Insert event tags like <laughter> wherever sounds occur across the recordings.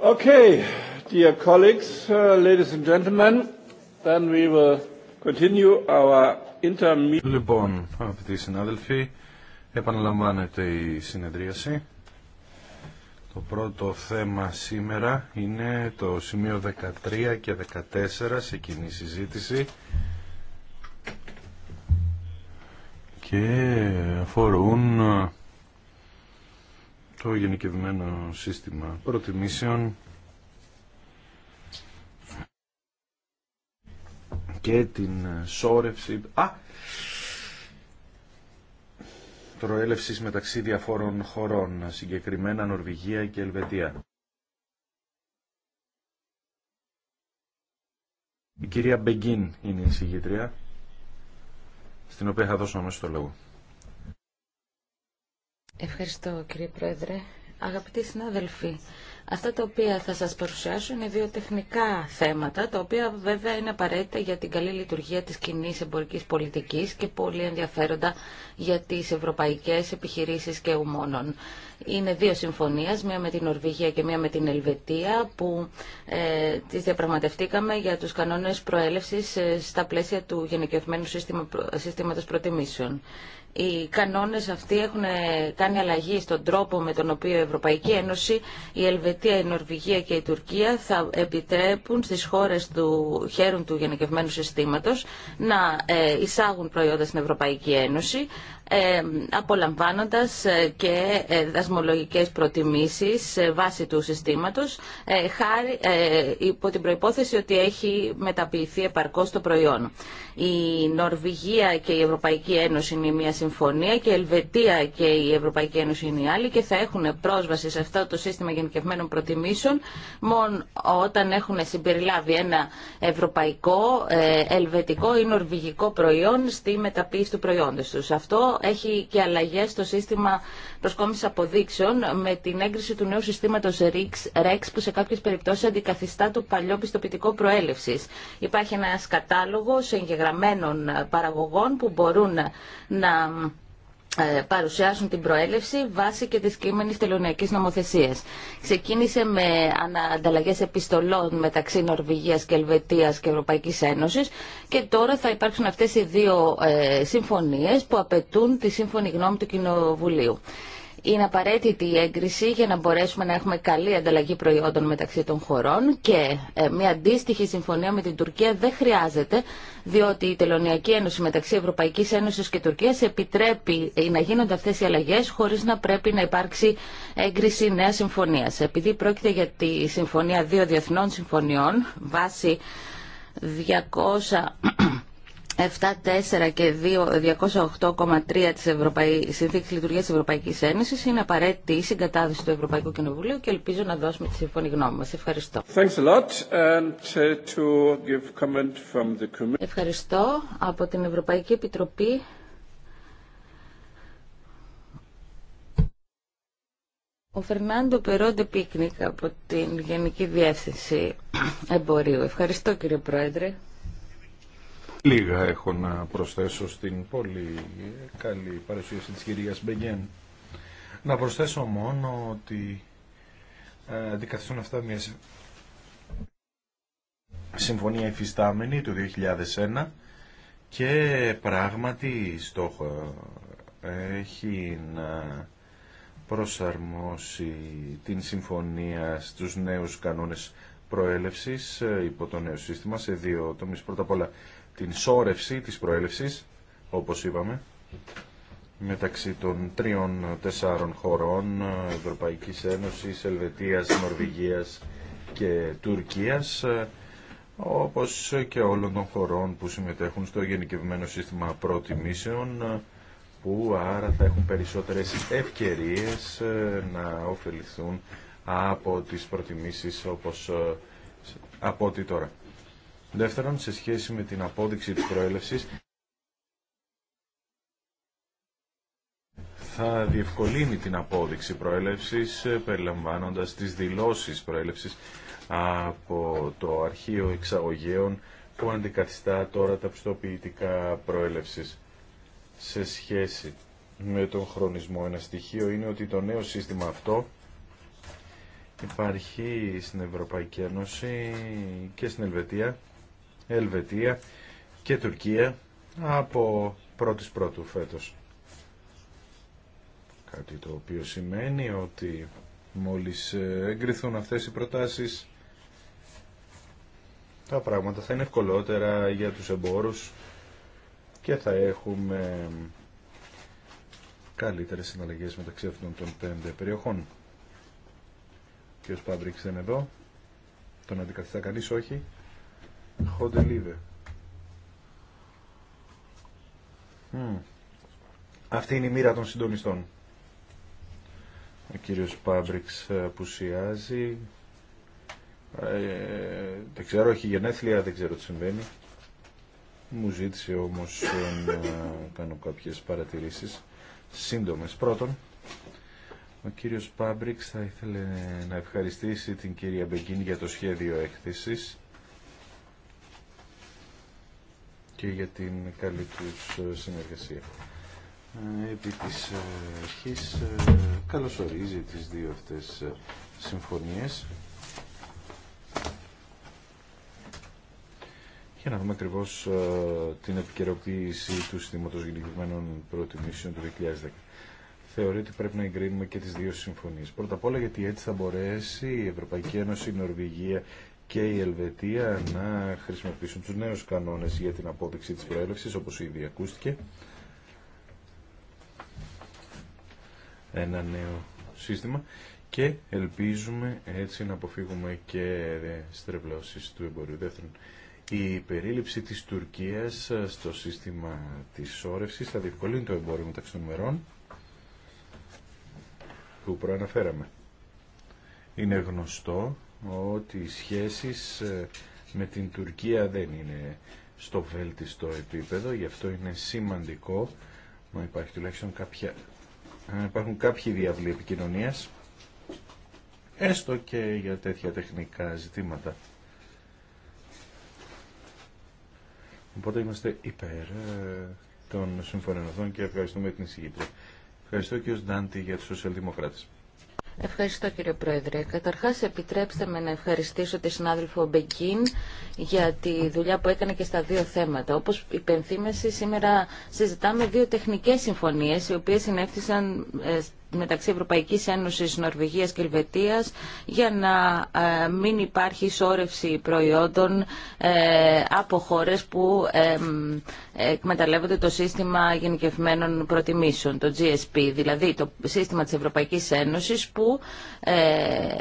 Okay, dear colleagues, uh, ladies and gentlemen, then we will continue our Λοιπόν, αγαπητοί συνάδελφοι, επαναλαμβάνεται η συνεδρίαση. Το πρώτο θέμα σήμερα είναι το σημείο 13 και 14 σε κοινή συζήτηση και αφορούν το γενικευμένο σύστημα προτιμήσεων και την σόρευση α, μεταξύ διαφόρων χωρών, συγκεκριμένα Νορβηγία και Ελβετία. Η κυρία Μπεγκίν είναι η συγγήτρια, στην οποία θα δώσω αμέσως το λόγο. Ευχαριστώ κύριε Πρόεδρε. Αγαπητοί συνάδελφοι, αυτά τα οποία θα σας παρουσιάσω είναι δύο τεχνικά θέματα, τα οποία βέβαια είναι απαραίτητα για την καλή λειτουργία της κοινή εμπορικής πολιτικής και πολύ ενδιαφέροντα για τις ευρωπαϊκές επιχειρήσεις και ουμόνων. Είναι δύο συμφωνίες, μία με την Νορβηγία και μία με την Ελβετία, που ε, τις διαπραγματευτήκαμε για τους κανόνες προέλευσης ε, στα πλαίσια του γενικευμένου σύστημα, σύστηματος προτιμήσεων. Οι κανόνες αυτοί έχουν κάνει αλλαγή στον τρόπο με τον οποίο η Ευρωπαϊκή Ένωση, η Ελβετία, η Νορβηγία και η Τουρκία θα επιτρέπουν στις χώρες του χέρουν του γενικευμένου συστήματος να ε, εισάγουν προϊόντα στην Ευρωπαϊκή Ένωση, ε, απολαμβάνοντας ε, και ε, δασμολογικές προτιμήσεις βάσει του συστήματος χάρη, υπό την προϋπόθεση ότι έχει μεταποιηθεί επαρκώς το προϊόν. Η Νορβηγία και η Ευρωπαϊκή Ένωση είναι μια συμφωνία και η Ελβετία και η Ευρωπαϊκή Ένωση είναι η άλλη και θα έχουν πρόσβαση σε αυτό το σύστημα γενικευμένων προτιμήσεων μόνο όταν έχουν συμπεριλάβει ένα ευρωπαϊκό, ελβετικό ή νορβηγικό προϊόν στη μεταποίηση του προϊόντος τους. Αυτό έχει και αλλαγές στο σύστημα προσκόμιση αποδείξεων με την έγκριση του νέου συστήματος REX που σε κάποιες περιπτώσεις αντικαθιστά το παλιό πιστοποιητικό προέλευσης. Υπάρχει ένα κατάλογο εγγεγραμμένων παραγωγών που μπορούν να ε, παρουσιάσουν την προέλευση βάσει και της κείμενης τελωνιακής νομοθεσίας. Ξεκίνησε με ανταλλαγές επιστολών μεταξύ Νορβηγίας και Ελβετίας και Ευρωπαϊκής Ένωσης και τώρα θα υπάρξουν αυτές οι δύο ε, συμφωνίες που απαιτούν τη σύμφωνη γνώμη του Κοινοβουλίου είναι απαραίτητη η έγκριση για να μπορέσουμε να έχουμε καλή ανταλλαγή προϊόντων μεταξύ των χωρών και ε, μια αντίστοιχη συμφωνία με την Τουρκία δεν χρειάζεται, διότι η Τελωνιακή Ένωση μεταξύ Ευρωπαϊκής Ένωση και Τουρκίας επιτρέπει ε, να γίνονται αυτές οι αλλαγές χωρίς να πρέπει να υπάρξει έγκριση νέα συμφωνία. Επειδή πρόκειται για τη συμφωνία δύο διεθνών συμφωνιών βάσει 200 7.4 και 208,3 της Ευρωπαϊ... Συνθήκης Λειτουργίας της Ευρωπαϊκής Ένωσης είναι απαραίτητη η συγκατάδυση του Ευρωπαϊκού Κοινοβουλίου και ελπίζω να δώσουμε τη σύμφωνη γνώμη μας. Ευχαριστώ. Ευχαριστώ από την Ευρωπαϊκή Επιτροπή. Ο Φερνάντο Περόντε Πίκνικ από την Γενική Διεύθυνση Εμπορίου. Ευχαριστώ κύριε Πρόεδρε. Λίγα έχω να προσθέσω στην πολύ καλή παρουσίαση της κυρίας Μπεγγέν. Να προσθέσω μόνο ότι ε, αντικαθιστούν αυτά μια συμφωνία υφιστάμενη του 2001 και πράγματι στόχο έχει να προσαρμόσει την συμφωνία στους νέους κανόνες προέλευσης ε, υπό το νέο σύστημα σε δύο τομείς. Πρώτα απ' όλα την σόρευση της προέλευσης, όπως είπαμε, μεταξύ των τριών τεσσάρων χωρών Ευρωπαϊκής Ένωσης, Ελβετίας, Νορβηγίας και Τουρκίας όπως και όλων των χωρών που συμμετέχουν στο γενικευμένο σύστημα προτιμήσεων που άρα θα έχουν περισσότερες ευκαιρίες ε, να ωφεληθούν από τις προτιμήσεις όπως ε, από ό,τι τώρα. Δεύτερον, σε σχέση με την απόδειξη της προέλευσης, θα διευκολύνει την απόδειξη προέλευσης, ε, περιλαμβάνοντας τις δηλώσεις προέλευσης από το Αρχείο Εξαγωγέων που αντικαθιστά τώρα τα πιστοποιητικά προέλευσης σε σχέση με τον χρονισμό. Ένα στοιχείο είναι ότι το νέο σύστημα αυτό υπάρχει στην Ευρωπαϊκή Ένωση και στην Ελβετία Ελβετία και Τουρκία από πρώτης πρώτου φέτος. Κάτι το οποίο σημαίνει ότι μόλις εγκριθούν αυτές οι προτάσεις τα πράγματα θα είναι ευκολότερα για τους εμπόρους και θα έχουμε καλύτερες συναλλαγές μεταξύ αυτών των πέντε περιοχών. Ποιος κ. δεν είναι εδώ. Τον αντικαθιστά κανείς, όχι. Χοντελίβε. Mm. Αυτή είναι η μοίρα των συντονιστών. Ο κύριος Πάμπριξ ε, απουσιάζει. Ε, δεν ξέρω, έχει γενέθλια, δεν ξέρω τι συμβαίνει. Μου ζήτησε όμως ε, να κάνω κάποιες παρατηρήσεις σύντομες. Πρώτον, ο κύριος Πάμπριξ θα ήθελε να ευχαριστήσει την κυρία Μπεγκίν για το σχέδιο έκθεσης και για την καλή του ε, συνεργασία. Ε, επί της ε, αρχής καλωσορίζει τις δύο αυτές συμφωνίες. Για να δούμε ακριβώ την επικαιροποίηση του συστήματος γενικευμένων προτιμήσεων του 2010. Θεωρεί ότι πρέπει να εγκρίνουμε και τις δύο συμφωνίες. Πρώτα απ' όλα γιατί έτσι θα μπορέσει η Ευρωπαϊκή Ένωση, η Νορβηγία και η Ελβετία να χρησιμοποιήσουν τους νέους κανόνες για την απόδειξη της προέλευσης, όπως ήδη ακούστηκε. Ένα νέο σύστημα και ελπίζουμε έτσι να αποφύγουμε και στρεβλώσεις του εμπορίου. Δεύτερον, η περίληψη της Τουρκίας στο σύστημα της όρευσης θα διευκολύνει το εμπόριο μεταξύ των μερών που προαναφέραμε. Είναι γνωστό ότι οι σχέσεις ε, με την Τουρκία δεν είναι στο βέλτιστο επίπεδο, γι' αυτό είναι σημαντικό να υπάρχει τουλάχιστον κάποια, υπάρχουν κάποιοι διαβλή επικοινωνίας, έστω και για τέτοια τεχνικά ζητήματα. Οπότε είμαστε υπέρ ε, των συμφωνιωθών και ευχαριστούμε την εισηγήτρια. Ευχαριστώ και ο Ντάντι για τους σοσιαλδημοκράτες. Ευχαριστώ κύριε Πρόεδρε. Καταρχάς επιτρέψτε με να ευχαριστήσω τη συνάδελφο Μπεκίν για τη δουλειά που έκανε και στα δύο θέματα. Όπως υπενθύμεση σήμερα συζητάμε δύο τεχνικές συμφωνίες οι οποίες συνέφθησαν ε, μεταξύ Ευρωπαϊκής Ένωσης, Νορβηγίας και Ελβετίας για να ε, μην υπάρχει ισόρευση προϊόντων ε, από χώρες που ε, εκμεταλλεύονται το σύστημα γενικευμένων προτιμήσεων, το GSP, δηλαδή το σύστημα της Ευρωπαϊκής Ένωσης που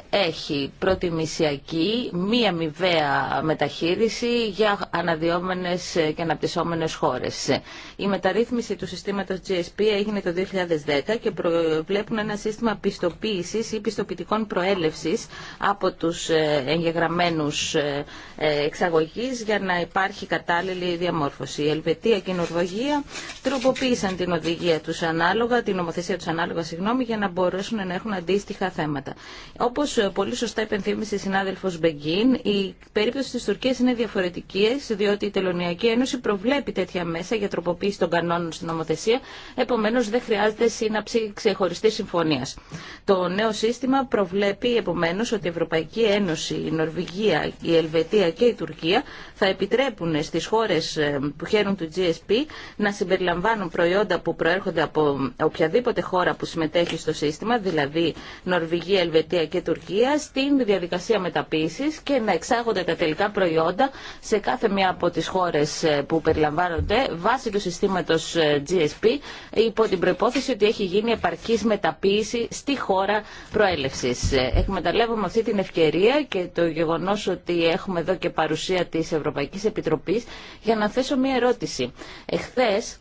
έχει προτιμησιακή μη αμοιβαία μεταχείριση για αναδυόμενες και αναπτυσσόμενες χώρες. Η μεταρρύθμιση του συστήματος GSP έγινε το 2010 και προβλέπει έχουν ένα σύστημα πιστοποίηση ή πιστοποιητικών προέλευση από του ε, εγγεγραμμένου ε, ε, εξαγωγείς για να υπάρχει κατάλληλη διαμόρφωση. Η Ελβετία και η Νορβηγία τροποποίησαν την οδηγία του ανάλογα, την νομοθεσία του ανάλογα, συγγνώμη, για να μπορέσουν να έχουν αντίστοιχα θέματα. Όπω πολύ σωστά υπενθύμησε η συνάδελφος Μπεγκίν, η περίπτωση τη Τουρκία είναι διαφορετική, διότι η Τελωνιακή Ένωση προβλέπει τέτοια μέσα για τροποποίηση των κανόνων στην νομοθεσία, Επομένω, δεν χρειάζεται σύναψη ξεχωριστή συμφωνίας. Το νέο σύστημα προβλέπει επομένως ότι η Ευρωπαϊκή Ένωση, η Νορβηγία, η Ελβετία και η Τουρκία θα επιτρέπουν στις χώρες ε, που χαίρουν του GSP να συμπεριλαμβάνουν προϊόντα που προέρχονται από οποιαδήποτε χώρα που συμμετέχει στο σύστημα, δηλαδή Νορβηγία, Ελβετία και Τουρκία, στην διαδικασία μεταποίησης και να εξάγονται τα τελικά προϊόντα σε κάθε μία από τις χώρες ε, που περιλαμβάνονται βάσει του συστήματος ε, GSP υπό την προπόθεση ότι έχει γίνει επαρκή μεταποίηση μεταποίηση στη χώρα προέλευση. Εκμεταλλεύομαι αυτή την ευκαιρία και το γεγονός ότι έχουμε εδώ και παρουσία της Ευρωπαϊκής Επιτροπής για να θέσω μία ερώτηση. Εχθές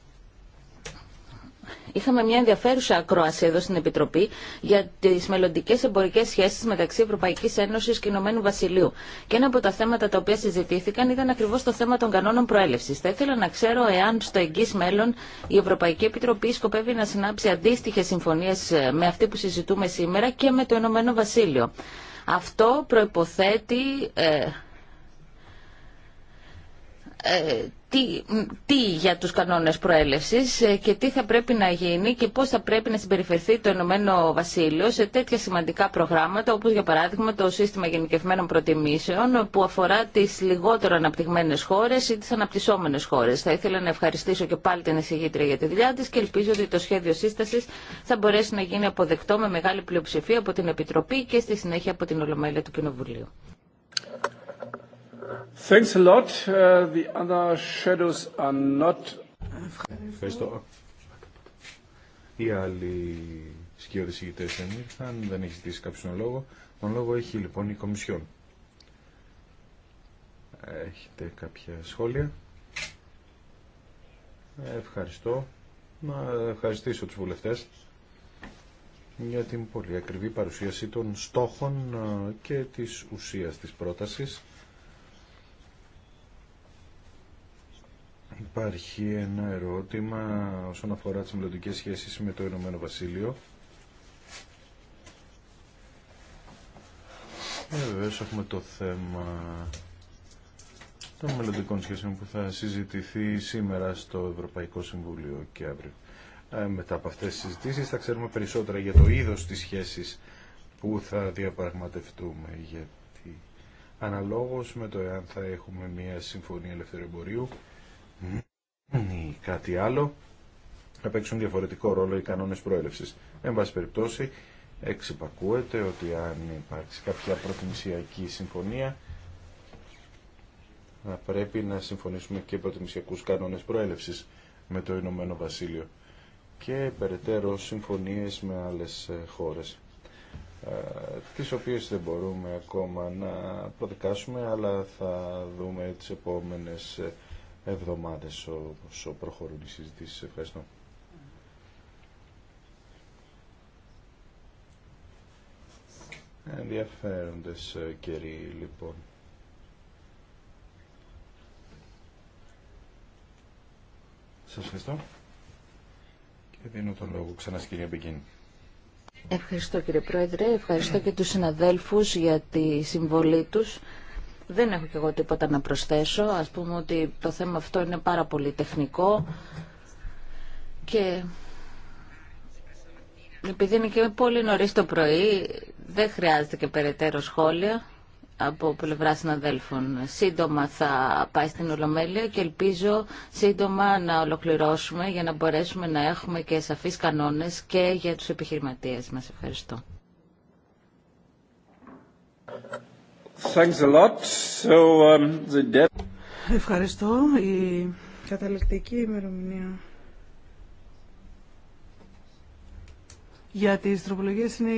Είχαμε μια ενδιαφέρουσα ακρόαση εδώ στην Επιτροπή για τι μελλοντικέ εμπορικέ σχέσει μεταξύ Ευρωπαϊκή Ένωση και Ηνωμένου Βασιλείου. Και ένα από τα θέματα τα οποία συζητήθηκαν ήταν ακριβώ το θέμα των κανόνων προέλευση. Θα ήθελα να ξέρω εάν στο εγγύ μέλλον η Ευρωπαϊκή Επιτροπή σκοπεύει να συνάψει αντίστοιχε συμφωνίε ε, με αυτή που συζητούμε σήμερα και με το Ηνωμένο Βασίλειο. Αυτό προποθέτει. ε, ε τι, τι για τους κανόνες προέλευσης ε, και τι θα πρέπει να γίνει και πώς θα πρέπει να συμπεριφερθεί το Ηνωμένο Βασίλειο σε τέτοια σημαντικά προγράμματα όπως για παράδειγμα το σύστημα γενικευμένων προτιμήσεων που αφορά τις λιγότερο αναπτυγμένες χώρες ή τις αναπτυσσόμενες χώρες. Θα ήθελα να ευχαριστήσω και πάλι την εισηγήτρια για τη δουλειά της και ελπίζω ότι το σχέδιο σύστασης θα μπορέσει να γίνει αποδεκτό με μεγάλη πλειοψηφία από την Επιτροπή και στη συνέχεια από την Ολομέλεια του Κοινοβουλίου. Thanks a lot. Uh, the other shadows are not... Ευχαριστώ. Οι άλλοι σκιώδεις ηγητέ δεν ήρθαν, δεν έχει ζητήσει κάποιον λόγο. Τον λόγο έχει λοιπόν η Κομισιόν. Έχετε κάποια σχόλια. Ευχαριστώ. Να ευχαριστήσω τους βουλευτές για την πολύ ακριβή παρουσίαση των στόχων ε, και της ουσία της πρότασης Υπάρχει ένα ερώτημα όσον αφορά τις μελλοντικές σχέσεις με το Ηνωμένο Βασίλειο. Ε, Βεβαίω έχουμε το θέμα των μελλοντικών σχέσεων που θα συζητηθεί σήμερα στο Ευρωπαϊκό Συμβούλιο και αύριο. Ε, μετά από αυτές τις συζητήσεις θα ξέρουμε περισσότερα για το είδος της σχέσης που θα διαπραγματευτούμε. Γιατί αναλόγως με το εάν θα έχουμε μια συμφωνία ελευθεριομπορίου ή κάτι άλλο θα παίξουν διαφορετικό ρόλο οι κανόνες προέλευσης. Εν πάση περιπτώσει, εξυπακούεται ότι αν υπάρξει κάποια προτιμησιακή συμφωνία θα πρέπει να συμφωνήσουμε και προτιμησιακούς κανόνες προέλευσης με το Ηνωμένο Βασίλειο και περαιτέρω συμφωνίες με άλλες ε, χώρες ε, τις οποίες δεν μπορούμε ακόμα να προδικάσουμε αλλά θα δούμε τις επόμενες ε, Εβδομάδε όσο προχωρούν οι συζητήσει. Ευχαριστώ. Ενδιαφέροντες ε, καιροί λοιπόν. Σας ευχαριστώ. Και δίνω τον λόγο ξανά στην κυρία Ευχαριστώ κύριε Πρόεδρε, ευχαριστώ και τους συναδέλφους για τη συμβολή τους. Δεν έχω και εγώ τίποτα να προσθέσω. Ας πούμε ότι το θέμα αυτό είναι πάρα πολύ τεχνικό και επειδή είναι και πολύ νωρίς το πρωί δεν χρειάζεται και περαιτέρω σχόλια από πλευρά συναδέλφων. Σύντομα θα πάει στην Ολομέλεια και ελπίζω σύντομα να ολοκληρώσουμε για να μπορέσουμε να έχουμε και σαφείς κανόνες και για τους επιχειρηματίες μας. Ευχαριστώ. Um, Ευχαριστώ. Η καταληκτική ημερομηνία για τις τροπολογίε είναι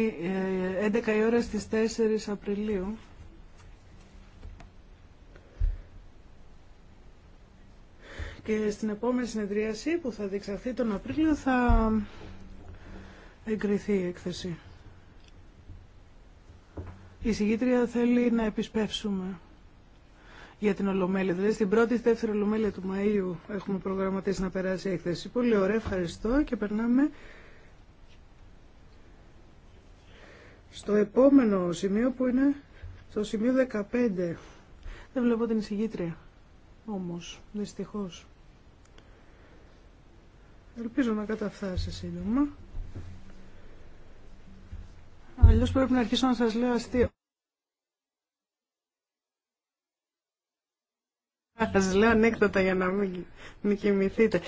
11 ε, η ώρα στις 4 Απριλίου. Και στην επόμενη συνεδρίαση που θα διεξαχθεί τον Απρίλιο θα εγκριθεί η έκθεση. Η συγγήτρια θέλει να επισπεύσουμε για την Ολομέλεια. Δηλαδή στην πρώτη ή δεύτερη Ολομέλεια του Μαΐου έχουμε προγραμματίσει να περάσει η έκθεση. Πολύ ωραία, ευχαριστώ και περνάμε στο επόμενο σημείο που είναι το σημείο 15. Δεν βλέπω την εισηγήτρια όμως, δυστυχώς. Ελπίζω να καταφθάσει σύντομα. Αλλιώς πρέπει να αρχίσω να σας λέω αστείο. Σας λέω ανέκδοτα για να μην, μην κοιμηθείτε.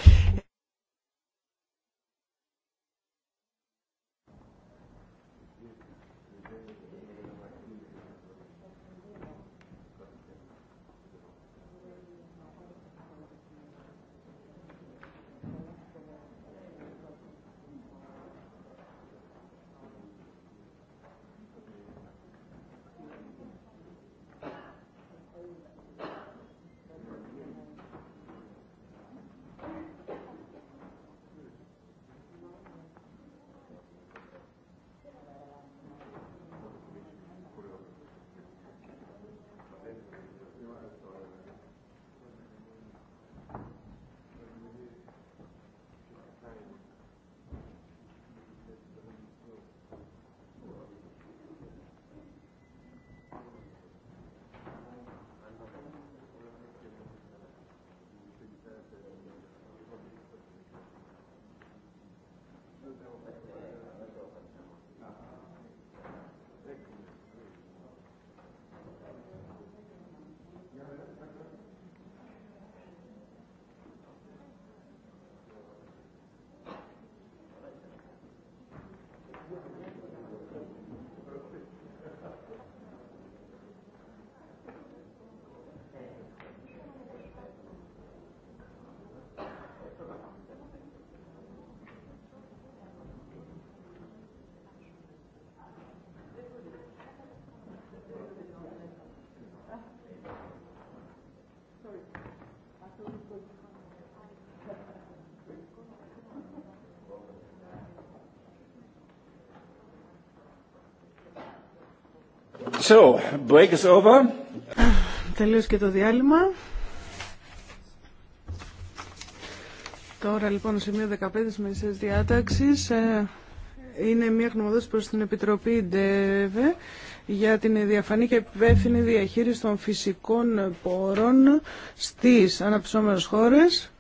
Τελείωσε και το διάλειμμα. Τώρα λοιπόν σημείο 15 της Μεσαίας Διάταξης ε, είναι μια γνωμοδότηση προς την Επιτροπή ΔΕΒΕ για την διαφανή και υπεύθυνη διαχείριση των φυσικών πόρων στις αναπτυσσόμενες χώρες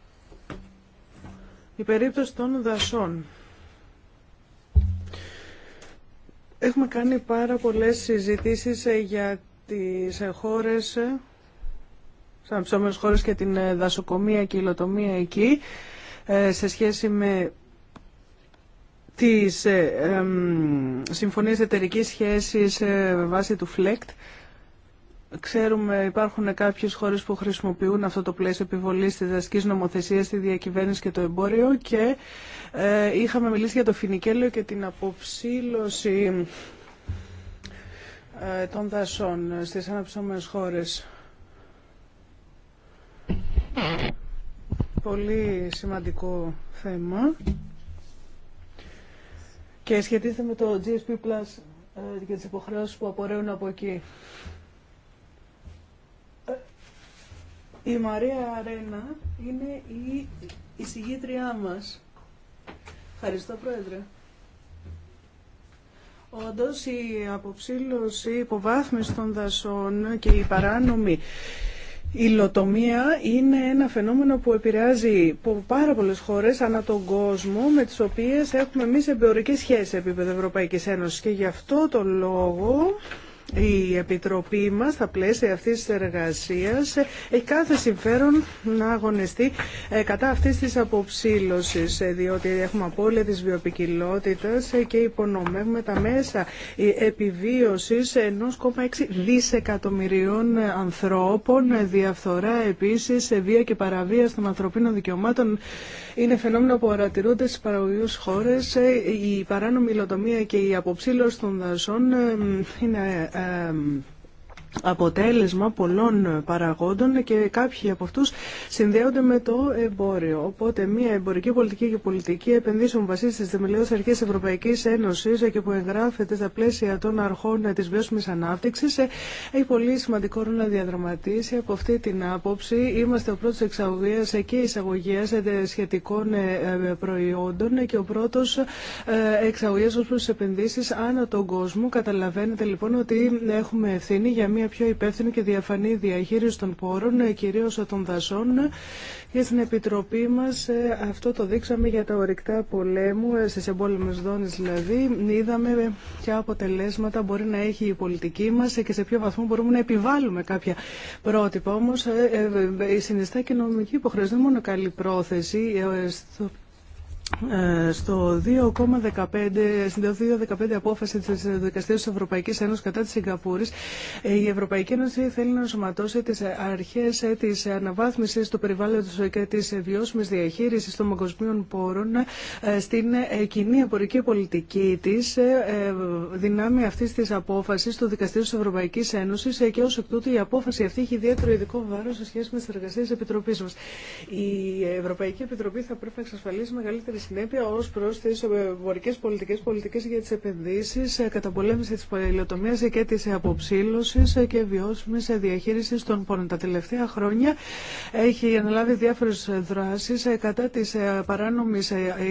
η περίπτωση των δασών. Έχουμε κάνει πάρα πολλές συζητήσεις ε, για τις ε, χώρες, ε, σαν ψώμενες χώρες και την δασοκομεία και η υλοτομία εκεί, σε σχέση με τις συμφωνίες εταιρικής σχέσης βάσει του FLECT. Ξέρουμε υπάρχουν κάποιες χώρες που χρησιμοποιούν αυτό το πλαίσιο επιβολής της δασική νομοθεσίας τη διακυβέρνηση και το εμπόριο και ε, είχαμε μιλήσει για το φινικέλαιο και την αποψήλωση ε, των δασών στις αναψώμενες χώρες. Πολύ σημαντικό θέμα και σχετίζεται με το GSP Plus ε, και τις υποχρεώσεις που απορρέουν από εκεί. Η Μαρία Αρένα είναι η εισηγήτριά μας. Ευχαριστώ, Πρόεδρε. Όντω, η αποψήλωση, η υποβάθμιση των δασών και η παράνομη υλοτομία είναι ένα φαινόμενο που επηρεάζει πάρα πολλέ χώρε ανά τον κόσμο με τι οποίε έχουμε εμεί εμπειρικές σχέσεις σε επίπεδο Ευρωπαϊκή Ένωση. Και γι' αυτό το λόγο η Επιτροπή μας, στα πλαίσια αυτής της εργασίας, έχει κάθε συμφέρον να αγωνιστεί ε, κατά αυτής της αποψήλωσης, ε, διότι έχουμε απώλεια της βιοπικιλότητας ε, και υπονομεύουμε τα μέσα επιβίωσης 1,6 δισεκατομμυριών ανθρώπων, διαφθορά επίσης, βία και παραβία των ανθρωπίνων δικαιωμάτων. Είναι φαινόμενο που παρατηρούνται στις παραγωγικές χώρες. Η παράνομη υλοτομία και η αποψήλωση των δασών είναι εμ αποτέλεσμα πολλών παραγόντων και κάποιοι από αυτούς συνδέονται με το εμπόριο. Οπότε μια εμπορική πολιτική και πολιτική επενδύσεων βασίζεται στις θεμελιώδεις αρχές Ευρωπαϊκής Ένωσης και που εγγράφεται στα πλαίσια των αρχών της βιώσιμης ανάπτυξης ε, έχει πολύ σημαντικό ρόλο να διαδραματίσει. Από αυτή την άποψη είμαστε ο πρώτος εξαγωγέας και εισαγωγέας ε, σχετικών ε, προϊόντων και ο πρώτος εξαγωγέας ως προς τις επενδύσεις ανά τον κόσμο. Καταλαβαίνετε λοιπόν ότι έχουμε ευθύνη για μια μια πιο υπεύθυνη και διαφανή διαχείριση των πόρων, ε, κυρίως των δασών. για στην Επιτροπή μας ε, αυτό το δείξαμε για τα ορυκτά πολέμου, ε, στις εμπόλεμες δόνες δηλαδή. Είδαμε ποια αποτελέσματα μπορεί να έχει η πολιτική μας και σε ποιο βαθμό μπορούμε να επιβάλλουμε κάποια πρότυπα. Όμως συνιστά νομική υποχρέωση, δεν μόνο καλή πρόθεση. Ε, στο 2,15, στην 2,15 απόφαση της ε, Δικαστήριας της Ευρωπαϊκής Ένωσης κατά της Σιγκαπούρης, ε, η Ευρωπαϊκή Ένωση θέλει να σωματώσει τις αρχές της αναβάθμισης του περιβάλλοντος και της βιώσιμης διαχείρισης των παγκοσμίων πόρων στην κοινή εμπορική πολιτική της, δυνάμει αυτής της απόφασης του Δικαστήριου της Ευρωπαϊκής Ένωσης και ως εκ τούτου η απόφαση αυτή έχει ιδιαίτερο ειδικό βάρος σε σχέση με τις εργασίες Επιτροπής Η Ευρωπαϊκή Επιτροπή θα πρέπει να εξασφαλίσει μεγαλύτερη συνέπεια ω προ τι εμπορικέ πολιτικέ, πολιτικέ για τι επενδύσει, ε, καταπολέμηση τη πολυλοτομία και τη αποψήλωση ε, και βιώσιμη διαχείριση των πόρων. Τα τελευταία χρόνια έχει αναλάβει διάφορε δράσει ε, κατά τη παράνομη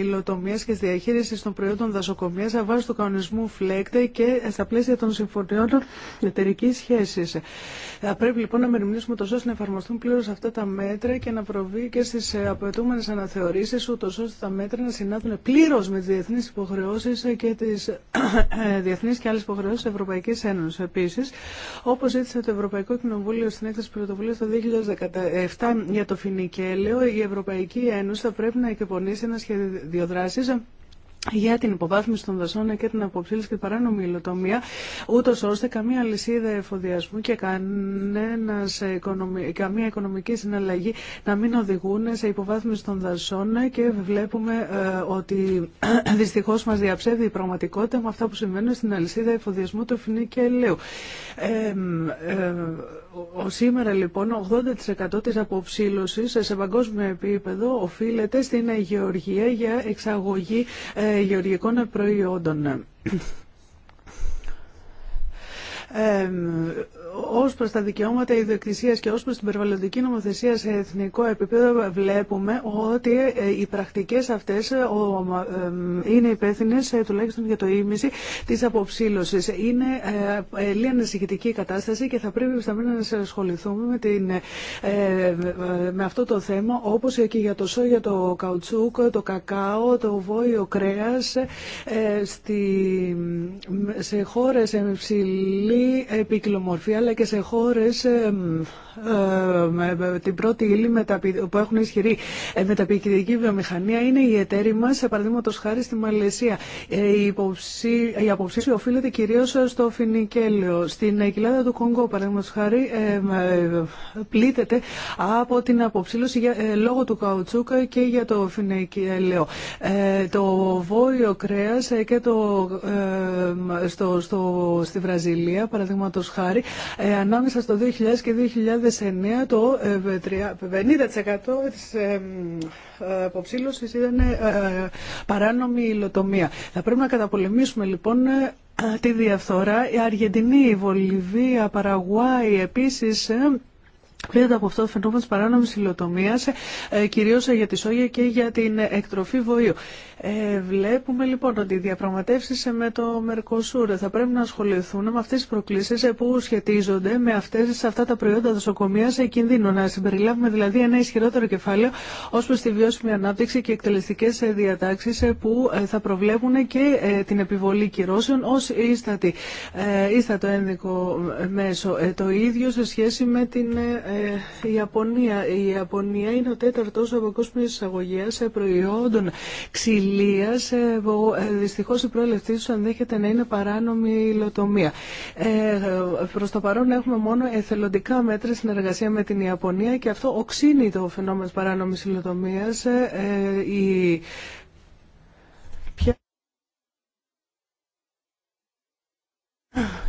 υλοτομία και τη διαχείριση των προϊόντων δασοκομεία βάσει του κανονισμού ΦΛΕΚΤΕ και στα πλαίσια των συμφωνιών εταιρική σχέση. πρέπει λοιπόν να μεριμνήσουμε τόσο ώστε να εφαρμοστούν πλήρω αυτά τα μέτρα και να προβεί και στι απαιτούμενε αναθεωρήσει, ούτω ώστε τα μέτρα να συνάδουν πλήρω με τι διεθνεί υποχρεώσει και τι <coughs> διεθνεί και άλλε υποχρεώσει τη Ευρωπαϊκή Ένωση. Επίση, όπω ζήτησε το Ευρωπαϊκό Κοινοβούλιο στην έκθεση πρωτοβουλία το 2017 για το Φινικέλαιο, η Ευρωπαϊκή Ένωση θα πρέπει να εκπονήσει ένα σχέδιο δράση για την υποβάθμιση των δασών και την αποψήλωση και την παράνομη υλοτομία, ούτω ώστε καμία αλυσίδα εφοδιασμού και καμία οικονομική συναλλαγή να μην οδηγούν σε υποβάθμιση των δασών και βλέπουμε ε, ότι <clears throat> δυστυχώ μα διαψεύδει η πραγματικότητα με αυτά που συμβαίνουν στην αλυσίδα εφοδιασμού του Φινίκη σήμερα λοιπόν 80% της αποψήλωσης σε παγκόσμιο επίπεδο οφείλεται στην γεωργία για εξαγωγή ε, γεωργικών προϊόντων. Ε, Ω προ τα δικαιώματα ιδιοκτησίας και ω προ την περιβαλλοντική νομοθεσία σε εθνικό επίπεδο βλέπουμε ότι ε, οι πρακτικές αυτές ε, ε, είναι υπεύθυνε τουλάχιστον για το ίμιση τη αποψήλωση. Είναι λίγο ανησυχητική κατάσταση και θα πρέπει να ασχοληθούμε με, την, με αυτό το θέμα όπως και για το σόγια, το καουτσούκ, το κακάο, το βόλιο κρέα. σε χώρε με ψηλή επικλομορφία αλλά και σε χώρες με ε, ε, ε, την πρώτη ύλη που έχουν ισχυρή μεταπηκτική βιομηχανία είναι οι εταίροι μας, παραδείγματος χάρη στη Μαλαισία. Η αποψή σου οφείλεται κυρίως στο φινικέλαιο. Στην κοιλάδα του Κονγκό, παραδείγματος χάρη, πλήττεται από την αποψήλωση λόγω του καουτσούκα και για το φινικέλαιο. Το βόλιο κρέας και το, στη Βραζιλία, παραδείγματος χάρη, ε, ανάμεσα στο 2000 και 2009 το 50% ε, της ε, αποψήλωσης ήταν παράνομη υλοτομία. Θα πρέπει να καταπολεμήσουμε λοιπόν τη διαφθορά. Η Αργεντινή, η Βολιβία, Παραγουάη επίσης πλήττονται από αυτό το φαινόμενο τη παράνομη υλοτομία, ε, κυρίω για τη σόγια και για την εκτροφή βοήου. Ε, βλέπουμε λοιπόν ότι οι διαπραγματεύσει με το Μερκοσούρ θα πρέπει να ασχοληθούν με αυτέ τι προκλήσει ε, που σχετίζονται με αυτές, αυτά τα προϊόντα δοσοκομεία σε κινδύνο. Να συμπεριλάβουμε δηλαδή ένα ισχυρότερο κεφάλαιο ω προ τη βιώσιμη ανάπτυξη και εκτελεστικέ διατάξει που θα προβλέπουν και την επιβολή κυρώσεων ω ίστατο ένδικο μέσο. το ίδιο σε σχέση με την ε, η Ιαπωνία. Η Ιαπωνία είναι ο τέταρτο παγκόσμιο εισαγωγέα σε προϊόντων ξυλίας. Ε, ε, δυστυχώς η προέλευσή του ανδέχεται να είναι παράνομη υλοτομία. Ε, προς το παρόν έχουμε μόνο εθελοντικά μέτρα συνεργασία με την Ιαπωνία και αυτό οξύνει το φαινόμενο της παράνομης υλοτομία. η...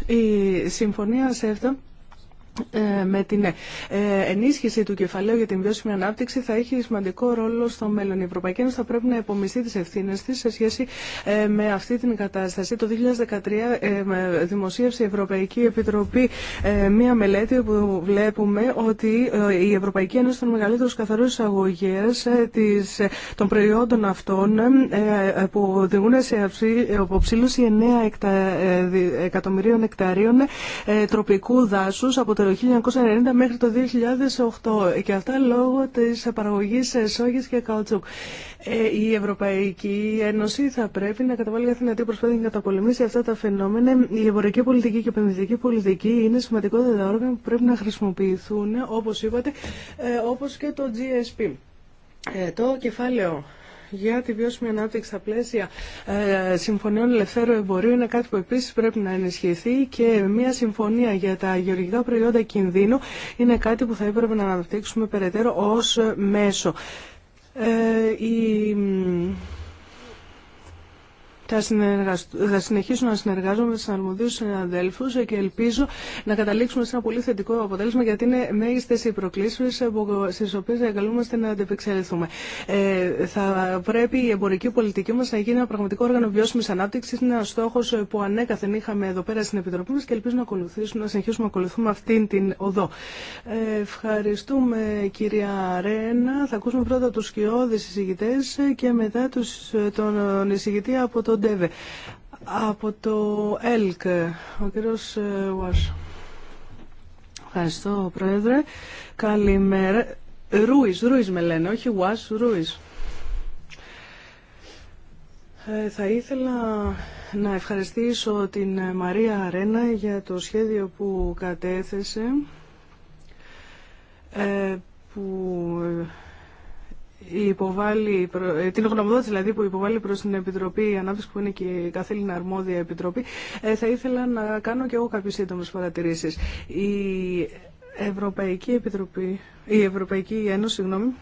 Η συμφωνία σε αυτό ε, με την ε, ενίσχυση του κεφαλαίου για την βιώσιμη ανάπτυξη θα έχει σημαντικό ρόλο στο μέλλον. Η Ευρωπαϊκή Ένωση θα πρέπει να υπομειστεί τι ευθύνε τη σε σχέση ε, με αυτή την κατάσταση. Το 2013 δημοσίευσε η Ευρωπαϊκή Επιτροπή μία μελέτη όπου βλέπουμε ότι η Ευρωπαϊκή Ένωση των μεγαλύτερων καθαρού εισαγωγέ των προϊόντων αυτών που οδηγούν σε αποψήλωση 9 εκατομμυρίων εκταρίων τροπικού δάσου από το 1990 μέχρι το 2008 και αυτά λόγω της παραγωγής σόγης και καουτσούκ. Ε, η Ευρωπαϊκή Ένωση θα πρέπει να καταβάλει για δυνατή προσπάθεια να καταπολεμήσει αυτά τα φαινόμενα. Η εμπορική πολιτική και η επενδυτική πολιτική είναι σημαντικό όργανα που πρέπει να χρησιμοποιηθούν, όπως είπατε, ε, όπως και το GSP. Ε, το κεφάλαιο για τη βιώσιμη ανάπτυξη στα πλαίσια ε, συμφωνιών ελευθέρου εμπορίου είναι κάτι που επίσης πρέπει να ενισχυθεί και μια συμφωνία για τα γεωργικά προϊόντα κινδύνου είναι κάτι που θα έπρεπε να αναπτύξουμε περαιτέρω ως μέσο. Ε, θα, θα συνεχίσω να συνεργάζομαι με του αρμοδίου συναδέλφου και ελπίζω να καταλήξουμε σε ένα πολύ θετικό αποτέλεσμα, γιατί είναι μέγιστε οι προκλήσει στι οποίε καλούμαστε να αντεπεξέλθουμε. Ε, θα πρέπει η εμπορική πολιτική μα να γίνει ένα πραγματικό όργανο βιώσιμη ανάπτυξη. Είναι ένα στόχο που ανέκαθεν είχαμε εδώ πέρα στην Επιτροπή μα και ελπίζω να, να συνεχίσουμε να ακολουθούμε αυτήν την οδό. Ε, ευχαριστούμε κυρία Ρένα. Θα ακούσουμε πρώτα του σκιώδει συζητητέ, και μετά τους, τον εισηγητή από τον από το ΕΛΚ, ο κύριος ε, Ουάς. Ευχαριστώ, Πρόεδρε. Καλημέρα. Ρούις, Ρούις με λένε, όχι Ουάς, Ρούις. Ε, θα ήθελα να ευχαριστήσω την Μαρία Αρένα για το σχέδιο που κατέθεσε, ε, που υποβάλει, ε, την γνωμοδότηση δηλαδή που υποβάλλει προς την Επιτροπή Ανάπτυξη που είναι και η καθήλυνα αρμόδια Επιτροπή, ε, θα ήθελα να κάνω και εγώ κάποιες σύντομες παρατηρήσεις. Η Ευρωπαϊκή Επιτροπή, η Ευρωπαϊκή Ένωση, συγγνώμη,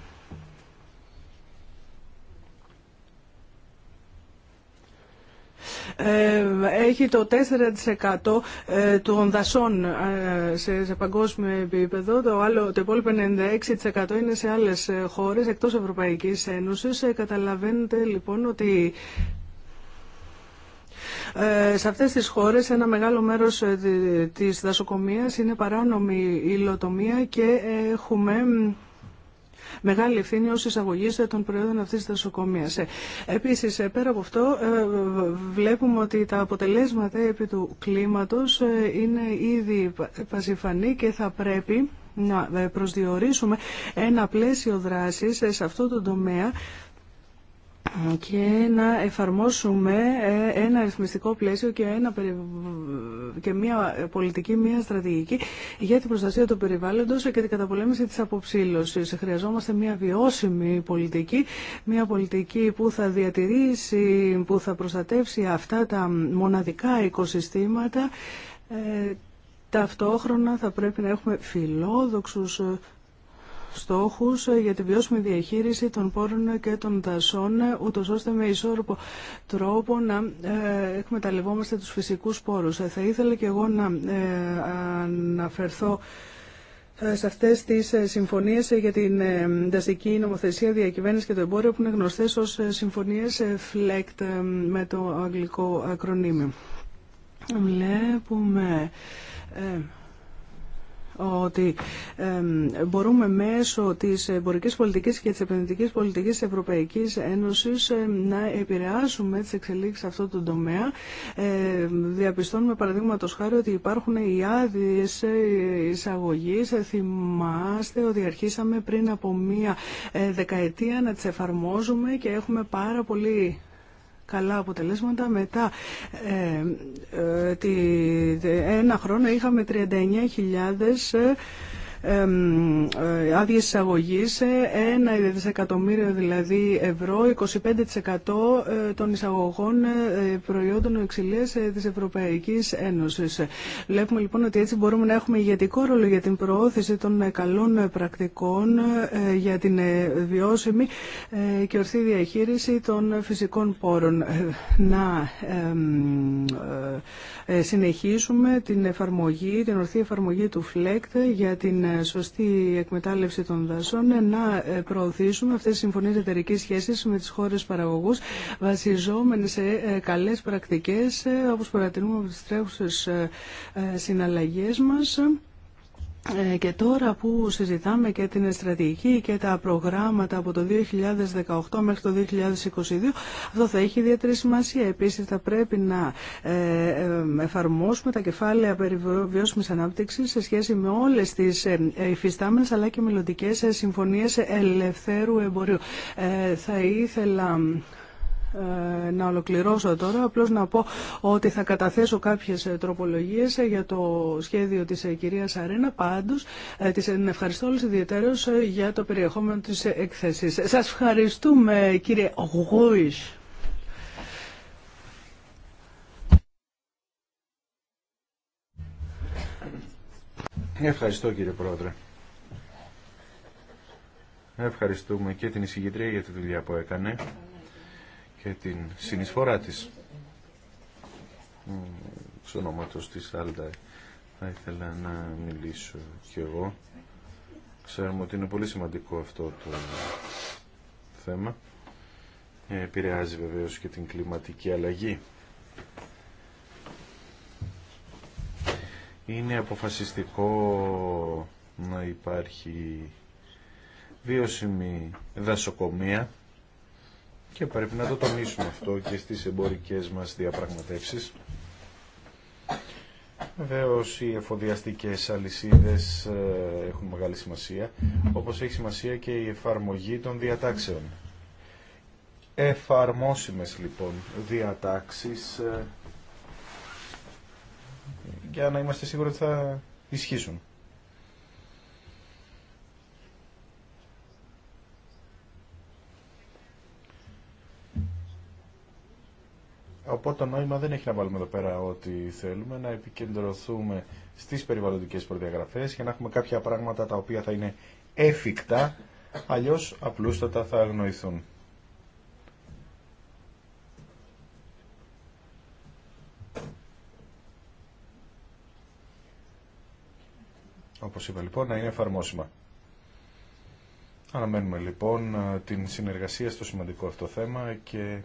Ε, έχει το 4% ε, των δασών ε, σε παγκόσμιο επίπεδο, το, άλλο, το υπόλοιπο 96% είναι σε άλλες χώρες εκτός Ευρωπαϊκής Ένωσης. Καταλαβαίνετε λοιπόν ότι σε αυτές τις χώρες ένα μεγάλο μέρος της δασοκομείας είναι παράνομη υλοτομία και έχουμε μεγάλη ευθύνη ω εισαγωγή των προϊόντων αυτή τη νοσοκομεία. Ε, Επίση, ε, πέρα από αυτό, ε, βλέπουμε ότι τα αποτελέσματα επί του κλίματο είναι ήδη πασιφανή και θα πρέπει να προσδιορίσουμε ένα πλαίσιο δράσης σε αυτό το τομέα και να εφαρμόσουμε ε, ένα αριθμιστικό πλαίσιο και, ένα, και μια πολιτική, μια στρατηγική για την προστασία του περιβάλλοντος και την καταπολέμηση της αποψήλωσης. Χρειαζόμαστε μια βιώσιμη πολιτική, μια πολιτική που θα διατηρήσει, που θα προστατεύσει αυτά τα μοναδικά οικοσυστήματα. Ε, ταυτόχρονα θα πρέπει να έχουμε φιλόδοξους Στόχου ε, για τη βιώσιμη διαχείριση των πόρων και των δασών, ε, ούτως ώστε με ισόρροπο τρόπο να ε, εκμεταλλευόμαστε τους φυσικούς πόρους. Θα ήθελα και εγώ να αναφερθώ σε αυτές τις συμφωνίες για την δασική νομοθεσία διακυβέρνηση και το εμπόριο που είναι γνωστές ως συμφωνίες FLECT με το αγγλικό ακρονίμιο. Βλέπουμε ότι μπορούμε μέσω της εμπορικής πολιτικής και της επενδυτικής πολιτικής της Ευρωπαϊκής Ένωσης να επηρεάσουμε τις εξελίξεις σε αυτό το τομέα. διαπιστώνουμε παραδείγματο χάρη ότι υπάρχουν οι άδειε εισαγωγή. Θυμάστε ότι αρχίσαμε πριν από μία ε, δεκαετία να τις εφαρμόζουμε και έχουμε πάρα πολύ καλά αποτελέσματα. Μετά ε, ε τη, ένα χρόνο είχαμε 39.000 ε, άδειε εισαγωγή, ένα δισεκατομμύριο δηλαδή ευρώ, 25% ε, των εισαγωγών ε, προϊόντων εξηλία τη Ευρωπαϊκή Ένωση. Βλέπουμε λοιπόν ότι έτσι μπορούμε να έχουμε ηγετικό ρόλο για την προώθηση των καλών πρακτικών, για την βιώσιμη και ορθή διαχείριση των φυσικών πόρων. Να ε, συνεχίσουμε την εφαρμογή, την ορθή εφαρμογή του ΦΛΕΚΤ για την ε, σωστή εκμετάλλευση των δασών, ε, να προωθήσουμε αυτές τις συμφωνίες εταιρική σχέσης με τις χώρες παραγωγούς, βασιζόμενες σε καλές πρακτικές, όπως παρατηρούμε από τις τρέχουσες συναλλαγές μας. Ε, και τώρα που συζητάμε και την στρατηγική και τα προγράμματα από το 2018 μέχρι το 2022, αυτό θα έχει ιδιαίτερη σημασία. Επίσης θα πρέπει να ε, ε, εφαρμόσουμε τα κεφάλαια περί ανάπτυξης σε σχέση με όλες τις υφιστάμενες αλλά και μελλοντικέ συμφωνίες ελευθέρου εμπορίου. Θα ήθελα ε, να ολοκληρώσω τώρα, απλώς να πω ότι θα καταθέσω κάποιες ε, τροπολογίες ε, για το σχέδιο της κυρίας Αρένα. Πάντως, της ευχαριστώ όλους ιδιαίτερως για το περιεχόμενο της εκθέσης. Σας ευχαριστούμε κύριε Γουίς. Ευχαριστώ κύριε Πρόεδρε. Ευχαριστούμε και την εισηγητρία για τη δουλειά που έκανε και την συνεισφορά της. Σ' ονόματος της Άλτα... θα ήθελα να μιλήσω κι εγώ. Ξέρουμε ότι είναι πολύ σημαντικό αυτό το θέμα. Επηρεάζει βεβαίως και την κλιματική αλλαγή. Είναι αποφασιστικό να υπάρχει βιώσιμη δασοκομεία και πρέπει να το τονίσουμε αυτό και στις εμπορικές μας διαπραγματεύσεις. Βεβαίω οι εφοδιαστικές αλυσίδες ε, έχουν μεγάλη σημασία, όπως έχει σημασία και η εφαρμογή των διατάξεων. Εφαρμόσιμες λοιπόν διατάξεις ε, για να είμαστε σίγουροι ότι θα ισχύσουν. Οπότε το νόημα δεν έχει να βάλουμε εδώ πέρα ότι θέλουμε να επικεντρωθούμε στις περιβαλλοντικές προδιαγραφές και να έχουμε κάποια πράγματα τα οποία θα είναι έφικτα, αλλιώς απλούστατα θα αγνοηθούν. όπως είπα λοιπόν, να είναι εφαρμόσιμα. Αναμένουμε λοιπόν την συνεργασία στο σημαντικό αυτό θέμα και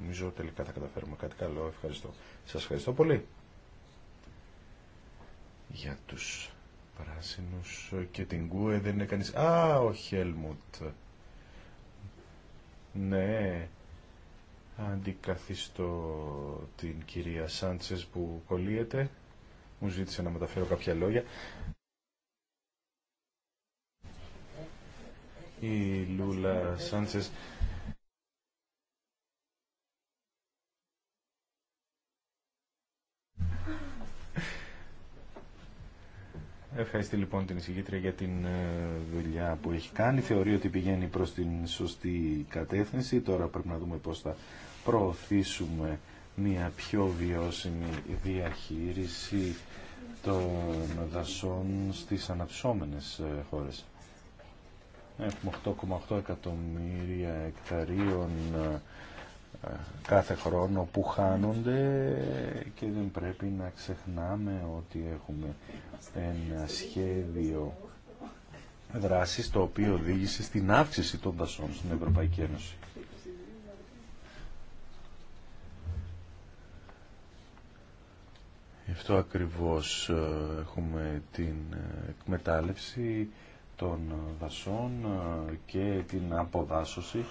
Νομίζω τελικά θα καταφέρουμε κάτι καλό. Ευχαριστώ. Σας ευχαριστώ πολύ για τους πράσινους και την Κούε δεν είναι κανείς. Α, ο Χέλμουτ. Ναι, αντικαθίστω την κυρία Σάντσες που κολλείεται. Μου ζήτησε να μεταφέρω κάποια λόγια. Η Λούλα Σάντσες Ευχαριστή λοιπόν την εισηγήτρια για την ε, δουλειά που έχει κάνει. Θεωρεί ότι πηγαίνει προς την σωστή κατεύθυνση. Τώρα πρέπει να δούμε πώς θα προωθήσουμε μια πιο βιώσιμη διαχείριση των δασών στις αναψώμενες ε, χώρες. Έχουμε 8,8 εκατομμύρια εκταρίων ε, κάθε χρόνο που χάνονται και δεν πρέπει να ξεχνάμε ότι έχουμε ένα σχέδιο δράσης το οποίο οδήγησε στην αύξηση των δασών στην Ευρωπαϊκή Ένωση. Γι' αυτό ακριβώς ε, έχουμε την ε, εκμετάλλευση των δασών ε, και την αποδάσωση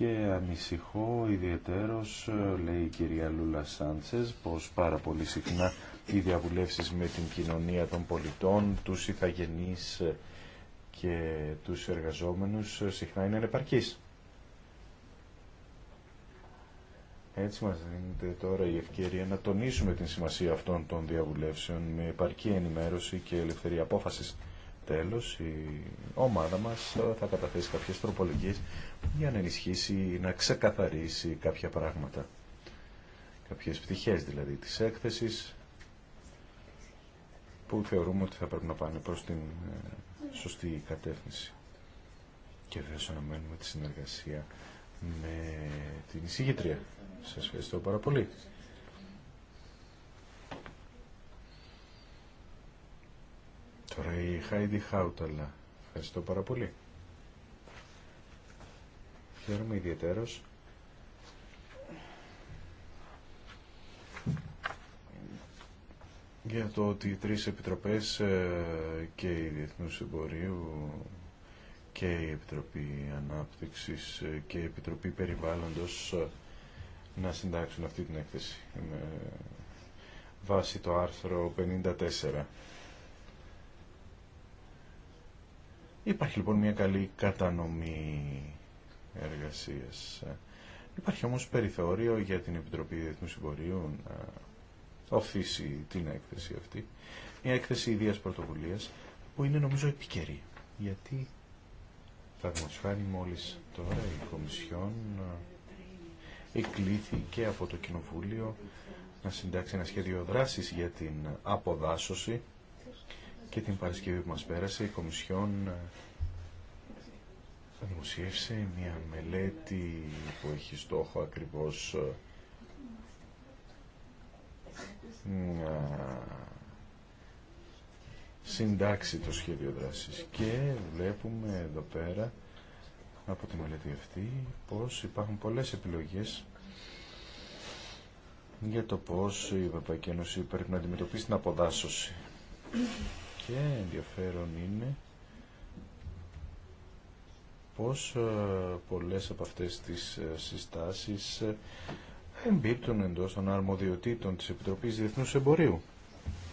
και ανησυχώ ιδιαιτέρως, λέει η κυρία Λούλα Σάντσες, πως πάρα πολύ συχνά οι διαβουλεύσει με την κοινωνία των πολιτών, τους ηθαγενείς και τους εργαζόμενους συχνά είναι ανεπαρκείς. Έτσι μας δίνεται τώρα η ευκαιρία να τονίσουμε την σημασία αυτών των διαβουλεύσεων με επαρκή ενημέρωση και ελευθερία απόφασης τέλος η ομάδα μας ε, θα καταθέσει κάποιες τροπολογίες για να ενισχύσει να ξεκαθαρίσει κάποια πράγματα. Κάποιες πτυχές δηλαδή της έκθεσης που θεωρούμε ότι θα πρέπει να πάνε προς την ε, σωστή κατεύθυνση. Και βέβαια αναμένουμε τη συνεργασία με την εισηγήτρια. Σας ευχαριστώ πάρα πολύ. Τώρα η Χάιντι Χάουταλα. Ευχαριστώ πάρα πολύ. Χαίρομαι ιδιαίτερο. για το ότι οι τρεις επιτροπές ε, και η Διεθνούς Εμπορίου και η Επιτροπή Ανάπτυξης ε, και η Επιτροπή Περιβάλλοντος ε, να συντάξουν αυτή την έκθεση με βάση το άρθρο 54 Υπάρχει λοιπόν μια καλή κατανομή εργασίας. Υπάρχει όμως περιθώριο για την Επιτροπή Διεθνού Υπορείου να οφήσει την έκθεση αυτή. Μια έκθεση ιδίας πρωτοβουλίας που είναι νομίζω επικαιρή. Γιατί θα δημοσφάνει μόλις τώρα η Κομισιόν ε, και από το Κοινοβούλιο να συντάξει ένα σχέδιο δράσης για την αποδάσωση και την Παρασκευή που μας πέρασε η Κομισιόν ε, δημοσίευσε μια μελέτη που έχει στόχο ακριβώς ε, να συντάξει το σχέδιο δράσης και βλέπουμε εδώ πέρα από τη μελέτη αυτή πως υπάρχουν πολλές επιλογές για το πώς η Ευρωπαϊκή Ένωση πρέπει να αντιμετωπίσει την αποδάσωση και ενδιαφέρον είναι πως ε, πολλές από αυτές τις ε, συστάσεις ε, εμπίπτουν εντός των αρμοδιοτήτων της Επιτροπής Διεθνούς Εμπορίου.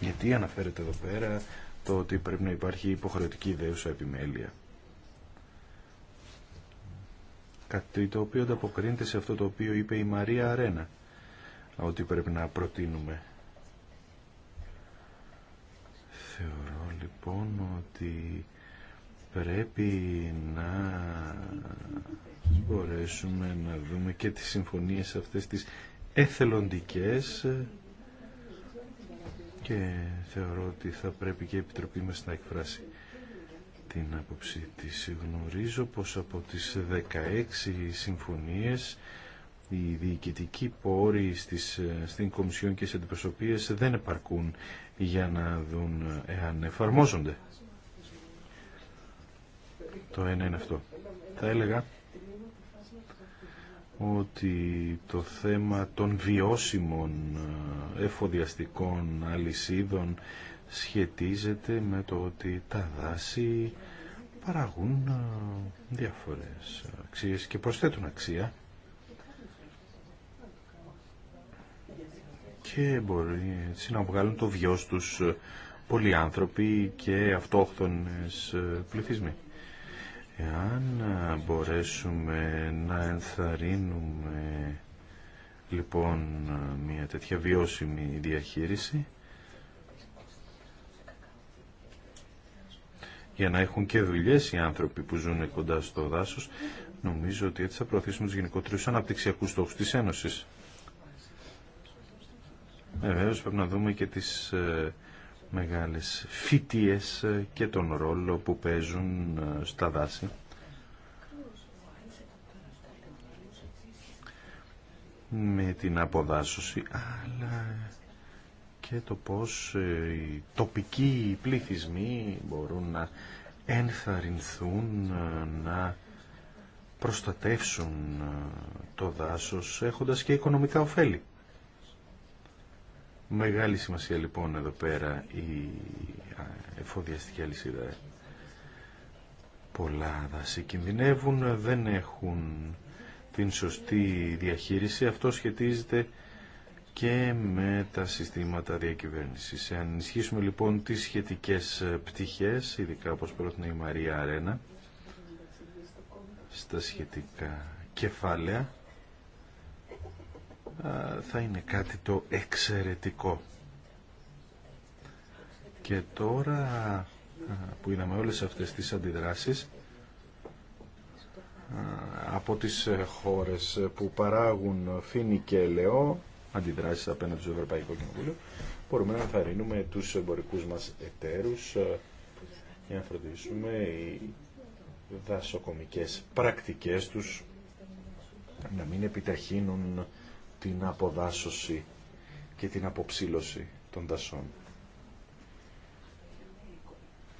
Γιατί αναφέρεται εδώ πέρα το ότι πρέπει να υπάρχει υποχρεωτική ιδέουσα επιμέλεια. Κάτι το οποίο ανταποκρίνεται σε αυτό το οποίο είπε η Μαρία Αρένα, ότι πρέπει να προτείνουμε Θεωρώ λοιπόν ότι πρέπει να μπορέσουμε να δούμε και τις συμφωνίες αυτές τις εθελοντικές και θεωρώ ότι θα πρέπει και η Επιτροπή μας να εκφράσει την άποψη της. Γνωρίζω πως από τις 16 συμφωνίες οι διοικητικοί πόροι στις, στην Κομισιόν και στις αντιπροσωπείες δεν επαρκούν για να δουν εάν εφαρμόζονται. Το ένα είναι αυτό. Θα έλεγα ότι το θέμα των βιώσιμων ε, εφοδιαστικών αλυσίδων σχετίζεται με το ότι τα δάση παραγούν ε, διάφορες αξίες και προσθέτουν αξία και μπορεί έτσι να βγάλουν το βιός τους ε, πολλοί άνθρωποι και αυτόχθονες ε, πληθυσμοί. Εάν ε, μπορέσουμε να ενθαρρύνουμε λοιπόν μια τέτοια βιώσιμη διαχείριση για να έχουν και δουλειές οι άνθρωποι που ζουν κοντά στο δάσος νομίζω ότι έτσι θα προωθήσουμε τους γενικότερους αναπτυξιακούς στόχους της Ένωσης. Βεβαίω πρέπει να δούμε και τις ε, μεγάλες φυτίες ε, και τον ρόλο που παίζουν ε, στα δάση. με την αποδάσωση αλλά και το πως οι τοπικοί πληθυσμοί μπορούν να ενθαρρυνθούν να προστατεύσουν το δάσος έχοντας και οικονομικά ωφέλη. Μεγάλη σημασία λοιπόν εδώ πέρα η εφοδιαστική αλυσίδα. Πολλά δάση κινδυνεύουν, δεν έχουν την σωστή διαχείριση. Αυτό σχετίζεται και με τα συστήματα διακυβέρνησης. Αν ενισχύσουμε λοιπόν τις σχετικές πτυχές, ειδικά όπως πρότεινε η Μαρία Αρένα, στα σχετικά κεφάλαια, θα είναι κάτι το εξαιρετικό. Και τώρα που είδαμε όλες αυτές τις αντιδράσεις από τις χώρες που παράγουν φίνη και ελαιό αντιδράσεις απέναντι στο Ευρωπαϊκό Κοινοβούλιο μπορούμε να ενθαρρύνουμε τους εμπορικούς μας εταίρους για να φροντίσουμε οι δασοκομικές πρακτικές τους να μην επιταχύνουν την αποδάσωση και την αποψήλωση των δασών.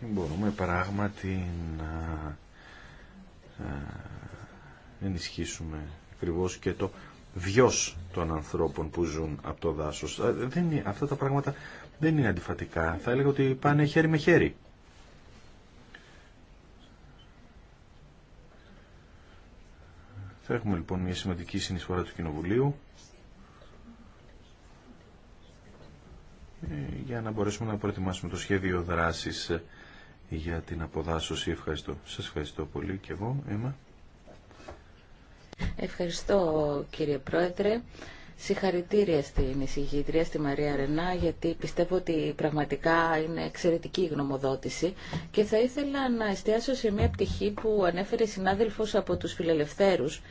Μπορούμε πράγματι να ε, ενισχύσουμε ακριβώ και το βιός των ανθρώπων που ζουν από το δάσος. Ε, δεν είναι, αυτά τα πράγματα δεν είναι αντιφατικά. Θα έλεγα ότι πάνε χέρι με χέρι. Θα έχουμε λοιπόν μια σημαντική συνεισφορά του Κοινοβουλίου Ε, για να μπορέσουμε να προετοιμάσουμε το σχέδιο δράσης ε, για την αποδάσωση. Ευχαριστώ. Σας ευχαριστώ πολύ και εγώ, Έμα. Ευχαριστώ κύριε Πρόεδρε. Συγχαρητήρια στην εισηγήτρια, στη Μαρία Ρενά, γιατί πιστεύω ότι πραγματικά είναι εξαιρετική η γνωμοδότηση και θα ήθελα να εστιάσω σε μια πτυχή που ανέφερε συνάδελφος από τους φιλελευθέρους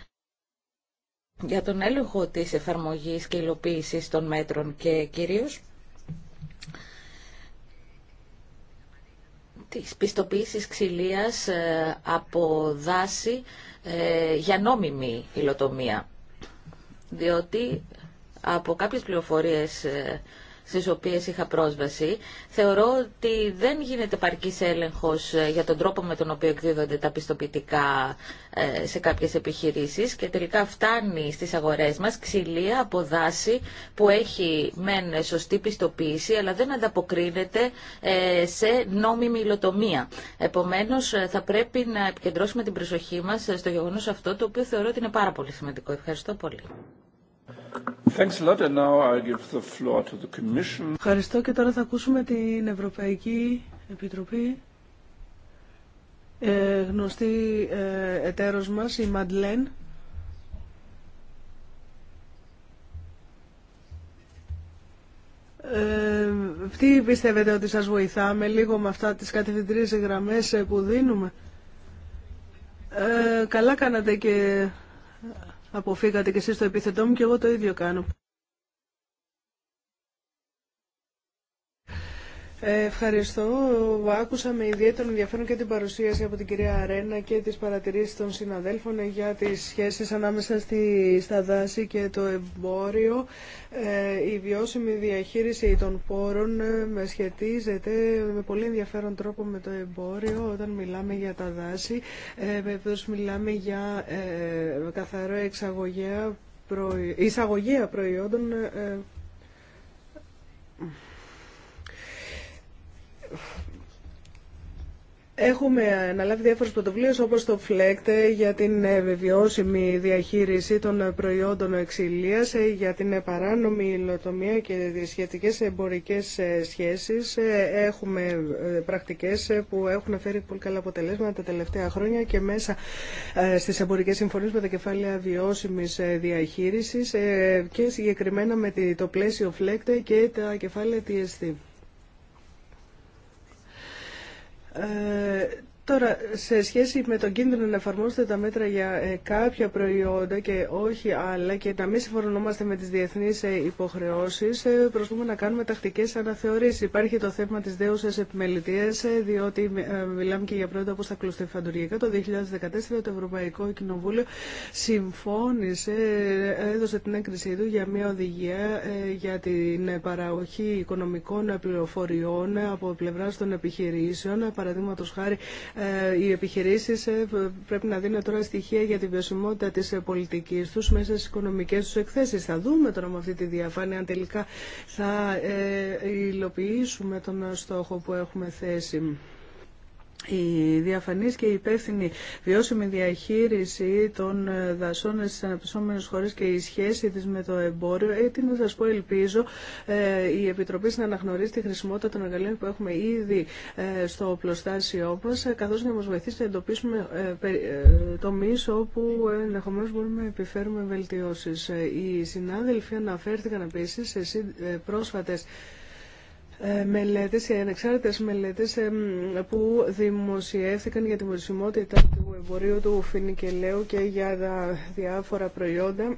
για τον έλεγχο της εφαρμογής και υλοποίησης των μέτρων και κυρίως της πιστοποίησης ξυλίας ε, από δάση ε, για νόμιμη υλοτομία. Διότι από κάποιες πληροφορίες ε, στις οποίες είχα πρόσβαση, θεωρώ ότι δεν γίνεται παρκής έλεγχος ε, για τον τρόπο με τον οποίο εκδίδονται τα πιστοποιητικά ε, σε κάποιες επιχειρήσεις και τελικά φτάνει στις αγορές μας ξυλία από δάση που έχει μεν σωστή πιστοποίηση αλλά δεν ανταποκρίνεται ε, σε νόμιμη υλοτομία. Επομένως θα πρέπει να επικεντρώσουμε την προσοχή μας στο γεγονός αυτό το οποίο θεωρώ ότι είναι πάρα πολύ σημαντικό. Ευχαριστώ πολύ. Ευχαριστώ και τώρα θα ακούσουμε την Ευρωπαϊκή Επιτροπή. Ε, γνωστή ε, εταίρος μας, η Μαντλέν. Ε, τι πιστεύετε ότι σας βοηθάμε λίγο με αυτά τις κατευθυντήριες γραμμές ε, που δίνουμε. Ε, καλά κάνατε και αποφύγατε κι εσείς το επίθετό μου και εγώ το ίδιο κάνω. Ε, ευχαριστώ. Άκουσα με ιδιαίτερο ενδιαφέρον και την παρουσίαση από την κυρία Αρένα και τις παρατηρήσεις των συναδέλφων για τις σχέσεις ανάμεσα στη, στα δάση και το εμπόριο. Ε, η βιώσιμη διαχείριση των πόρων ε, με σχετίζεται με πολύ ενδιαφέρον τρόπο με το εμπόριο όταν μιλάμε για τα δάση. Ε, μιλάμε για ε, καθαρό εξαγωγέα, προ, εισαγωγέα προϊόντων ε, Έχουμε αναλάβει διάφορες πρωτοβουλίες όπως το ΦΛΕΚΤΕ για την ε, βιώσιμη διαχείριση των προϊόντων εξηλίας, ε, για την ε, παράνομη υλοτομία και σχετικέ σχετικές εμπορικές σχέσεις. Έχουμε πρακτικές που έχουν φέρει πολύ καλά αποτελέσματα τα τελευταία χρόνια και μέσα στις εμπορικές συμφωνίες με τα κεφάλαια βιώσιμης διαχείρισης και συγκεκριμένα με το πλαίσιο ΦΛΕΚΤΕ και τα κεφάλαια TST. Εύχομαι. Τώρα, σε σχέση με τον κίνδυνο να εφαρμόσετε τα μέτρα για ε, κάποια προϊόντα και όχι άλλα και να μην συμφωνούμαστε με τις διεθνείς ε, υποχρεώσεις, ε, προσπαθούμε να κάνουμε τακτικές αναθεωρήσεις. Υπάρχει το θέμα της δέουσας επιμελητίας, διότι μιλάμε και για πρώτα όπως τα κλωστεφαντουργικά. Το 2014 το Ευρωπαϊκό Κοινοβούλιο συμφώνησε, έδωσε την έγκρισή του για μια οδηγία για την παραγωγή οικονομικών πληροφοριών από πλευρά των επιχειρήσεων, παραδείγματο χάρη ε, οι επιχειρήσεις ε, πρέπει να δίνουν τώρα στοιχεία για τη βιωσιμότητα της ε, πολιτικής τους μέσα στις οικονομικές τους εκθέσεις. Θα δούμε τώρα με αυτή τη διαφάνεια αν τελικά θα υλοποιήσουμε τον στόχο που έχουμε θέσει. Η διαφανής και η υπεύθυνη βιώσιμη διαχείριση των ε, δασών στις αναπτυσσόμενες χώρες και η σχέση της με το εμπόριο, ε, τι να σας πω, ελπίζω ε, η Επιτροπή να αναγνωρίσει τη χρησιμότητα των εργαλείων που έχουμε ήδη ε, στο πλωστάσιό μας, καθώς να μας βοηθήσει να εντοπίσουμε το μίσο όπου ενδεχομένως μπορούμε να επιφέρουμε βελτιώσεις. Οι συνάδελφοι αναφέρθηκαν επίσης σε πρόσφατες ε, μελέτες, οι ε, ανεξάρτητες μελέτες ε, που δημοσιεύθηκαν για τη μορισιμότητα του εμπορίου του φινικελαίου και για τα διάφορα προϊόντα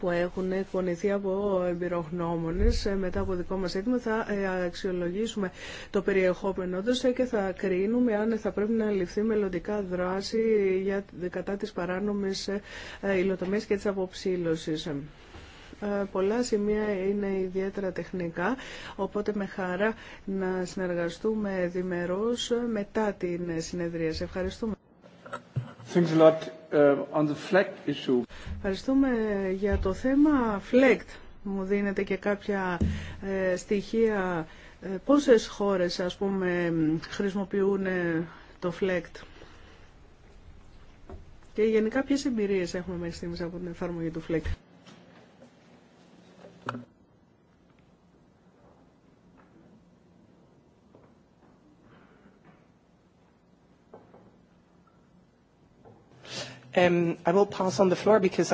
που έχουν εκπονηθεί από εμπειρογνώμονες μετά από δικό μας έτοιμο θα αξιολογήσουμε το περιεχόμενό τους και θα κρίνουμε αν θα πρέπει να ληφθεί μελλοντικά δράση για, κατά της παράνομες υλοτομίας και της αποψήλωσης. Ε, πολλά σημεία είναι ιδιαίτερα τεχνικά, οπότε με χαρά να συνεργαστούμε διμερώς μετά την συνεδρία. Σε ευχαριστούμε. Thanks a lot. Uh, on the issue. Ευχαριστούμε για το θέμα FLECT. Μου δίνετε και κάποια ε, στοιχεία. Ε, πόσες χώρες, ας πούμε, χρησιμοποιούν ε, το FLECT. Και γενικά ποιες εμπειρίες έχουμε μέχρι στιγμής από την εφαρμογή του FLECT. Εγώ είμαι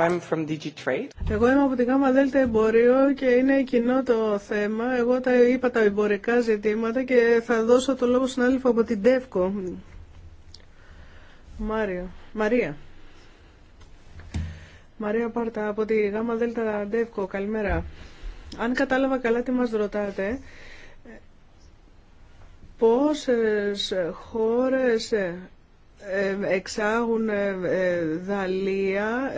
από την ΓΑΜΑ ΔΕΛΤΑ Εμπόριο και είναι κοινό το θέμα. Εγώ τα είπα τα εμπορικά ζητήματα και θα δώσω το λόγο στην άλλη από την ΤΕΦΚΟ. Μάριο. Μαρία. Μαρία Πάρτα από τη ΓΑΜΑ ΔΕΛΤΑ ΤΕΦΚΟ. Καλημέρα. Αν κατάλαβα καλά τι μας ρωτάτε, ε, πόσες χώρες ε, ε, εξάγουν ε, ε, δαλία,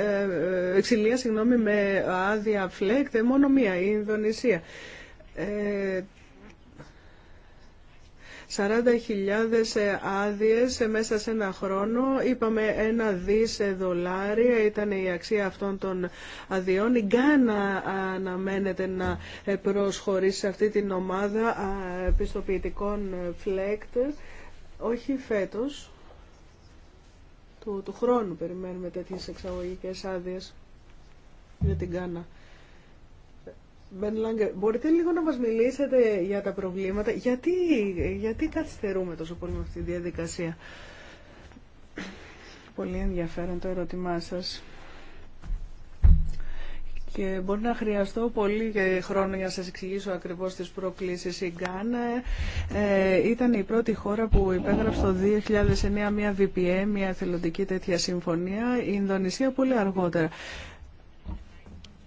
εξηλία συγγνώμη, με άδεια φλέκτε, μόνο μία, η Ινδονησία. 40.000 άδειε μέσα σε ένα χρόνο. Είπαμε ένα δις δολάρια ήταν η αξία αυτών των αδειών. Η Γκάνα αναμένεται να προσχωρήσει σε αυτή την ομάδα πιστοποιητικών φλέκτ. Όχι φέτος, του, του χρόνου περιμένουμε τέτοιε εξαγωγικέ άδειε για την Κάνα. μπορείτε λίγο να μας μιλήσετε για τα προβλήματα. Γιατί, γιατί καθυστερούμε τόσο πολύ με αυτή τη διαδικασία. Πολύ ενδιαφέρον το ερώτημά σας και μπορεί να χρειαστώ πολύ χρόνο για να σας εξηγήσω ακριβώς τις προκλήσεις. Η Γκάνα ε, ήταν η πρώτη χώρα που υπέγραψε το 2009 μια VPM μια θελοντική τέτοια συμφωνία. Η Ινδονησία πολύ αργότερα.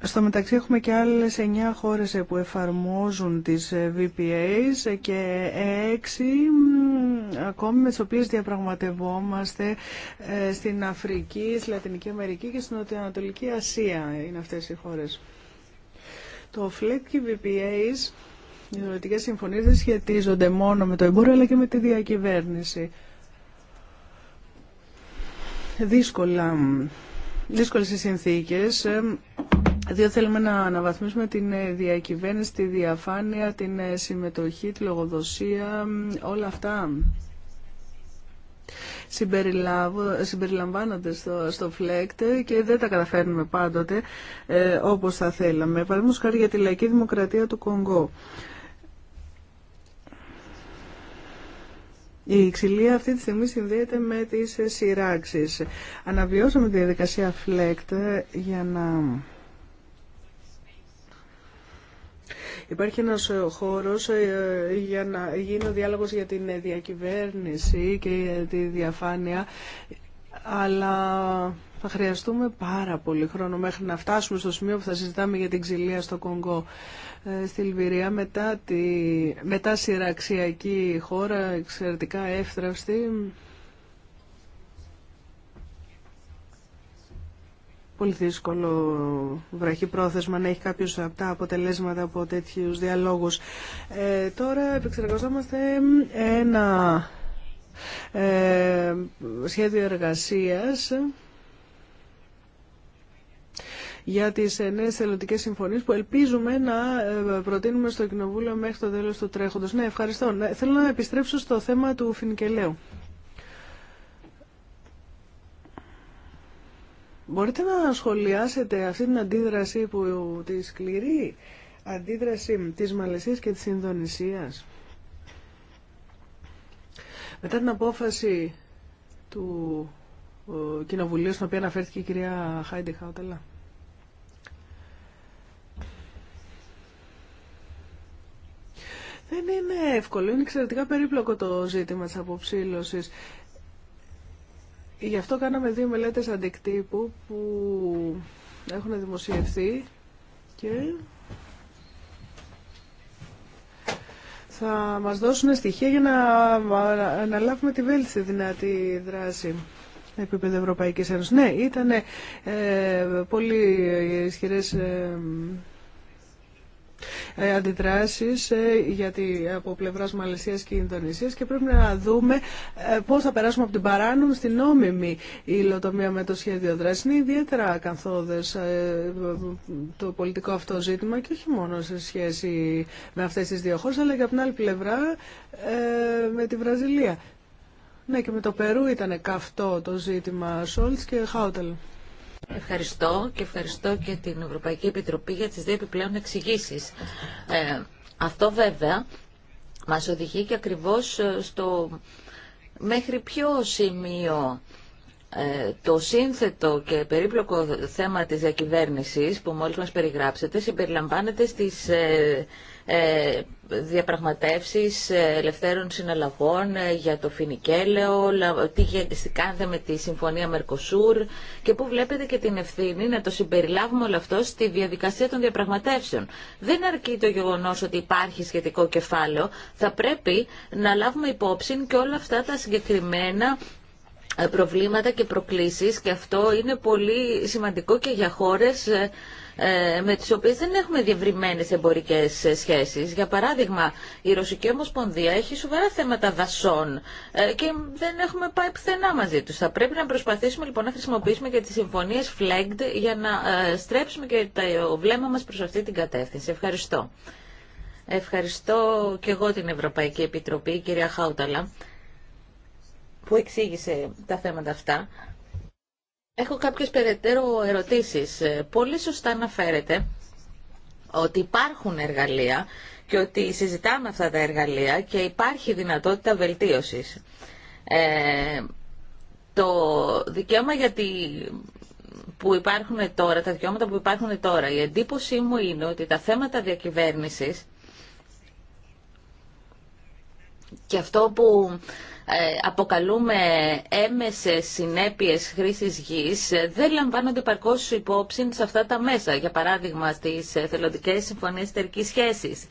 Στο μεταξύ έχουμε και άλλες 9 χώρες ε, που εφαρμόζουν τις VPAs ε, και 6 ακόμη με τις οποίες διαπραγματευόμαστε ε, στην Αφρική, στη Λατινική Αμερική και στην Νοτιοανατολική Ασία είναι αυτές οι χώρες. Το FLEC και VPAs, οι δημοτικές συμφωνίες δεν σχετίζονται μόνο με το εμπόριο αλλά και με τη διακυβέρνηση. Δύσκολα, δύσκολες οι συνθήκες διότι θέλουμε να αναβαθμίσουμε την ε, διακυβέρνηση, τη διαφάνεια, την ε, συμμετοχή, τη λογοδοσία, όλα αυτά συμπεριλαμβάνονται στο, στο φλέκτ και δεν τα καταφέρνουμε πάντοτε ε, όπως θα θέλαμε. Παραδείγματος χάρη για τη λαϊκή δημοκρατία του Κονγκό. Η ξυλία αυτή τη στιγμή συνδέεται με τις ε, σειράξεις. Αναβιώσαμε τη διαδικασία φλέκτ για να Υπάρχει ένας ε, χώρος ε, για να γίνει ο διάλογος για την ε, διακυβέρνηση και τη διαφάνεια, αλλά θα χρειαστούμε πάρα πολύ χρόνο μέχρι να φτάσουμε στο σημείο που θα συζητάμε για την ξυλία στο Κονγκό. Στη Λιβυρία μετά, τη... μετά σειραξιακή χώρα, εξαιρετικά εύθραυστη, πολύ δύσκολο πρόθεσμα να έχει κάποιος αυτά αποτελέσματα από τέτοιους διαλόγους. Ε, τώρα επεξεργαζόμαστε ένα ε, σχέδιο εργασίας για τις νέες θελοντικές συμφωνίες που ελπίζουμε να ε, προτείνουμε στο Κοινοβούλιο μέχρι το τέλος του τρέχοντος. Ναι, ευχαριστώ. Ναι, θέλω να επιστρέψω στο θέμα του Φινικελαίου. Μπορείτε να σχολιάσετε αυτή την αντίδραση που τη σκληρή αντίδραση της Μαλαισίας και της Ινδονησίας. Μετά την απόφαση του Κοινοβουλίου, στην οποία αναφέρθηκε η κυρία Χάιντι Χάουτελα. Δεν είναι εύκολο, είναι εξαιρετικά περίπλοκο το ζήτημα της αποψήλωσης. Γι' αυτό κάναμε δύο μελέτες αντικτύπου που έχουν δημοσιευθεί και θα μας δώσουν στοιχεία για να, να λάβουμε τη βέλτιστη δυνατή δράση επίπεδο Ευρωπαϊκής Ένωσης. Ναι, ήταν ε, πολύ ισχυρές ε, ε, αντιδράσεις ε, γιατί από πλευράς Μαλαισίας και Ινδονησίας και πρέπει να δούμε ε, πώς θα περάσουμε από την παράνομη στην νόμιμη υλοτομία με το σχέδιο δράση. Είναι ιδιαίτερα καθόδες το πολιτικό αυτό ζήτημα και όχι μόνο σε σχέση με αυτές τις δύο χώρες αλλά και από την άλλη πλευρά με τη Βραζιλία. Ναι και με το Περού ήταν καυτό το ζήτημα Σόλτ και Χάουτελ. Ευχαριστώ και ευχαριστώ και την Ευρωπαϊκή Επιτροπή για τις δύο επιπλέον εξηγήσει. Ε, αυτό βέβαια μας οδηγεί και ακριβώς ε, στο μέχρι ποιο σημείο ε, το σύνθετο και περίπλοκο θέμα της διακυβέρνησης που μόλις μας περιγράψετε συμπεριλαμβάνεται στις ε, διαπραγματεύσεις ε, ελευθέρων συναλλαγών ε, για το φινικέλαιο, τι κάνετε με τη Συμφωνία Μερκοσούρ και που βλέπετε και την ευθύνη να το συμπεριλάβουμε όλο αυτό στη διαδικασία των διαπραγματεύσεων. Δεν αρκεί το γεγονός ότι υπάρχει σχετικό κεφάλαιο, θα πρέπει να λάβουμε υπόψη και όλα αυτά τα συγκεκριμένα προβλήματα και προκλήσεις και αυτό είναι πολύ σημαντικό και για χώρες ε, με τις οποίες δεν έχουμε διευρυμένες εμπορικές ε, σχέσεις. Για παράδειγμα, η Ρωσική Ομοσπονδία έχει σοβαρά θέματα δασών ε, και δεν έχουμε πάει πουθενά μαζί τους. Θα πρέπει να προσπαθήσουμε λοιπόν να χρησιμοποιήσουμε και τις συμφωνίες FLEGD για να στρέψουμε και το βλέμμα μας προς αυτή την κατεύθυνση. Ευχαριστώ. Ευχαριστώ και εγώ την Ευρωπαϊκή Επιτροπή, κυρία Χάουταλα, που εξήγησε τα θέματα αυτά. Έχω κάποιες περαιτέρω ερωτήσεις. Ε, πολύ σωστά αναφέρεται ότι υπάρχουν εργαλεία και ότι συζητάμε αυτά τα εργαλεία και υπάρχει δυνατότητα βελτίωσης. Ε, το δικαίωμα γιατί που υπάρχουν τώρα, τα δικαιώματα που υπάρχουν τώρα, η εντύπωσή μου είναι ότι τα θέματα διακυβέρνησης και αυτό που ε, αποκαλούμε έμεσες συνέπειες χρήσης γης ε, δεν λαμβάνονται παρκώς υπόψη σε αυτά τα μέσα, για παράδειγμα στις ε, θελοντικές συμφωνίες εταιρική σχέσης.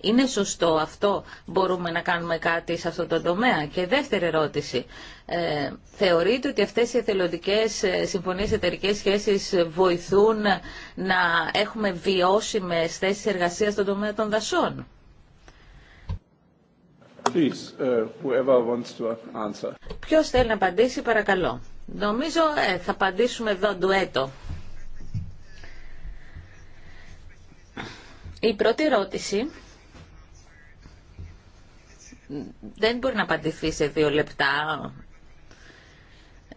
Είναι σωστό αυτό, μπορούμε να κάνουμε κάτι σε αυτό το τομέα. Και δεύτερη ερώτηση, ε, θεωρείτε ότι αυτές οι εθελοντικές συμφωνίες εταιρικές σχέσεις βοηθούν να έχουμε βιώσιμες θέσεις εργασίας στον τομέα των δασών. Uh, Ποιο θέλει να απαντήσει, παρακαλώ. Νομίζω ε, θα απαντήσουμε εδώ ντουέτο. Η πρώτη ερώτηση δεν μπορεί να απαντηθεί σε δύο λεπτά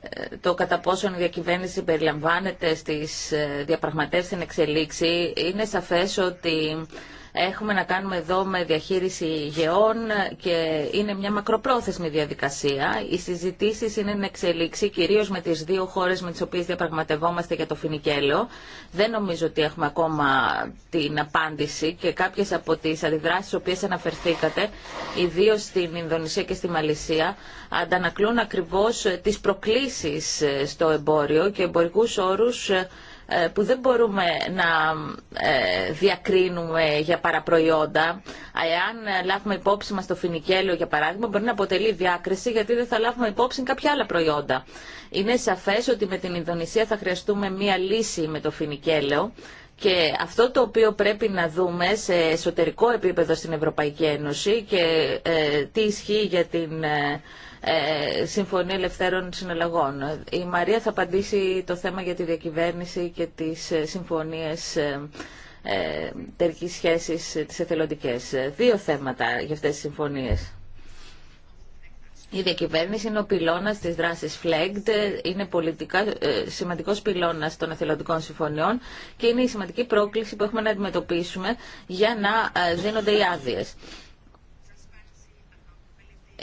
ε, το κατά πόσο η διακυβέρνηση περιλαμβάνεται στις ε, διαπραγματεύσεις στην εξελίξη. Είναι σαφές ότι Έχουμε να κάνουμε εδώ με διαχείριση γεών και είναι μια μακροπρόθεσμη διαδικασία. Οι συζητήσει είναι εν εξελίξη, κυρίω με τι δύο χώρε με τι οποίε διαπραγματευόμαστε για το φινικέλαιο. Δεν νομίζω ότι έχουμε ακόμα την απάντηση και κάποιε από τι αντιδράσει στι οποίε αναφερθήκατε, ιδίω στην Ινδονησία και στη Μαλαισία, αντανακλούν ακριβώ τι προκλήσει στο εμπόριο και εμπορικού όρου ε, που δεν μπορούμε να ε, διακρίνουμε για παραπροϊόντα. Εάν λάβουμε υπόψη μας το φινικέλαιο, για παράδειγμα, μπορεί να αποτελεί διάκριση γιατί δεν θα λάβουμε υπόψη κάποια άλλα προϊόντα. Είναι σαφές ότι με την Ινδονησία θα χρειαστούμε μία λύση με το φινικέλαιο και αυτό το οποίο πρέπει να δούμε σε εσωτερικό επίπεδο στην Ευρωπαϊκή Ένωση και ε, τι ισχύει για την ε, Συμφωνία Ελευθέρων Συναλλαγών. Η Μαρία θα απαντήσει το θέμα για τη διακυβέρνηση και τις ε, συμφωνίες ε, τερικής σχέσης τις εθελοντικές. Δύο θέματα για αυτές τις συμφωνίες. Η διακυβέρνηση είναι ο πυλώνα της δράσης FLEGD, είναι πολιτικά σημαντικό πυλώνας των εθελοντικών συμφωνιών και είναι η σημαντική πρόκληση που έχουμε να αντιμετωπίσουμε για να δίνονται οι άδειε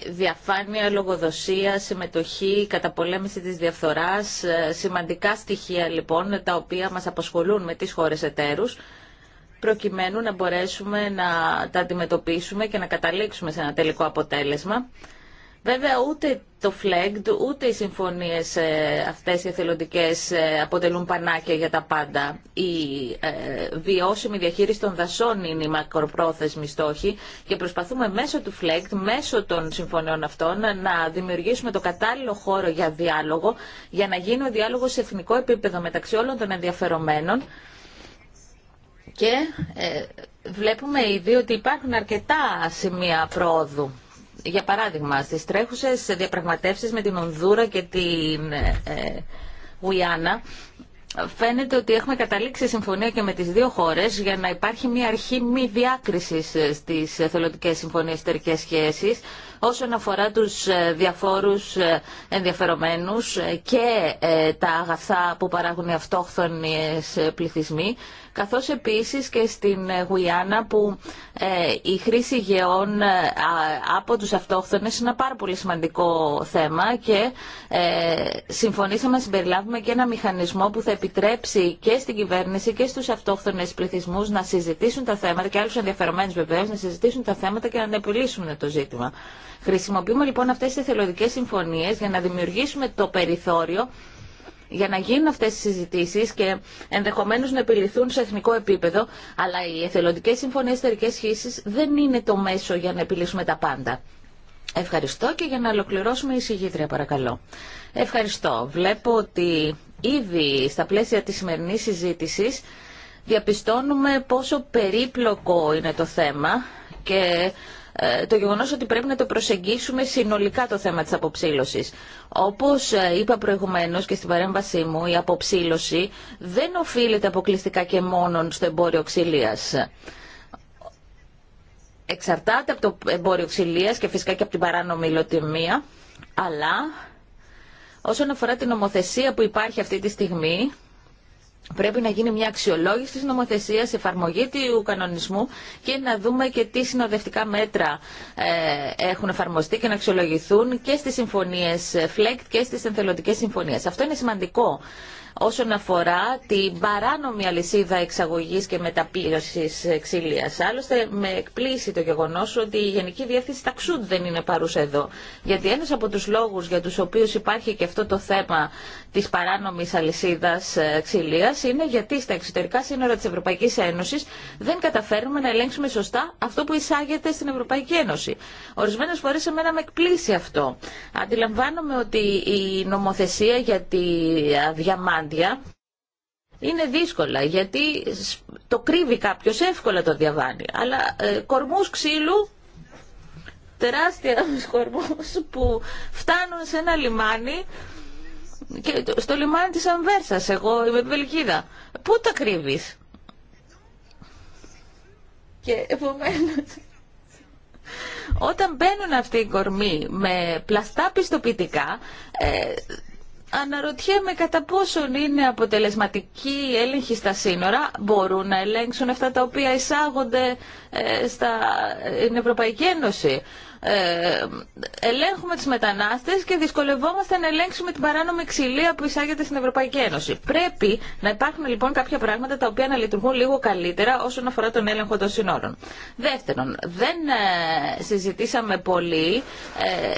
διαφάνεια, λογοδοσία, συμμετοχή, καταπολέμηση της διαφθοράς, ε, σημαντικά στοιχεία λοιπόν τα οποία μας απασχολούν με τις χώρες εταίρους προκειμένου να μπορέσουμε να τα αντιμετωπίσουμε και να καταλήξουμε σε ένα τελικό αποτέλεσμα. Βέβαια ούτε το FLEGD ούτε οι συμφωνίες ε, αυτές οι εθελοντικές ε, αποτελούν πανάκια για τα πάντα. Η ε, βιώσιμη διαχείριση των δασών είναι η μακροπρόθεσμη στόχη και προσπαθούμε μέσω του FLEGD, μέσω των συμφωνιών αυτών να δημιουργήσουμε το κατάλληλο χώρο για διάλογο για να γίνει ο διάλογος σε εθνικό επίπεδο μεταξύ όλων των ενδιαφερομένων και βλέπουμε ήδη ότι υπάρχουν αρκετά σημεία πρόοδου για παράδειγμα, στι τρέχουσε διαπραγματεύσεις με την Ονδούρα και την ε, ε Φαίνεται ότι έχουμε καταλήξει συμφωνία και με τις δύο χώρες για να υπάρχει μια αρχή μη διάκριση στις εθελοντικέ συμφωνίε τερικέ σχέσει όσον αφορά τους ε, διαφόρους ε, ενδιαφερομένους και τα αγαθά που παράγουν οι αυτόχθονε πληθυσμοί καθώς επίσης και στην Γουιάννα που ε, η χρήση γεών ε, από τους αυτόχθονες είναι ένα πάρα πολύ σημαντικό θέμα και ε, συμφωνήσαμε να συμπεριλάβουμε και ένα μηχανισμό που θα επιτρέψει και στην κυβέρνηση και στους αυτόχθονες πληθυσμούς να συζητήσουν τα θέματα και άλλους ενδιαφερομένους βεβαίως να συζητήσουν τα θέματα και να επιλύσουν το ζήτημα. Χρησιμοποιούμε λοιπόν αυτές τις εθελοντικές συμφωνίες για να δημιουργήσουμε το περιθώριο για να γίνουν αυτές οι συζητήσει και ενδεχομένως να επιληθούν σε εθνικό επίπεδο, αλλά οι εθελοντικέ συμφωνίε εταιρικέ σχέσεις δεν είναι το μέσο για να επιλύσουμε τα πάντα. Ευχαριστώ και για να ολοκληρώσουμε η συγγήτρια παρακαλώ. Ευχαριστώ. Βλέπω ότι ήδη στα πλαίσια της σημερινής συζήτησης διαπιστώνουμε πόσο περίπλοκο είναι το θέμα και ε, το γεγονό ότι πρέπει να το προσεγγίσουμε συνολικά το θέμα της αποψήλωση. Όπως ε, είπα προηγουμένως και στην παρέμβασή μου, η αποψήλωση δεν οφείλεται αποκλειστικά και μόνο στο εμπόριο ξυλία. εξαρτάται από το εμπόριο ξυλία και φυσικά και από την παράνομη υλοτιμία, αλλά όσον αφορά την νομοθεσία που υπάρχει αυτή τη στιγμή, Πρέπει να γίνει μια αξιολόγηση της νομοθεσίας, εφαρμογή του κανονισμού και να δούμε και τι συνοδευτικά μέτρα ε, έχουν εφαρμοστεί και να αξιολογηθούν και στις συμφωνίες FLECT ε, και στις ενθελοντικές συμφωνίες. Αυτό είναι σημαντικό όσον αφορά την παράνομη αλυσίδα εξαγωγή και μεταπλήρωση ξύλια. Άλλωστε με εκπλήσει το γεγονό ότι η Γενική Διεύθυνση Ταξούντ δεν είναι παρούσα εδώ. Γιατί ένα από του λόγου για του οποίου υπάρχει και αυτό το θέμα τη παράνομη αλυσίδα ε, ξυλία είναι γιατί στα εξωτερικά σύνορα τη Ευρωπαϊκή Ένωση δεν καταφέρουμε να ελέγξουμε σωστά αυτό που εισάγεται στην Ευρωπαϊκή Ένωση. Ορισμένες φορές εμένα με εκπλήσει αυτό. Αντιλαμβάνομαι ότι η νομοθεσία για τη διαμάντη είναι δύσκολα γιατί το κρύβει κάποιος, εύκολα το διαβάνει. Αλλά ε, κορμούς ξύλου, τεράστια <laughs> κορμούς που φτάνουν σε ένα λιμάνι και στο λιμάνι της Αμβέρσας, εγώ είμαι Βελγίδα. Πού τα κρύβεις? Και επομένως... Όταν μπαίνουν αυτοί οι κορμοί με πλαστά πιστοποιητικά, ε, Αναρωτιέμαι κατά πόσον είναι αποτελεσματική η έλεγχη στα σύνορα. Μπορούν να ελέγξουν αυτά τα οποία εισάγονται ε, στην Ευρωπαϊκή Ένωση. Ε, ελέγχουμε τους μετανάστες και δυσκολευόμαστε να ελέγξουμε την παράνομη ξυλία που εισάγεται στην Ευρωπαϊκή Ένωση. Πρέπει να υπάρχουν λοιπόν κάποια πράγματα τα οποία να λειτουργούν λίγο καλύτερα όσον αφορά τον έλεγχο των συνόρων. Δεύτερον, δεν ε, συζητήσαμε πολύ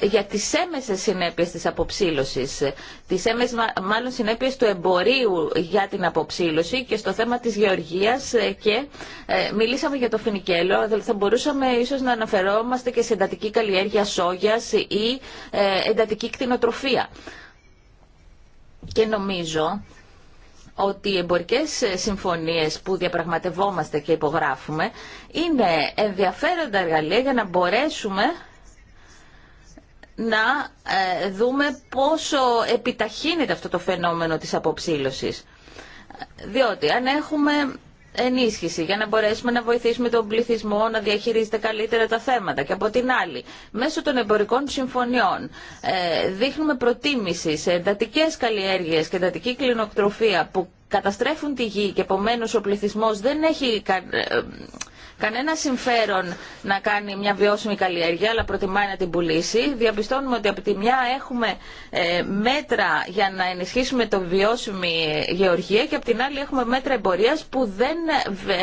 ε, για τις έμεσες συνέπειες της αποψήλωσης, τις έμεσες μάλλον συνέπειες του εμπορίου για την αποψήλωση και στο θέμα της γεωργίας και μιλήσαμε για το φινικέ Δηλαδή θα μπορούσαμε ίσως να αναφερόμαστε και σε εντατική καλλιέργεια σόγιας ή ε, εντατική κτηνοτροφία. Και νομίζω ότι οι εμπορικές συμφωνίες που διαπραγματευόμαστε και υπογράφουμε είναι ενδιαφέροντα εργαλεία για να μπορέσουμε να ε, δούμε πόσο επιταχύνεται αυτό το φαινόμενο της αποψήλωσης. Διότι αν έχουμε ενίσχυση για να μπορέσουμε να βοηθήσουμε τον πληθυσμό να διαχειρίζεται καλύτερα τα θέματα. Και από την άλλη, μέσω των εμπορικών συμφωνιών ε, δείχνουμε προτίμηση σε εντατικέ καλλιέργειε και εντατική κλινοκτροφία που καταστρέφουν τη γη και επομένω ο πληθυσμό δεν έχει ε, κανένα συμφέρον να κάνει μια βιώσιμη καλλιέργεια, αλλά προτιμάει να την πουλήσει. Διαπιστώνουμε ότι από τη μια έχουμε ε, μέτρα για να ενισχύσουμε το βιώσιμη ε, γεωργία και από την άλλη έχουμε μέτρα εμπορία που δεν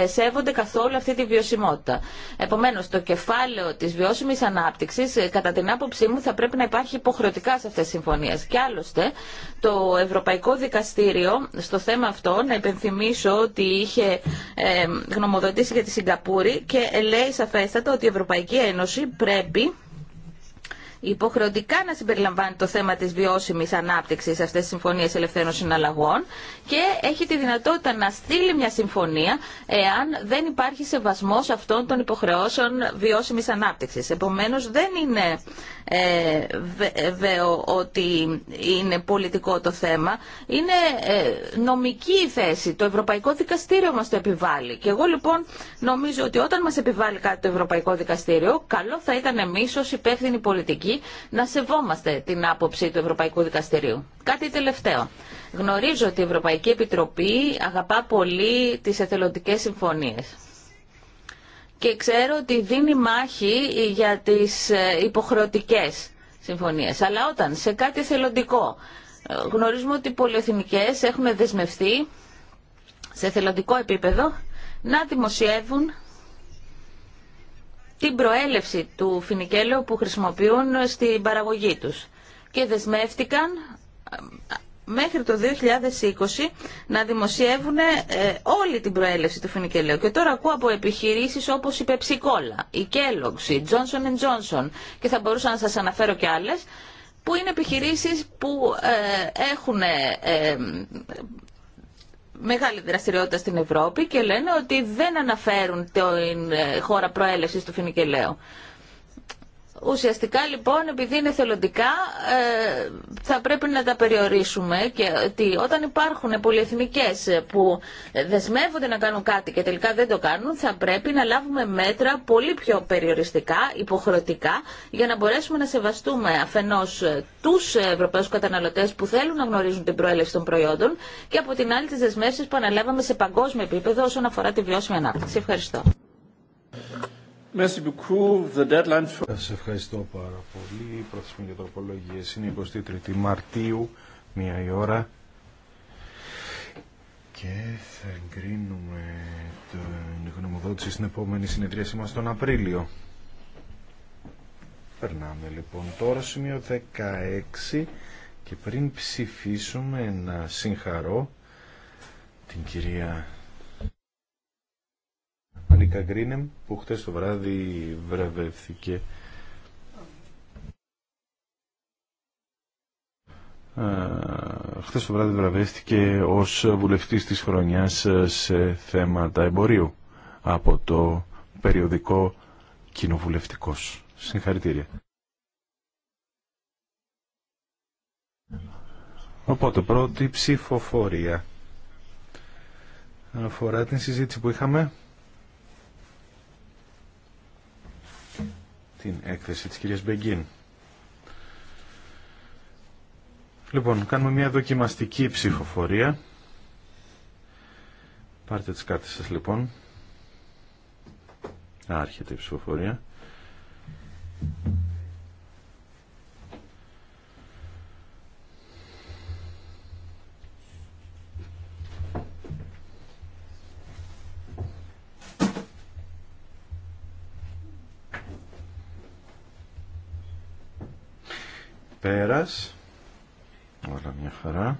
ε, σέβονται καθόλου αυτή τη βιωσιμότητα. Επομένω, το κεφάλαιο της βιώσιμης ανάπτυξης, κατά την άποψή μου, θα πρέπει να υπάρχει υποχρεωτικά σε αυτέ τι συμφωνίε. Και άλλωστε, το Ευρωπαϊκό Δικαστήριο στο θέμα αυτό, να υπενθυμίσω ότι είχε γνωμοδοτήσει για τη Σιγκαπούρη, και λέει σαφέστατα ότι η Ευρωπαϊκή Ένωση πρέπει υποχρεωτικά να συμπεριλαμβάνει το θέμα της βιώσιμης ανάπτυξης σε αυτές τις συμφωνίες ελευθέρων συναλλαγών και έχει τη δυνατότητα να στείλει μια συμφωνία εάν δεν υπάρχει σεβασμός αυτών των υποχρεώσεων βιώσιμης ανάπτυξης. Επομένως δεν είναι ε, βέβαιο ότι είναι πολιτικό το θέμα. Είναι ε, νομική η θέση. Το Ευρωπαϊκό Δικαστήριο μας το επιβάλλει. Και εγώ λοιπόν νομίζω ότι όταν μας επιβάλλει κάτι το Ευρωπαϊκό Δικαστήριο, καλό θα ήταν εμείς ως υπεύθυνοι πολιτικοί να σεβόμαστε την άποψη του Ευρωπαϊκού Δικαστηρίου. Κάτι τελευταίο. Γνωρίζω ότι η Ευρωπαϊκή Επιτροπή αγαπά πολύ τις εθελοντικές συμφωνίες και ξέρω ότι δίνει μάχη για τις ε, υποχρεωτικές συμφωνίες. Αλλά όταν σε κάτι εθελοντικό ε, γνωρίζουμε ότι οι πολυεθνικές έχουν δεσμευτεί σε εθελοντικό επίπεδο να δημοσιεύουν την προέλευση του φινικέλου που χρησιμοποιούν στην παραγωγή τους. Και δεσμεύτηκαν ε, μέχρι το 2020 να δημοσιεύουν ε, όλη την προέλευση του φινικελαίου. Και τώρα ακούω από επιχειρήσεις όπως η Pepsi-Cola, η Kellogg's, η Johnson Johnson και θα μπορούσα να σας αναφέρω και άλλες, που είναι επιχειρήσεις που ε, έχουν μεγάλη δραστηριότητα στην Ευρώπη και λένε ότι δεν αναφέρουν την ε, χώρα προέλευσης του φινικελαίου. Ουσιαστικά λοιπόν επειδή είναι θελοντικά ε, θα πρέπει να τα περιορίσουμε και ότι όταν υπάρχουν πολυεθνικές που δεσμεύονται να κάνουν κάτι και τελικά δεν το κάνουν θα πρέπει να λάβουμε μέτρα πολύ πιο περιοριστικά, υποχρεωτικά για να μπορέσουμε να σεβαστούμε αφενός τους Ευρωπαίους καταναλωτές που θέλουν να γνωρίζουν την προέλευση των προϊόντων και από την άλλη τις δεσμεύσεις που αναλάβαμε σε παγκόσμιο επίπεδο όσον αφορά τη βιώσιμη ανάπτυξη. Ευχαριστώ. Σας ευχαριστώ πάρα πολύ. Η πρόθεσμη για τροπολογίες είναι 23η Μαρτίου, μία η ώρα. Και θα εγκρίνουμε την γνωμοδότηση στην επόμενη συνεδρία μας τον Απρίλιο. Περνάμε λοιπόν τώρα σημείο 16 και πριν ψηφίσουμε να συγχαρώ την κυρία Ανίκα Γκρίνεμ που χτες το βράδυ βραβεύθηκε ε, χτες το βράδυ βραβεύτηκε ως βουλευτής της χρονιάς σε θέματα εμπορίου από το περιοδικό Κοινοβουλευτικός. Συγχαρητήρια. Οπότε πρώτη ψηφοφορία. Αφορά την συζήτηση που είχαμε την έκθεση της κυρίας Μπεγκίν. Λοιπόν, κάνουμε μια δοκιμαστική ψηφοφορία. Πάρτε τις κάρτες σας λοιπόν. Άρχεται η ψηφοφορία. πέρας όλα μια χαρά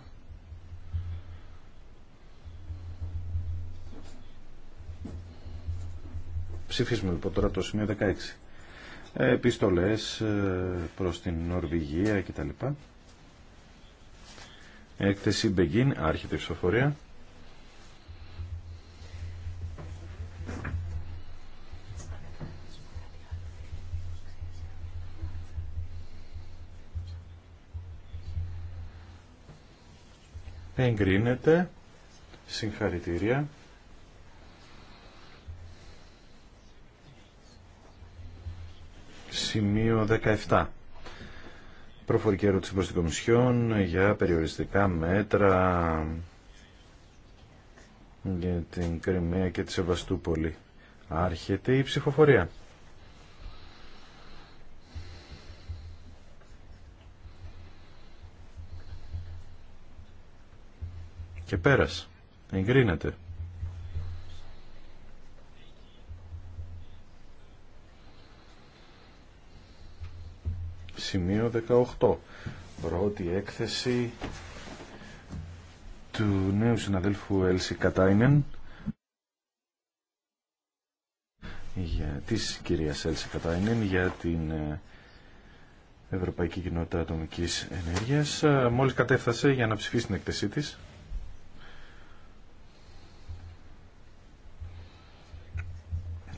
ψηφίσουμε λοιπόν τώρα το σημείο 16 ε, επιστολές ε, προς την Νορβηγία κτλ έκθεση Μπεγκίν άρχιτε η ψηφοφορία Εγκρίνεται. Συγχαρητήρια. Σημείο 17. Προφορική ερώτηση προς την Κομισιόν για περιοριστικά μέτρα για την Κρυμαία και τη Σεβαστούπολη. Άρχεται η ψηφοφορία. και πέρας. Εγκρίνεται. Σημείο 18. Πρώτη έκθεση του νέου συναδέλφου Έλση Κατάινεν για, της κυρίας Έλση Κατάινεν για την ε, Ευρωπαϊκή Κοινότητα Ατομικής Ενέργειας. Ε, μόλις κατέφθασε για να ψηφίσει την έκθεσή της.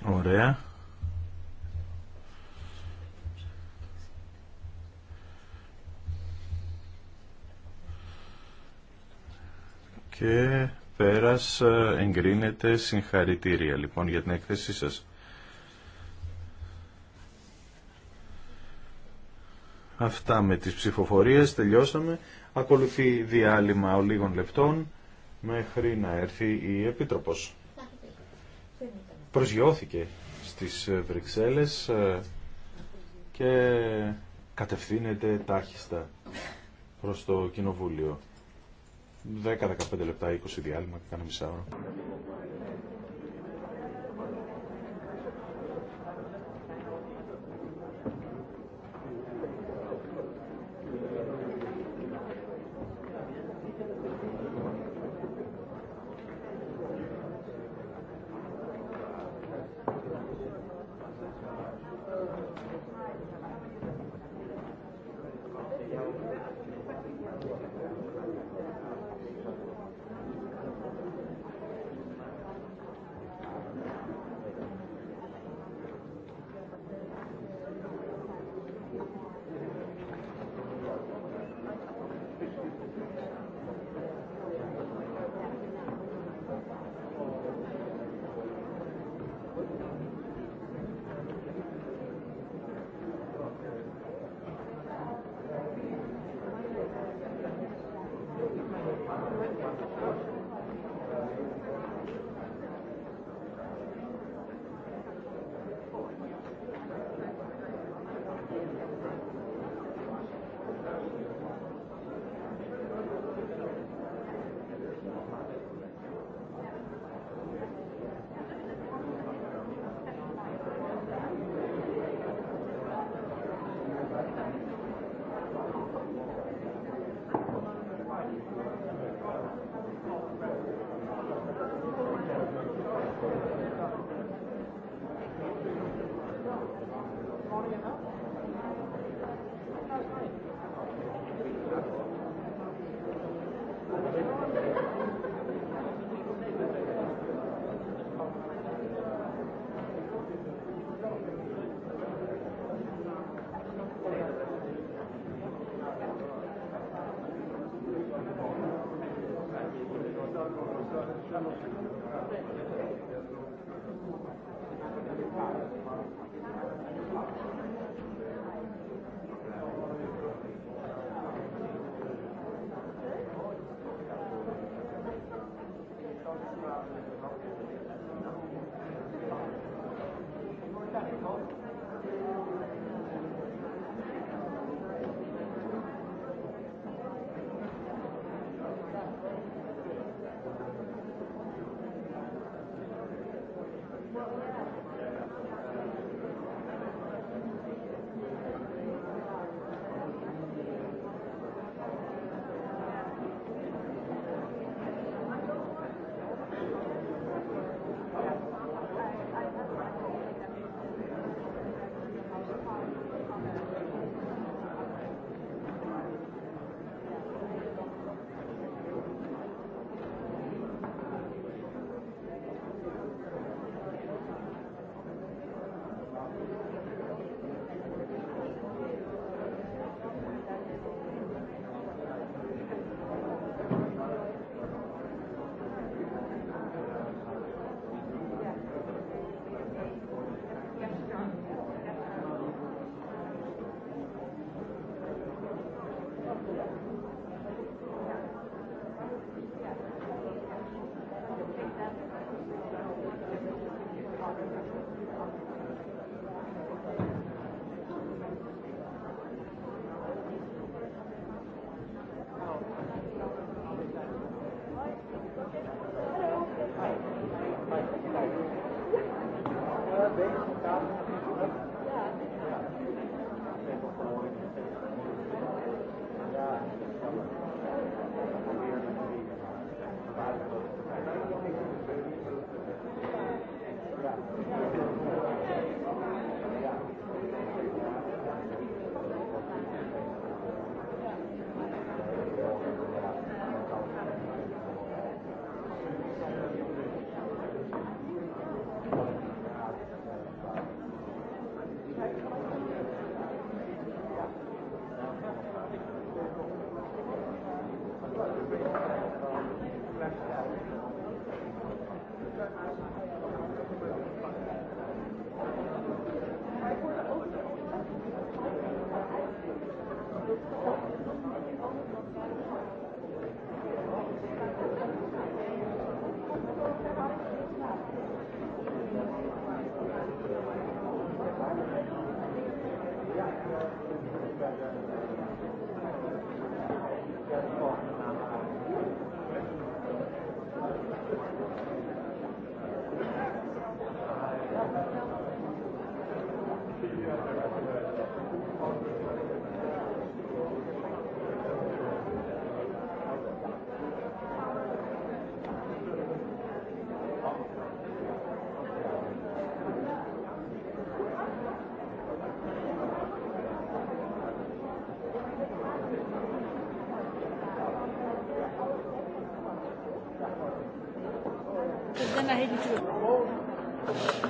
Ωραία. Και πέρας ε, εγκρίνεται συγχαρητήρια λοιπόν για την έκθεσή σας. Αυτά με τις ψηφοφορίες τελειώσαμε. Ακολουθεί διάλειμμα λίγων λεπτών μέχρι να έρθει η Επίτροπος προσγειώθηκε στις ε, Βρυξέλλες ε, και κατευθύνεται τάχιστα προς το Κοινοβούλιο. 10-15 λεπτά, 20 διάλειμμα και κάνω μισά ώρα. Υπότιτλοι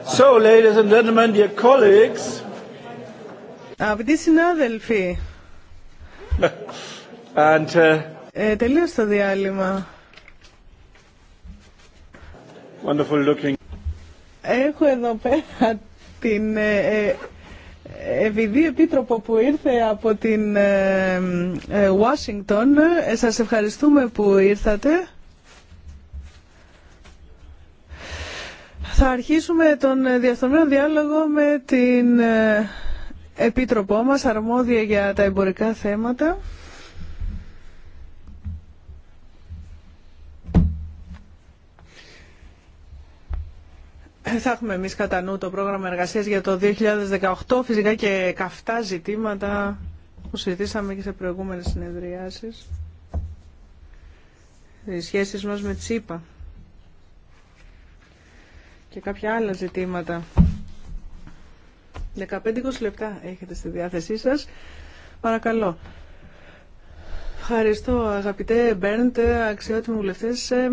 So, ladies and gentlemen, dear colleagues. Αγαπητοί συνάδελφοι. <laughs> and, uh, ε, τελείωσε το διάλειμμα. Wonderful looking. Έχω εδώ πέρα την ε, επειδή επίτροπο που ήρθε από την Ουάσιγκτον, ε, ε, ε, σας ευχαριστούμε που ήρθατε. Θα αρχίσουμε τον ε, διαστομένο διάλογο με την ε, Επίτροπό μας, αρμόδια για τα εμπορικά θέματα. Ε, θα έχουμε εμεί κατά νου το πρόγραμμα εργασίας για το 2018, φυσικά και καυτά ζητήματα που συζητήσαμε και σε προηγούμενες συνεδριάσεις. Οι σχέσεις μας με Τσίπα και κάποια άλλα ζητήματα. 15-20 λεπτά έχετε στη διάθεσή σας. Παρακαλώ. Ευχαριστώ αγαπητέ Μπέρντ, αξιότιμοι βουλευτέ. Ε,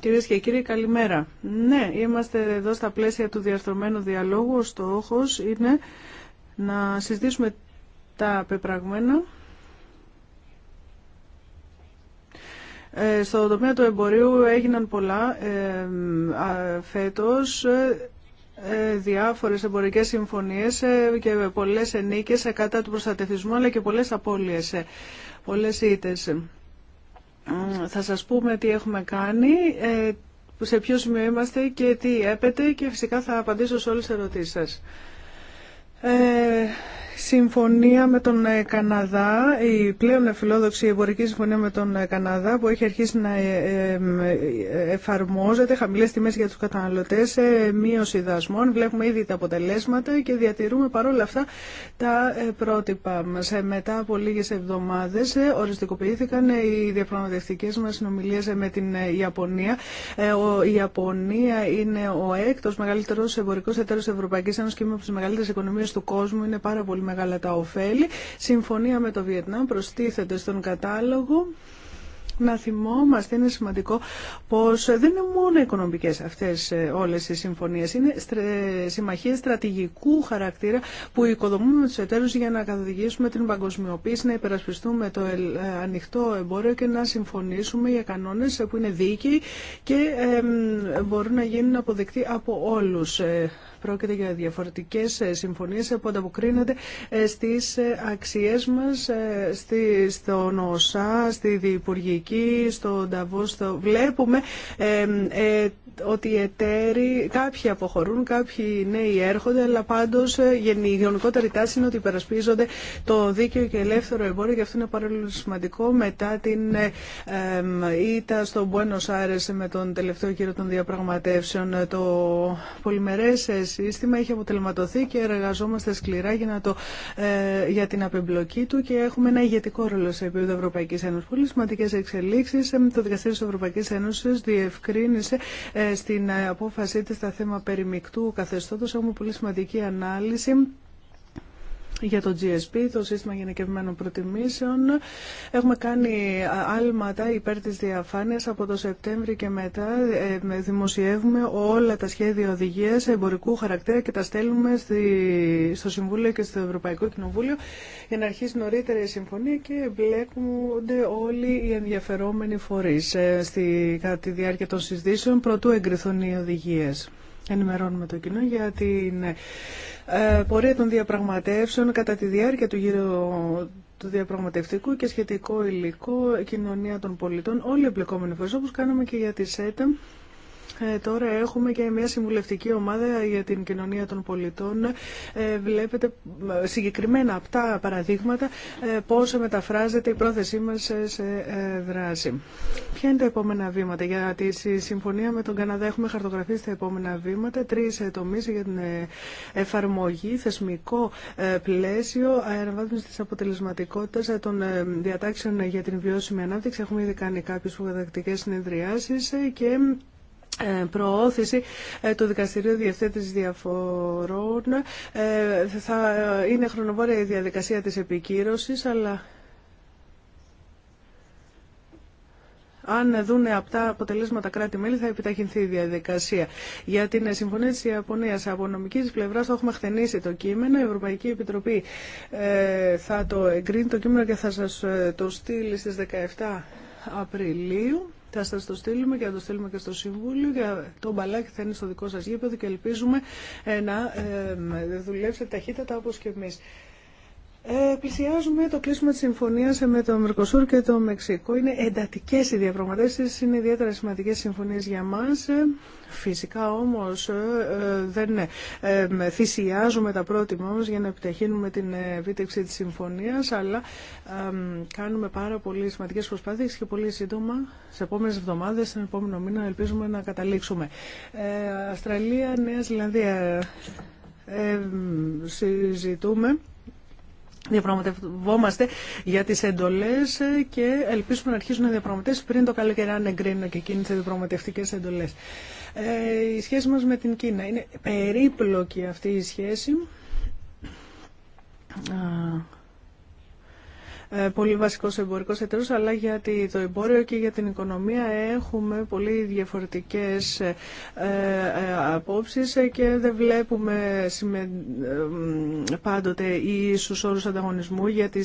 Κυρίε και κύριοι, καλημέρα. Ναι, είμαστε εδώ στα πλαίσια του διαρθρωμένου διαλόγου. Ο στόχο είναι να συζητήσουμε τα πεπραγμένα Ε, στο τομέα του εμπορίου έγιναν πολλά ε, φέτος ε, διάφορες εμπορικές συμφωνίες και πολλές ενίκες κατά του προστατευτισμού αλλά και πολλές απώλειες, πολλές ήτες. Θα σας πούμε τι έχουμε κάνει, σε ποιο σημείο είμαστε και τι έπεται και φυσικά θα απαντήσω σε όλες τις ερωτήσεις σας συμφωνία με τον ε, Καναδά, η πλέον φιλόδοξη εμπορική συμφωνία με τον ε, Καναδά που έχει αρχίσει να ε, εφαρμόζεται, χαμηλέ τιμέ για του καταναλωτέ. μείωση δασμών, βλέπουμε ήδη τα αποτελέσματα και διατηρούμε παρόλα αυτά τα πρότυπα μα. Μετά από λίγες εβδομάδες οριστικοποιήθηκαν οι διαπραγματευτικέ μα συνομιλίε με την Ιαπωνία. Η Ιαπωνία είναι ο έκτος μεγαλύτερο εμπορικό εταίρο τη Ευρωπαϊκής και μία από τι μεγαλύτερε οικονομίε του κόσμου. Είναι πάρα πολύ μεγάλα τα ωφέλη. Συμφωνία με το Βιετνάμ προστίθεται στον κατάλογο να θυμόμαστε, είναι σημαντικό, πως δεν είναι μόνο οικονομικές αυτές ε, όλες οι συμφωνίες. Είναι συμμαχίες στρατηγικού χαρακτήρα που οικοδομούμε με τους για να καθοδηγήσουμε την παγκοσμιοποίηση, να υπερασπιστούμε το ε, ανοιχτό εμπόριο και να συμφωνήσουμε για κανόνες που είναι δίκαιοι και μπορούν να γίνουν αποδεκτοί από όλους. Ε, πρόκειται για διαφορετικές συμφωνίες που ανταποκρίνονται στις αξίες μας, στον ΟΣΑ, στη διευπουργική Αμερική, στο βλέπουμε ε, ότι οι εταίροι, κάποιοι αποχωρούν, κάποιοι νέοι έρχονται, αλλά πάντως ε, η γενικότερη τάση είναι ότι υπερασπίζονται το δίκαιο και ελεύθερο εμπόριο και αυτό είναι πάρα πολύ σημαντικό μετά την ε, ήττα στο Μπένο Άρε με τον τελευταίο κύριο των διαπραγματεύσεων. Το πολυμερές σύστημα έχει αποτελματωθεί και εργαζόμαστε σκληρά για, να το, για την απεμπλοκή του και έχουμε ένα ηγετικό ρόλο σε επίπεδο Ευρωπαϊκής Ένωσης. Πολύ εξελίξεις. Ε, το Δικαστήριο της Ευρωπαϊκής Ένωσης διευκρίνησε ε, στην ε, απόφασή της τα θέμα περιμικτού καθεστώτος. Έχουμε πολύ σημαντική ανάλυση για το GSP, το σύστημα γενικευμένων προτιμήσεων. Έχουμε κάνει άλματα υπέρ της διαφάνειας από το Σεπτέμβρη και μετά. Ε, δημοσιεύουμε όλα τα σχέδια οδηγία εμπορικού χαρακτήρα και τα στέλνουμε στο Συμβούλιο και στο Ευρωπαϊκό Κοινοβούλιο για να αρχίσει νωρίτερα η συμφωνία και εμπλέκονται όλοι οι ενδιαφερόμενοι φορείς ε, στη, κατά τη διάρκεια των συζητήσεων προτού εγκριθούν οι οδηγίες ενημερώνουμε το κοινό για την ε, πορεία των διαπραγματεύσεων κατά τη διάρκεια του γύρω του διαπραγματευτικού και σχετικό υλικό, κοινωνία των πολιτών, όλοι οι εμπλεκόμενοι φορές όπως κάναμε και για τη Σέτα. Ε, τώρα έχουμε και μια συμβουλευτική ομάδα για την κοινωνία των πολιτών. Ε, βλέπετε ε, συγκεκριμένα αυτά παραδείγματα πώς μεταφράζεται η πρόθεσή μας σε δράση. Ποια είναι τα επόμενα βήματα για τη συμφωνία με τον Καναδά. Έχουμε χαρτογραφήσει τα επόμενα βήματα, τρεις τομείς για την εφαρμογή, θεσμικό πλαίσιο, αεραβάθμιση της αποτελεσματικότητας των διατάξεων για την βιώσιμη ανάπτυξη. Έχουμε ήδη κάνει κάποιες προκατακτικές συνεδριάσεις και ε, προώθηση ε, του Δικαστηρίου Διευθέτησης Διαφορών. Ε, θα είναι χρονοβόρια η διαδικασία της επικύρωσης, αλλά Αν δούνε αυτά αποτελέσματα κράτη-μέλη θα επιταχυνθεί η διαδικασία. Για την συμφωνία τη Ιαπωνία από νομική πλευρά θα έχουμε χτενίσει το κείμενο. Η Ευρωπαϊκή Επιτροπή θα το εγκρίνει το κείμενο και θα σα το στείλει στι 17 Απριλίου. Θα σα το στείλουμε και θα το στείλουμε και στο Συμβούλιο. Το μπαλάκι θα είναι στο δικό σα γήπεδο και ελπίζουμε ε, να ε, δουλέψετε ταχύτατα όπω και εμεί. Ε, πλησιάζουμε το κλείσμα τη συμφωνία με το Μερκοσούρ και το Μεξικό. Είναι εντατικέ οι διαπραγματεύσει. είναι ιδιαίτερα σημαντικέ συμφωνίε για μας. Φυσικά όμως ε, ε, δεν ε, θυσιάζουμε τα πρότυπα μα για να επιταχύνουμε την επίτευξη τη συμφωνία, αλλά κάνουμε πάρα πολύ σημαντικέ προσπάθειε και πολύ σύντομα, σε επόμενε εβδομάδε στον επόμενο μήνα, ελπίζουμε να καταλήξουμε. Ε, Αυστραλία, Νέα Ζηλανδία, ε, συζητούμε Διαπραγματευόμαστε για τις εντολές ε, και ελπίζουμε να αρχίσουν οι διαπραγματεύσεις πριν το καλοκαίρι αν εγκρίνουν και εκείνες οι διαπραγματευτικές εντολές. Ε, η σχέση μας με την Κίνα είναι περίπλοκη αυτή η σχέση. Ε, πολύ βασικό εμπορικό εταιρό, αλλά για το εμπόριο και για την οικονομία έχουμε πολύ διαφορετικές ε, ε, απόψει και δεν βλέπουμε πάντοτε ή όρου ανταγωνισμού για τι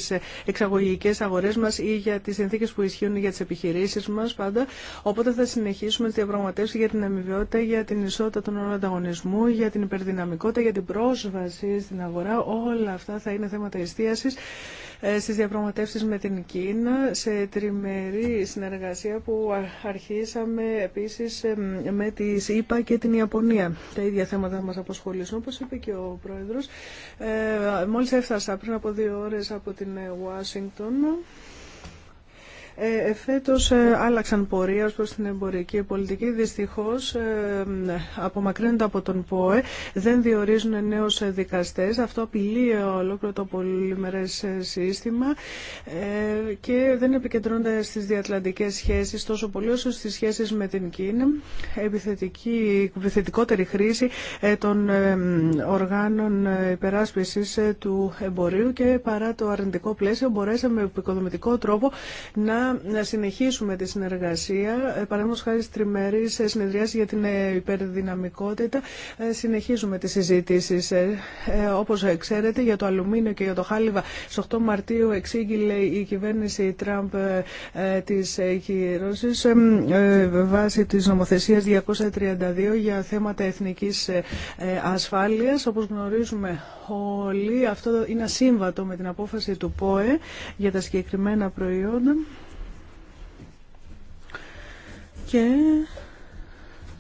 εξαγωγικέ αγορέ μα ή για τι συνθήκε που ισχύουν για τι επιχειρήσει μα πάντα. Οπότε θα συνεχίσουμε τι διαπραγματεύσει για την αμοιβαιότητα, για την ισότητα των όρων ανταγωνισμού, για την υπερδυναμικότητα, για την πρόσβαση στην αγορά. Όλα αυτά θα είναι θέματα εστίαση ε, στις διαπραγματεύσεις με την Κίνα σε τριμερή συνεργασία που αρχίσαμε επίσης ε, με τις ΗΠΑ και την Ιαπωνία. Τα ίδια θέματα μας αποσχολήσουν όπως είπε και ο Πρόεδρος. Ε, μόλις έφτασα πριν από δύο ώρες από την Ουάσιγκτον ε, ε, φέτος ε, άλλαξαν πορεία προς την εμπορική πολιτική. Δυστυχώς ε, απομακρύνονται από τον ΠΟΕ, δεν διορίζουν νέους δικαστές. Αυτό απειλεί ολόκληρο το πολυμερές σύστημα και δεν επικεντρώνονται στις διατλαντικές σχέσεις τόσο πολύ όσο στις σχέσεις με την Κίνα. Επιθετική, επιθετικότερη χρήση των οργάνων υπεράσπισης του εμπορίου και παρά το αρνητικό πλαίσιο μπορέσαμε με οικοδομητικό τρόπο να να συνεχίσουμε τη συνεργασία. Ε, Παραδείγματο χάρη στι τριμερεί ε, συνεδριάσει για την ε, υπερδυναμικότητα, συνεχίζουμε τι συζητήσει. Όπω ξέρετε, για το αλουμίνιο και για το χάλιβα, στι 8 Μαρτίου εξήγηλε η κυβέρνηση Τραμπ τι κυρώσει βάσει τη νομοθεσία 232 για θέματα εθνική ασφάλεια. Όπω γνωρίζουμε όλοι, αυτό είναι ασύμβατο με την απόφαση του ΠΟΕ για τα συγκεκριμένα προϊόντα και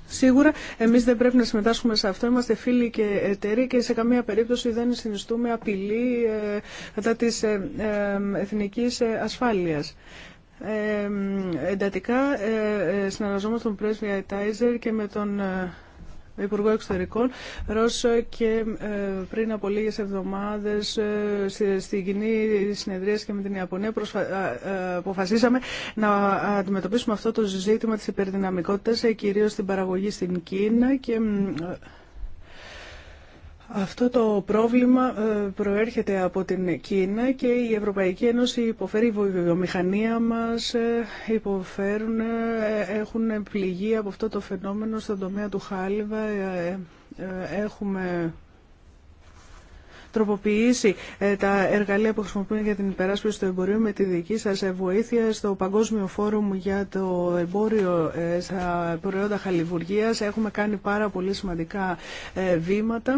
Σίγουρα εμείς δεν πρέπει να συμμετάσχουμε σε αυτό, είμαστε φίλοι και εταιροί και σε καμία περίπτωση δεν συνιστούμε απειλή ε, κατά της ε, ε, εθνικής ασφάλειας. εντατικά συνεργαζόμαστε με τον πρέσβη Αιτάιζερ και με τον Υπουργό Εξωτερικών Ρώσο και ε, πριν από λίγες εβδομάδες ε, στην κοινή συνεδρία και με την Ιαπωνία ε, αποφασίσαμε να αντιμετωπίσουμε αυτό το ζήτημα της υπερδυναμικότητας κυρίως στην παραγωγή στην Κίνα και αυτό το πρόβλημα ε, προέρχεται από την Κίνα και η Ευρωπαϊκή Ένωση υποφέρει, η βιομηχανία μας ε, υποφέρουν, ε, έχουν πληγεί από αυτό το φαινόμενο στον τομέα του Χάλιβα. Έχουμε τροποποιήσει τα εργαλεία που χρησιμοποιούν για την υπεράσπιση του εμπορίου με τη δική σας βοήθεια στο Παγκόσμιο Φόρουμ για το εμπόριο στα προϊόντα χαλιβουργίας. Έχουμε κάνει πάρα πολύ σημαντικά βήματα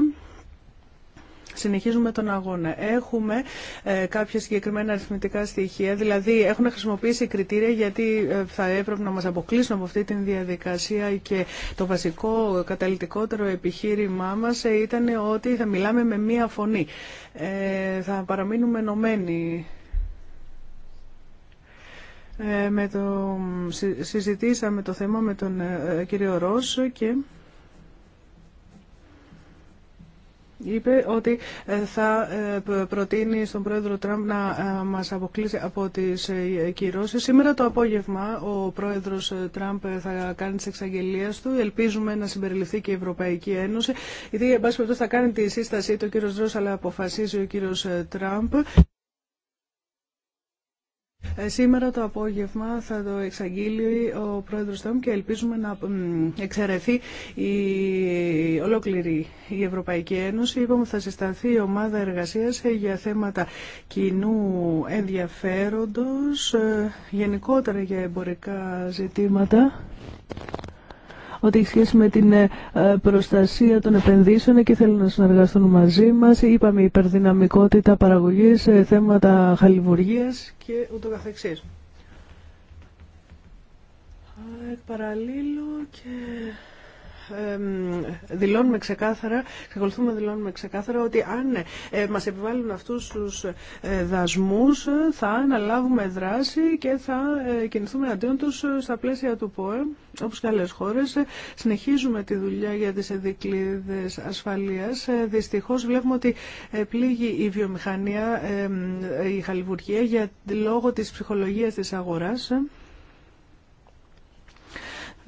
συνεχίζουμε τον αγώνα. Έχουμε ε, κάποια συγκεκριμένα αριθμητικά στοιχεία, δηλαδή έχουν χρησιμοποιήσει κριτήρια γιατί ε, θα έπρεπε να μας αποκλείσουν από αυτή την διαδικασία και το βασικό καταλητικότερο επιχείρημά μας ε, ήταν ότι θα μιλάμε με μία φωνή. θα παραμείνουμε ενωμένοι με το, συζητήσαμε το θέμα με τον κύριο Ρώσο και είπε ότι ε, θα ε, προτείνει στον πρόεδρο Τραμπ να ε, μας αποκλείσει από τις κυρώσεις. Σήμερα το απόγευμα ο πρόεδρος Τραμπ θα κάνει τις εξαγγελίες του. Ελπίζουμε να συμπεριληφθεί και η Ευρωπαϊκή Ένωση. Γιατί, εν πάση θα κάνει τη σύστασή του ο κύριος αλλά αποφασίζει ο κύριος Τραμπ. Ε, σήμερα το απόγευμα θα το εξαγγείλει ο πρόεδρος Θεόμ και ελπίζουμε να εξαιρεθεί η ολόκληρη η Ευρωπαϊκή Ένωση. Είπαμε θα συσταθεί η ομάδα εργασίας για θέματα κοινού ενδιαφέροντος, ε, γενικότερα για εμπορικά ζητήματα ότι έχει σχέση με την ε, προστασία των επενδύσεων και θέλουν να συνεργαστούν μαζί μας. Είπαμε υπερδυναμικότητα παραγωγής, ε, θέματα χαλιβουργίας και ούτω καθεξής. Παραλλήλου και δηλώνουμε ξεκάθαρα, δηλώνουμε ξεκάθαρα ότι αν ε, μας επιβάλλουν αυτούς τους ε, δασμούς θα αναλάβουμε δράση και θα ε, κινηθούμε αντίον τους στα πλαίσια του ΠΟΕ, όπως και άλλες χώρες. Συνεχίζουμε τη δουλειά για τις ειδικλείδες ασφαλείας. Δυστυχώς βλέπουμε ότι πλήγει η βιομηχανία, η χαλιβουργία για λόγω της ψυχολογίας της αγοράς.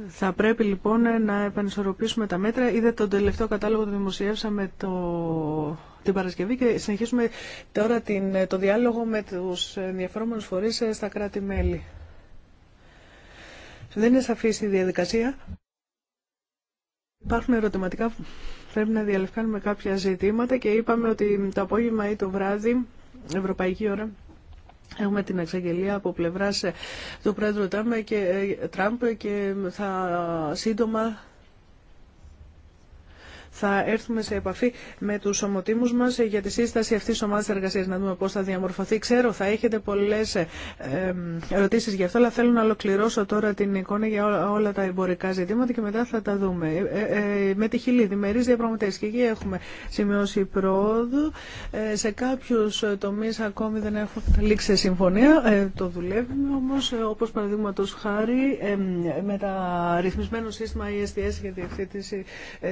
Θα πρέπει λοιπόν να επανισορροπήσουμε τα μέτρα. Είδα τον τελευταίο κατάλογο που δημοσιεύσαμε το... την Παρασκευή και συνεχίσουμε τώρα την... το διάλογο με τους ενδιαφερόμενους φορείς ε, στα κράτη-μέλη. Δεν είναι σαφής η διαδικασία. Υπάρχουν ερωτηματικά, πρέπει να διαλευκάνουμε κάποια ζητήματα και είπαμε ότι το απόγευμα ή το βράδυ, ευρωπαϊκή ώρα, Έχουμε την εξαγγελία από πλευράς του Πρόεδρου Τραμπ και ε, θα σύντομα θα έρθουμε σε επαφή με του ομοτήμου μα για τη σύσταση αυτή τη ομάδα εργασία, να δούμε πώ θα διαμορφωθεί. Ξέρω, θα έχετε πολλές ε, ερωτήσει γι' αυτό, αλλά θέλω να ολοκληρώσω τώρα την εικόνα για όλα τα εμπορικά ζητήματα και μετά θα τα δούμε. Ε, ε, με τη χιλή, διμερεί διαπραγματεύσει και εκεί έχουμε σημειώσει πρόοδο. σε κάποιου τομεί ακόμη δεν έχουμε λήξει συμφωνία. το δουλεύουμε όμω, όπω παραδείγματο χάρη, με τα ρυθμισμένο σύστημα ISDS για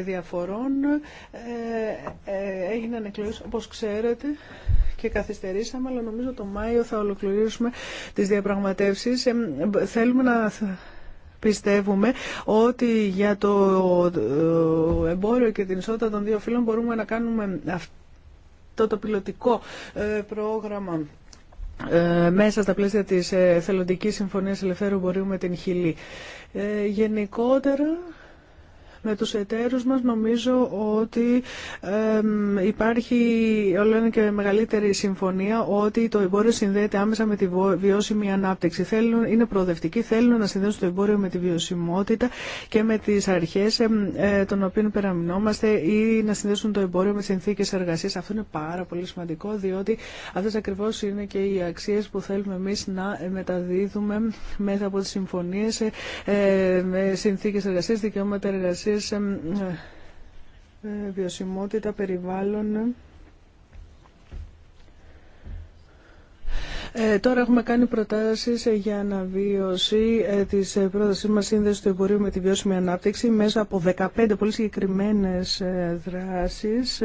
διαφορών Λοιπόν, ε, ε, έγιναν εκλογές όπως ξέρετε και καθυστερήσαμε, αλλά νομίζω το Μάιο θα ολοκληρώσουμε τις διαπραγματεύσεις. Ε, θέλουμε να πιστεύουμε ότι για το εμπόριο και την ισότητα των δύο φίλων μπορούμε να κάνουμε αυτό το πιλωτικό πρόγραμμα μέσα στα πλαίσια της Θελοντικής Συμφωνίας Ελευθέρου μπορούμε την Χιλή. γενικότερα με τους εταίρους μας νομίζω ότι υπάρχει όλο ένα και μεγαλύτερη συμφωνία ότι το εμπόριο συνδέεται άμεσα με τη βιώσιμη ανάπτυξη. Θέλουν, είναι προοδευτικοί, θέλουν να συνδέσουν το εμπόριο με τη βιωσιμότητα και με τις αρχές ε, των οποίων περαμεινόμαστε ή να συνδέσουν το εμπόριο με συνθήκε συνθήκες εργασίας. Αυτό είναι πάρα πολύ σημαντικό διότι αυτές ακριβώς είναι και οι αξίες που θέλουμε εμείς να μεταδίδουμε μέσα από τις συμφωνίες, ε, ε, συνθήκες εργασίας, δικαιώματα εργασίας ε, ε, βιωσιμότητα περιβάλλον. Ε, τώρα έχουμε κάνει προτάσεις για αναβίωση ε, της ε, μας σύνδεση του εμπορίου με τη βιώσιμη ανάπτυξη μέσα από 15 πολύ συγκεκριμένες ε, δράσεις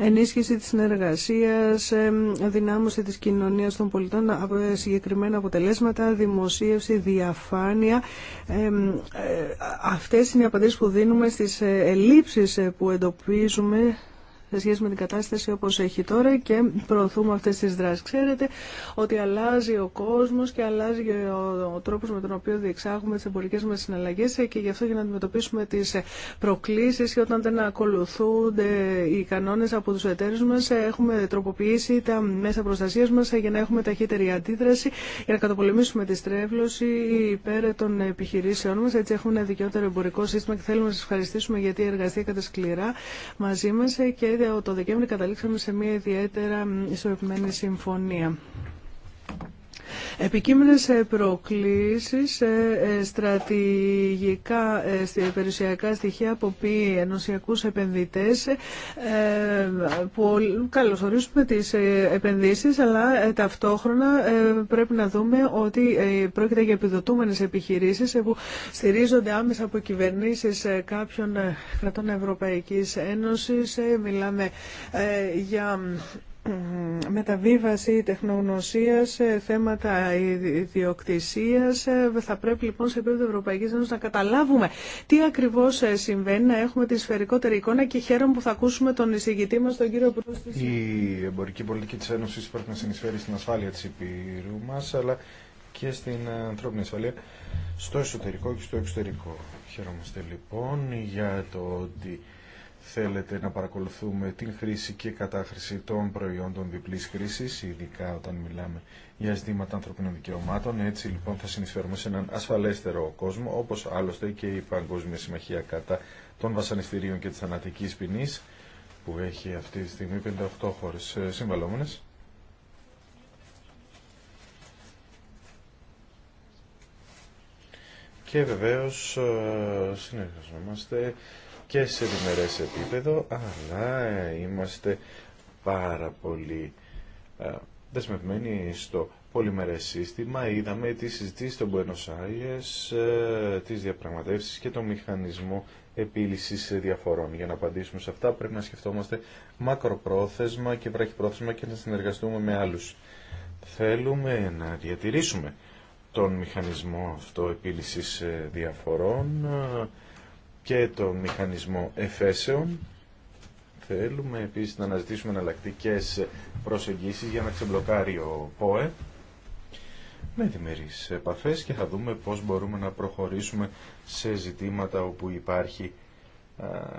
ενίσχυση της συνεργασίας, δυνάμωση της κοινωνίας των πολιτών, ε, συγκεκριμένα αποτελέσματα, δημοσίευση, διαφάνεια. Ε, αυτές είναι οι απαντήσεις που δίνουμε στις ε, ελλείψεις που εντοπίζουμε σε σχέση με την κατάσταση όπως έχει τώρα και προωθούμε αυτές τις δράσεις. Ξέρετε ότι αλλάζει ο κόσμος και αλλάζει ο τρόπος με τον οποίο διεξάγουμε τις εμπορικές μας συναλλαγές και γι' αυτό για να αντιμετωπίσουμε τις προκλήσεις και όταν δεν ακολουθούνται οι κανόνες από τους εταίρους μας έχουμε τροποποιήσει τα μέσα προστασίας μας για να έχουμε ταχύτερη αντίδραση για να καταπολεμήσουμε τη στρέβλωση υπέρ των επιχειρήσεών μας. Έτσι έχουμε ένα δικαιότερο εμπορικό σύστημα και θέλουμε να σας ευχαριστήσουμε γιατί εργαστήκατε σκληρά μαζί μας το Δεκέμβρη καταλήξαμε σε μια ιδιαίτερα ισορροπημένη συμφωνία. Επικείμενες ε, προκλήσεις, ε, ε, στρατηγικά περιουσιακά στοιχεία ποιοι ενωσιακούς επενδυτές που καλωσορίζουμε τις επενδύσεις αλλά ταυτόχρονα πρέπει να δούμε ότι πρόκειται για επιδοτούμενες επιχειρήσεις που στηρίζονται άμεσα από κυβερνήσεις κάποιων κρατών Ευρωπαϊκής Ένωσης. Μιλάμε για μεταβίβαση τεχνογνωσίας, ε, θέματα ιδιοκτησίας. Ε, θα πρέπει λοιπόν σε επίπεδο Ευρωπαϊκής Ένωσης να καταλάβουμε τι ακριβώς ε, συμβαίνει, να έχουμε τη σφαιρικότερη εικόνα και χαίρομαι που θα ακούσουμε τον εισηγητή μας, τον κύριο Προύστης. Η εμπορική πολιτική της Ένωσης πρέπει να συνεισφέρει στην ασφάλεια της υπηρού μα αλλά και στην ανθρώπινη ασφαλεία στο εσωτερικό και στο εξωτερικό. Χαίρομαστε λοιπόν για το ότι θέλετε να παρακολουθούμε την χρήση και κατάχρηση των προϊόντων διπλής χρήσης, ειδικά όταν μιλάμε για ζητήματα ανθρωπίνων δικαιωμάτων. Έτσι λοιπόν θα συνεισφέρουμε σε έναν ασφαλέστερο κόσμο, όπως άλλωστε και η Παγκόσμια Συμμαχία κατά των βασανιστήριων και της θανατικής ποινή, που έχει αυτή τη στιγμή 58 χώρες ε, συμβαλόμενες. Και βεβαίως ε, συνεργαζόμαστε και σε διμερές επίπεδο, αλλά ε, είμαστε πάρα πολύ ε, δεσμευμένοι στο πολυμερές σύστημα. Είδαμε τις συζητήσεις των Buenos Aires, ε, τις διαπραγματεύσεις και τον μηχανισμό επίλυσης διαφορών. Για να απαντήσουμε σε αυτά πρέπει να σκεφτόμαστε μακροπρόθεσμα και βραχυπρόθεσμα και να συνεργαστούμε με άλλους. Θέλουμε να διατηρήσουμε τον μηχανισμό αυτό επίλυσης διαφορών και το μηχανισμό εφέσεων. Θέλουμε επίσης να αναζητήσουμε εναλλακτικέ προσεγγίσεις για να ξεμπλοκάρει ο ΠΟΕ με διμερείς επαφές και θα δούμε πώς μπορούμε να προχωρήσουμε σε ζητήματα όπου υπάρχει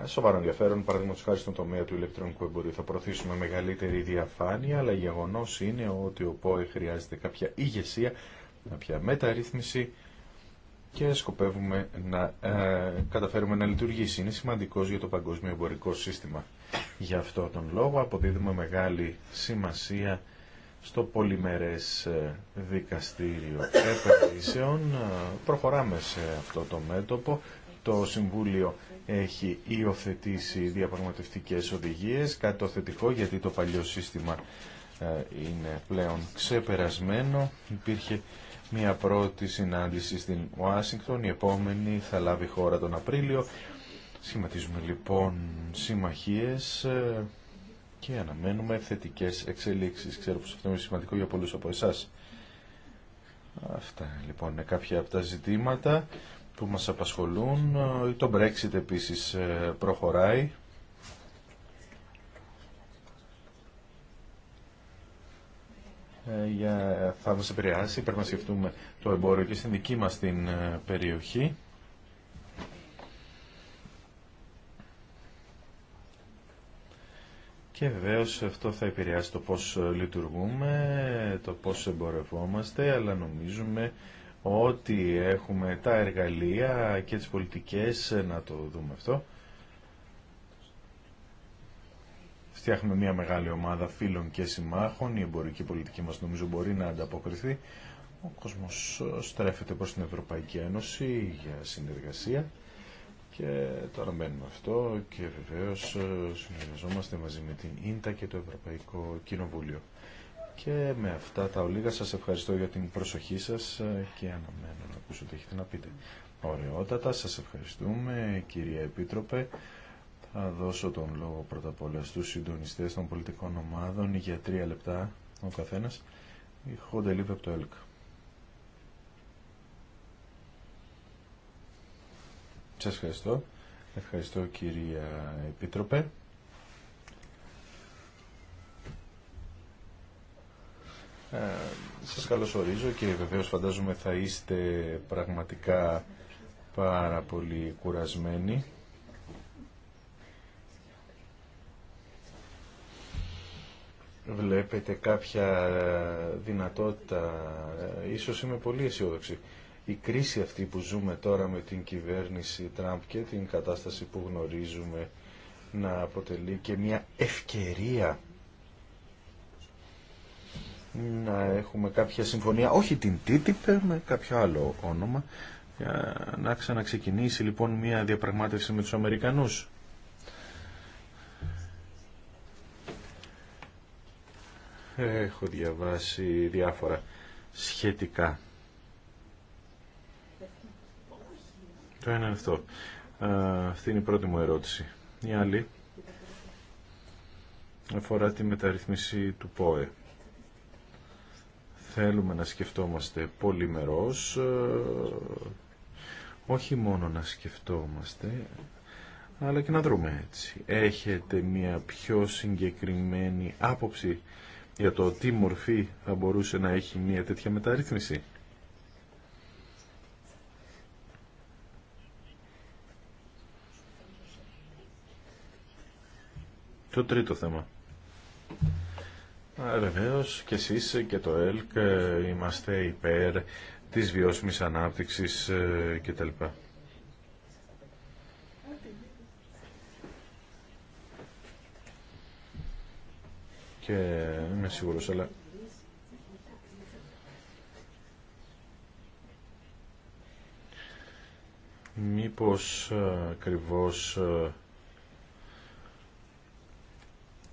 σοβαρό ενδιαφέρον, Παραδείγματος χάρη στον τομέα του ηλεκτρονικού εμπορίου. Θα προωθήσουμε μεγαλύτερη διαφάνεια, αλλά γεγονό είναι ότι ο ΠΟΕ χρειάζεται κάποια ηγεσία, κάποια μεταρρύθμιση και σκοπεύουμε να ε, καταφέρουμε να λειτουργήσει. Είναι σημαντικός για το παγκόσμιο εμπορικό σύστημα. Για αυτό τον λόγο αποδίδουμε μεγάλη σημασία στο πολυμερές ε, δικαστήριο επενδύσεων. Ε, προχωράμε σε αυτό το μέτωπο. Το Συμβούλιο έχει υιοθετήσει διαπραγματευτικές οδηγίες, κάτι το θετικό γιατί το παλιό σύστημα ε, είναι πλέον ξεπερασμένο. Υπήρχε μια πρώτη συνάντηση στην Ουάσιγκτον, η επόμενη θα λάβει χώρα τον Απρίλιο. Σχηματίζουμε λοιπόν συμμαχίες ε, και αναμένουμε θετικές εξελίξεις. Ξέρω πως αυτό είναι σημαντικό για πολλούς από εσάς. Αυτά λοιπόν είναι κάποια από τα ζητήματα που μας απασχολούν. Ε, το Brexit επίσης ε, προχωράει. Ε, για, θα μας επηρεάσει. Πρέπει να σκεφτούμε το εμπόριο και στην δική μας την ε, περιοχή. Και βεβαίω αυτό θα επηρεάσει το πώς ε, λειτουργούμε, το πώς εμπορευόμαστε, αλλά νομίζουμε ότι έχουμε τα εργαλεία και τις πολιτικές να το δούμε αυτό φτιάχνουμε μια μεγάλη ομάδα φίλων και συμμάχων, η εμπορική πολιτική μας νομίζω μπορεί να ανταποκριθεί. Ο κόσμος ε, στρέφεται προς την Ευρωπαϊκή Ένωση για συνεργασία και τώρα μπαίνουμε αυτό και βεβαίως ε, συνεργαζόμαστε μαζί με την ΙΝΤΑ και το Ευρωπαϊκό Κοινοβούλιο. Και με αυτά τα ολίγα σας ευχαριστώ για την προσοχή σας ε, και αναμένω να ακούσω τι έχετε να πείτε. Ωραιότατα, σας ευχαριστούμε κυρία Επίτροπε. Θα δώσω τον λόγο πρώτα απ' όλα στους συντονιστές των πολιτικών ομάδων για τρία λεπτά ο καθένας. Η Χοντελίβε από το ΕΛΚ. Σας ευχαριστώ. Ευχαριστώ κυρία Επίτροπε. Ε, σας καλωσορίζω και βεβαίως φαντάζομαι θα είστε πραγματικά πάρα πολύ κουρασμένοι βλέπετε κάποια ε, δυνατότητα, ε, ίσως είμαι πολύ αισιόδοξη, η κρίση αυτή που ζούμε τώρα με την κυβέρνηση Τραμπ και την κατάσταση που γνωρίζουμε να αποτελεί και μια ευκαιρία να έχουμε κάποια συμφωνία, όχι την TTIP, με κάποιο άλλο όνομα, να ξαναξεκινήσει λοιπόν μια διαπραγμάτευση με τους Αμερικανούς. Έχω διαβάσει διάφορα σχετικά. Το ένα είναι αυτό. αυτή είναι η πρώτη μου ερώτηση. Η άλλη αφορά τη μεταρρυθμίση του ΠΟΕ. Θέλουμε να σκεφτόμαστε πολυμερός, όχι μόνο να σκεφτόμαστε, αλλά και να δρούμε έτσι. Έχετε μια πιο συγκεκριμένη άποψη για το τι μορφή θα μπορούσε να έχει μια τέτοια μεταρρύθμιση. Το τρίτο θέμα. Βεβαίω και εσείς και το ΕΛΚ ε, είμαστε υπέρ της βιώσιμης ανάπτυξης ε, κτλ. και είμαι σίγουρος, αλλά μήπως ε, ακριβώ ε,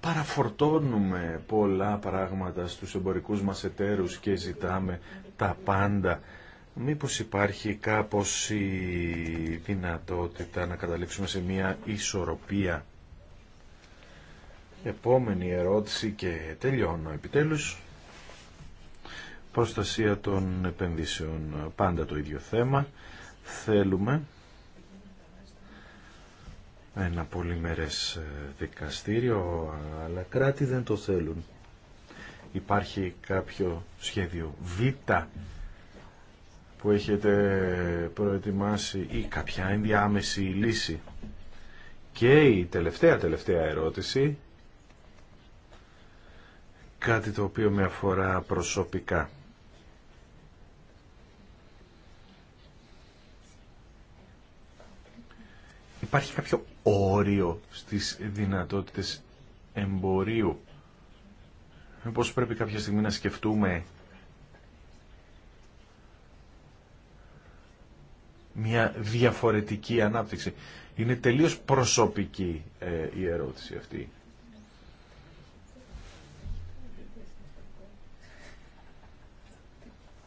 παραφορτώνουμε πολλά πράγματα στους εμπορικούς μας εταίρους και ζητάμε τα πάντα. Μήπως υπάρχει κάπως η δυνατότητα να καταλήξουμε σε μια ισορροπία Επόμενη ερώτηση και τελειώνω επιτέλους. Προστασία των επενδύσεων, πάντα το ίδιο θέμα. Θέλουμε ένα πολυμερές ε, δικαστήριο, αλλά κράτη δεν το θέλουν. Υπάρχει κάποιο σχέδιο Β που έχετε προετοιμάσει ή κάποια ενδιάμεση λύση. Και η τελευταία τελευταία ερώτηση κάτι το οποίο με αφορά προσωπικά. Υπάρχει κάποιο όριο στις δυνατότητες εμπορίου. Μήπως πρέπει κάποια στιγμή να σκεφτούμε μια διαφορετική ανάπτυξη. Είναι τελείως προσωπική ε, η ερώτηση αυτή.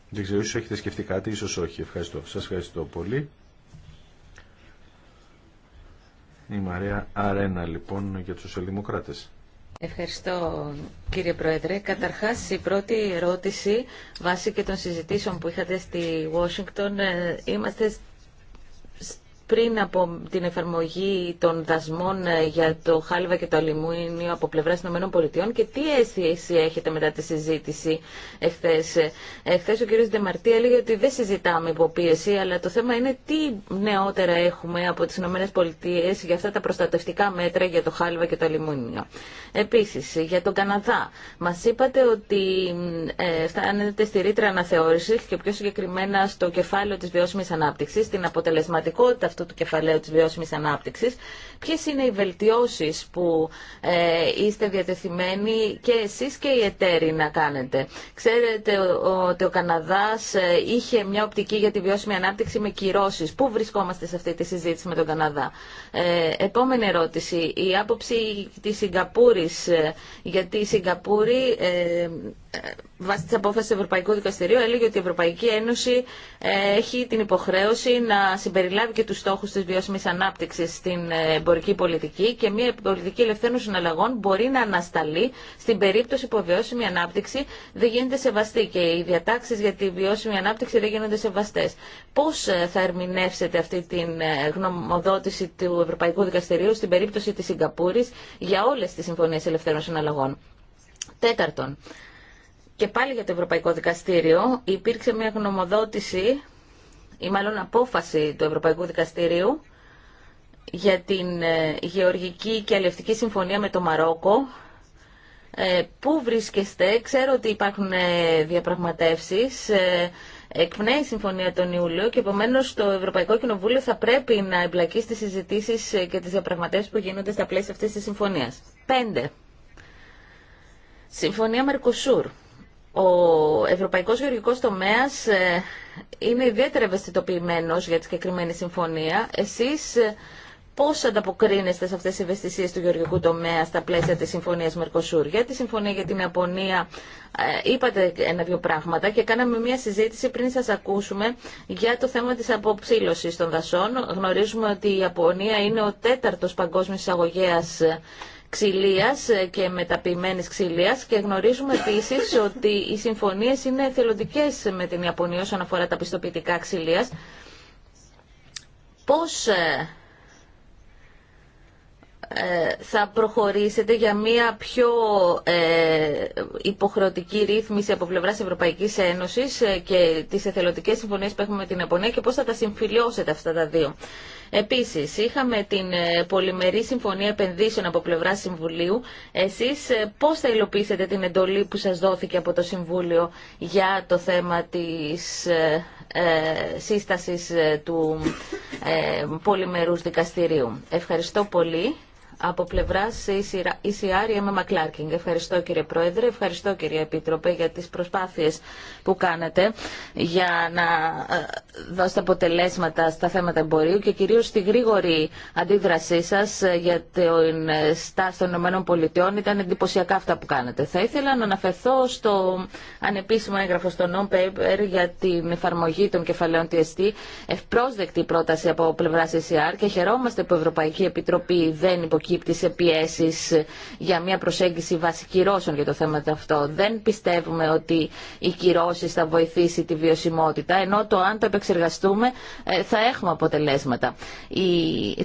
Δεν ξέρω, ίσως έχετε σκεφτεί κάτι, ίσως όχι. Ευχαριστώ. Σας ευχαριστώ πολύ. Η Μαρία Αρένα λοιπόν για τους σοσιαλδημοκράτες. Ευχαριστώ κύριε Πρόεδρε. Καταρχάς η πρώτη ερώτηση βάσει και των συζητήσεων που είχατε στη Washington ε, είμαστε πριν από την εφαρμογή των δασμών ε, για το χάλιβα και το αλουμίνιο από πλευρά των ΗΠΑ και τι αίσθηση έχετε μετά τη συζήτηση εχθέ. Ε, εχθέ ο κ. Δεμαρτή έλεγε ότι δεν συζητάμε υποπίεση, αλλά το θέμα είναι τι νεότερα έχουμε από τι ΗΠΑ για αυτά τα προστατευτικά μέτρα για το χάλιβα και το αλουμίνιο. Επίση, για τον Καναδά. Μα είπατε ότι ε, φτάνετε στη ρήτρα αναθεώρηση και πιο συγκεκριμένα στο κεφάλαιο τη βιώσιμη ανάπτυξη, την αποτελεσματικότητα του κεφαλαίου της βιώσιμης ανάπτυξης. Ποιες είναι οι βελτιώσεις που ε, είστε διατεθειμένοι και εσείς και οι εταίροι να κάνετε. Ξέρετε ότι ο Καναδάς ε, είχε μια οπτική για τη βιώσιμη ανάπτυξη με κυρώσεις. Πού βρισκόμαστε σε αυτή τη συζήτηση με τον Καναδά. Ε, επόμενη ερώτηση. Η άποψη της Σιγκαπούρης. Γιατί η Σιγκαπούρη... Ε, βάσει τη απόφαση του Ευρωπαϊκού Δικαστηρίου έλεγε ότι η Ευρωπαϊκή Ένωση έχει την υποχρέωση να συμπεριλάβει και στόχους της βιώσιμης ανάπτυξης στην ε, εμπορική πολιτική και μια πολιτική ελευθέρων συναλλαγών μπορεί να ανασταλεί στην περίπτωση που η βιώσιμη ανάπτυξη δεν γίνεται σεβαστή και οι διατάξεις για τη βιώσιμη ανάπτυξη δεν γίνονται σεβαστές. Πώς ε, θα ερμηνεύσετε αυτή την ε, γνωμοδότηση του Ευρωπαϊκού Δικαστηρίου στην περίπτωση της Σιγκαπούρη για όλες τις συμφωνίες ελευθέρων συναλλαγών. Τέταρτον, και πάλι για το Ευρωπαϊκό Δικαστήριο υπήρξε μια γνωμοδότηση ή μάλλον απόφαση του Ευρωπαϊκού Δικαστηρίου για την ε, Γεωργική και Αλληλευτική Συμφωνία με το Μαρόκο. Ε, πού βρίσκεστε, ξέρω ότι υπάρχουν ε, διαπραγματεύσεις, εκπνέει η Συμφωνία τον Ιούλιο και επομένω το Ευρωπαϊκό Κοινοβούλιο θα πρέπει να εμπλακεί στις συζητήσεις και τις διαπραγματεύσεις που γίνονται στα πλαίσια αυτής της συμφωνίας. 5. Συμφωνία Μερκοσούρ. Ο ευρωπαϊκός γεωργικός τομέας ε, είναι ιδιαίτερα ευαισθητοποιημένο για τη συγκεκριμένη συμφωνία. Εσείς ε, πώς ανταποκρίνεστε σε αυτές τις ευαισθησίες του γεωργικού τομέα στα πλαίσια της συμφωνίας Μερκοσούρ. Για τη συμφωνία για την Ιαπωνία ε, είπατε ένα-δυο πράγματα και κάναμε μια συζήτηση πριν σας ακούσουμε για το θέμα της αποψήλωσης των δασών. Γνωρίζουμε ότι η Ιαπωνία είναι ο τέταρτος παγκόσμιος εισαγωγέας ξυλίας ε, και μεταποιημένης ξυλίας και γνωρίζουμε επίσης <laughs> ότι οι συμφωνίες είναι εθελοντικές με την Ιαπωνία όσον αφορά τα πιστοποιητικά ξυλίας. Πώς ε, θα προχωρήσετε για μια πιο ε, υποχρεωτική ρύθμιση από πλευρά Ευρωπαϊκή Ένωση ε, και τι εθελοντικέ συμφωνίε που έχουμε με την Ιαπωνία και πώ θα τα συμφιλιώσετε αυτά τα δύο. Επίση, είχαμε την ε, πολυμερή συμφωνία επενδύσεων από πλευρά Συμβουλίου. Εσεί ε, πώ θα υλοποιήσετε την εντολή που σα δόθηκε από το Συμβούλιο για το θέμα τη ε, σύσταση του ε, πολυμερούς δικαστηρίου. Ευχαριστώ πολύ από πλευρά ECR η Emma clarking. Ευχαριστώ κύριε Πρόεδρε, ευχαριστώ κύριε Επίτροπε για τις προσπάθειες που κάνατε για να ε, δώσετε αποτελέσματα στα θέματα εμπορίου και κυρίως τη γρήγορη αντίδρασή σας ε, για την ε, στάση των ΗΠΑ. Ήταν εντυπωσιακά αυτά που κάνατε. Θα ήθελα να αναφερθώ στο ανεπίσημο έγγραφο στο non-paper για την εφαρμογή των κεφαλαίων TST. Ευπρόσδεκτη πρόταση από πλευρά ECR και χαιρόμαστε που η Ευρωπαϊκή Επιτροπή δεν προκύπτει σε πιέσει για μια προσέγγιση βάση κυρώσεων για το θέμα αυτό. Δεν πιστεύουμε ότι οι κυρώσει θα βοηθήσει τη βιωσιμότητα, ενώ το αν το επεξεργαστούμε ε, θα έχουμε αποτελέσματα.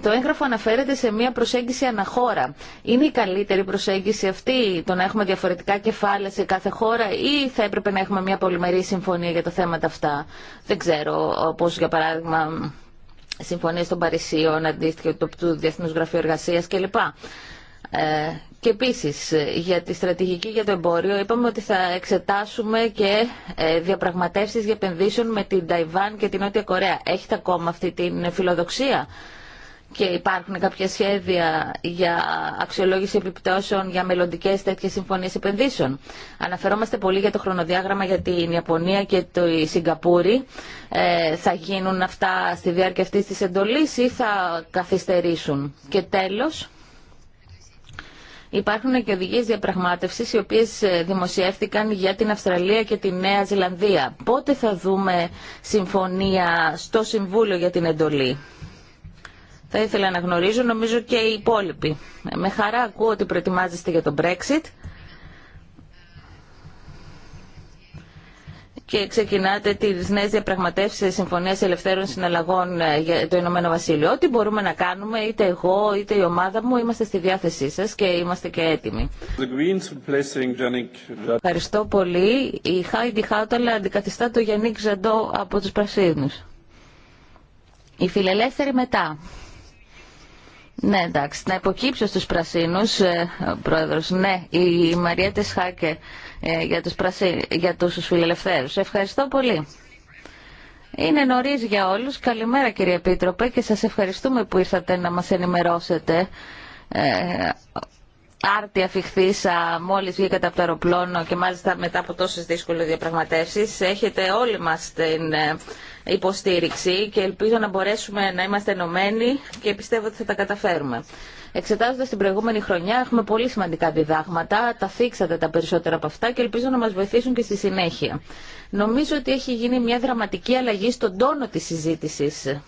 Το έγγραφο αναφέρεται σε μια προσέγγιση αναχώρα. Είναι η καλύτερη προσέγγιση αυτή, το να έχουμε διαφορετικά κεφάλαια σε κάθε χώρα ή θα έπρεπε να έχουμε μια πολυμερή συμφωνία για τα θέματα αυτά. Δεν ξέρω, όπω για παράδειγμα συμφωνίες των Παρισίων, αντίστοιχο του Διεθνου Γραφείου Εργασία κλπ. Ε, και επίση, για τη στρατηγική για το εμπόριο είπαμε ότι θα εξετάσουμε και ε, διαπραγματεύσει για επενδύσεων με την Ταϊβάν και την Νότια Κορέα. Έχετε ακόμα αυτή την φιλοδοξία και υπάρχουν κάποια σχέδια για αξιολόγηση επιπτώσεων για μελλοντικέ τέτοιε συμφωνίε επενδύσεων. Αναφερόμαστε πολύ για το χρονοδιάγραμμα για την Ιαπωνία και το Σιγκαπούρη. Ε, θα γίνουν αυτά στη διάρκεια αυτή τη εντολή ή θα καθυστερήσουν. Και τέλο. Υπάρχουν και οδηγίες διαπραγμάτευσης οι οποίες ε, δημοσιεύτηκαν για την Αυστραλία και τη Νέα Ζηλανδία. Πότε θα δούμε συμφωνία στο Συμβούλιο για την εντολή. Θα ήθελα να γνωρίζω, νομίζω και οι υπόλοιποι. Με χαρά ακούω ότι προετοιμάζεστε για το Brexit. και ξεκινάτε τι διαπραγματεύσεις διαπραγματεύσει συμφωνία ελευθέρων συναλλαγών ε, για το Ηνωμένο Βασίλειο. Ό,τι μπορούμε να κάνουμε, είτε εγώ είτε η ομάδα μου, είμαστε στη διάθεσή σας και είμαστε και έτοιμοι. Ευχαριστώ πολύ. Η Χάιντι Χάουταλα αντικαθιστά το Γιάννη Ζαντό από τους Πρασίδνους. Η φιλελεύθερη μετά. Ναι, εντάξει, να υποκύψω στους πρασίνους, ε, πρόεδρος. Ναι, η Μαρία Τεσχάκε ε, για τους, πρασί... για τους φιλελευθέρους. Ευχαριστώ πολύ. Είναι νωρίς για όλους. Καλημέρα κύριε Επίτροπε και σας ευχαριστούμε που ήρθατε να μας ενημερώσετε ε, άρτια φιχθήσα μόλις βγήκατε από το και μάλιστα μετά από τόσες δύσκολες διαπραγματεύσεις έχετε όλοι μας την υποστήριξη και ελπίζω να μπορέσουμε να είμαστε ενωμένοι και πιστεύω ότι θα τα καταφέρουμε. Εξετάζοντα την προηγούμενη χρονιά, έχουμε πολύ σημαντικά διδάγματα. Τα θίξατε τα περισσότερα από αυτά και ελπίζω να μα βοηθήσουν και στη συνέχεια. Νομίζω ότι έχει γίνει μια δραματική αλλαγή στον τόνο τη συζήτηση.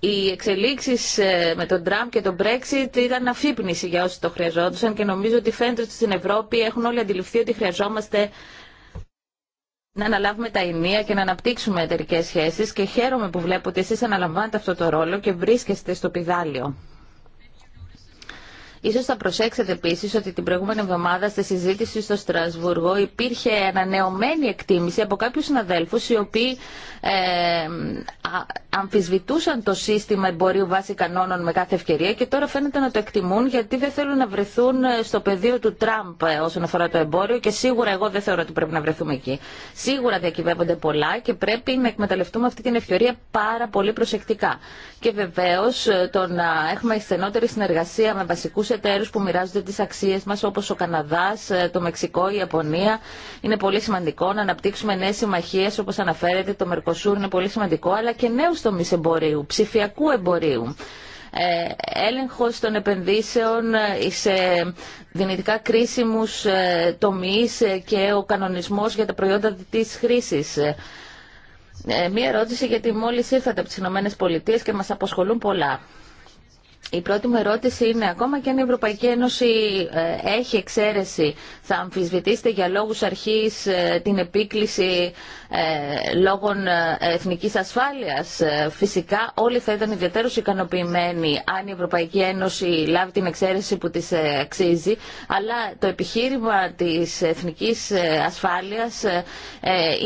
Οι εξελίξει ε, με τον Τραμπ και τον Brexit ήταν αφύπνιση για όσοι το χρειαζόντουσαν και νομίζω ότι φαίνεται ότι στην Ευρώπη έχουν όλοι αντιληφθεί ότι χρειαζόμαστε να αναλάβουμε τα ενία και να αναπτύξουμε εταιρικέ σχέσεις και χαίρομαι που βλέπω ότι εσεί αναλαμβάνετε αυτό το ρόλο και βρίσκεστε στο πιδάλιο. Ίσως θα προσέξετε επίση ότι την προηγούμενη εβδομάδα στη συζήτηση στο Στρασβούργο υπήρχε ανανεωμένη εκτίμηση από κάποιους συναδέλφους οι οποίοι ε, αμφισβητούσαν το σύστημα εμπορίου βάση κανόνων με κάθε ευκαιρία και τώρα φαίνεται να το εκτιμούν γιατί δεν θέλουν να βρεθούν ε, στο πεδίο του Τραμπ ε, όσον αφορά το εμπόριο και σίγουρα εγώ δεν θεωρώ ότι πρέπει να βρεθούμε εκεί. Σίγουρα διακυβεύονται πολλά και πρέπει να εκμεταλλευτούμε αυτή την ευκαιρία πάρα πολύ προσεκτικά. Και βεβαίω ε, το να έχουμε στενότερη συνεργασία με βασικού εταίρου που μοιράζονται τι αξίε μα όπω ο Καναδά, το Μεξικό, η Ιαπωνία είναι πολύ σημαντικό να αναπτύξουμε νέε συμμαχίε όπω αναφέρεται το Μερκοσούρ είναι πολύ σημαντικό αλλά και νέους τομείς εμπορίου, ψηφιακού εμπορίου ε, έλεγχος των επενδύσεων ε, σε δυνητικά κρίσιμους ε, τομείς και ο κανονισμός για τα προϊόντα της χρήσης. Μία ερώτηση γιατί μόλις ήρθατε από τις Ηνωμένες Πολιτείες και μας αποσχολούν πολλά. Η πρώτη μου ερώτηση είναι, ακόμα και αν η Ευρωπαϊκή Ένωση έχει εξαίρεση, θα αμφισβητήσετε για λόγους αρχής την επίκληση ε, λόγων ε, εθνικής ασφάλειας. Ε, φυσικά όλοι θα ήταν ιδιαίτερως ικανοποιημένοι αν η Ευρωπαϊκή Ένωση λάβει την εξαίρεση που της αξίζει, αλλά το επιχείρημα της εθνικής ασφάλειας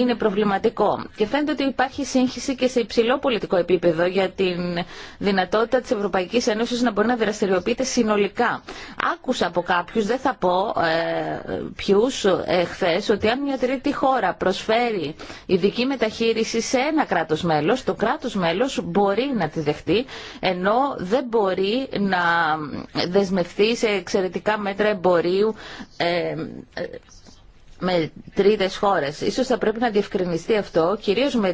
είναι προβληματικό. Και φαίνεται ότι υπάρχει σύγχυση και σε υψηλό πολιτικό επίπεδο για την δυνατότητα της Ευρωπαϊκής Ένωσης να μπορεί να δραστηριοποιείται συνολικά. Άκουσα από κάποιους, δεν θα πω ποιους, χθες, ότι αν μια τρίτη χώρα προσφέρει ειδική μεταχείριση σε ένα κράτος μέλος, το κράτος μέλος μπορεί να τη δεχτεί, ενώ δεν μπορεί να δεσμευτεί σε εξαιρετικά μέτρα εμπορίου ε, με τρίτες χώρες. Ίσως θα πρέπει να διευκρινιστεί αυτό, κυρίως με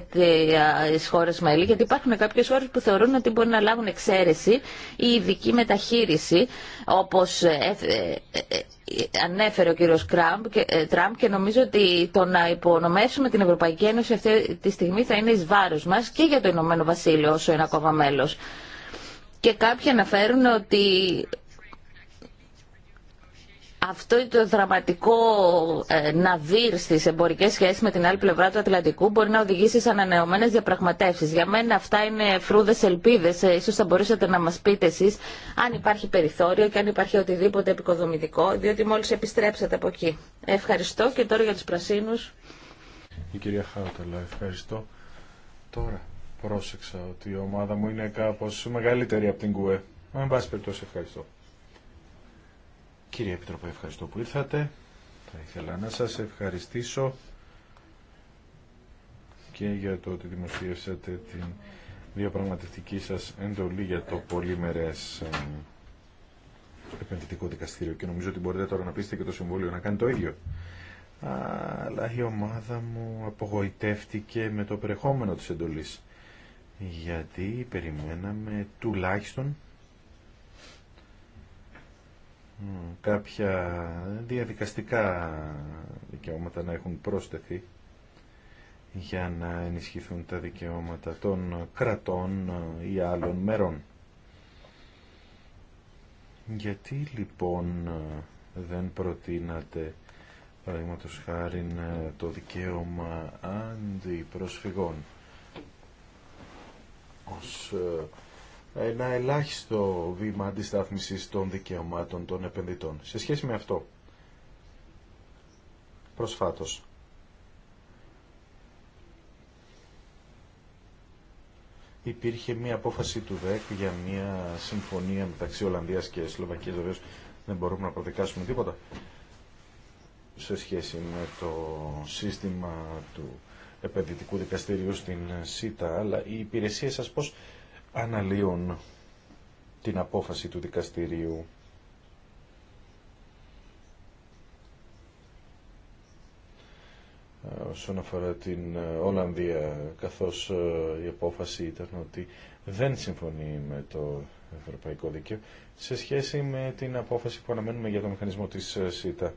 τις χώρες μέλη, γιατί υπάρχουν κάποιες χώρες που θεωρούν ότι μπορεί να λάβουν εξαίρεση ή ειδική μεταχείριση, όπως ε, ε, ανέφερε ο κύριος Κραμπ και, ε, Τραμπ και νομίζω ότι το να υπονομεύσουμε την Ευρωπαϊκή Ένωση αυτή τη στιγμή θα είναι εις βάρος μας και για το Ηνωμένο Βασίλειο όσο είναι ακόμα μέλος. Και κάποιοι αναφέρουν ότι αυτό το δραματικό ε, ναβύρ στι εμπορικέ σχέσει με την άλλη πλευρά του Ατλαντικού μπορεί να οδηγήσει σε ανανεωμένε διαπραγματεύσει. Για μένα αυτά είναι φρούδε ελπίδε. Ε, σω θα μπορούσατε να μα πείτε εσεί αν υπάρχει περιθώριο και αν υπάρχει οτιδήποτε επικοδομητικό, διότι μόλι επιστρέψατε από εκεί. Ευχαριστώ και τώρα για του πρασίνου. Η κυρία Χάουταλα, ευχαριστώ. Τώρα πρόσεξα ότι η ομάδα μου είναι κάπω μεγαλύτερη από την ΚΟΕ. Με πάση περιπτώσει, ευχαριστώ. Κύριε Επιτροπέ, ευχαριστώ που ήρθατε. Θα ήθελα να σας ευχαριστήσω και για το ότι δημοσίευσατε την διαπραγματευτική σας εντολή για το πολυμερές ε, επενδυτικό δικαστήριο και νομίζω ότι μπορείτε τώρα να πείστε και το Συμβούλιο να κάνει το ίδιο. Αλλά η ομάδα μου απογοητεύτηκε με το περιεχόμενο της εντολής γιατί περιμέναμε τουλάχιστον κάποια διαδικαστικά δικαιώματα να έχουν πρόσθεθει για να ενισχυθούν τα δικαιώματα των κρατών ή άλλων μερών. Γιατί λοιπόν δεν προτείνατε παραδείγματο χάρη το δικαίωμα αντιπροσφυγών ως ε, ε, ένα ελάχιστο βήμα αντιστάθμισης των δικαιωμάτων των επενδυτών. Σε σχέση με αυτό, προσφάτως, υπήρχε μια απόφαση του ΔΕΚ για μια συμφωνία μεταξύ Ολλανδίας και Σλοβακίας, βεβαίως δεν μπορούμε να προδικάσουμε τίποτα σε σχέση με το σύστημα του επενδυτικού δικαστηρίου στην ΣΥΤΑ, αλλά η υπηρεσία σας πώς αναλύουν την απόφαση του δικαστηρίου ε, όσον αφορά την ε, Ολλανδία, καθώς ε, η απόφαση ήταν ότι δεν συμφωνεί με το ευρωπαϊκό δίκαιο σε σχέση με την απόφαση που αναμένουμε για το μηχανισμό της ΣΥΤΑ.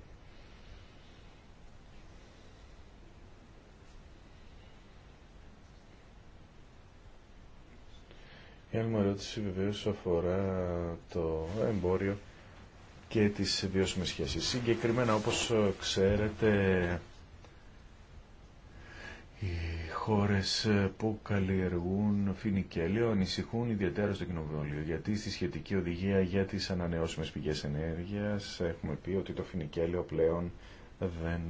Η άλλη μου ερώτηση βεβαίω αφορά το εμπόριο και τις βιώσιμες σχέσεις. Συγκεκριμένα, όπως ξέρετε, οι χώρες που καλλιεργούν φινικέλιο ανησυχούν ιδιαίτερα στο κοινοβούλιο, γιατί στη σχετική οδηγία για τις ανανεώσιμες πηγές ενέργειας έχουμε πει ότι το φινικέλιο πλέον δεν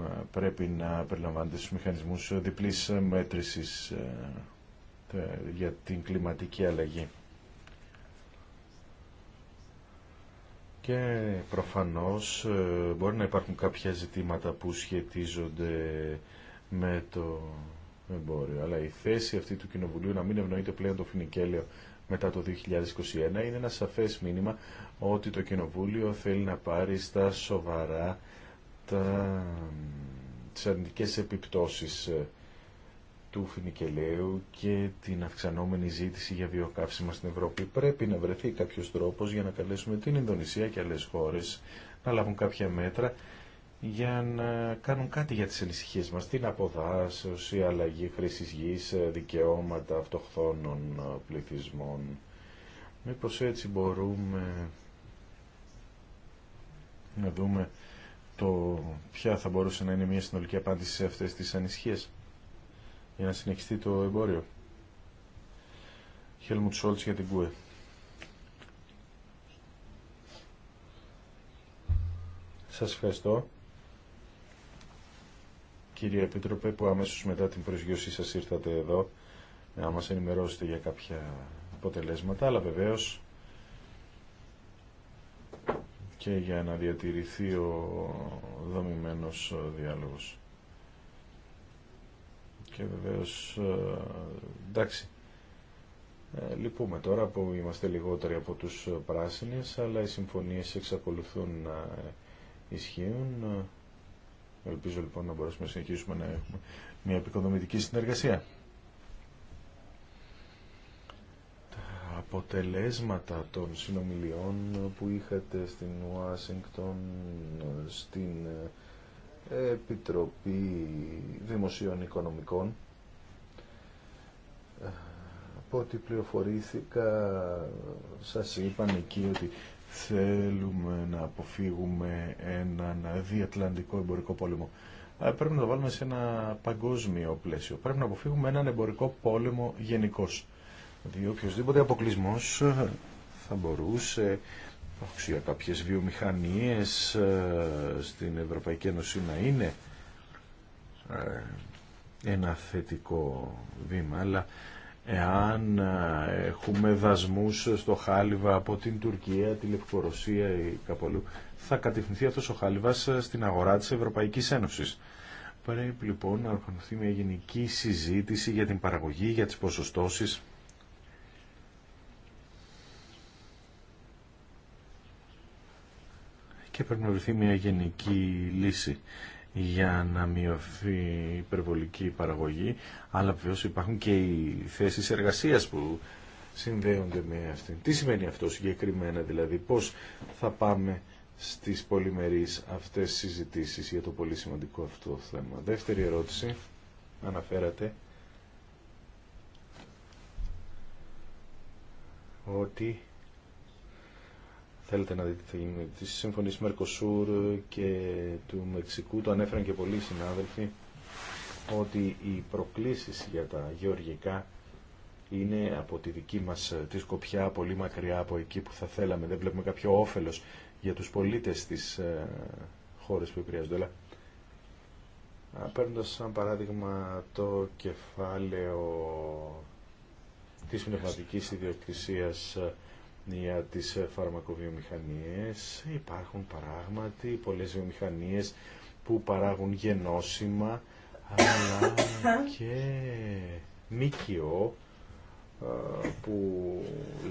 ε, πρέπει να περιλαμβάνεται στους μηχανισμούς διπλής μέτρησης ε, ε, για την κλιματική αλλαγή. Και προφανώς ε, μπορεί να υπάρχουν κάποια ζητήματα που σχετίζονται με το εμπόριο. Αλλά η θέση αυτή του Κοινοβουλίου να μην ευνοείται πλέον το φινικέλαιο μετά το 2021 είναι ένα σαφές μήνυμα ότι το Κοινοβούλιο θέλει να πάρει στα σοβαρά τα... τις αρνητικές επιπτώσεις ε, του φινικελαίου και την αυξανόμενη ζήτηση για βιοκαύσιμα στην Ευρώπη. Πρέπει να βρεθεί κάποιο τρόπο για να καλέσουμε την Ινδονησία και άλλε χώρε να λάβουν κάποια μέτρα για να κάνουν κάτι για τις ανησυχίε μα, την αποδάσωση, αλλαγή χρήση γης, δικαιώματα αυτοχθόνων πληθυσμών. Μήπως έτσι μπορούμε να δούμε το ποια θα μπορούσε να είναι μια συνολική απάντηση σε αυτές τις ανησυχίες για να συνεχιστεί το εμπόριο. Χέλμουτ Σόλτ για την ΚΟΕ. Σας ευχαριστώ. Κύριε Επίτροπε που αμέσως μετά την προσγειώσή σας ήρθατε εδώ να μας ενημερώσετε για κάποια αποτελέσματα, αλλά βεβαίως και για να διατηρηθεί ο δομημένος διάλογος και βεβαίως ε, εντάξει ε, λυπούμε τώρα που είμαστε λιγότεροι από τους πράσινες αλλά οι συμφωνίες εξακολουθούν να ισχύουν ελπίζω λοιπόν να μπορέσουμε να συνεχίσουμε να έχουμε μια επικοδομητική συνεργασία τα αποτελέσματα των συνομιλιών που είχατε στην Ουάσιγκτον στην ε, Επιτροπή Δημοσίων Οικονομικών. Ε, από ό,τι πληροφορήθηκα, σας είπαν εκεί ότι θέλουμε να αποφύγουμε έναν διατλαντικό εμπορικό πόλεμο. Ε, πρέπει να το βάλουμε σε ένα παγκόσμιο πλαίσιο. Πρέπει να αποφύγουμε έναν εμπορικό πόλεμο γενικώ. Διότι οποιοδήποτε αποκλεισμό θα μπορούσε για κάποιες βιομηχανίες ε, στην Ευρωπαϊκή Ένωση να είναι ε, ένα θετικό βήμα, αλλά εάν ε, έχουμε δασμούς στο χάλιβα από την Τουρκία, τη Λευκορωσία ή κάπου αλλού, θα κατευθυνθεί αυτός ο χάλιβας στην αγορά της Ευρωπαϊκής Ένωσης. Πρέπει λοιπόν να οργανωθεί μια γενική συζήτηση για την παραγωγή, για τις ποσοστώσεις και πρέπει να βρεθεί μια γενική λύση για να μειωθεί η υπερβολική παραγωγή, αλλά βεβαίως υπάρχουν και οι θέσεις εργασίας που συνδέονται με αυτήν. Τι σημαίνει αυτό συγκεκριμένα δηλαδή, πώς θα πάμε στις πολυμερείς αυτές συζητήσεις για το πολύ σημαντικό αυτό θέμα. Δεύτερη ερώτηση, αναφέρατε ότι θέλετε να δείτε τι θα γίνει Μερκοσούρ και του Μεξικού, το ανέφεραν και πολλοί συνάδελφοι, ότι οι προκλήσεις για τα γεωργικά είναι από τη δική μας ε, τη σκοπιά πολύ μακριά από εκεί που θα θέλαμε. Δεν βλέπουμε κάποιο όφελος για τους πολίτες της ε, χώρες που επηρεάζονται. Αλλά παίρνοντας σαν παράδειγμα το κεφάλαιο της πνευματικής ιδιοκτησίας ε, για τις φαρμακοβιομηχανίες. Υπάρχουν παράγματι πολλές βιομηχανίες που παράγουν γενώσιμα, αλλά <coughs> και μήκυο ε, που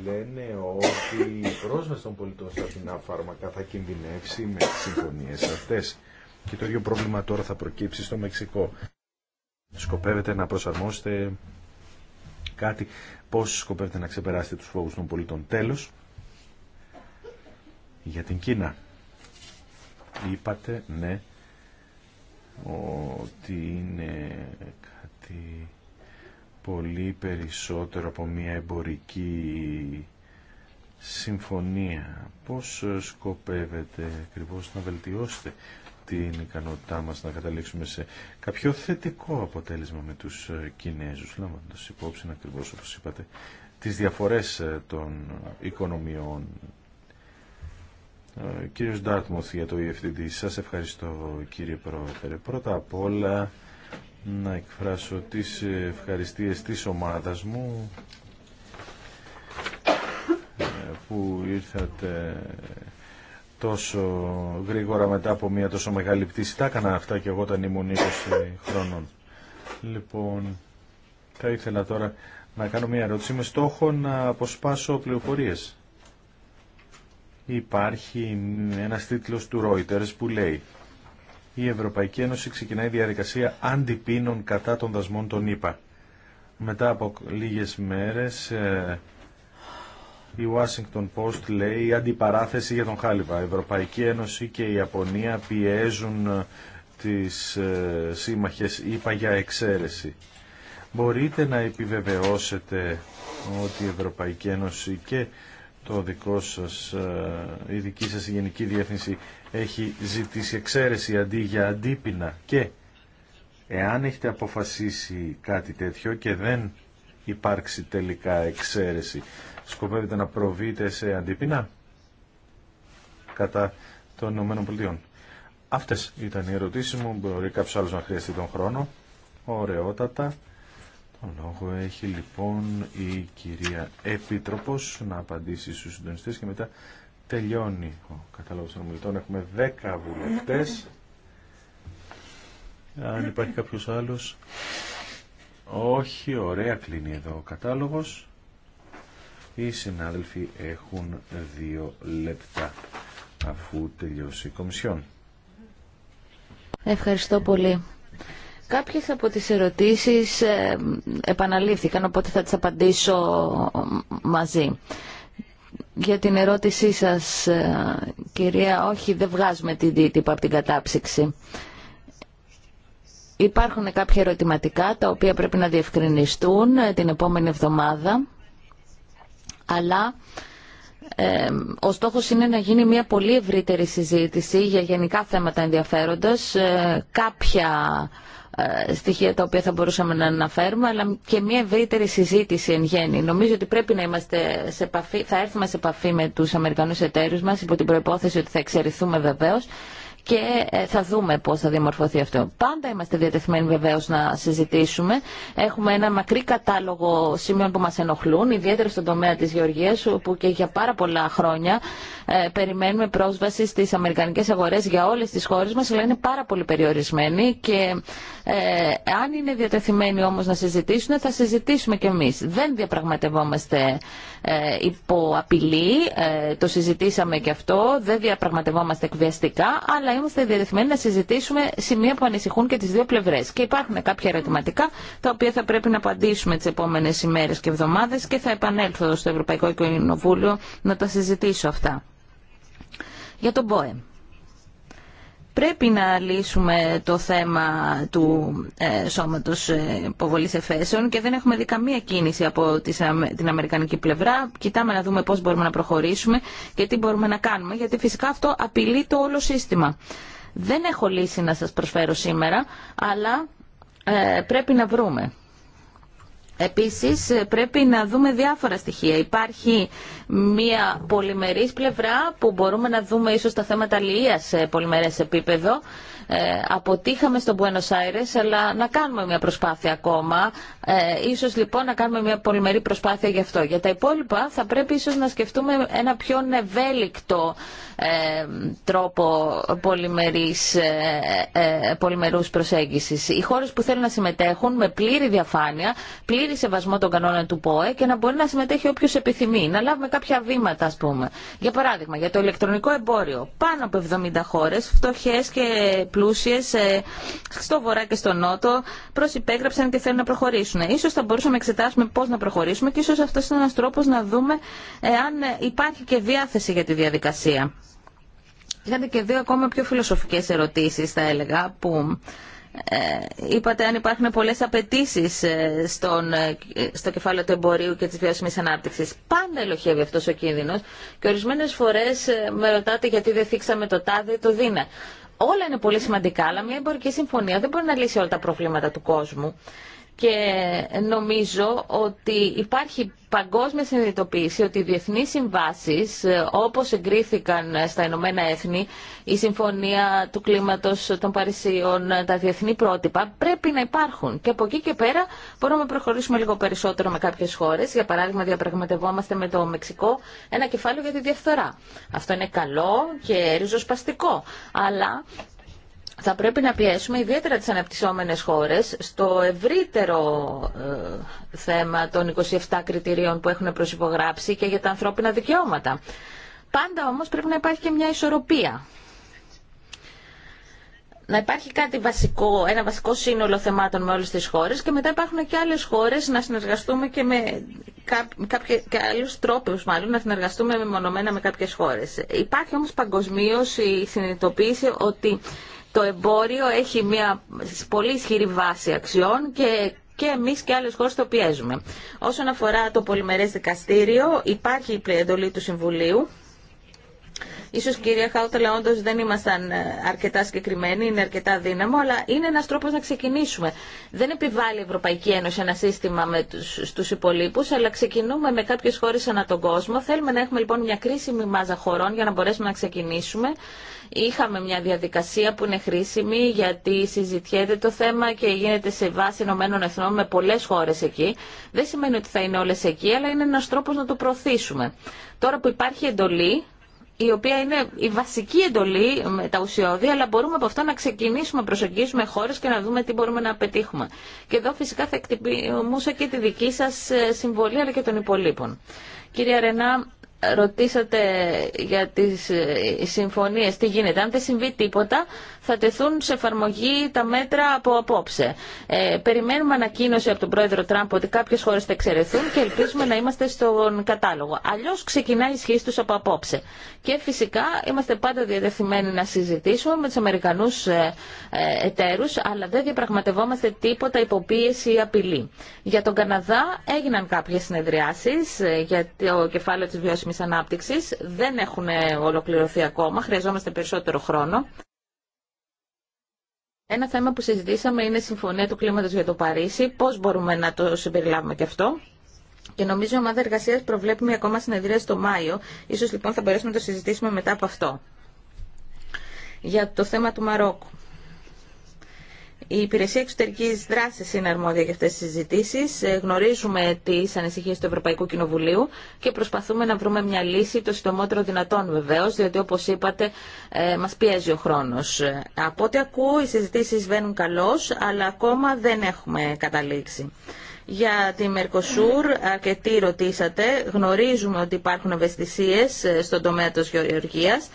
λένε ότι η πρόσβαση των πολιτών στα φινά φάρμακα θα κινδυνεύσει με τις συμφωνίες αυτές. Και το ίδιο πρόβλημα τώρα θα προκύψει στο Μεξικό. Σκοπεύετε να προσαρμόσετε κάτι πώς σκοπεύετε να ξεπεράσετε τους φόβους των πολιτών. Τέλος, για την Κίνα. Είπατε, ναι, ότι είναι κάτι πολύ περισσότερο από μια εμπορική συμφωνία. Πώς σκοπεύετε ακριβώ να βελτιώσετε την ικανότητά μας να καταλήξουμε σε κάποιο θετικό αποτέλεσμα με τους ε, Κινέζους, λάμβανοντας υπόψη ακριβώς όπως είπατε, τις διαφορές ε, των οικονομιών. Ε, κύριος Ντάρτμοθ για το EFTD, σας ευχαριστώ κύριε Πρόεδρε. Πρώτα απ' όλα να εκφράσω τις ευχαριστίες της ομάδας μου που ήρθατε τόσο γρήγορα μετά από μια τόσο μεγάλη πτήση. Τα έκανα αυτά και εγώ όταν ήμουν 20 χρόνων. Λοιπόν, θα ήθελα τώρα να κάνω μια ερώτηση με στόχο να αποσπάσω πληροφορίες. Υπάρχει ένας τίτλος του Reuters που λέει «Η Ευρωπαϊκή Ένωση ξεκινάει διαδικασία αντιπίνων κατά των δασμών των ΙΠΑ». Μετά από λίγες μέρες ε, η Washington Post λέει αντιπαράθεση για τον Χάλιβα. Η Ευρωπαϊκή Ένωση και η Ιαπωνία πιέζουν ε, τις ε, σύμμαχες είπα για εξαίρεση. Μπορείτε να επιβεβαιώσετε ότι η Ευρωπαϊκή Ένωση και το δικό σας, ε, η δική σας Γενική Διεύθυνση έχει ζητήσει εξαίρεση αντί για αντίπεινα και εάν έχετε αποφασίσει κάτι τέτοιο και δεν υπάρξει τελικά εξαίρεση σκοπεύετε να προβείτε σε αντίπεινα κατά των Ηνωμένων Πολιτειών. Αυτές ήταν οι ερωτήσει μου. Μπορεί κάποιο άλλος να χρειαστεί τον χρόνο. Ωραιότατα. Τον λόγο έχει λοιπόν η κυρία Επίτροπος να απαντήσει στους συντονιστέ και μετά τελειώνει ο κατάλογος των ομιλητών. Έχουμε 10 βουλευτέ. Αν υπάρχει κάποιο άλλο. Όχι, ωραία κλείνει εδώ ο κατάλογος. Οι συνάδελφοι έχουν δύο λεπτά αφού τελειώσει η Κομισιόν. Ευχαριστώ πολύ. Κάποιες από τις ερωτήσεις ε, επαναλήφθηκαν, οπότε θα τις απαντήσω ε, μαζί. Για την ερώτησή σας, ε, κυρία, όχι, δεν βγάζουμε την δίτυπα από την κατάψυξη. Υπάρχουν κάποια ερωτηματικά τα οποία πρέπει να διευκρινιστούν την επόμενη εβδομάδα αλλά ο στόχος είναι να γίνει μια πολύ ευρύτερη συζήτηση για γενικά θέματα ενδιαφέροντας, ε, κάποια ε, στοιχεία τα οποία θα μπορούσαμε να αναφέρουμε, αλλά και μια ευρύτερη συζήτηση εν γέννη. Νομίζω ότι πρέπει να είμαστε θα έρθουμε σε επαφή με τους Αμερικανούς εταίρους μας, υπό την προϋπόθεση ότι θα εξαιρεθούμε βεβαίως, και ε, θα δούμε πώς θα διαμορφωθεί αυτό. Πάντα είμαστε διατεθειμένοι βεβαίως να συζητήσουμε. Έχουμε ένα μακρύ κατάλογο σημείων που μας ενοχλούν, ιδιαίτερα στον τομέα της γεωργίας, όπου και για πάρα πολλά χρόνια ε, περιμένουμε πρόσβαση στις αμερικανικές αγορές για όλες τις χώρες μας, αλλά είναι πάρα πολύ περιορισμένοι και ε, αν είναι διατεθειμένοι όμως να συζητήσουν, θα συζητήσουμε κι εμείς. Δεν διαπραγματευόμαστε ε, υπό απειλή, ε, το συζητήσαμε κι αυτό, δεν διαπραγματευόμαστε εκβιαστικά, αλλά είμαστε διατεθειμένοι να συζητήσουμε σημεία που ανησυχούν και τι δύο πλευρέ. Και υπάρχουν κάποια ερωτηματικά τα οποία θα πρέπει να απαντήσουμε τι επόμενε ημέρε και εβδομάδε και θα επανέλθω στο Ευρωπαϊκό Κοινοβούλιο να τα συζητήσω αυτά. Για τον ΠΟΕΜ. Πρέπει να λύσουμε το θέμα του ε, σώματος ε, υποβολή εφέσεων και δεν έχουμε δει καμία κίνηση από την Αμερικανική πλευρά. Κοιτάμε να δούμε πώς μπορούμε να προχωρήσουμε και τι μπορούμε να κάνουμε, γιατί φυσικά αυτό απειλεί το όλο σύστημα. Δεν έχω λύση να σας προσφέρω σήμερα, αλλά ε, πρέπει να βρούμε. Επίσης πρέπει να δούμε διάφορα στοιχεία. Υπάρχει μια πολυμερής πλευρά που μπορούμε να δούμε ίσως τα θέματα αλληλείας σε πολυμερές επίπεδο ε, αποτύχαμε στον Buenos Aires, αλλά να κάνουμε μια προσπάθεια ακόμα. Ε, ίσως λοιπόν να κάνουμε μια πολυμερή προσπάθεια γι' αυτό. Για τα υπόλοιπα θα πρέπει ίσως να σκεφτούμε ένα πιο ευέλικτο ε, τρόπο πολυμερής, πολυμερούς προσέγγισης. Οι χώρες που θέλουν να συμμετέχουν με πλήρη διαφάνεια, πλήρη σεβασμό των κανόνων του ΠΟΕ και να μπορεί να συμμετέχει όποιο επιθυμεί, να λάβουμε κάποια βήματα ας πούμε. Για παράδειγμα, για το ηλεκτρονικό εμπόριο, πάνω από 70 χώρες, φτωχές και πλούσιες ε, στο βορρά και στο νότο προσυπέγραψαν και θέλουν να προχωρήσουν. σω θα μπορούσαμε να εξετάσουμε πώ να προχωρήσουμε και ίσω αυτό είναι ένα τρόπο να δούμε ε, αν ε, υπάρχει και διάθεση για τη διαδικασία. Είχατε και δύο ακόμα πιο φιλοσοφικέ ερωτήσει, θα έλεγα που είπατε αν υπάρχουν πολλές απαιτήσει στο κεφάλαιο του εμπορίου και της βιώσιμη ανάπτυξη. Πάντα ελοχεύει αυτός ο κίνδυνος και ορισμένες φορές με ρωτάτε γιατί δεν θίξαμε το τάδε το δίνα. Όλα είναι πολύ σημαντικά, αλλά μια εμπορική συμφωνία δεν μπορεί να λύσει όλα τα προβλήματα του κόσμου και νομίζω ότι υπάρχει παγκόσμια συνειδητοποίηση ότι οι διεθνείς συμβάσεις ε, όπως εγκρίθηκαν στα Ηνωμένα Έθνη, η Συμφωνία του Κλίματος των Παρισίων, ε, τα διεθνή πρότυπα πρέπει να υπάρχουν και από εκεί και πέρα μπορούμε να προχωρήσουμε λίγο περισσότερο με κάποιες χώρες. Για παράδειγμα διαπραγματευόμαστε με το Μεξικό ένα κεφάλαιο για τη διαφθορά. Αυτό είναι καλό και ριζοσπαστικό, αλλά θα πρέπει να πιέσουμε ιδιαίτερα τις αναπτυσσόμενες χώρες στο ευρύτερο ε, θέμα των 27 κριτηρίων που έχουν προσυπογράψει και για τα ανθρώπινα δικαιώματα. Πάντα όμως πρέπει να υπάρχει και μια ισορροπία. Να υπάρχει κάτι βασικό, ένα βασικό σύνολο θεμάτων με όλες τις χώρες και μετά υπάρχουν και άλλες χώρες να συνεργαστούμε και με κάποιες, και άλλους τρόπους μάλλον να συνεργαστούμε μεμονωμένα με κάποιες χώρες. Υπάρχει όμως παγκοσμίω η συνειδητοποίηση ότι το εμπόριο έχει μια πολύ ισχυρή βάση αξιών και και εμείς και άλλες χώρες το πιέζουμε. Όσον αφορά το πολυμερές δικαστήριο, υπάρχει η εντολή του Συμβουλίου. Ίσως κυρία Χάουτελα όντω δεν ήμασταν ε, αρκετά συγκεκριμένοι, είναι αρκετά δύναμο, αλλά είναι ένας τρόπος να ξεκινήσουμε. Δεν επιβάλλει η Ευρωπαϊκή Ένωση ένα σύστημα με τους, στους υπολείπους, αλλά ξεκινούμε με κάποιες χώρες ανά τον κόσμο. Θέλουμε να έχουμε λοιπόν μια κρίσιμη μάζα χωρών για να μπορέσουμε να ξεκινήσουμε είχαμε μια διαδικασία που είναι χρήσιμη γιατί συζητιέται το θέμα και γίνεται σε βάση Ηνωμένων Εθνών με πολλέ χώρε εκεί. Δεν σημαίνει ότι θα είναι όλε εκεί, αλλά είναι ένα τρόπο να το προωθήσουμε. Τώρα που υπάρχει εντολή, η οποία είναι η βασική εντολή με τα ουσιώδη, αλλά μπορούμε από αυτά να ξεκινήσουμε να προσεγγίσουμε χώρε και να δούμε τι μπορούμε να πετύχουμε. Και εδώ φυσικά θα εκτιμούσα και τη δική σα ε, συμβολή, αλλά και των υπολείπων. Κυρία Ρενά, ρωτήσατε για τις ε, συμφωνίες τι γίνεται. Αν δεν συμβεί τίποτα θα τεθούν σε εφαρμογή τα μέτρα από απόψε. Ε, περιμένουμε ανακοίνωση από τον πρόεδρο Τραμπ ότι κάποιε χώρε θα εξαιρεθούν και ελπίζουμε να είμαστε στον κατάλογο. Αλλιώ ξεκινάει η σχέση του από απόψε. Και φυσικά είμαστε πάντα διατεθειμένοι να συζητήσουμε με του Αμερικανού ε, ε, εταίρου, αλλά δεν διαπραγματευόμαστε τίποτα υποπίεση ή απειλή. Για τον Καναδά έγιναν κάποιε συνεδριάσει για το κεφάλαιο τη βιώσιμη ανάπτυξη. Δεν έχουν ολοκληρωθεί ακόμα. Χρειαζόμαστε περισσότερο χρόνο. Ένα θέμα που συζητήσαμε είναι η Συμφωνία του Κλίματος για το Παρίσι. Πώς μπορούμε να το συμπεριλάβουμε και αυτό. Και νομίζω η ομάδα εργασία προβλέπει μια ακόμα συνεδρία στο Μάιο. Ίσως λοιπόν θα μπορέσουμε να το συζητήσουμε μετά από αυτό. Για το θέμα του Μαρόκου. Η Υπηρεσία Εξωτερική Δράση είναι αρμόδια για αυτέ τι συζητήσει. Ε, γνωρίζουμε τι ανησυχίε του Ευρωπαϊκού Κοινοβουλίου και προσπαθούμε να βρούμε μια λύση το συντομότερο δυνατόν βεβαίω, διότι όπω είπατε ε, μα πιέζει ο χρόνο. Ε, από ό,τι ακούω οι συζητήσει βαίνουν καλώ, αλλά ακόμα δεν έχουμε καταλήξει. Για τη Μερκοσούρ, αρκετοί ρωτήσατε. Γνωρίζουμε ότι υπάρχουν ευαισθησίε στον τομέα τη γεωργίας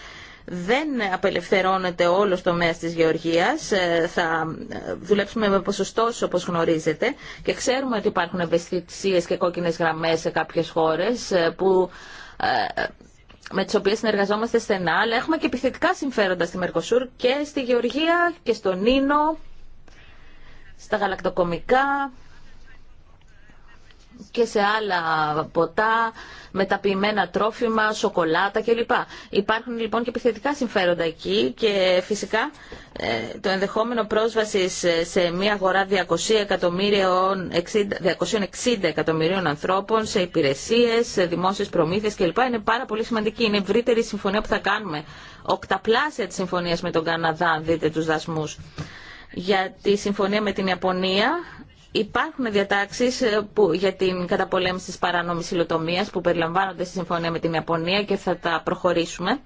δεν απελευθερώνεται όλο το μέσο της γεωργίας. Ε, θα ε, δουλέψουμε με ποσοστό όπως γνωρίζετε και ξέρουμε ότι υπάρχουν ευαισθησίε και κόκκινες γραμμές σε κάποιες χώρες ε, που με τις οποίες συνεργαζόμαστε στενά, αλλά έχουμε και επιθετικά συμφέροντα στη Μερκοσούρ και στη Γεωργία και στον Νίνο, στα γαλακτοκομικά, και σε άλλα ποτά, με ποιημένα τρόφιμα, σοκολάτα κλπ. Υπάρχουν λοιπόν και επιθετικά συμφέροντα εκεί και φυσικά ε, το ενδεχόμενο πρόσβασης σε μια αγορά 200 εκατομμύριων, 260 εκατομμυρίων ανθρώπων σε υπηρεσίες, σε δημόσιες προμήθειες κλπ. είναι πάρα πολύ σημαντική. Είναι ευρύτερη η συμφωνία που θα κάνουμε. Οκταπλάσια της συμφωνίας με τον Καναδά, αν δείτε τους δασμούς. Για τη συμφωνία με την Ιαπωνία, Υπάρχουν διατάξει ε, για την καταπολέμηση τη παράνομη υλοτομίας που περιλαμβάνονται στη συμφωνία με την Ιαπωνία και θα τα προχωρήσουμε.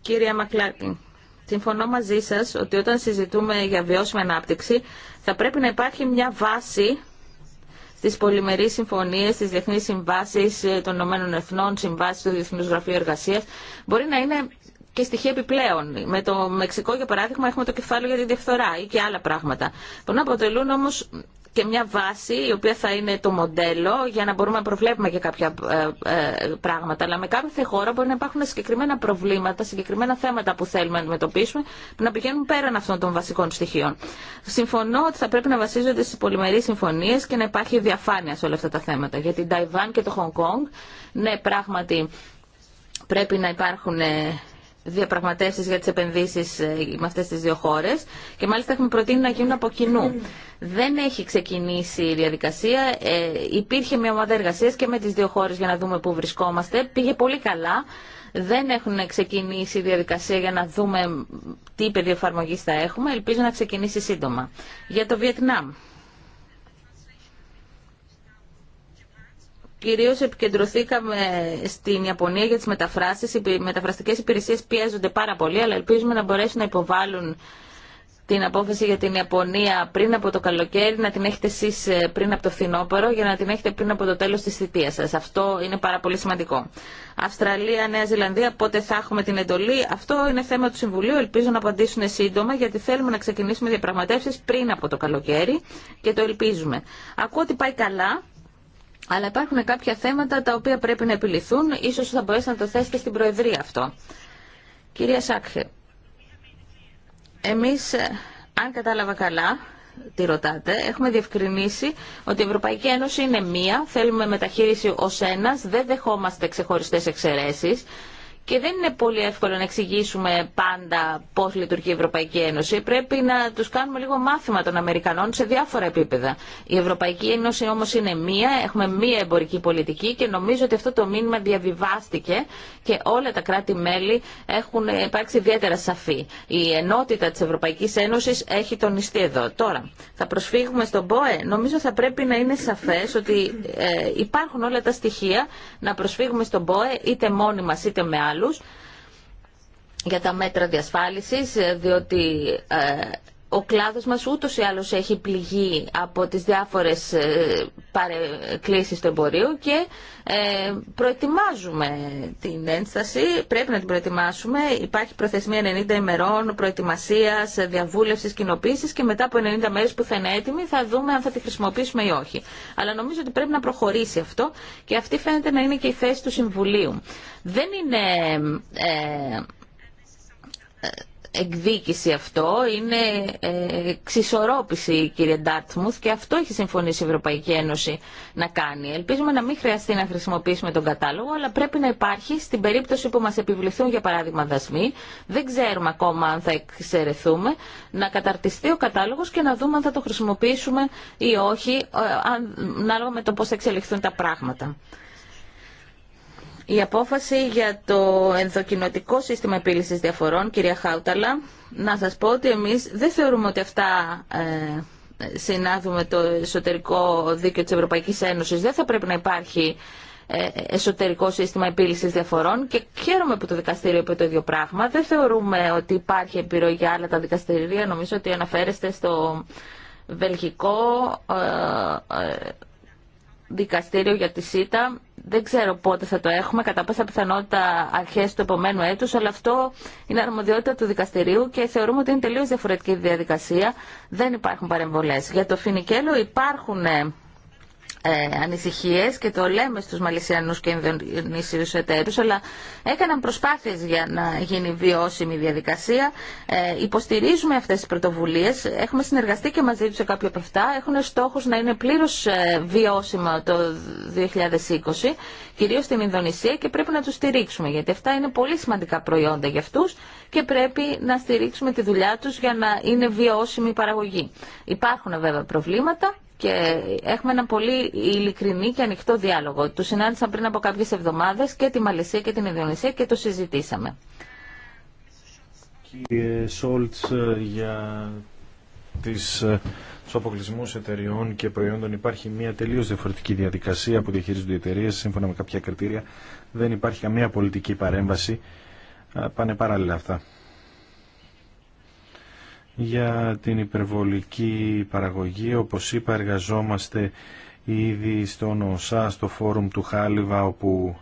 Κύριε Μακλάκη, συμφωνώ μαζί σας ότι όταν συζητούμε για βιώσιμη ανάπτυξη θα πρέπει να υπάρχει μια βάση στι πολυμερεί συμφωνίε, στις διεθνεί συμβάσεις ε, των ΗΕ, συμβάσει του Διεθνού Γραφείου εργασία, Μπορεί να είναι και στοιχεία επιπλέον. Με το Μεξικό, για παράδειγμα, έχουμε το κεφάλαιο για τη διαφθορά ή και άλλα πράγματα. Μπορούν να αποτελούν όμω και μια βάση η οποία θα είναι το μοντέλο για να μπορούμε να προβλέπουμε και κάποια ε, ε, πράγματα. Αλλά με κάθε χώρα μπορεί να υπάρχουν συγκεκριμένα προβλήματα, συγκεκριμένα θέματα που θέλουμε να αντιμετωπίσουμε, που να πηγαίνουν πέραν αυτών των βασικών στοιχείων. Συμφωνώ ότι θα πρέπει να βασίζονται στι πολυμερεί συμφωνίε και να υπάρχει διαφάνεια σε όλα αυτά τα θέματα. Γιατί την Ταϊβάν και το Χονγκ ναι, πράγματι πρέπει να υπάρχουν ε, Διαπραγματεύσει για τι επενδύσει ε, με αυτέ τι δύο χώρε και μάλιστα έχουμε προτείνει να γίνουν από κοινού. Δεν έχει ξεκινήσει η διαδικασία. Ε, υπήρχε μια ομάδα εργασία και με τι δύο χώρε για να δούμε πού βρισκόμαστε. Πήγε πολύ καλά. Δεν έχουν ξεκινήσει η διαδικασία για να δούμε τι πεδίο εφαρμογή θα έχουμε. Ελπίζω να ξεκινήσει σύντομα. Για το Βιετνάμ. Κυρίως επικεντρωθήκαμε στην Ιαπωνία για τις μεταφράσεις. Οι μεταφραστικές υπηρεσίες πιέζονται πάρα πολύ, αλλά ελπίζουμε να μπορέσουν να υποβάλουν την απόφαση για την Ιαπωνία πριν από το καλοκαίρι, να την έχετε εσείς ε, πριν από το φθινόπωρο, για να την έχετε πριν από το τέλος της θητείας σας. Αυτό είναι πάρα πολύ σημαντικό. Αυστραλία, Νέα Ζηλανδία, πότε θα έχουμε την εντολή. Αυτό είναι θέμα του Συμβουλίου. Ελπίζω να απαντήσουν σύντομα, γιατί θέλουμε να ξεκινήσουμε διαπραγματεύσεις πριν από το καλοκαίρι και το ελπίζουμε. Ακούω ότι πάει καλά. Αλλά υπάρχουν κάποια θέματα τα οποία πρέπει να επιληθούν. Ίσως θα μπορέσετε να το θέσετε στην Προεδρία αυτό. Κυρία Σάκχε, εμείς, ε, αν κατάλαβα καλά, τι ρωτάτε, έχουμε διευκρινίσει ότι η Ευρωπαϊκή Ένωση είναι μία, θέλουμε μεταχείριση ως ένας, δεν δεχόμαστε ξεχωριστές εξαιρέσεις. Και δεν είναι πολύ εύκολο να εξηγήσουμε πάντα πώ λειτουργεί η Ευρωπαϊκή Ένωση. Πρέπει να του κάνουμε λίγο μάθημα των Αμερικανών σε διάφορα επίπεδα. Η Ευρωπαϊκή Ένωση όμω είναι μία, έχουμε μία εμπορική πολιτική και νομίζω ότι αυτό το μήνυμα διαβιβάστηκε και όλα τα κράτη-μέλη έχουν υπάρξει ιδιαίτερα σαφή. Η ενότητα τη Ευρωπαϊκή Ένωση έχει τονιστεί εδώ. Τώρα, θα προσφύγουμε στον ΠΟΕ. Νομίζω θα πρέπει να είναι σαφέ ότι ε, υπάρχουν όλα τα στοιχεία να προσφύγουμε στον ΠΟΕ είτε μόνοι μα είτε με για τα μέτρα διασφάλισης, διότι ε, ο κλάδος μας ούτως ή άλλως έχει πληγεί από τις διάφορες ε, παρεκκλήσεις του εμπορίου και ε, προετοιμάζουμε την ένσταση, πρέπει να την προετοιμάσουμε. Υπάρχει προθεσμία 90 ημερών προετοιμασίας, διαβούλευσης, κοινοποίησης και μετά από 90 μέρες που θα είναι έτοιμη θα δούμε αν θα τη χρησιμοποιήσουμε ή όχι. Αλλά νομίζω ότι πρέπει να προχωρήσει αυτό και αυτή φαίνεται να είναι και η θέση του Συμβουλίου. Δεν είναι... Ε, εκδίκηση αυτό, είναι ε, εξισορρόπηση κύριε Ντάρτμουθ και αυτό έχει συμφωνήσει η Ευρωπαϊκή Ένωση να κάνει. Ελπίζουμε να μην χρειαστεί να χρησιμοποιήσουμε τον κατάλογο, αλλά πρέπει να υπάρχει στην περίπτωση που μας επιβληθούν για παράδειγμα δασμοί, δεν ξέρουμε ακόμα αν θα εξαιρεθούμε, να καταρτιστεί ο κατάλογος και να δούμε αν θα το χρησιμοποιήσουμε ή όχι, ε, ανάλογα με το πώς θα εξελιχθούν τα πράγματα. Η απόφαση για το ενδοκινοτικό σύστημα επίλυσης διαφορών, κυρία Χάουταλα, να σας πω ότι εμείς δεν θεωρούμε ότι αυτά ε, συνάδουμε το εσωτερικό δίκαιο της Ευρωπαϊκής Ένωσης. Δεν θα πρέπει να υπάρχει ε, εσωτερικό σύστημα επίλυσης διαφορών και χαίρομαι που το δικαστήριο είπε το ίδιο πράγμα. Δεν θεωρούμε ότι υπάρχει επιρροή για άλλα τα δικαστηρία. Νομίζω ότι αναφέρεστε στο βελγικό ε, ε δικαστήριο για τη ΣΥΤΑ. Δεν ξέρω πότε θα το έχουμε, κατά πάσα πιθανότητα αρχέ του επομένου έτου, αλλά αυτό είναι αρμοδιότητα του δικαστηρίου και θεωρούμε ότι είναι τελείω διαφορετική διαδικασία. Δεν υπάρχουν παρεμβολές. Για το Φινικέλο υπάρχουν ε, ε, ανησυχίες και το λέμε στου Μαλισιανού και Ινδονησίου εταίρου, αλλά έκαναν προσπάθειες για να γίνει βιώσιμη η διαδικασία. Ε, υποστηρίζουμε αυτέ τι πρωτοβουλίε, έχουμε συνεργαστεί και μαζί του σε κάποια από αυτά, έχουν στόχο να είναι πλήρως ε, βιώσιμα το 2020, κυρίω στην Ινδονησία και πρέπει να του στηρίξουμε, γιατί αυτά είναι πολύ σημαντικά προϊόντα για αυτού και πρέπει να στηρίξουμε τη δουλειά του για να είναι βιώσιμη η παραγωγή. Υπάρχουν βέβαια προβλήματα, και έχουμε ένα πολύ ειλικρινή και ανοιχτό διάλογο. Του συνάντησαν πριν από κάποιες εβδομάδες και τη Μαλισσία και την Ινδονησία και το συζητήσαμε. Κύριε Σόλτς, για τις, ε, τους αποκλεισμούς εταιριών και προϊόντων υπάρχει μια τελείως διαφορετική διαδικασία που διαχειρίζονται οι εταιρείε σύμφωνα με κάποια κριτήρια. Δεν υπάρχει καμία πολιτική παρέμβαση. Ε, πάνε παράλληλα αυτά για την υπερβολική παραγωγή. Όπως είπα, εργαζόμαστε ήδη στον ΟΣΑ, στο φόρουμ του Χάλιβα, όπου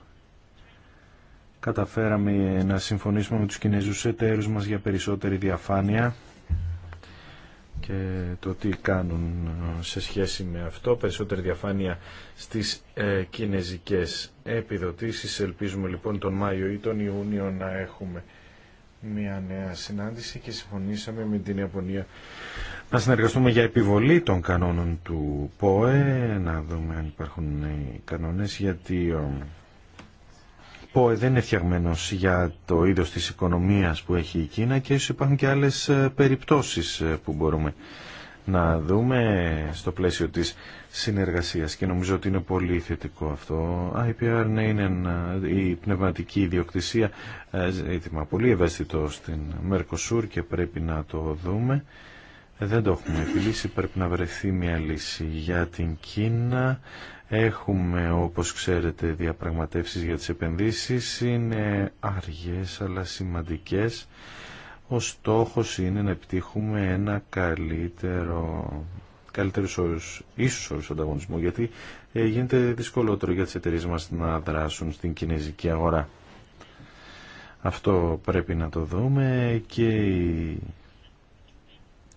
καταφέραμε να συμφωνήσουμε με τους Κινέζους εταίρους μας για περισσότερη διαφάνεια και το τι κάνουν σε σχέση με αυτό. Περισσότερη διαφάνεια στις ε, κινέζικες επιδοτήσεις. Ελπίζουμε λοιπόν τον Μάιο ή τον Ιούνιο να έχουμε μια νέα συνάντηση και συμφωνήσαμε με την Ιαπωνία να συνεργαστούμε για επιβολή των κανόνων του ΠΟΕ, να δούμε αν υπάρχουν κανόνες, γιατί ο ε, ΠΟΕ δεν είναι φτιαγμένο για το είδος της οικονομίας που έχει η Κίνα και ίσως υπάρχουν και άλλες ε, περιπτώσεις ε, που μπορούμε να δούμε στο πλαίσιο της συνεργασίας και νομίζω ότι είναι πολύ θετικό αυτό. IPR ναι, είναι η πνευματική ιδιοκτησία ε, ζήτημα πολύ ευαίσθητο στην Mercosur και πρέπει να το δούμε. Ε, δεν το έχουμε επιλύσει, πρέπει να βρεθεί μια λύση για την Κίνα. Έχουμε, όπως ξέρετε, διαπραγματεύσεις για τις επενδύσεις. Είναι αργές αλλά σημαντικές. Ο στόχος είναι να επιτύχουμε ένα καλύτερο καλύτερου όρου, ίσου όρου ανταγωνισμού, γιατί ε, γίνεται δυσκολότερο για τι εταιρείε μα να δράσουν στην κινέζικη αγορά. Αυτό πρέπει να το δούμε και οι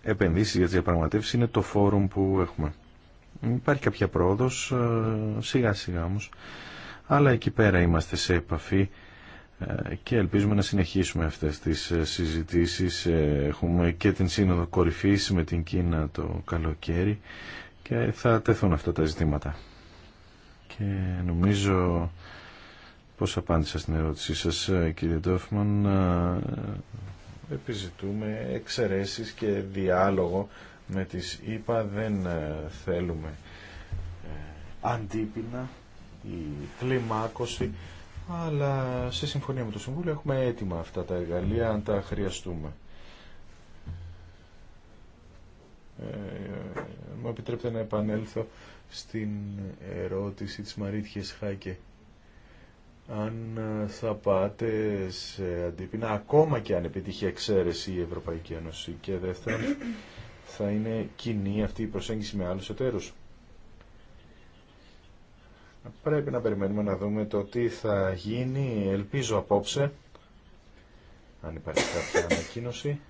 επενδύσεις για τις διαπραγματεύσει είναι το φόρουμ που έχουμε. Υπάρχει κάποια πρόοδος, ε, σιγά σιγά όμως, αλλά εκεί πέρα είμαστε σε επαφή και ελπίζουμε να συνεχίσουμε αυτές τις ε, συζητήσεις. Ε, έχουμε και την Σύνοδο Κορυφής με την Κίνα το καλοκαίρι και θα τεθούν αυτά τα ζητήματα. Και νομίζω πως απάντησα στην ερώτησή σας ε, κύριε Ντόφμαν επιζητούμε εξαιρέσεις και διάλογο με τις ΗΠΑ δεν θέλουμε αντίπεινα η κλιμάκωση αλλά σε συμφωνία με το Συμβούλιο έχουμε έτοιμα αυτά τα εργαλεία αν τα χρειαστούμε. Ε, ε, μου επιτρέπετε να επανέλθω στην ερώτηση της Μαρίτιες Χάκε. Αν ε, θα πάτε σε αντίπεινα, ακόμα και αν επιτύχει εξαίρεση η Ευρωπαϊκή Ένωση και δεύτερον, θα είναι κοινή αυτή η προσέγγιση με άλλους εταίρους. Πρέπει να περιμένουμε να δούμε το τι θα γίνει, ελπίζω απόψε, αν υπάρχει κάποια ανακοίνωση.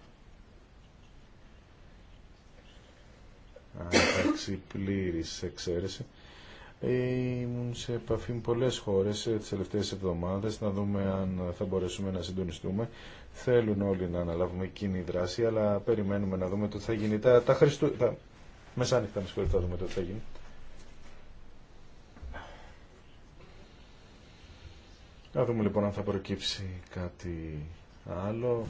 Αν υπάρξει πλήρης εξαίρεση. Ήμουν σε επαφή με πολλές χώρες τις τελευταίες εβδομάδες να δούμε αν θα μπορέσουμε να συντονιστούμε. Θέλουν όλοι να αναλάβουμε κοινή δράση, αλλά περιμένουμε να δούμε το τι θα γίνει. Τα, τα, Χριστού... τα... μεσάνυχτα, με συγχωρείτε, θα δούμε το τι θα γίνει. Θα δούμε λοιπόν αν θα προκύψει κάτι άλλο.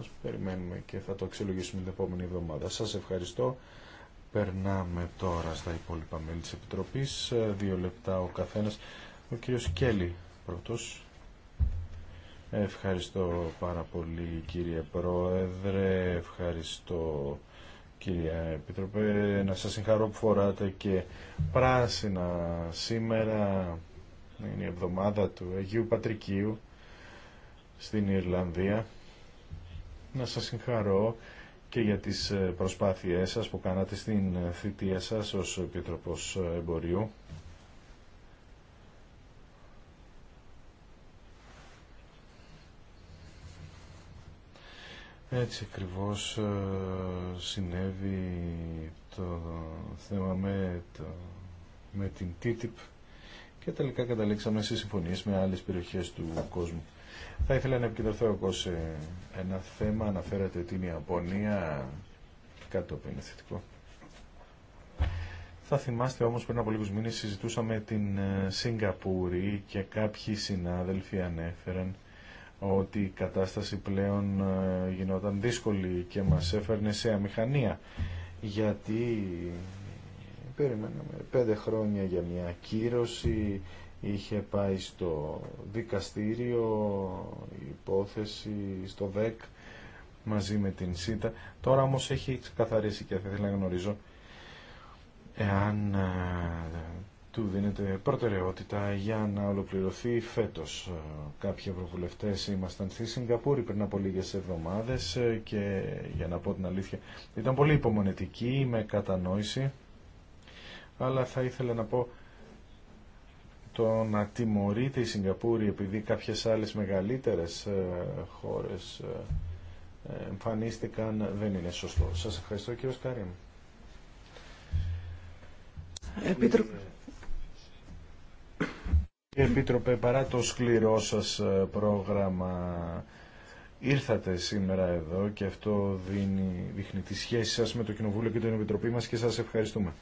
Ας περιμένουμε και θα το αξιολογήσουμε την επόμενη εβδομάδα. Σας ευχαριστώ. Περνάμε τώρα στα υπόλοιπα μέλη της Επιτροπής. Ε, δύο λεπτά ο καθένας. Ο κύριος Κέλλη πρώτος. Ευχαριστώ πάρα πολύ κύριε Πρόεδρε. Ευχαριστώ κύριε Επιτροπέ. Να σας συγχαρώ που φοράτε και πράσινα σήμερα είναι η εβδομάδα του Αγίου Πατρικίου στην Ιρλανδία. Να σας συγχαρώ και για τις ε, προσπάθειές σας που κάνατε στην ε, θητεία σας ως Επιτροπός ε, Εμπορίου. Έτσι ακριβώς συνέβη το θέμα με, το, με την TTIP και τελικά καταλήξαμε σε συμφωνίες με άλλες περιοχές του κόσμου. Θα ήθελα να επικεντρωθώ εγώ σε ένα θέμα, αναφέρατε την Ιαπωνία, κάτι το οποίο είναι θετικό. Θα θυμάστε όμως πριν από λίγους μήνες συζητούσαμε την ε, Σιγκαπούρη και κάποιοι συνάδελφοι ανέφεραν ότι η κατάσταση πλέον ε, γινόταν δύσκολη και μας έφερνε σε αμηχανία γιατί περιμέναμε πέντε χρόνια για μια κύρωση, είχε πάει στο δικαστήριο, η υπόθεση στο ΔΕΚ μαζί με την ΣΥΤΑ. Τώρα όμως έχει καθαρίσει και θα ήθελα να γνωρίζω εάν του δίνεται προτεραιότητα για να ολοκληρωθεί φέτος. Κάποιοι ευρωβουλευτές ήμασταν στη Σιγκαπούρη πριν από λίγες εβδομάδες ε, και για να πω την αλήθεια ήταν πολύ υπομονετική με κατανόηση αλλά θα ήθελα να πω το να τιμωρείται η Σιγκαπούρη επειδή κάποιες άλλες μεγαλύτερες ε, χώρες ε, ε, εμφανίστηκαν δεν είναι σωστό. Σας ευχαριστώ κύριο Σκάριμ. Επίτροπε. Επίτροπε, παρά το σκληρό σας πρόγραμμα ήρθατε σήμερα εδώ και αυτό δίνει, δείχνει τη σχέση σας με το Κοινοβούλιο και την Επιτροπή μας και σας ευχαριστούμε.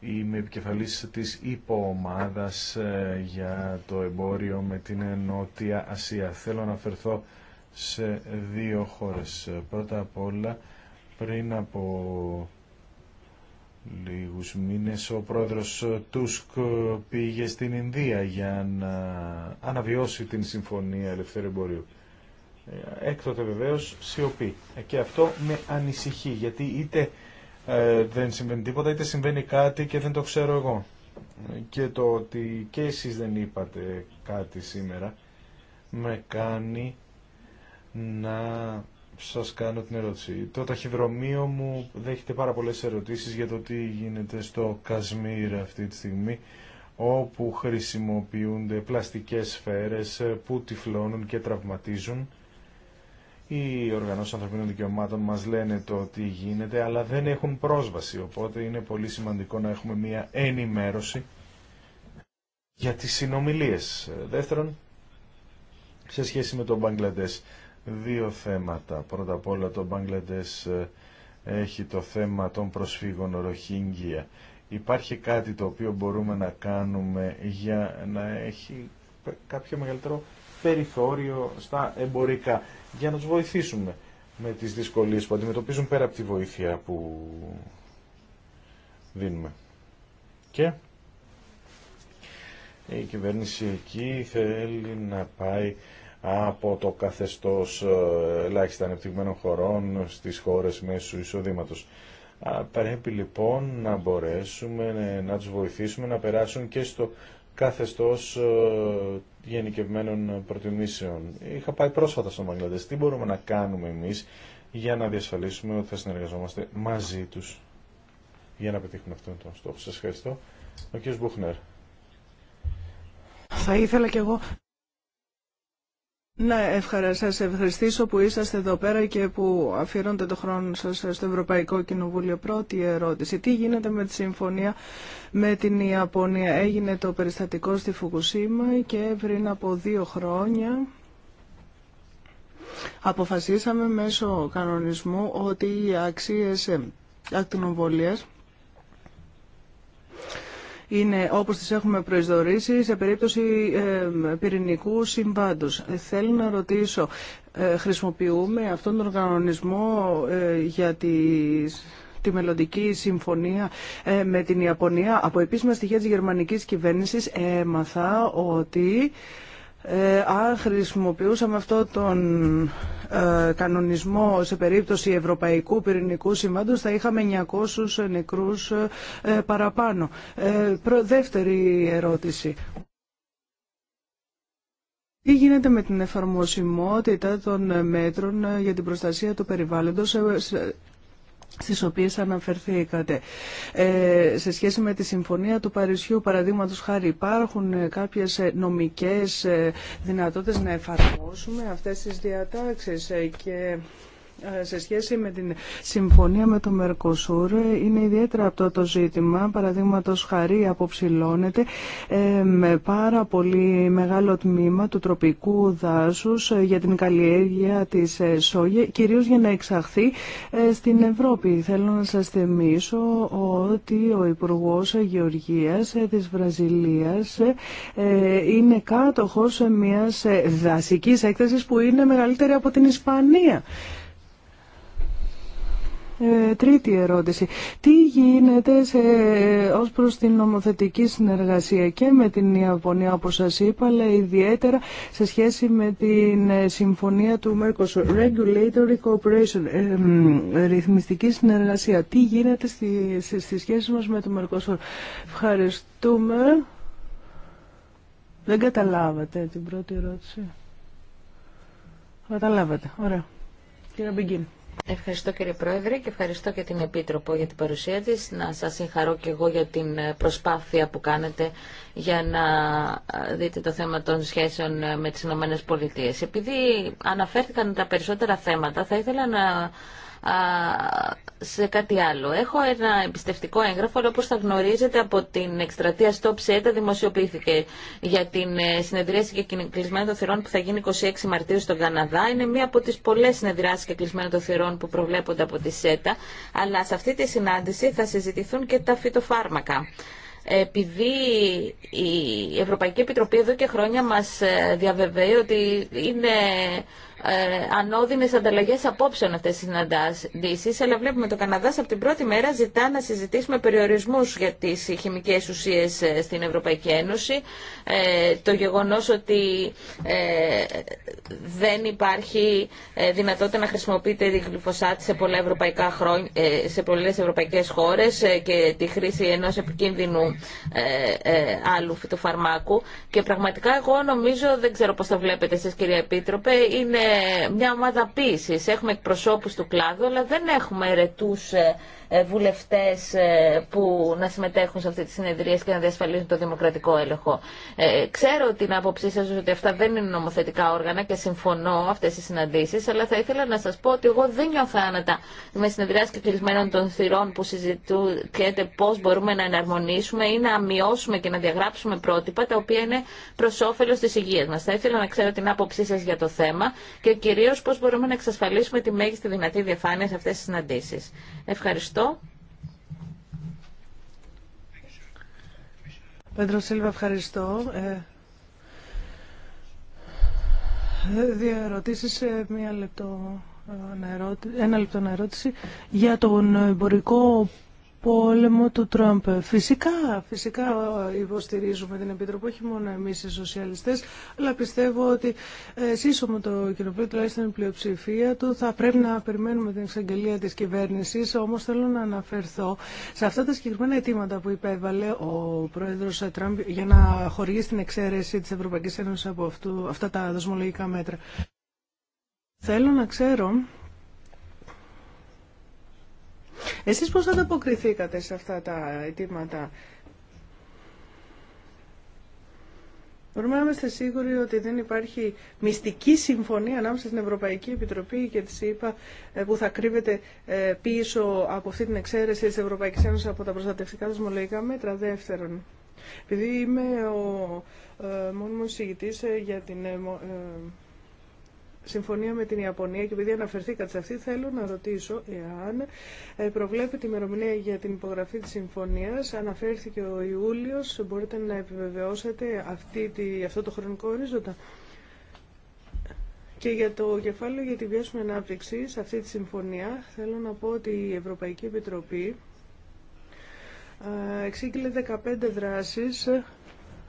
Είμαι επικεφαλής της υποομάδας ε, για το εμπόριο με την Νότια Ασία. Θέλω να αφαιρθώ σε δύο χώρες. Πρώτα απ' όλα, πριν από λίγους μήνες, ο πρόεδρος Τούσκ πήγε στην Ινδία για να αναβιώσει την Συμφωνία Ελευθερίου Εμπορίου. Ε, έκτοτε βεβαίως σιωπή. Ε, και αυτό με ανησυχεί, γιατί είτε ε, δεν συμβαίνει τίποτα, είτε συμβαίνει κάτι και δεν το ξέρω εγώ. Και το ότι και εσείς δεν είπατε κάτι σήμερα με κάνει να σας κάνω την ερώτηση. Το ταχυδρομείο μου δέχεται πάρα πολλές ερωτήσεις για το τι γίνεται στο Κασμίρ αυτή τη στιγμή όπου χρησιμοποιούνται πλαστικές σφαίρες που τυφλώνουν και τραυματίζουν οι οργανώσεις ανθρωπίνων δικαιωμάτων μας λένε το τι γίνεται, αλλά δεν έχουν πρόσβαση, οπότε είναι πολύ σημαντικό να έχουμε μία ενημέρωση για τις συνομιλίες. Δεύτερον, σε σχέση με τον Μπαγκλαντές, δύο θέματα. Πρώτα απ' όλα το Μπαγκλαντές ε, έχει το θέμα των προσφύγων Ροχίνγκια. Υπάρχει κάτι το οποίο μπορούμε να κάνουμε για να έχει κάποιο μεγαλύτερο περιθώριο στα εμπορικά για να τους βοηθήσουμε με τις δυσκολίες που αντιμετωπίζουν πέρα από τη βοήθεια που δίνουμε. Και η κυβέρνηση εκεί θέλει να πάει από το καθεστώς ε, ελάχιστα ανεπτυγμένων χωρών στις χώρες μέσου εισοδήματος. Πρέπει λοιπόν να μπορέσουμε ε, να τους βοηθήσουμε να περάσουν και στο καθεστώς ε, γενικευμένων προτιμήσεων. Είχα πάει πρόσφατα στο Μαγκλαντές. Τι μπορούμε να κάνουμε εμείς για να διασφαλίσουμε ότι θα συνεργαζόμαστε μαζί τους για να πετύχουμε αυτόν τον στόχο. Σας ευχαριστώ. Ο κ. Μπουχνέρ. Θα ήθελα κι εγώ να ευχαριστήσω, ευχαριστήσω που είσαστε εδώ πέρα και που αφιερώνετε το χρόνο σας στο Ευρωπαϊκό Κοινοβούλιο. Πρώτη ερώτηση. Τι γίνεται με τη συμφωνία με την Ιαπωνία. Έγινε το περιστατικό στη Φουκουσίμα και πριν από δύο χρόνια αποφασίσαμε μέσω κανονισμού ότι οι αξίες ε, ακτινοβολίας είναι όπως τις έχουμε προεισδορήσει σε περίπτωση ε, πυρηνικού συμβάντος. Θέλω να ρωτήσω, ε, χρησιμοποιούμε αυτόν τον κανονισμό ε, για τη μελλοντική συμφωνία με την Ιαπωνία. Από επίσημα στοιχεία της γερμανικής κυβέρνησης έμαθα ότι ε, αν χρησιμοποιούσαμε αυτό τον ε, κανονισμό σε περίπτωση Ευρωπαϊκού Πυρηνικού Συμβάντος θα είχαμε 900 νεκρούς ε, παραπάνω. Δεύτερη ερώτηση. Τι γίνεται με την εφαρμοσιμότητα των μέτρων για την προστασία του περιβάλλοντος στις οποίες αναφερθήκατε. Ε, σε σχέση με τη Συμφωνία του Παρισιού, παραδείγματο χάρη, υπάρχουν ε, κάποιες ε, νομικές ε, δυνατότητες να εφαρμόσουμε αυτές τις διατάξεις και σε σχέση με την συμφωνία με το Μερκοσούρ είναι ιδιαίτερα αυτό το ζήτημα. Παραδείγματο χαρή αποψηλώνεται ε, με πάρα πολύ μεγάλο τμήμα του τροπικού δάσους ε, για την καλλιέργεια της ε, σόγια, κυρίως για να εξαχθεί στην Ευρώπη. Θέλω να σας θυμίσω ότι ο Υπουργός Γεωργίας της Βραζιλίας είναι κάτοχος μιας δασικής έκθεσης που είναι μεγαλύτερη από την Ισπανία. Ε, τρίτη ερώτηση. Τι γίνεται σε, ως προς την νομοθετική συνεργασία και με την Ιαπωνία όπως σας είπα αλλά ιδιαίτερα σε σχέση με την ε, συμφωνία του Mercosur Regulatory Cooperation ε, ρυθμιστική συνεργασία. Τι γίνεται στη, στη, σχέση μας με το Mercosur. Ευχαριστούμε. Δεν καταλάβατε την πρώτη ερώτηση. Καταλάβατε. Ωραία. Κύριε Ευχαριστώ κύριε Πρόεδρε και ευχαριστώ και την Επίτροπο για την παρουσία της. Να σας συγχαρώ και εγώ για την ε, προσπάθεια που κάνετε για να ε, δείτε το θέμα των σχέσεων ε, με τις Ηνωμένες Πολιτείες. Επειδή αναφέρθηκαν τα περισσότερα θέματα, θα ήθελα να σε κάτι άλλο. Έχω ένα εμπιστευτικό έγγραφο, αλλά όπως θα γνωρίζετε από την εκστρατεία Stop Ψέτα, δημοσιοποιήθηκε για την ε, συνεδρίαση και κλεισμένο των θυρών που θα γίνει 26 Μαρτίου στον Καναδά. Είναι μία από τις πολλές συνεδριάσεις και κλεισμένο των θυρών που προβλέπονται από τη ΣΕΤΑ, αλλά σε αυτή τη συνάντηση θα συζητηθούν και τα φυτοφάρμακα επειδή η Ευρωπαϊκή Επιτροπή εδώ και χρόνια μας ε, διαβεβαίει ότι είναι ε, ανώδυνες ανταλλαγές απόψεων αυτές τις συναντήσεις, αλλά βλέπουμε το Καναδάς από την πρώτη μέρα ζητά να συζητήσουμε περιορισμούς για τις χημικές ουσίες ε, στην Ευρωπαϊκή Ένωση. Ε, το γεγονός ότι δεν υπάρχει δυνατότητα να χρησιμοποιείται η γλυφοσάτη σε, πολλά ευρωπαϊκά χρόνια, σε πολλές ευρωπαϊκές χώρες και τη χρήση ενός επικίνδυνου άλλου φυτοφαρμάκου. Και πραγματικά εγώ νομίζω, δεν ξέρω πώς το βλέπετε εσείς κυρία Επίτροπε, είναι μια ομάδα ποιησης. Έχουμε εκπροσώπους του κλάδου, αλλά δεν έχουμε ρετούς ε, ε, βουλευτές ε, που να συμμετέχουν σε αυτή τη συνεδρία και να διασφαλίσουν το δημοκρατικό έλεγχο. Ε, ξέρω την άποψή σας ότι αυτά δεν είναι νομοθετικά όργανα και συμφωνώ αυτές τι συναντήσεις, αλλά θα ήθελα να σας πω ότι εγώ δεν νιώθω άνατα με συνεδριάσεις και κλεισμένων των θυρών που συζητούνται πώς μπορούμε να εναρμονίσουμε ή να μειώσουμε και να διαγράψουμε πρότυπα τα οποία είναι προς όφελος της υγείας μας. Θα ήθελα να ξέρω την άποψή σα για το θέμα και κυρίως πώς μπορούμε να εξασφαλίσουμε τη μέγιστη δυνατή διαφάνεια σε αυτές τις συναντήσεις. Ευχαριστώ. Πέντρο Σίλβα, ευχαριστώ. Ε, δύο ερωτήσεις, μία λεπτό ε, ένα λεπτό ερώτηση για τον εμπορικό πόλεμο του Τραμπ. Φυσικά, φυσικά υποστηρίζουμε την Επίτροπο, όχι μόνο εμεί οι σοσιαλιστέ, αλλά πιστεύω ότι ε, σύσσωμο το κοινοβούλιο, τουλάχιστον η πλειοψηφία του, θα πρέπει να περιμένουμε την εξαγγελία τη κυβέρνηση. Όμω θέλω να αναφερθώ σε αυτά τα συγκεκριμένα αιτήματα που υπέβαλε ο Πρόεδρο Τραμπ για να χορηγήσει την εξαίρεση τη Ευρωπαϊκή Ένωση από αυτού, αυτά τα δοσμολογικά μέτρα. Θέλω να ξέρω εσείς πώς ανταποκριθήκατε σε αυτά τα αιτήματα. Μπορούμε να είμαστε σίγουροι ότι δεν υπάρχει μυστική συμφωνία ανάμεσα στην Ευρωπαϊκή Επιτροπή και τη ΣΥΠΑ ΕΕ που θα κρύβεται ε, πίσω από αυτή την εξαίρεση της Ευρωπαϊκής Ένωσης από τα προστατευτικά δοσμολογικά μέτρα δεύτερον. Επειδή είμαι ο ε, μόνιμος ε, για την ε, συμφωνία με την Ιαπωνία και επειδή αναφερθήκατε σε αυτή θέλω να ρωτήσω εάν ε, προβλέπει τη ημερομηνία για την υπογραφή της συμφωνίας αναφέρθηκε ο Ιούλιος μπορείτε να επιβεβαιώσετε αυτή τη, αυτό το χρονικό ορίζοντα και για το κεφάλαιο για τη βιώσιμη ανάπτυξη σε αυτή τη συμφωνία θέλω να πω ότι η Ευρωπαϊκή Επιτροπή ε, εξήγηλε 15 δράσεις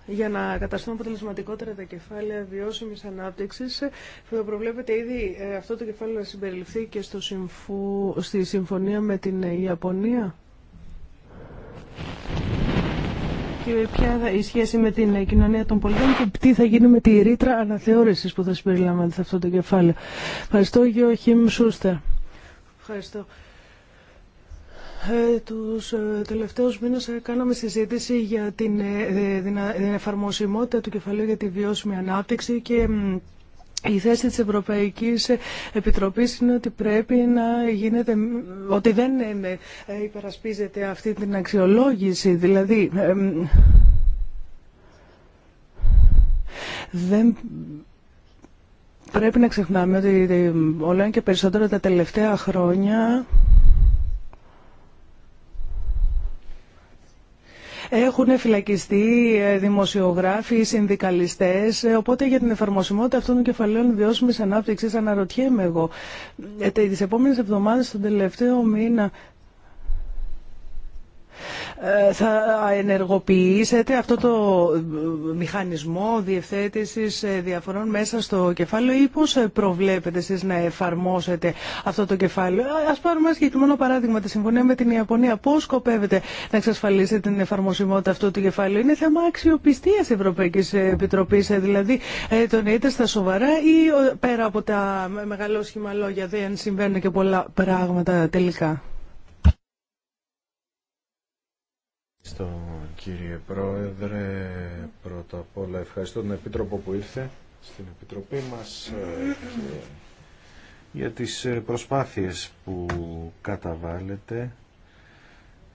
για να καταστούν αποτελεσματικότερα τα κεφάλαια βιώσιμης ανάπτυξης. Ε, προβλέπεται ήδη ε, αυτό το κεφάλαιο να συμπεριληφθεί και στο συμφου... στη συμφωνία με την ε, Ιαπωνία. Και ποια η σχέση με την κοινωνία των πολιτών και τι θα γίνει με τη ρήτρα αναθεώρησης που θα συμπεριλαμβάνεται σε αυτό το κεφάλαιο. Ευχαριστώ, Γιώχη Σούστερ. Ευχαριστώ. Ε, τους ε, τελευταίους μήνες κάναμε συζήτηση για ε, την εφαρμοσιμότητα του κεφαλαίου για τη βιώσιμη ανάπτυξη και η θέση της Ευρωπαϊκής Επιτροπής είναι ότι πρέπει να γίνεται, ότι δεν υπερασπίζεται αυτή την αξιολόγηση, δηλαδή δεν πρέπει να ξεχνάμε ότι όλα και περισσότερο τα τελευταία χρόνια Έχουν φυλακιστεί ε, δημοσιογράφοι, συνδικαλιστές, ε, οπότε για την εφαρμοσιμότητα αυτών των κεφαλαίων βιώσιμη ανάπτυξη αναρωτιέμαι εγώ. Ε, τι επόμενε εβδομάδε τον τελευταίο μήνα, ε, θα ενεργοποιήσετε αυτό το μηχανισμό διευθέτησης ε, διαφορών μέσα στο κεφάλαιο ή πώς ε, προβλέπετε εσείς να εφαρμόσετε αυτό το κεφάλαιο. Ας πάρουμε ένα συγκεκριμένο παράδειγμα, τη συμφωνία με την Ιαπωνία. Πώς σκοπεύετε να εξασφαλίσετε την εφαρμοσιμότητα αυτού του κεφαλαίου. Είναι θέμα αξιοπιστίας Ευρωπαϊκής Επιτροπής, δηλαδή τον είτε στα σοβαρά ή πέρα από τα μεγαλόσχημα λόγια δεν συμβαίνουν και πολλά πράγματα τελικά. Ευχαριστώ κύριε Πρόεδρε. Πρώτα απ' όλα ευχαριστώ τον Επίτροπο που ήρθε στην Επιτροπή μας ε, για τις ε, προσπάθειες που καταβάλλετε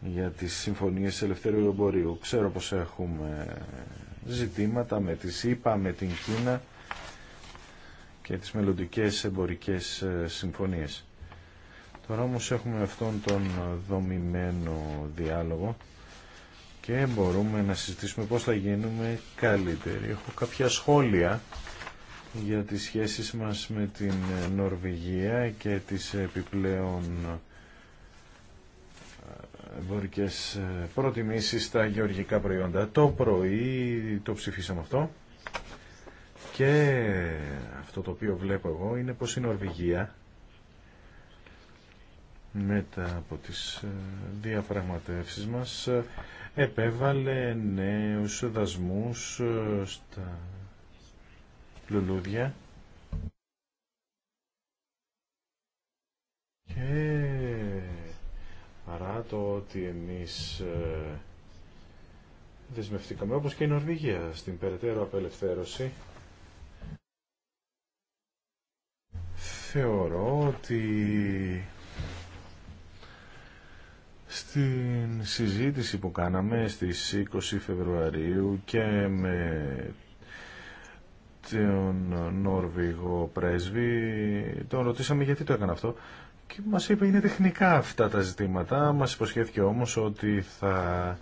για τις συμφωνίες ελευθερίου εμπορίου. Ξέρω πως έχουμε ζητήματα με τις ΣΥΠΑ, με την Κίνα και τις μελλοντικές εμπορικές ε, συμφωνίες. Τώρα όμως έχουμε αυτόν τον δομημένο διάλογο και μπορούμε να συζητήσουμε πώς θα γίνουμε καλύτεροι. Έχω κάποια σχόλια για τις σχέσεις μας με την Νορβηγία και τις επιπλέον ε, εμπορικές ε, προτιμήσεις στα γεωργικά προϊόντα. Το πρωί το ψηφίσαμε αυτό και αυτό το οποίο βλέπω εγώ είναι πως η Νορβηγία μετά από τις ε, διαπραγματεύσεις μας επέβαλε νέους δασμούς ε, στα λουλούδια και παρά το ότι εμείς ε, δεσμευτήκαμε όπως και η Νορβηγία στην περαιτέρω απελευθέρωση θεωρώ ότι στην συζήτηση που κάναμε στις 20 Φεβρουαρίου και με τον Νόρβηγο πρέσβη, τον ρωτήσαμε γιατί το έκανε αυτό και μας είπε είναι τεχνικά αυτά τα ζητήματα, μας υποσχέθηκε όμως ότι θα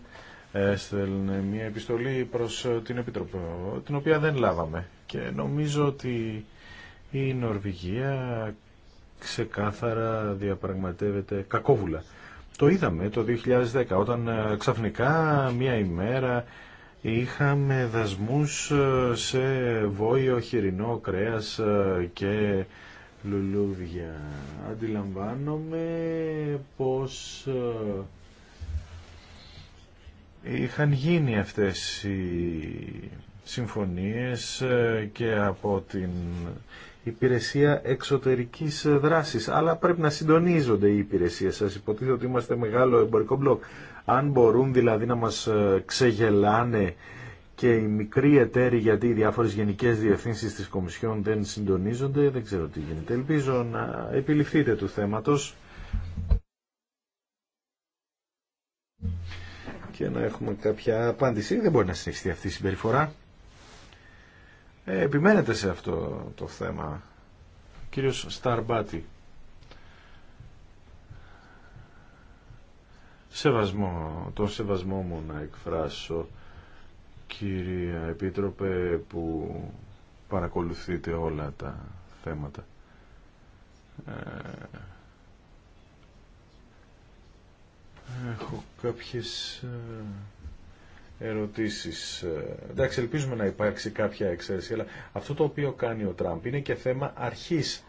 έστελνε μια επιστολή προς την Επιτροπή, την οποία δεν λάβαμε και νομίζω ότι η Νορβηγία ξεκάθαρα διαπραγματεύεται κακόβουλα το είδαμε το 2010 όταν ε, ξαφνικά μία ημέρα είχαμε δασμούς ε, σε βόηο χοιρινό κρέας ε, και λουλούδια. Αντιλαμβάνομαι πως είχαν γίνει αυτές οι συμφωνίες και από την υπηρεσία εξωτερικής δράσης. Αλλά πρέπει να συντονίζονται οι υπηρεσίες σας. Υποτίθεται ότι είμαστε μεγάλο εμπορικό μπλοκ. Αν μπορούν δηλαδή να μας ε, ξεγελάνε και οι μικροί εταίροι γιατί οι διάφορες γενικές διευθύνσεις της Κομισιόν δεν συντονίζονται, δεν ξέρω τι γίνεται. Ελπίζω να επιληφθείτε του θέματος και να έχουμε κάποια απάντηση. Δεν μπορεί να συνεχιστεί αυτή η συμπεριφορά. Ε, επιμένετε σε αυτό το θέμα. κύριος Σταρμπάτη. Σεβασμό, τον σεβασμό μου να εκφράσω κύριε Επίτροπε που παρακολουθείτε όλα τα θέματα. Ε, έχω κάποιες ε, ερωτήσεις. Ε, εντάξει, ελπίζουμε να υπάρξει κάποια εξαίρεση, αλλά αυτό το οποίο κάνει ο Τραμπ είναι και θέμα αρχής.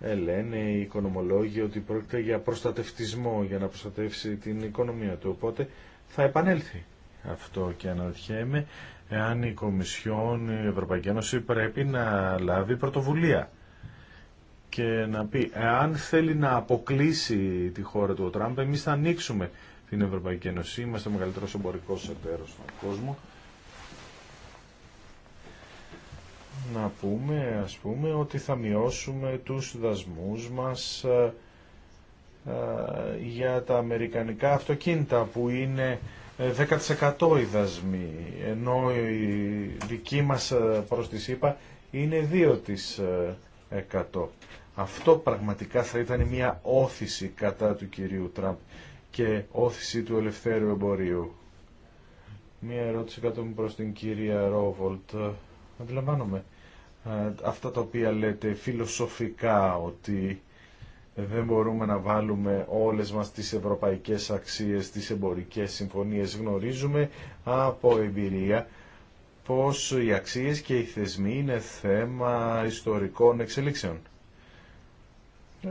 Ε, λένε οι οικονομολόγοι ότι πρόκειται για προστατευτισμό, για να προστατεύσει την οικονομία του, οπότε θα επανέλθει αυτό και αναρωτιέμαι εάν η Κομισιόν, η Ευρωπαϊκή Ένωση πρέπει να λάβει πρωτοβουλία και να πει εάν θέλει να αποκλείσει τη χώρα του ο Τραμπ, εμείς θα ανοίξουμε την Ευρωπαϊκή Ένωση, είμαστε ο μεγαλύτερος εμπορικός εταίρος στον κόσμο. Να πούμε, ας πούμε, ότι θα μειώσουμε τους δασμούς μας α, ε, ε, για τα αμερικανικά αυτοκίνητα που είναι 10% ε, οι δασμοί, ενώ η δική μας προς τη ΣΥΠΑ είναι 2% αυτό πραγματικά θα ήταν μια όθηση κατά του κυρίου Τραμπ και όθηση του ελευθέρου εμπορίου. Μία ερώτηση κάτω μου προς την κυρία Ρόβολτ. Αντιλαμβάνομαι ε, αυτά τα οποία λέτε φιλοσοφικά ότι δεν μπορούμε να βάλουμε όλες μας τις ευρωπαϊκές αξίες, τις εμπορικές συμφωνίες. Γνωρίζουμε από εμπειρία πως οι αξίες και οι θεσμοί είναι θέμα ιστορικών εξελίξεων.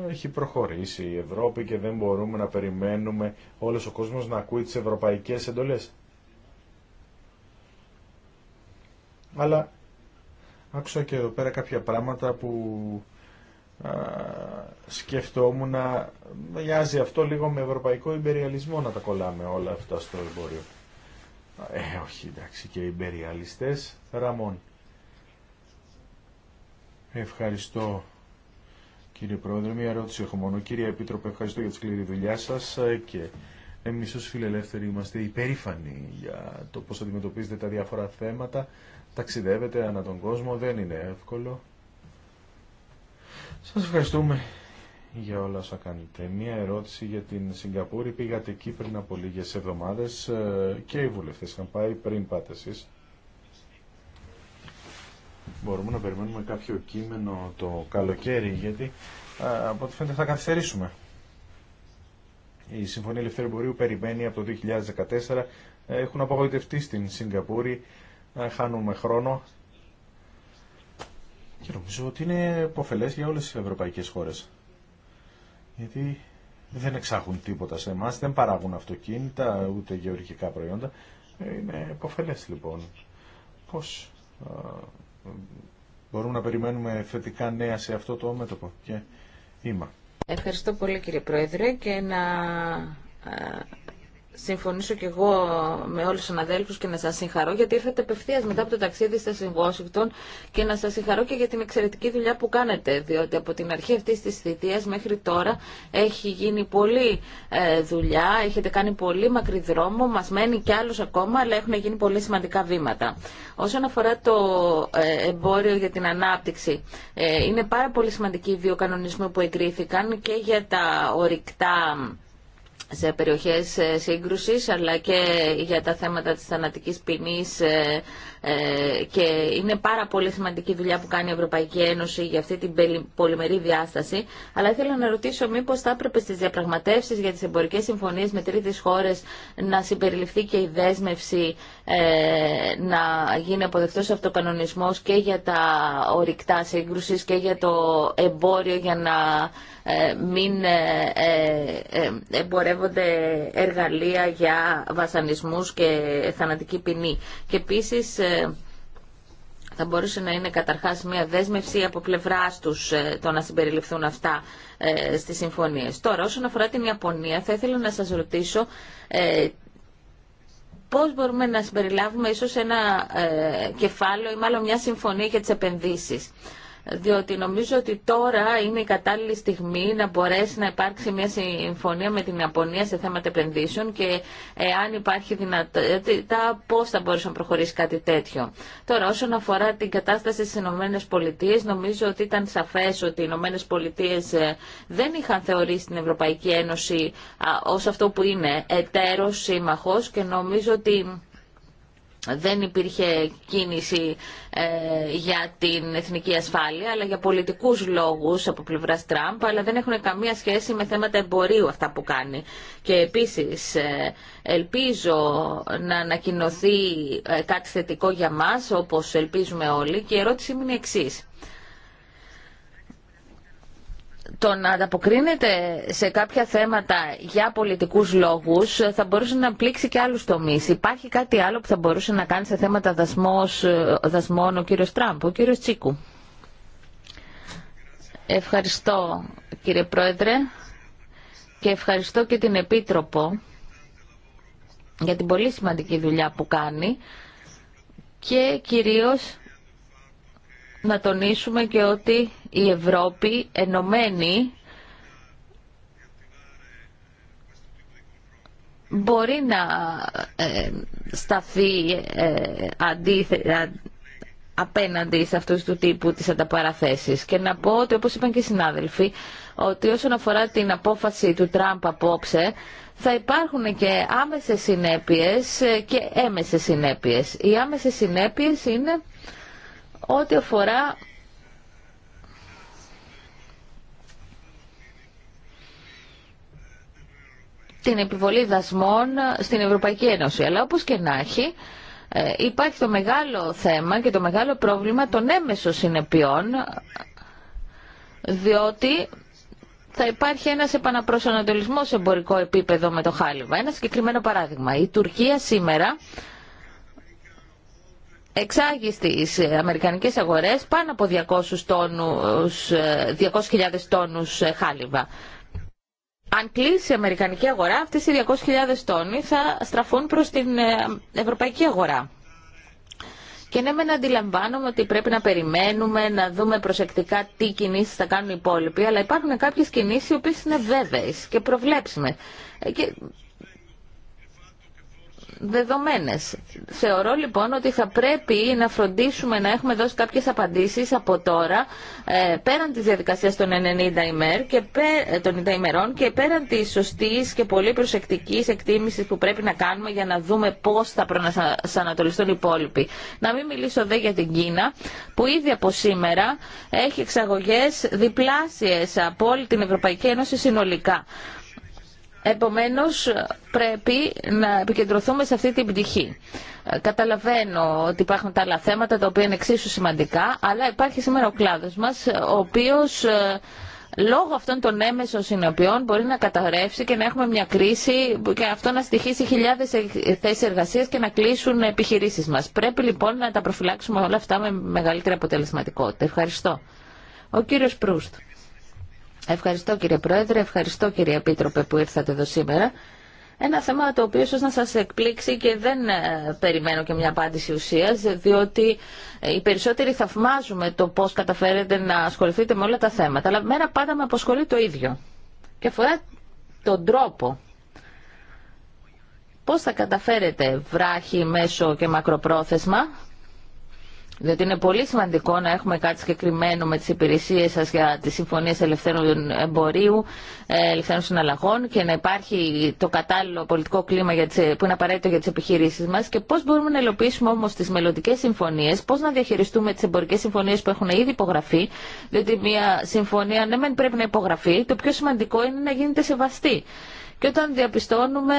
Έχει προχωρήσει η Ευρώπη και δεν μπορούμε να περιμένουμε όλος ο κόσμος να ακούει τις ευρωπαϊκές εντολές. Αλλά άκουσα και εδώ πέρα κάποια πράγματα που α, σκεφτόμουν να μοιάζει αυτό λίγο με ευρωπαϊκό υπεριαλισμό να τα κολλάμε όλα αυτά στο εμπόριο. Ε, όχι, εντάξει, και οι μπεριαλιστές. Ραμόν. Ευχαριστώ, κύριε Πρόεδρε. Μια ερώτηση έχω μόνο. Κύριε Επίτροπε, ευχαριστώ για τη σκληρή δουλειά σας ε, και εμείς ως φιλελεύθεροι είμαστε υπερήφανοι για το πώς αντιμετωπίζετε τα διάφορα θέματα. Ταξιδεύετε ανά τον κόσμο, δεν είναι εύκολο. Σας ευχαριστούμε για όλα όσα κάνετε. Μία ερώτηση για την Σιγκαπούρη. Πήγατε εκεί πριν από λίγες εβδομάδες ε, και οι βουλευτέ είχαν πάει πριν πάτε εσεί. Μπορούμε να περιμένουμε κάποιο κείμενο το καλοκαίρι γιατί ε, από ό,τι φαίνεται θα καθυστερήσουμε. Η Συμφωνία Εμπορίου περιμένει από το 2014. Ε, έχουν απογοητευτεί στην Σιγκαπούρη. Χάνουμε χρόνο. Και νομίζω ότι είναι υποφελέ για όλε τι ευρωπαϊκέ χώρε γιατί δεν εξάγουν τίποτα σε εμά, δεν παράγουν αυτοκίνητα, ούτε γεωργικά προϊόντα. Είναι υποφελές λοιπόν. Πώς α, μπορούμε να περιμένουμε θετικά νέα σε αυτό το μέτωπο και είμα. Ευχαριστώ πολύ κύριε Πρόεδρε και να συμφωνήσω κι εγώ με όλου του συναδέλφου και να σα συγχαρώ γιατί ήρθατε απευθεία μετά από το ταξίδι στα στην και να σα συγχαρώ και για την εξαιρετική δουλειά που κάνετε διότι από την αρχή αυτή τη θητεία μέχρι τώρα έχει γίνει πολλή ε, δουλειά, έχετε κάνει πολύ μακρύ δρόμο, μας μένει κι άλλους ακόμα αλλά έχουν γίνει πολύ σημαντικά βήματα. Όσον αφορά το ε, εμπόριο για την ανάπτυξη, ε, είναι πάρα πολύ σημαντικοί οι δύο κανονισμοί που εγκρίθηκαν και για τα ορυκτά σε περιοχές ε, σύγκρουσης αλλά και για τα θέματα της θανατικής ποινής ε, ε, και είναι πάρα πολύ σημαντική δουλειά που κάνει η Ευρωπαϊκή Ένωση για αυτή την πολυμερή διάσταση αλλά ήθελα να ρωτήσω μήπως θα έπρεπε στις διαπραγματεύσεις για τις εμπορικές συμφωνίες με τρίτες χώρες να συμπεριληφθεί και η δέσμευση να γίνει αποδεκτός αυτοκανονισμός και για τα ορυκτά σύγκρουσης και για το εμπόριο για να μην εμπορεύονται Υπάρχουν εργαλεία για βασανισμούς και θανατική ποινή. Και επίσης ε, θα μπορούσε να είναι καταρχάς μια δέσμευση από πλευρά τους ε, το να συμπεριληφθούν αυτά ε, στις συμφωνίες. Τώρα, όσον αφορά την Ιαπωνία, θα ήθελα να σας ρωτήσω πώς μπορούμε να συμπεριλάβουμε ίσως ένα κεφάλαιο ή μάλλον μια συμφωνία για τις επενδύσεις διότι νομίζω ότι τώρα είναι η κατάλληλη στιγμή να μπορέσει να υπάρξει μια συμφωνία με την Ιαπωνία σε θέματα επενδύσεων και ε, αν υπάρχει δυνατότητα πώς θα μπορούσε να προχωρήσει κάτι τέτοιο. Τώρα όσον αφορά την κατάσταση στις Ηνωμένε Πολιτείες νομίζω ότι ήταν σαφές ότι οι Ηνωμένε Πολιτείες ε, δεν είχαν θεωρήσει την Ευρωπαϊκή Ένωση ως αυτό που είναι εταίρος σύμμαχος και νομίζω ότι δεν υπήρχε κίνηση ε, για την εθνική ασφάλεια, αλλά για πολιτικούς λόγους από πλευράς Τραμπ, αλλά δεν έχουν καμία σχέση με θέματα εμπορίου αυτά που κάνει. Και επίσης ε, ελπίζω να ανακοινωθεί ε, κάτι θετικό για μας, όπως ελπίζουμε όλοι, και η ερώτησή μου είναι εξής το να ανταποκρίνεται σε κάποια θέματα για πολιτικούς λόγους θα μπορούσε να πλήξει και άλλους τομείς. Υπάρχει κάτι άλλο που θα μπορούσε να κάνει σε θέματα δασμός, ε, δασμών ο κύριος Τραμπ, ο κύριος Τσίκου. Ευχαριστώ κύριε Πρόεδρε και ευχαριστώ και την Επίτροπο για την πολύ σημαντική δουλειά που κάνει και κυρίως να τονίσουμε και ότι η Ευρώπη ενωμένη μπορεί να ε, σταθεί ε, απέναντι σε αυτούς του τύπου τις ανταπαραθέσεις. Και να πω ότι, όπως είπαν και οι συνάδελφοι, ότι όσον αφορά την απόφαση του Τραμπ απόψε, θα υπάρχουν και άμεσες συνέπειες ε, και έμεσες συνέπειες. Οι άμεσες συνέπειες είναι ό,τι αφορά την επιβολή δασμών στην Ευρωπαϊκή Ένωση. Αλλά όπως και να έχει, ε, υπάρχει το μεγάλο θέμα και το μεγάλο πρόβλημα των έμεσων συνεπειών, διότι θα υπάρχει ένας επαναπροσανατολισμός σε εμπορικό επίπεδο με το χάλιβα. Ένα συγκεκριμένο παράδειγμα. Η Τουρκία σήμερα εξάγει στις ε, αμερικανικές αγορές πάνω από 200.000 τόνους, 200 ε, τόνους ε, χάλιβα. Αν κλείσει η αμερικανική αγορά, αυτές οι 200.000 τόνοι θα στραφούν προς την ευρωπαϊκή αγορά. Και ναι, μεν αντιλαμβάνομαι ότι πρέπει να περιμένουμε, να δούμε προσεκτικά τι κινήσεις θα κάνουν οι υπόλοιποι, αλλά υπάρχουν κάποιες κινήσεις οι οποίες είναι βέβαιες και προβλέψιμε. Και δεδομένες. Θεωρώ λοιπόν ότι θα πρέπει να φροντίσουμε να έχουμε δώσει κάποιες απαντήσεις από τώρα ε, πέραν της διαδικασίας των 90 ημέρ και ε, των 90 ημερών και πέραν της σωστής και πολύ προσεκτικής εκτίμησης που πρέπει να κάνουμε για να δούμε πώς θα προσανατολιστούν οι υπόλοιποι. Να μην μιλήσω δε για την Κίνα που ήδη από σήμερα έχει εξαγωγές διπλάσιες από όλη την Ευρωπαϊκή Ένωση συνολικά. Επομένως, πρέπει να επικεντρωθούμε σε αυτή την πτυχή. Καταλαβαίνω ότι υπάρχουν τα άλλα θέματα τα οποία είναι εξίσου σημαντικά, αλλά υπάρχει σήμερα ο κλάδος μας, ο οποίος ε, λόγω αυτών των έμεσων συνοπιών μπορεί να καταρρεύσει και να έχουμε μια κρίση και αυτό να στοιχήσει χιλιάδες ε, θέσεις εργασίας και να κλείσουν επιχειρήσεις μας. Πρέπει λοιπόν να τα προφυλάξουμε όλα αυτά με μεγαλύτερη αποτελεσματικότητα. Ευχαριστώ. Ο κύριος Προύστ. Ευχαριστώ κύριε Πρόεδρε, ευχαριστώ κύριε Επίτροπε που ήρθατε εδώ σήμερα. Ένα θέμα το οποίο ίσως να σας εκπλήξει και δεν ε, περιμένω και μια απάντηση ουσίας, διότι ε, οι περισσότεροι θαυμάζουμε το πώς καταφέρετε να ασχοληθείτε με όλα τα θέματα, αλλά μέρα πάντα με αποσχολεί το ίδιο. Και αφορά τον τρόπο πώς θα καταφέρετε βράχη, μέσο και μακροπρόθεσμα διότι είναι πολύ σημαντικό να έχουμε κάτι συγκεκριμένο με τις υπηρεσίες σας για τις συμφωνίες ελευθέρων εμπορίου, ε, ελευθέρων συναλλαγών και να υπάρχει το κατάλληλο πολιτικό κλίμα για τις, που είναι απαραίτητο για τις επιχειρήσεις μας και πώς μπορούμε να ελοπίσουμε όμως τις μελλοντικέ συμφωνίες, πώς να διαχειριστούμε τις εμπορικές συμφωνίες που έχουν ήδη υπογραφεί, διότι μια συμφωνία ναι μεν πρέπει να υπογραφεί, το πιο σημαντικό είναι να γίνεται σεβαστή. Και όταν διαπιστώνουμε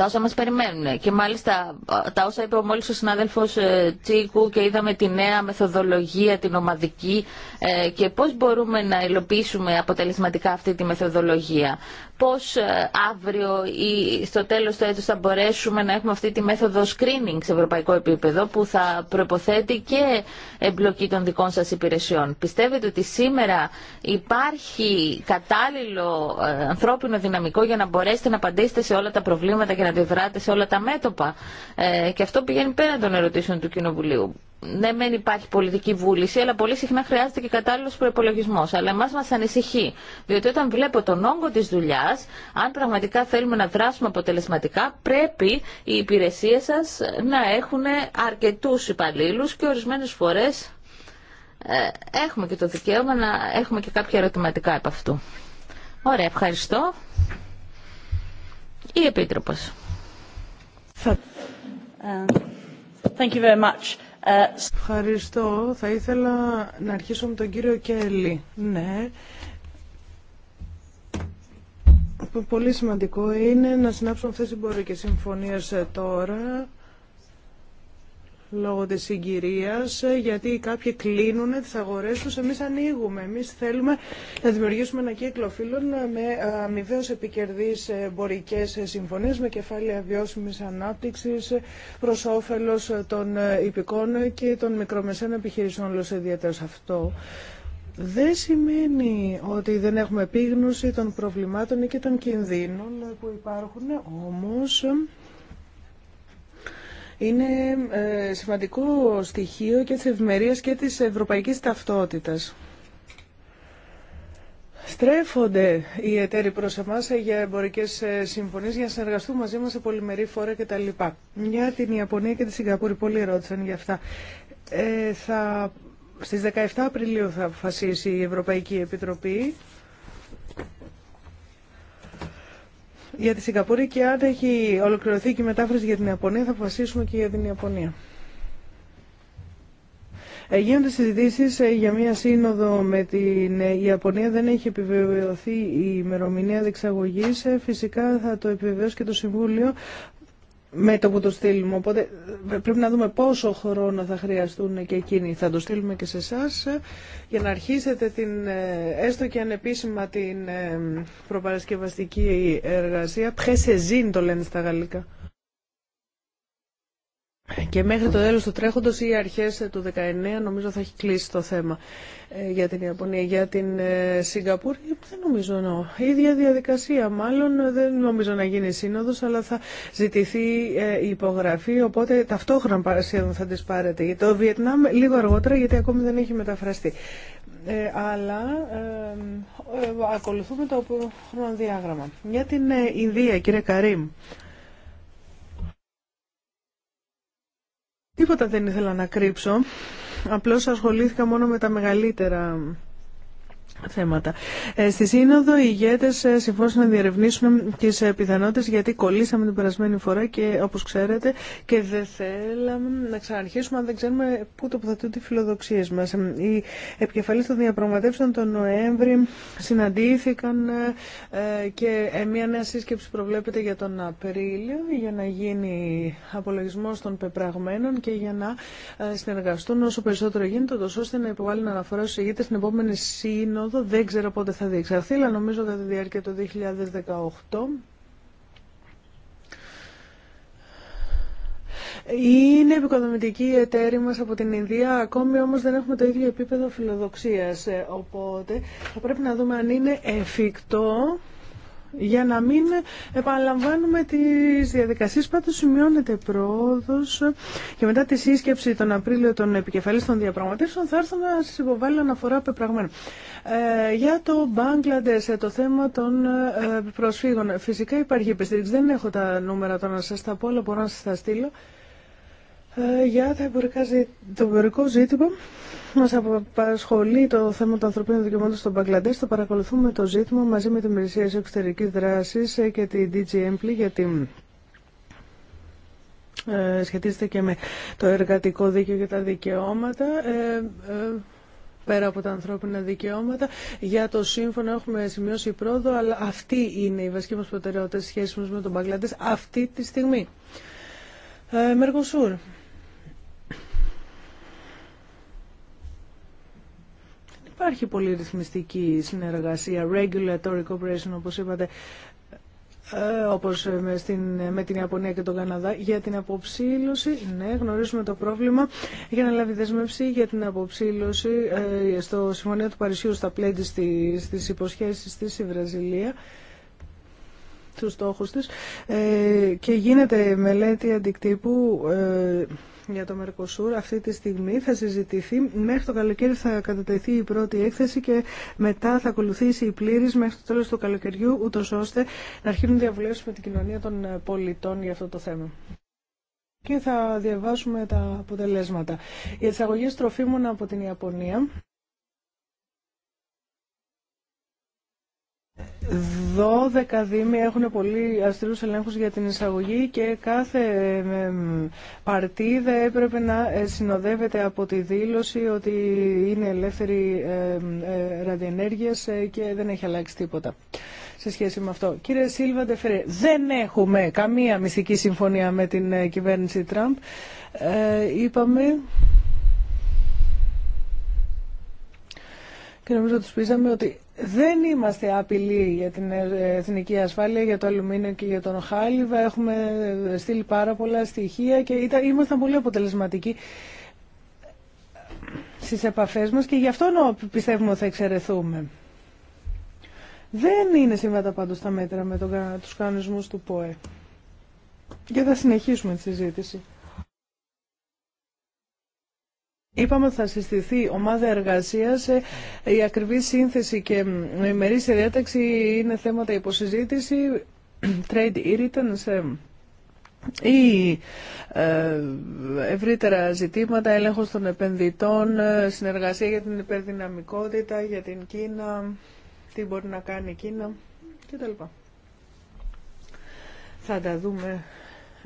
τα όσα μας περιμένουν. Και μάλιστα τα όσα είπε ο μόλις ο συνάδελφος ε, Τσίκου και είδαμε τη νέα μεθοδολογία, την ομαδική ε, και πώς μπορούμε να υλοποιήσουμε αποτελεσματικά αυτή τη μεθοδολογία πώς ε, αύριο ή στο τέλος του έτους θα μπορέσουμε να έχουμε αυτή τη μέθοδο screening σε ευρωπαϊκό επίπεδο που θα προποθέτει και εμπλοκή των δικών σας υπηρεσιών. Πιστεύετε ότι σήμερα υπάρχει κατάλληλο ε, ανθρώπινο δυναμικό για να μπορέσετε να απαντήσετε σε όλα τα προβλήματα και να αντιδράτε σε όλα τα μέτωπα. Ε, και αυτό πηγαίνει πέραν των ερωτήσεων του Κοινοβουλίου ναι, μεν υπάρχει πολιτική βούληση, αλλά πολύ συχνά χρειάζεται και κατάλληλο προπολογισμό. Αλλά εμά μα ανησυχεί. Διότι όταν βλέπω τον όγκο τη δουλειά, αν πραγματικά θέλουμε να δράσουμε αποτελεσματικά, πρέπει οι υπηρεσίε σα να έχουν αρκετού υπαλλήλου και ορισμένε φορέ ε, έχουμε και το δικαίωμα να έχουμε και κάποια ερωτηματικά από αυτού. Ωραία, ευχαριστώ. Η Επίτροπος. Ε, thank you Ευχαριστώ. Θα ήθελα να αρχίσω με τον κύριο Κέλλη. Ναι. Πολύ σημαντικό είναι να συνάψουμε αυτές οι και συμφωνίες ε, τώρα λόγω της συγκυρίας, γιατί κάποιοι κλείνουν τις αγορές τους, εμείς ανοίγουμε. Εμείς θέλουμε να δημιουργήσουμε ένα κύκλο φύλων με αμοιβαίως επικερδείς εμπορικέ συμφωνίες, με κεφάλαια βιώσιμης ανάπτυξης, προς όφελος των υπηκών και των μικρομεσαίων επιχειρήσεων, όλος ιδιαίτερα σε αυτό. Δεν σημαίνει ότι δεν έχουμε επίγνωση των προβλημάτων και των κινδύνων που υπάρχουν, όμως είναι ε, σημαντικό στοιχείο και της ευημερίας και της ευρωπαϊκής ταυτότητας. Στρέφονται οι εταίροι προς εμάς για εμπορικές ε, συμφωνίες για να συνεργαστούν μαζί μας σε πολυμερή φόρα κτλ. Για την Ιαπωνία και τη Σιγκαπούρη, πολλοί ρώτησαν για αυτά. Ε, θα... Στις 17 Απριλίου θα αποφασίσει η Ευρωπαϊκή Επιτροπή για τη Σιγκαπούρη και αν έχει ολοκληρωθεί και η μετάφραση για την Ιαπωνία θα αποφασίσουμε και για την Ιαπωνία. Ε, γίνονται συζητήσει ε, για μια σύνοδο με την ε, Ιαπωνία. Δεν έχει επιβεβαιωθεί η ημερομηνία διεξαγωγή. Φυσικά θα το επιβεβαιώσει και το Συμβούλιο με το που το στείλουμε. Οπότε ε, πρέπει να δούμε πόσο χρόνο θα χρειαστούν και εκείνοι. Θα το στείλουμε και σε εσά ε, για να αρχίσετε την, ε, έστω και ανεπίσημα την προπαρασκευαστική εργασία. Πρεσεζίν το λένε στα γαλλικά. Και μέχρι το τέλος του τρέχοντος ή αρχές του 19 νομίζω θα έχει κλείσει το θέμα ε, για την Ιαπωνία. Για την ε, Σιγκαπούρη δεν νομίζω να. Η ίδια διαδικασία μάλλον ε, δεν νομίζω να γίνει σύνοδος αλλά θα ζητηθεί η υπογραφή οπότε ταυτόχρονα σχεδόν θα τις πάρετε. Για το Βιετνάμ λίγο αργότερα γιατί ακόμη δεν έχει μεταφραστεί. αλλά ε, ε, ακολουθούμε το χρονοδιάγραμμα. Για την Ινδία κύριε Καρύμ. Τίποτα δεν ήθελα να κρύψω. Απλώς ασχολήθηκα μόνο με τα μεγαλύτερα θέματα. Ε, στη Σύνοδο οι ηγέτες ε, συμφώνησαν να διερευνήσουν τις ε, πιθανότητες γιατί κολλήσαμε την περασμένη φορά και όπως ξέρετε και δεν θέλαμε να ξαναρχίσουμε αν δεν ξέρουμε πού τοποθετούν τις φιλοδοξίες μας. Οι επικεφαλής των διαπραγματεύσεων τον Νοέμβρη συναντήθηκαν και μια νέα σύσκεψη προβλέπεται για τον Απρίλιο για να γίνει απολογισμός των πεπραγμένων και για να συνεργαστούν όσο περισσότερο γίνεται ώστε να υποβάλουν αναφορά στους ηγέτες στην επόμενη σύνοδο Σύνοδο, δεν ξέρω πότε θα διεξαρθεί, αλλά νομίζω κατά τη διάρκεια του 2018. Είναι επικοδομητική η εταίρη μας από την Ινδία, ακόμη όμως δεν έχουμε το ίδιο επίπεδο φιλοδοξίας, ε, οπότε θα πρέπει να δούμε αν είναι εφικτό για να μην επαναλαμβάνουμε τις διαδικασίες. Πάντως σημειώνεται πρόοδος και μετά τη σύσκεψη τον Απρίλιο των επικεφαλής των διαπραγματεύσεων θα έρθω να σας υποβάλω αναφορά πεπραγμένα. Ε, για το Μπάγκλαντες, ε, το θέμα των ε, προσφύγων. Φυσικά υπάρχει επιστήριξη. Δεν έχω τα νούμερα τώρα να σας τα πω, αλλά μπορώ να σας τα στείλω. Ε, για το εμπορικό ζήτημα. Μα απασχολεί το θέμα των ανθρωπίνων δικαιωμάτων στον Παγκλαντέ. Το παρακολουθούμε το ζήτημα μαζί με την Υπηρεσία Εξωτερική Δράση ε, και την DG Empli γιατί την ε, σχετίζεται και με το εργατικό δίκαιο και τα δικαιώματα. πέρα από τα ανθρώπινα δικαιώματα. Για το σύμφωνο έχουμε σημειώσει πρόοδο, αλλά αυτή είναι η βασική μας προτεραιότητα σχέση μας με τον Παγκλαντές αυτή τη στιγμή. Ε, υπάρχει πολύ ρυθμιστική συνεργασία, regulatory cooperation όπως είπατε, ε, όπως με, στην, με την Ιαπωνία και τον Καναδά, για την αποψήλωση. Ναι, γνωρίζουμε το πρόβλημα. Για να λάβει δέσμευση για την αποψήλωση ε, στο Συμφωνία του Παρισιού στα πλέντη στις, στις υποσχέσεις της η Βραζιλία στους στόχους της ε, και γίνεται μελέτη αντικτύπου ε, για το Μερκοσούρ αυτή τη στιγμή θα συζητηθεί. Μέχρι το καλοκαίρι θα κατατεθεί η πρώτη έκθεση και μετά θα ακολουθήσει η πλήρης μέχρι το τέλο του καλοκαιριού, ούτω ώστε να αρχίσουν διαβουλεύσει με την κοινωνία των πολιτών για αυτό το θέμα και θα διαβάσουμε τα αποτελέσματα. Η εισαγωγή στροφίμων τροφίμων από την Ιαπωνία 12 δήμοι έχουν πολύ αυστηρού ελέγχου για την εισαγωγή και κάθε παρτίδα έπρεπε να ε, συνοδεύεται από τη δήλωση ότι είναι ελεύθερη ε, ραδιενέργεια ε, και δεν έχει αλλάξει τίποτα σε σχέση με αυτό. Κύριε Σίλβα Ντεφερέ, δεν έχουμε καμία μυστική συμφωνία με την κυβέρνηση Τραμπ. Είπαμε. Και νομίζω του πείσαμε ότι δεν είμαστε άπειλοι για την εθνική ασφάλεια, για το αλουμίνιο και για τον χάλιβα. Έχουμε στείλει πάρα πολλά στοιχεία και ήμασταν πολύ αποτελεσματικοί στις επαφές μας και γι' αυτό πιστεύουμε ότι θα εξαιρεθούμε. Δεν είναι συμβατά πάντως τα μέτρα με τον, τους κανονισμούς του ΠΟΕ. Και θα συνεχίσουμε τη συζήτηση. Είπαμε ότι θα συστηθεί ομάδα εργασία. Ε, η ακριβή σύνθεση και η μερίσια διάταξη είναι θέματα υποσυζήτηση. <clears throat> Trade irritants ε, ή ε, ευρύτερα ζητήματα, έλεγχος των επενδυτών, συνεργασία για την υπερδυναμικότητα, για την Κίνα, τι μπορεί να κάνει η Κίνα κτλ. Θα τα δούμε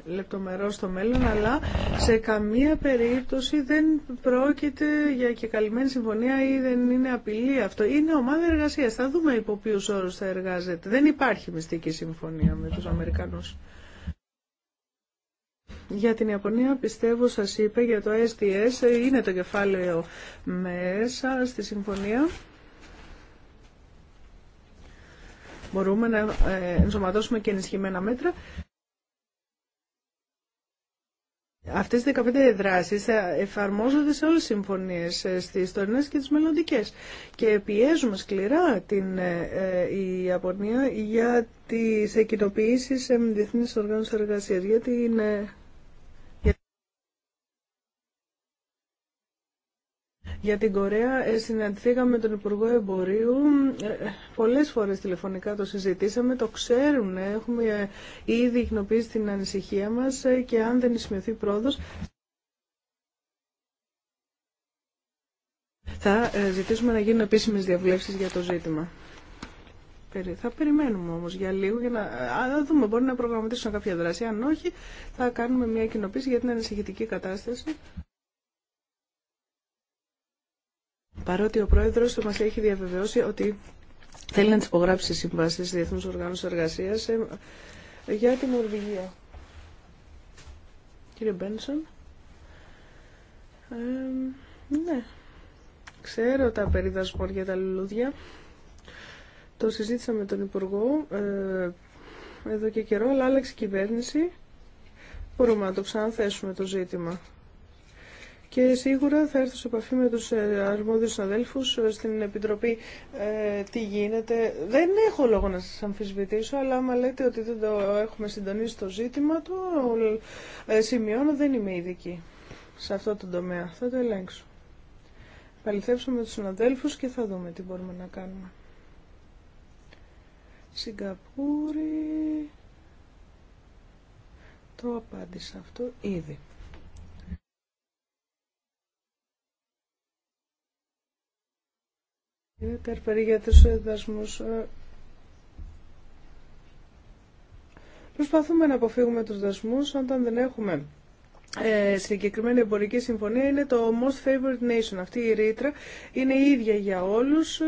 Λεπτομερό στο μέλλον, αλλά σε καμία περίπτωση δεν πρόκειται για και καλυμμένη συμφωνία ή δεν είναι απειλή αυτό. Είναι ομάδα εργασία. Θα δούμε υπό ποιους όρου θα εργάζεται. Δεν υπάρχει μυστική συμφωνία με του Αμερικανού. Για την Ιαπωνία πιστεύω σας είπε για το SDS είναι το κεφάλαιο μέσα στη συμφωνία. Μπορούμε να ε, ενσωματώσουμε και ενισχυμένα μέτρα. Αυτές οι 15 δράσεις εφαρμόζονται σε όλες τις συμφωνίες, ε, στις τωρινές και τις μελλοντικές. Και πιέζουμε σκληρά την ε, ε, η Ιαπωνία για τις εκκοινοποιήσεις σε διεθνείς οργάνωσης εργασίας, για την Για την Κορέα ε, συναντηθήκαμε με τον Υπουργό Εμπορίου. Ε, πολλές φορές τηλεφωνικά το συζητήσαμε, το ξέρουν. Ε, έχουμε ήδη κοινοποιήσει την ανησυχία μας και αν δεν σημειωθεί πρόοδος θα ζητήσουμε να γίνουν επίσημες διαβλέψεις για το ζήτημα. Θα περιμένουμε όμω για λίγο για να Α, δούμε. Μπορεί να προγραμματίσουν κάποια δράση. Αν όχι, θα κάνουμε μια κοινοποίηση για την ανησυχητική κατάσταση. παρότι ο πρόεδρος μας έχει διαβεβαιώσει ότι θέλει να τις υπογράψει συμβάσεις Διεθνούς Οργάνωσης Εργασίας ε, για την Ορβηγία. Κύριε Μπένσον. ναι. Ξέρω τα περί για τα λουλούδια. Το συζήτησα με τον Υπουργό ε, εδώ και καιρό, αλλά άλλαξε η κυβέρνηση. Μπορούμε να το ξαναθέσουμε το ζήτημα και σίγουρα θα έρθω σε επαφή με τους ε, αρμόδιους συναδέλφους ε, στην Επιτροπή ε, τι γίνεται. Δεν έχω λόγο να σας αμφισβητήσω, αλλά άμα λέτε ότι δεν το έχουμε συντονίσει το ζήτημα, του ε, σημειώνω, δεν είμαι ειδική σε αυτό το τομέα. Θα το ελέγξω. Παληθεύσω με τους συναδέλφους και θα δούμε τι μπορούμε να κάνουμε. Σιγκαπούρη... Το απάντησα αυτό ήδη. Καρπερή για τους δασμούς. Ε, προσπαθούμε να αποφύγουμε τους δασμούς όταν δεν έχουμε ε, συγκεκριμένη εμπορική συμφωνία. Είναι το Most Favored Nation. Αυτή η ρήτρα είναι η ίδια για όλους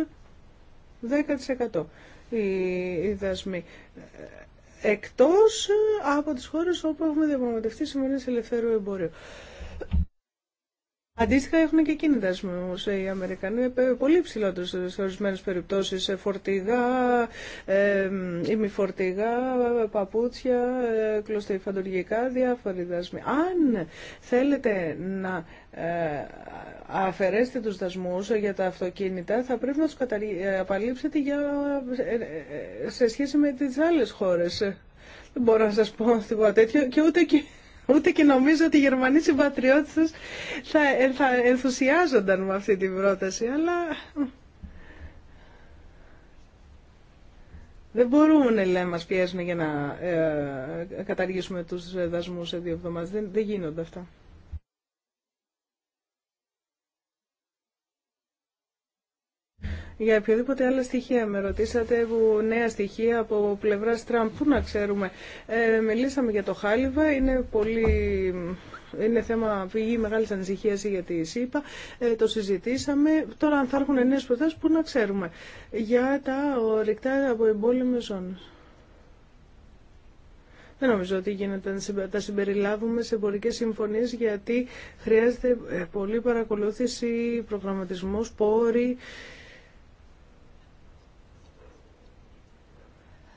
10% οι, οι δασμοί. Ε, εκτός ε, από τις χώρες όπου έχουμε διαπραγματευτεί συμφωνίες ελευθέρου εμπορίου. Αντίστοιχα έχουν και εκείνοι δασμούς οι Αμερικανοί, πολύ ψηλότερους σε ορισμένες περιπτώσεις, φορτηγά, ε, ημιφορτηγά, παπούτσια, ε, κλωστοϊφαντουργικά, διάφοροι δασμοί. Αν θέλετε να ε, αφαιρέσετε τους δασμούς για τα αυτοκίνητα, θα πρέπει να τους ε, απαλείψετε για, ε, σε σχέση με τις άλλες χώρες. Δεν μπορώ να σας πω <laughs> τίποτα τέτοιο και ούτε και Ούτε και νομίζω ότι οι Γερμανοί συμπατριώτε θα, θα ενθουσιάζονταν με αυτή την πρόταση, αλλά... Δεν μπορούμε, λέμε, μας πιέζουν για να ε, καταργήσουμε τους δασμούς σε δύο εβδομάδες. Δεν, δεν γίνονται αυτά. Για οποιοδήποτε άλλα στοιχεία με ρωτήσατε, νέα στοιχεία από πλευρά Τραμπ, πού να ξέρουμε. Ε, μιλήσαμε για το Χάλιβα, είναι πολύ... Είναι θέμα πηγή μεγάλη ανησυχία για τη ΣΥΠΑ. Ε, το συζητήσαμε. Τώρα, αν θα έρχονται νέε προτάσει, πού να ξέρουμε. Για τα ορυκτά από εμπόλεμε ζώνε. Δεν νομίζω ότι γίνεται να τα συμπεριλάβουμε σε εμπορικέ συμφωνίε γιατί χρειάζεται ε, πολλή παρακολούθηση, προγραμματισμό, πόροι.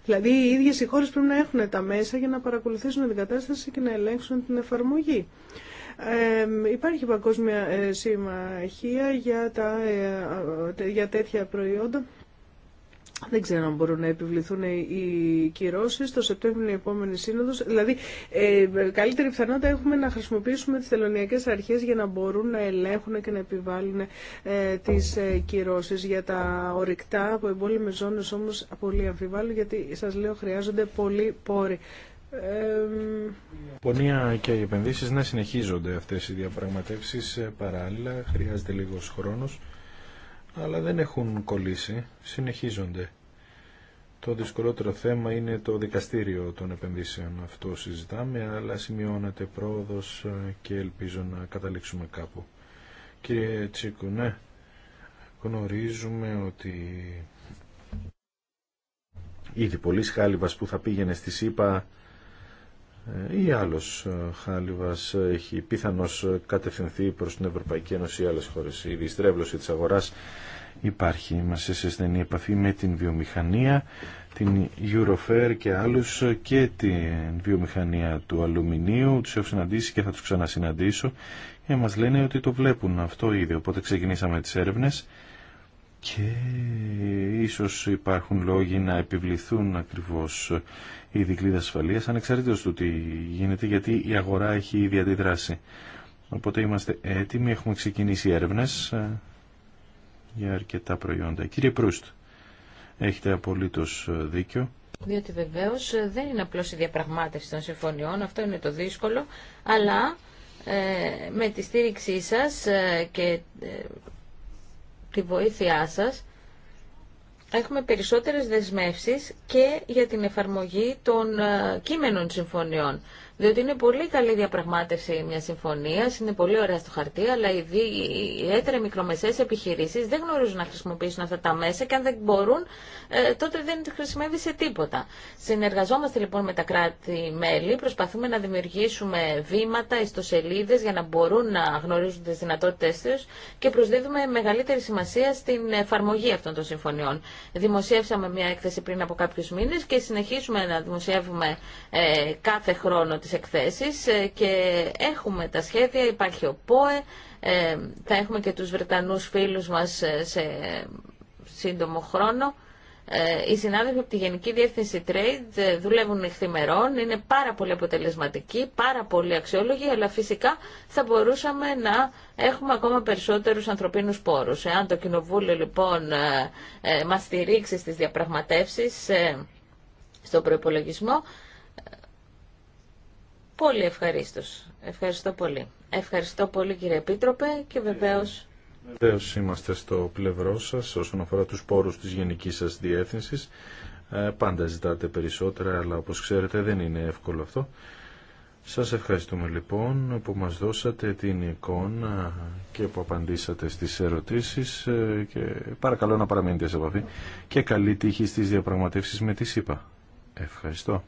Δηλαδή οι ίδιες οι χώρε πρέπει να έχουν τα μέσα για να παρακολουθήσουν την κατάσταση και να ελέγξουν την εφαρμογή. υπάρχει παγκόσμια ε, συμμαχία για, τα, ε, για τέτοια προϊόντα δεν ξέρω αν μπορούν να επιβληθούν οι κυρώσει το Σεπτέμβριο είναι η επόμενη σύνοδο. Δηλαδή, ε, καλύτερη πιθανότητα έχουμε να χρησιμοποιήσουμε τι θελωνιακέ αρχέ για να μπορούν να ελέγχουν και να επιβάλλουν ε, τι ε, κυρώσει. Για τα ορυκτά από εμπόλεμε ζώνε όμω πολύ αμφιβάλλω, γιατί σα λέω χρειάζονται πολλοί πόροι. Η ε, πονία και οι επενδύσει να συνεχίζονται αυτέ οι διαπραγματεύσει ε, παράλληλα. Χρειάζεται λίγο χρόνο αλλά δεν έχουν κολλήσει, συνεχίζονται. Το δυσκολότερο θέμα είναι το δικαστήριο των επενδύσεων. Αυτό συζητάμε, αλλά σημειώνεται πρόοδος ε, και ελπίζω να καταλήξουμε κάπου. Κύριε Τσίκου, ναι, γνωρίζουμε ότι ήδη πολλή χάλιβας που θα πήγαινε στη ΣΥΠΑ ε, ή άλλος ε, χάλιβας έχει πιθανώς κατευθυνθεί προς την Ευρωπαϊκή Ένωση ή άλλες χώρες. Η διστρέβλωση της αγοράς υπάρχει. Είμαστε σε στενή επαφή με την βιομηχανία, την Eurofair και άλλους και την βιομηχανία του αλουμινίου. Τους έχω συναντήσει και θα τους ξανασυναντήσω και μας λένε ότι το βλέπουν αυτό ήδη. Οπότε ξεκινήσαμε τις έρευνες και ίσως υπάρχουν λόγοι να επιβληθούν ακριβώς οι δικλείδες ασφαλείας ανεξαρτήτως του τι γίνεται γιατί η αγορά έχει ήδη αντιδράσει. Οπότε είμαστε έτοιμοι, έχουμε ξεκινήσει έρευνες για αρκετά προϊόντα. Κύριε Προύστ, έχετε απολύτως ε, δίκιο. Διότι βεβαίως ε, δεν είναι απλώς η διαπραγμάτευση των συμφωνιών, αυτό είναι το δύσκολο, αλλά ε, με τη στήριξή σας και τη βοήθειά σας έχουμε περισσότερες δεσμεύσεις και για την εφαρμογή των κείμενων συμφωνιών. Διότι είναι πολύ καλή διαπραγμάτευση μια συμφωνία, είναι πολύ ωραία στο χαρτί, αλλά ιδιαίτερα οι μικρομεσαίε επιχειρήσει δεν γνωρίζουν να χρησιμοποιήσουν αυτά τα μέσα και αν δεν μπορούν, ε, τότε δεν χρησιμεύει σε τίποτα. Συνεργαζόμαστε λοιπόν με τα κράτη-μέλη, προσπαθούμε να δημιουργήσουμε βήματα, ιστοσελίδε για να μπορούν να γνωρίζουν τι δυνατότητέ του και προσδίδουμε μεγαλύτερη σημασία στην εφαρμογή αυτών των συμφωνιών. Δημοσιεύσαμε μια έκθεση πριν από κάποιου μήνε και συνεχίζουμε να δημοσιεύουμε ε, κάθε χρόνο τις εκθέσεις ε, και έχουμε τα σχέδια, υπάρχει ο ΠΟΕ, ε, θα έχουμε και τους Βρετανούς φίλους μας ε, σε σύντομο χρόνο. Οι συνάδελφοι από τη Γενική Διεύθυνση Trade δουλεύουν νυχθημερών, είναι πάρα πολύ αποτελεσματικοί, πάρα πολύ αξιόλογοι, αλλά φυσικά θα μπορούσαμε να έχουμε ακόμα περισσότερους ανθρωπίνους πόρους. Εάν το Κοινοβούλιο λοιπόν μας στηρίξει στις διαπραγματεύσεις στον προπολογισμό, Πολύ ευχαρίστω. Ευχαριστώ πολύ. Ευχαριστώ πολύ κύριε Επίτροπε και βεβαίω. Βεβαίω είμαστε στο πλευρό σας όσον αφορά τους πόρους της γενικής σας Ε, Πάντα ζητάτε περισσότερα, αλλά όπως ξέρετε δεν είναι εύκολο αυτό. Σας ευχαριστούμε λοιπόν που μας δώσατε την εικόνα και που απαντήσατε στι ερωτήσει. Ε, και παρακαλώ να παραμείνετε σε επαφή και καλή τύχη στι διαπραγματεύσει με τη ΣΥΠΑ. Ευχαριστώ.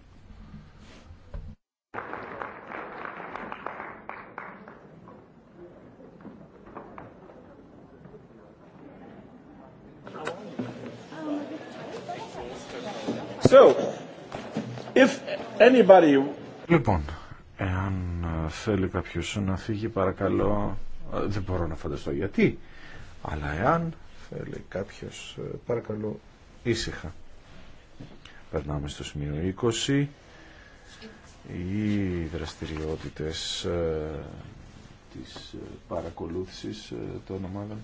So, if anybody... Λοιπόν, εάν ε, θέλει κάποιος να φύγει παρακαλώ, ε, δεν μπορώ να φανταστώ γιατί, αλλά εάν θέλει κάποιος ε, παρακαλώ ήσυχα. Περνάμε στο σημείο 20. Οι δραστηριότητες της παρακολούθησης των ομάδων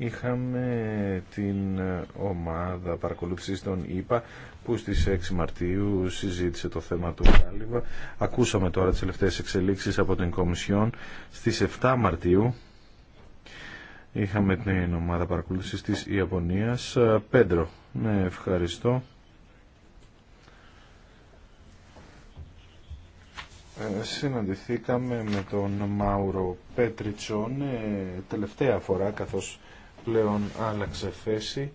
Είχαμε την ομάδα παρακολούθησης των ΙΠΑ που στις 6 Μαρτίου συζήτησε το θέμα του Κάλιβα. Ακούσαμε τώρα τις τελευταίες εξελίξεις από την Κομισιόν. Στις 7 Μαρτίου είχαμε την ομάδα παρακολούθησης της Ιαπωνίας. Πέντρο, ναι, ευχαριστώ. Ε, συναντηθήκαμε με τον Μάουρο Πέτριτσον τελευταία φορά καθώς πλέον άλλαξε θέση.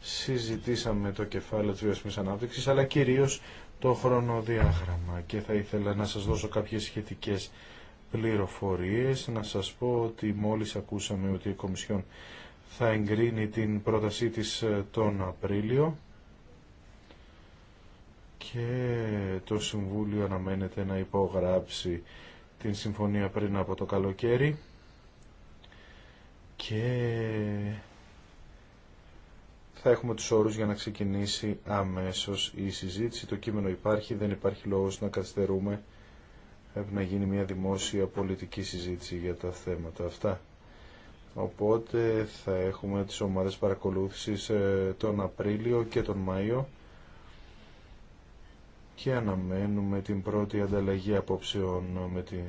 Συζητήσαμε το κεφάλαιο της βιώσιμης ανάπτυξης, αλλά κυρίως το χρονοδιάγραμμα και θα ήθελα να σας δώσω κάποιες σχετικές πληροφορίες. Να σας πω ότι μόλις ακούσαμε ότι η Κομισιόν θα εγκρίνει την πρότασή της ε, τον Απρίλιο και το Συμβούλιο αναμένεται να υπογράψει την συμφωνία πριν από το καλοκαίρι και θα έχουμε τους όρους για να ξεκινήσει αμέσως η συζήτηση. Το κείμενο υπάρχει, δεν υπάρχει λόγος να καθυστερούμε. να γίνει μια δημόσια πολιτική συζήτηση για τα θέματα αυτά. Οπότε θα έχουμε τις ομάδες παρακολούθησης ε, τον Απρίλιο και τον Μάιο και αναμένουμε την πρώτη ανταλλαγή απόψεων με την...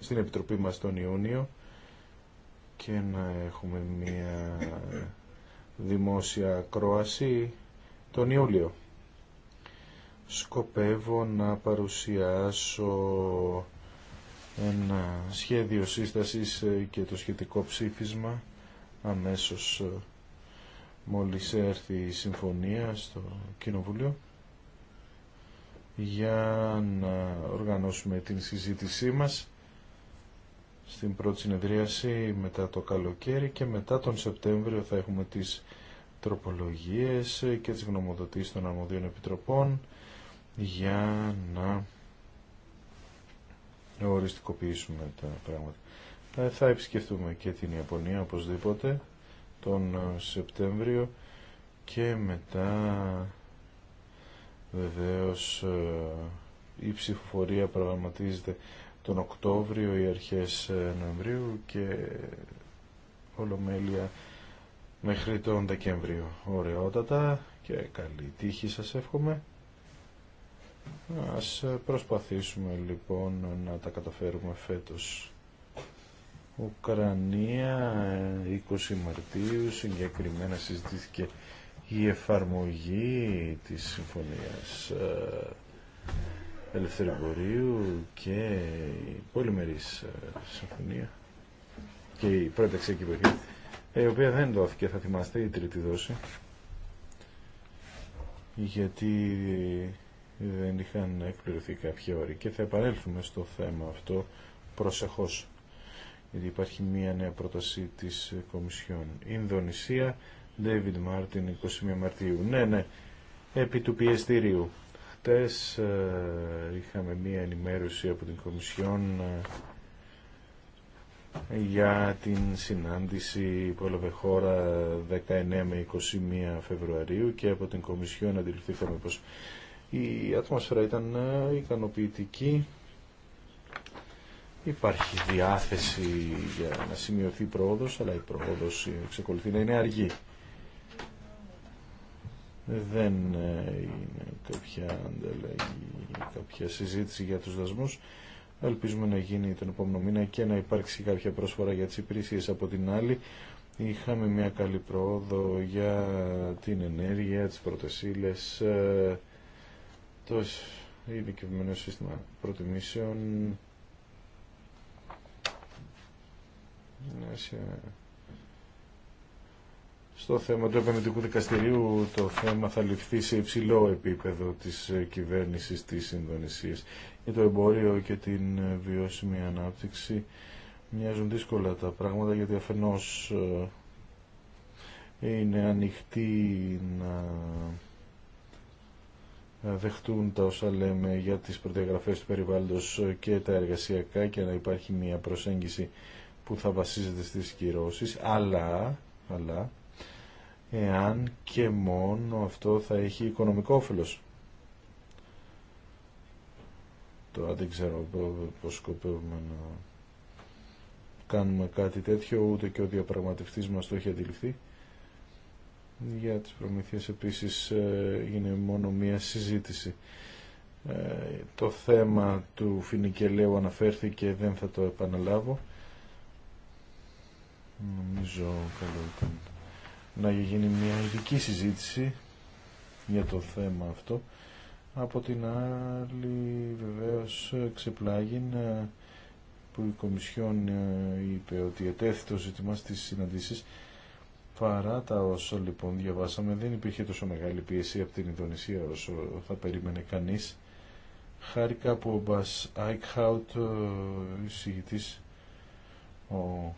στην Επιτροπή μας τον Ιούνιο και να έχουμε μία δημόσια κρόαση τον Ιούλιο. Σκοπεύω να παρουσιάσω ένα σχέδιο σύστασης και το σχετικό ψήφισμα αμέσως ε, μόλις έρθει η συμφωνία στο Κοινοβούλιο για να οργανώσουμε την συζήτησή μας στην πρώτη συνεδρίαση μετά το καλοκαίρι και μετά τον Σεπτέμβριο θα έχουμε τις τροπολογίες και τις γνωμοδοτήσεις των αρμοδίων επιτροπών για να οριστικοποιήσουμε τα πράγματα. Ε, θα επισκεφτούμε και την Ιαπωνία οπωσδήποτε τον ε, Σεπτέμβριο και μετά βεβαίως ε, η ψηφοφορία προγραμματίζεται τον Οκτώβριο ή αρχές ε, Νοεμβρίου και ολομέλεια μέχρι τον Δεκέμβριο. Ωραιότατα και καλή τύχη σας εύχομαι. Ας προσπαθήσουμε λοιπόν να τα καταφέρουμε φέτος. Ουκρανία 20 ε, Μαρτίου συγκεκριμένα συζητήθηκε η εφαρμογή της συμφωνίας ε, Ελευθερία Βορείου και η πολυμερής ε, συμφωνία και η πρώτη ε, η οποία δεν δόθηκε θα θυμάστε η τρίτη δόση γιατί δεν είχαν εκπληρωθεί κάποια όρη και θα επανέλθουμε στο θέμα αυτό προσεχώς γιατί υπάρχει μία νέα πρόταση της Κομισιόν Ινδονησία David Martin 21 Μαρτίου ναι ναι επί του πιεστηρίου Χτες ε, είχαμε μία ενημέρωση από την Κομισιόν ε, για την συνάντηση που έλαβε χώρα 19 με 21 Φεβρουαρίου και από την Κομισιόν αντιληφθήκαμε πως η ατμόσφαιρα ήταν ε, ικανοποιητική. Υπάρχει διάθεση για να σημειωθεί πρόοδος, αλλά η πρόοδος εξακολουθεί να είναι αργή δεν ε, είναι κάποια ανταλλαγή, κάποια συζήτηση για τους δασμούς. Ελπίζουμε να γίνει τον επόμενο μήνα και να υπάρξει κάποια πρόσφορα για τις υπηρεσίες από την άλλη. Είχαμε μια καλή πρόοδο για την ενέργεια, τις πρωτεσίλες, ε, το ειδικευμένο σύστημα προτιμήσεων. Ναι, στο θέμα του επενδυτικού δικαστηρίου το θέμα θα ληφθεί σε υψηλό επίπεδο της κυβέρνησης της Ινδονησίας. Για το εμπόριο και την βιώσιμη ανάπτυξη μοιάζουν δύσκολα τα πράγματα γιατί αφενός ε, είναι ανοιχτή να δεχτούν τα όσα λέμε για τις προδιαγραφές του περιβάλλοντος και τα εργασιακά και να υπάρχει μια προσέγγιση που θα βασίζεται στις κυρώσεις, αλλά, αλλά εάν και μόνο αυτό θα έχει οικονομικό όφελος. Τώρα δεν ξέρω πώς σκοπεύουμε να κάνουμε κάτι τέτοιο, ούτε και ο διαπραγματευτής μας το έχει αντιληφθεί. Για τις προμηθείες επίσης είναι μόνο μία συζήτηση. Ε, το θέμα του Φινικελαίου αναφέρθηκε, δεν θα το επαναλάβω. Νομίζω καλό ήταν να γίνει μια ειδική συζήτηση για το θέμα αυτό. Από την άλλη βεβαίως ξεπλάγει που η Κομισιόν ε, είπε ότι ετέθη το ζήτημα στις συναντήσεις παρά τα όσα λοιπόν διαβάσαμε δεν υπήρχε τόσο μεγάλη πίεση από την Ινδονησία όσο θα περίμενε κανείς χάρη που ο Μπας Άικχαουτ ε, ο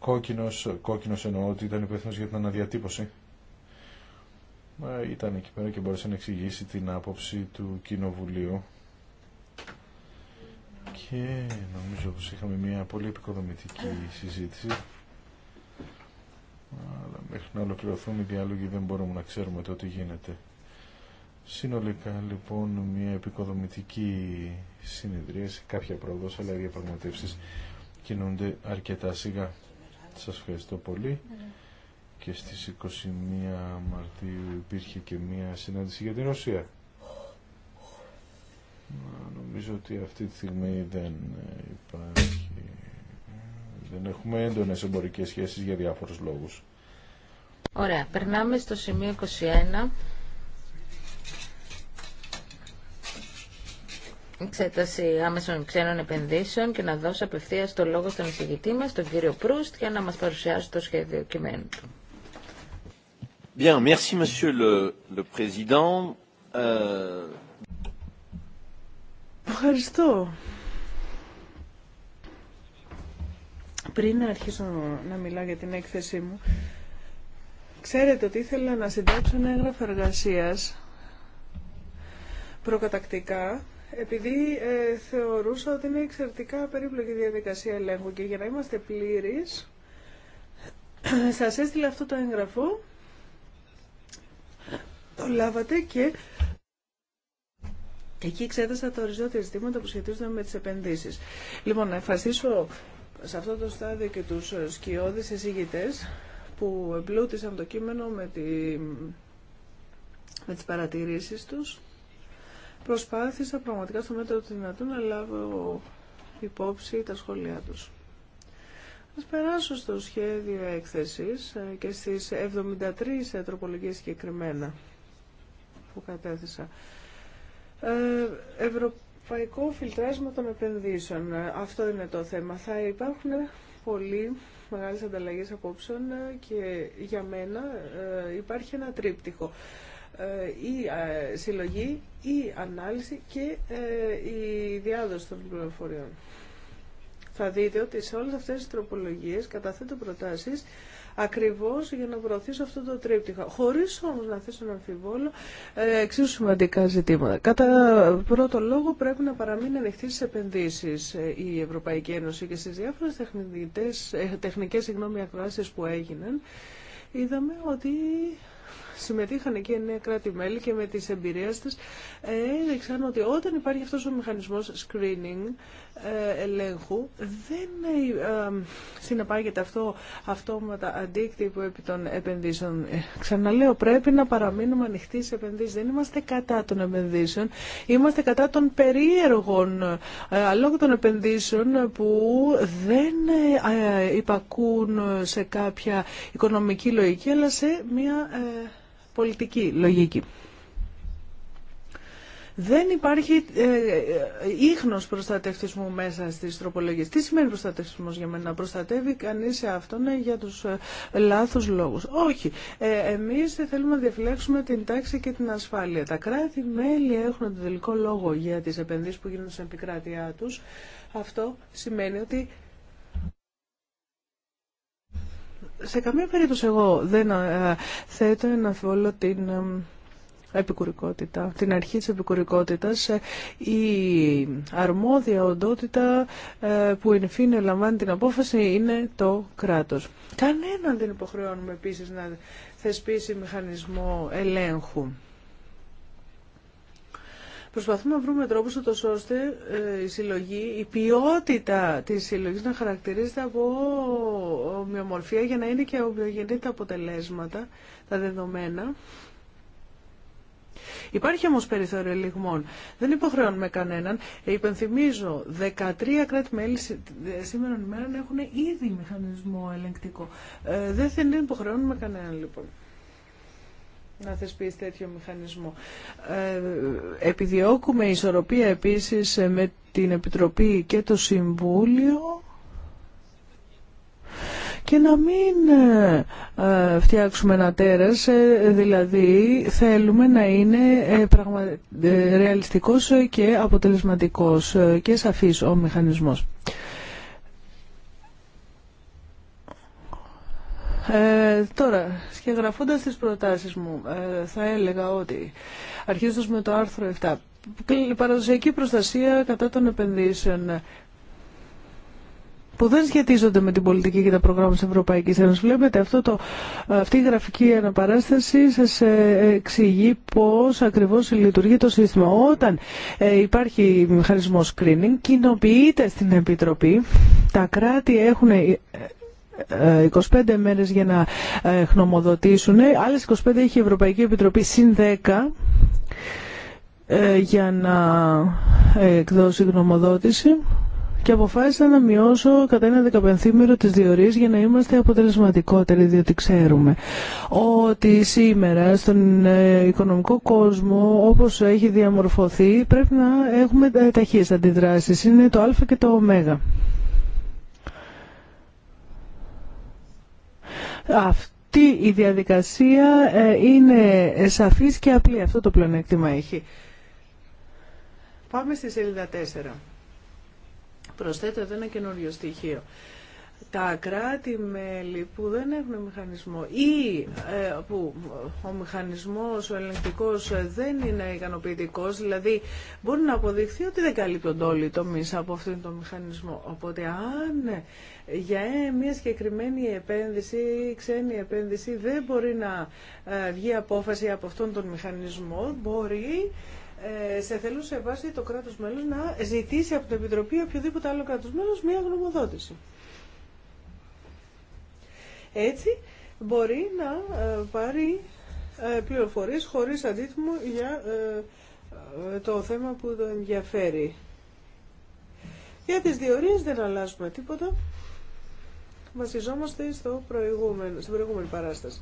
Κόκκινος, κόκκινος εννοώ ότι ήταν υπεύθυνο για την αναδιατύπωση. Ήταν εκεί πέρα και μπορούσε να εξηγήσει την άποψη του Κοινοβουλίου. Και νομίζω πως είχαμε μια πολύ επικοδομητική συζήτηση. Αλλά μέχρι να ολοκληρωθούν οι διάλογοι δεν μπορούμε να ξέρουμε το τι γίνεται. Συνολικά λοιπόν μια επικοδομητική συνεδρίαση, κάποια πρόοδος αλλά οι διαπραγματεύσεις κινούνται αρκετά σιγά. Σας ευχαριστώ πολύ. Και στις 21 Μαρτίου υπήρχε και μία συνάντηση για την Ρωσία. Νομίζω ότι αυτή τη στιγμή δεν υπάρχει... Δεν έχουμε έντονες εμπορικές σχέσεις για διάφορους λόγους. Ωραία. Περνάμε στο σημείο 21. εξέταση άμεσων ξένων επενδύσεων και να δώσω απευθεία το λόγο στον εισηγητή μα, τον κύριο Προύστ, για να μας παρουσιάσει το σχέδιο κειμένου του. Bien, merci, monsieur le, le président. Euh, Ευχαριστώ. Πριν να αρχίσω να μιλάω για την έκθεσή μου, ξέρετε ότι ήθελα να συντάξω ένα έγγραφο εργασίας προκατακτικά επειδή ε, θεωρούσα ότι είναι εξαιρετικά περίπλοκη διαδικασία ελέγχου και για να είμαστε πλήρεις, <clears throat> σας έστειλα αυτό το έγγραφο, το λάβατε και εκεί εξέτασα τα οριζόντια ζητήματα που σχετίζονται με τις επενδύσεις. Λοιπόν, να ευχαριστήσω σε αυτό το στάδιο και τους σκιώδεις εισηγητές που εμπλούτησαν το κείμενο με, τη, με τις παρατηρήσεις τους. Προσπάθησα πραγματικά στο μέτρο του δυνατού να λάβω υπόψη τα σχόλιά τους. Ας περάσω στο σχέδιο έκθεσης ε, και στις 73 ε, τροπολογίες συγκεκριμένα που κατέθεσα. Ε, ευρωπαϊκό φιλτράσμα των επενδύσεων. Αυτό είναι το θέμα. Θα υπάρχουν πολύ μεγάλες ανταλλαγές απόψεων και για μένα υπάρχει ένα τρίπτυχο. Ε, η ε, συλλογή, η ανάλυση και ε, η διάδοση των πληροφοριών. Θα δείτε ότι σε όλες αυτές τις τροπολογίες καταθέτω προτάσεις ακριβώς για να προωθήσω αυτό το τρίπτυχο. Χωρίς όμως να θέσω ένα αμφιβόλο εξίσου σημαντικά ζητήματα. Κατά πρώτο λόγο πρέπει να παραμείνει ανοιχτή στις επενδύσεις η Ευρωπαϊκή Ένωση και στις διάφορες τεχνικές συγγνώμη ακροάσεις που έγιναν. Είδαμε ότι συμμετείχαν εκεί εννέα κράτη-μέλη και με τις εμπειρίες τους έδειξαν ότι όταν υπάρχει αυτός ο μηχανισμός screening, ε, ελέγχου, δεν ε, ε, συνεπάγεται αυτό αυτόματα αντίκτυπο επί των επενδύσεων. Ξαναλέω, πρέπει να παραμείνουμε ανοιχτοί σε επενδύσεις. Δεν είμαστε κατά των επενδύσεων, είμαστε κατά των περίεργων λόγω των επενδύσεων που δεν υπακούν σε κάποια οικονομική λογική, αλλά σε μια πολιτική λογική. Δεν υπάρχει ε, ε, ίχνος προστατευτισμού μέσα στις τροπολογίες. Τι σημαίνει προστατευτισμός για μένα, να προστατεύει κανείς σε αυτόν ε, για τους ε, λάθους λόγους. Όχι. Ε, εμείς θέλουμε να διαφυλάξουμε την τάξη και την ασφάλεια. Τα κράτη-μέλη έχουν τον τελικό λόγο για τις επενδύσεις που γίνονται στην επικράτειά τους. Αυτό σημαίνει ότι σε καμία περίπτωση εγώ δεν ε, θέτω να φόλο την ε, επικουρικότητα, την αρχή της επικουρικότητας, ε, η αρμόδια οντότητα που ενφύνει λαμβάνει την απόφαση είναι το κράτος. Κανέναν δεν υποχρεώνουμε επίσης να θεσπίσει μηχανισμό ελέγχου. Προσπαθούμε να βρούμε τρόπους ώστε ε, η συλλογή, η ποιότητα της συλλογής να χαρακτηρίζεται από ομοιομορφία για να είναι και ομοιογενή τα αποτελέσματα, τα δεδομένα. Υπάρχει όμως περιθώριο λιγμών. Δεν υποχρεώνουμε κανέναν. Ε, υπενθυμίζω, 13 κράτη-μέλη σήμερα έχουν ήδη μηχανισμό ελεγκτικό. Ε, δεν υποχρεώνουμε κανέναν λοιπόν να θεσπίσει τέτοιο μηχανισμό. Ε, επιδιώκουμε ισορροπία επίσης ε, με την Επιτροπή και το Συμβούλιο και να μην ε, φτιάξουμε ένα τέρας, δηλαδή θέλουμε να είναι πραγμα... ρεαλιστικός και αποτελεσματικός και σαφής ο μηχανισμός. Ε, τώρα, σχεδιαγραφώντα τις προτάσεις μου, ε, θα έλεγα ότι αρχίζοντας με το άρθρο 7, παραδοσιακή προστασία κατά των επενδύσεων ε, που δεν σχετίζονται με την πολιτική και τα προγράμματα της Ευρωπαϊκής Ένωσης. Βλέπετε, αυτό το, αυτή η γραφική αναπαράσταση σας εξηγεί πώς ακριβώς λειτουργεί το σύστημα. Όταν υπάρχει μηχανισμός screening, κοινοποιείται στην Επιτροπή, τα κράτη έχουν 25 ε, μέρες για να ε, χνομοδοτήσουν. Ε, άλλες 25 έχει η Ευρωπαϊκή Επιτροπή συν 10 για να εκδώσει γνωμοδότηση και αποφάσισα να μειώσω κατά ένα δεκαπενθήμερο τις διορίες για να είμαστε αποτελεσματικότεροι, διότι ξέρουμε ότι σήμερα στον οικονομικό κόσμο, όπως έχει διαμορφωθεί, πρέπει να έχουμε ταχύες αντιδράσεις. Είναι το α και το ω. Αυτή η διαδικασία ε, είναι σαφής και απλή. Αυτό το πλεονέκτημα έχει. Πάμε στη σελίδα 4. Προσθέτω εδώ ένα καινούριο στοιχείο τα κράτη-μέλη που δεν έχουν μηχανισμό ή ε, που ο μηχανισμός, ο ελεγκτικός ε, δεν είναι ικανοποιητικός, δηλαδή μπορεί να αποδειχθεί ότι δεν καλύπτονται όλοι οι τομείς από αυτόν τον μηχανισμό. Οπότε αν για μια συγκεκριμένη επένδυση ή ξένη επένδυση δεν μπορεί να ε, βγει απόφαση από αυτόν τον μηχανισμό, μπορεί σε θελού σε βάση το κράτος μέλος να ζητήσει από την Επιτροπή οποιοδήποτε άλλο κράτος μέλος μια γνωμοδότηση. Έτσι μπορεί να ε, πάρει ε, πληροφορίες χωρίς αντίτιμο για ε, το θέμα που τον ενδιαφέρει. Για τις διορίες δεν αλλάζουμε τίποτα. Βασιζόμαστε στο προηγούμενο, στην προηγούμενη παράσταση.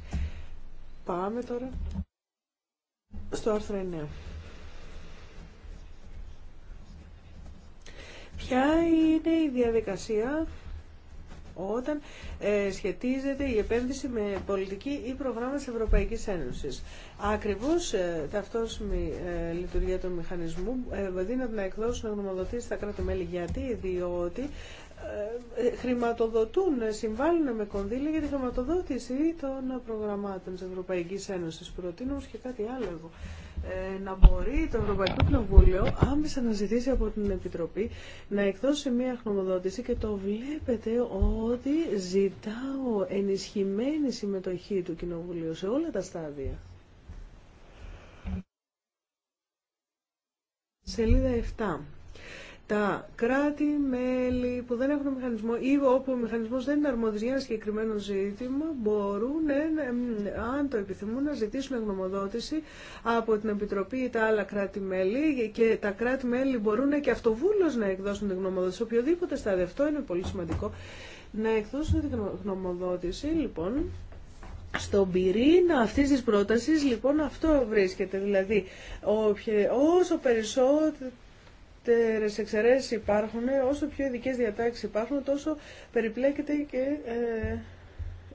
Πάμε τώρα στο άρθρο 9. Ποια είναι η διαδικασία όταν ε, σχετίζεται η επένδυση με πολιτική ή προγράμμα της Ευρωπαϊκής Ένωσης. Ακριβώς ε, ταυτόσιμη ε, λειτουργία των μηχανισμού δίνεται να εκδώσουν γνωμοδοτήσεις στα κράτη-μέλη. Γιατί, διότι χρηματοδοτούν, συμβάλλουν με κονδύλια για τη χρηματοδότηση των προγραμμάτων της Ευρωπαϊκής Ένωσης. Προτείνω και κάτι άλλο εγώ. Ε, να μπορεί το Ευρωπαϊκό Κοινοβούλιο άμεσα να ζητήσει από την Επιτροπή να εκδώσει μια χρονοδότηση και το βλέπετε ότι ζητάω ενισχυμένη συμμετοχή του Κοινοβουλίου σε όλα τα στάδια. Σελίδα 7 τα κράτη-μέλη που δεν έχουν μηχανισμό ή όπου ο μηχανισμός δεν είναι αρμόδιος για ένα συγκεκριμένο ζήτημα μπορούν, ε, ε, αν το επιθυμούν, να ζητήσουν γνωμοδότηση από την Επιτροπή ή τα άλλα κράτη-μέλη και τα κράτη-μέλη μπορούν και αυτοβούλως να εκδώσουν την γνωμοδότηση. Οποιοδήποτε στάδιο αυτό είναι πολύ σημαντικό. Να εκδώσουν την γνωμοδότηση, λοιπόν, στον πυρήνα αυτή τη πρόταση λοιπόν αυτό βρίσκεται. Δηλαδή, όσο περισσότερο λιγότερες εξαιρέσεις υπάρχουν, όσο πιο ειδικές διατάξεις υπάρχουν, τόσο περιπλέκεται και ε,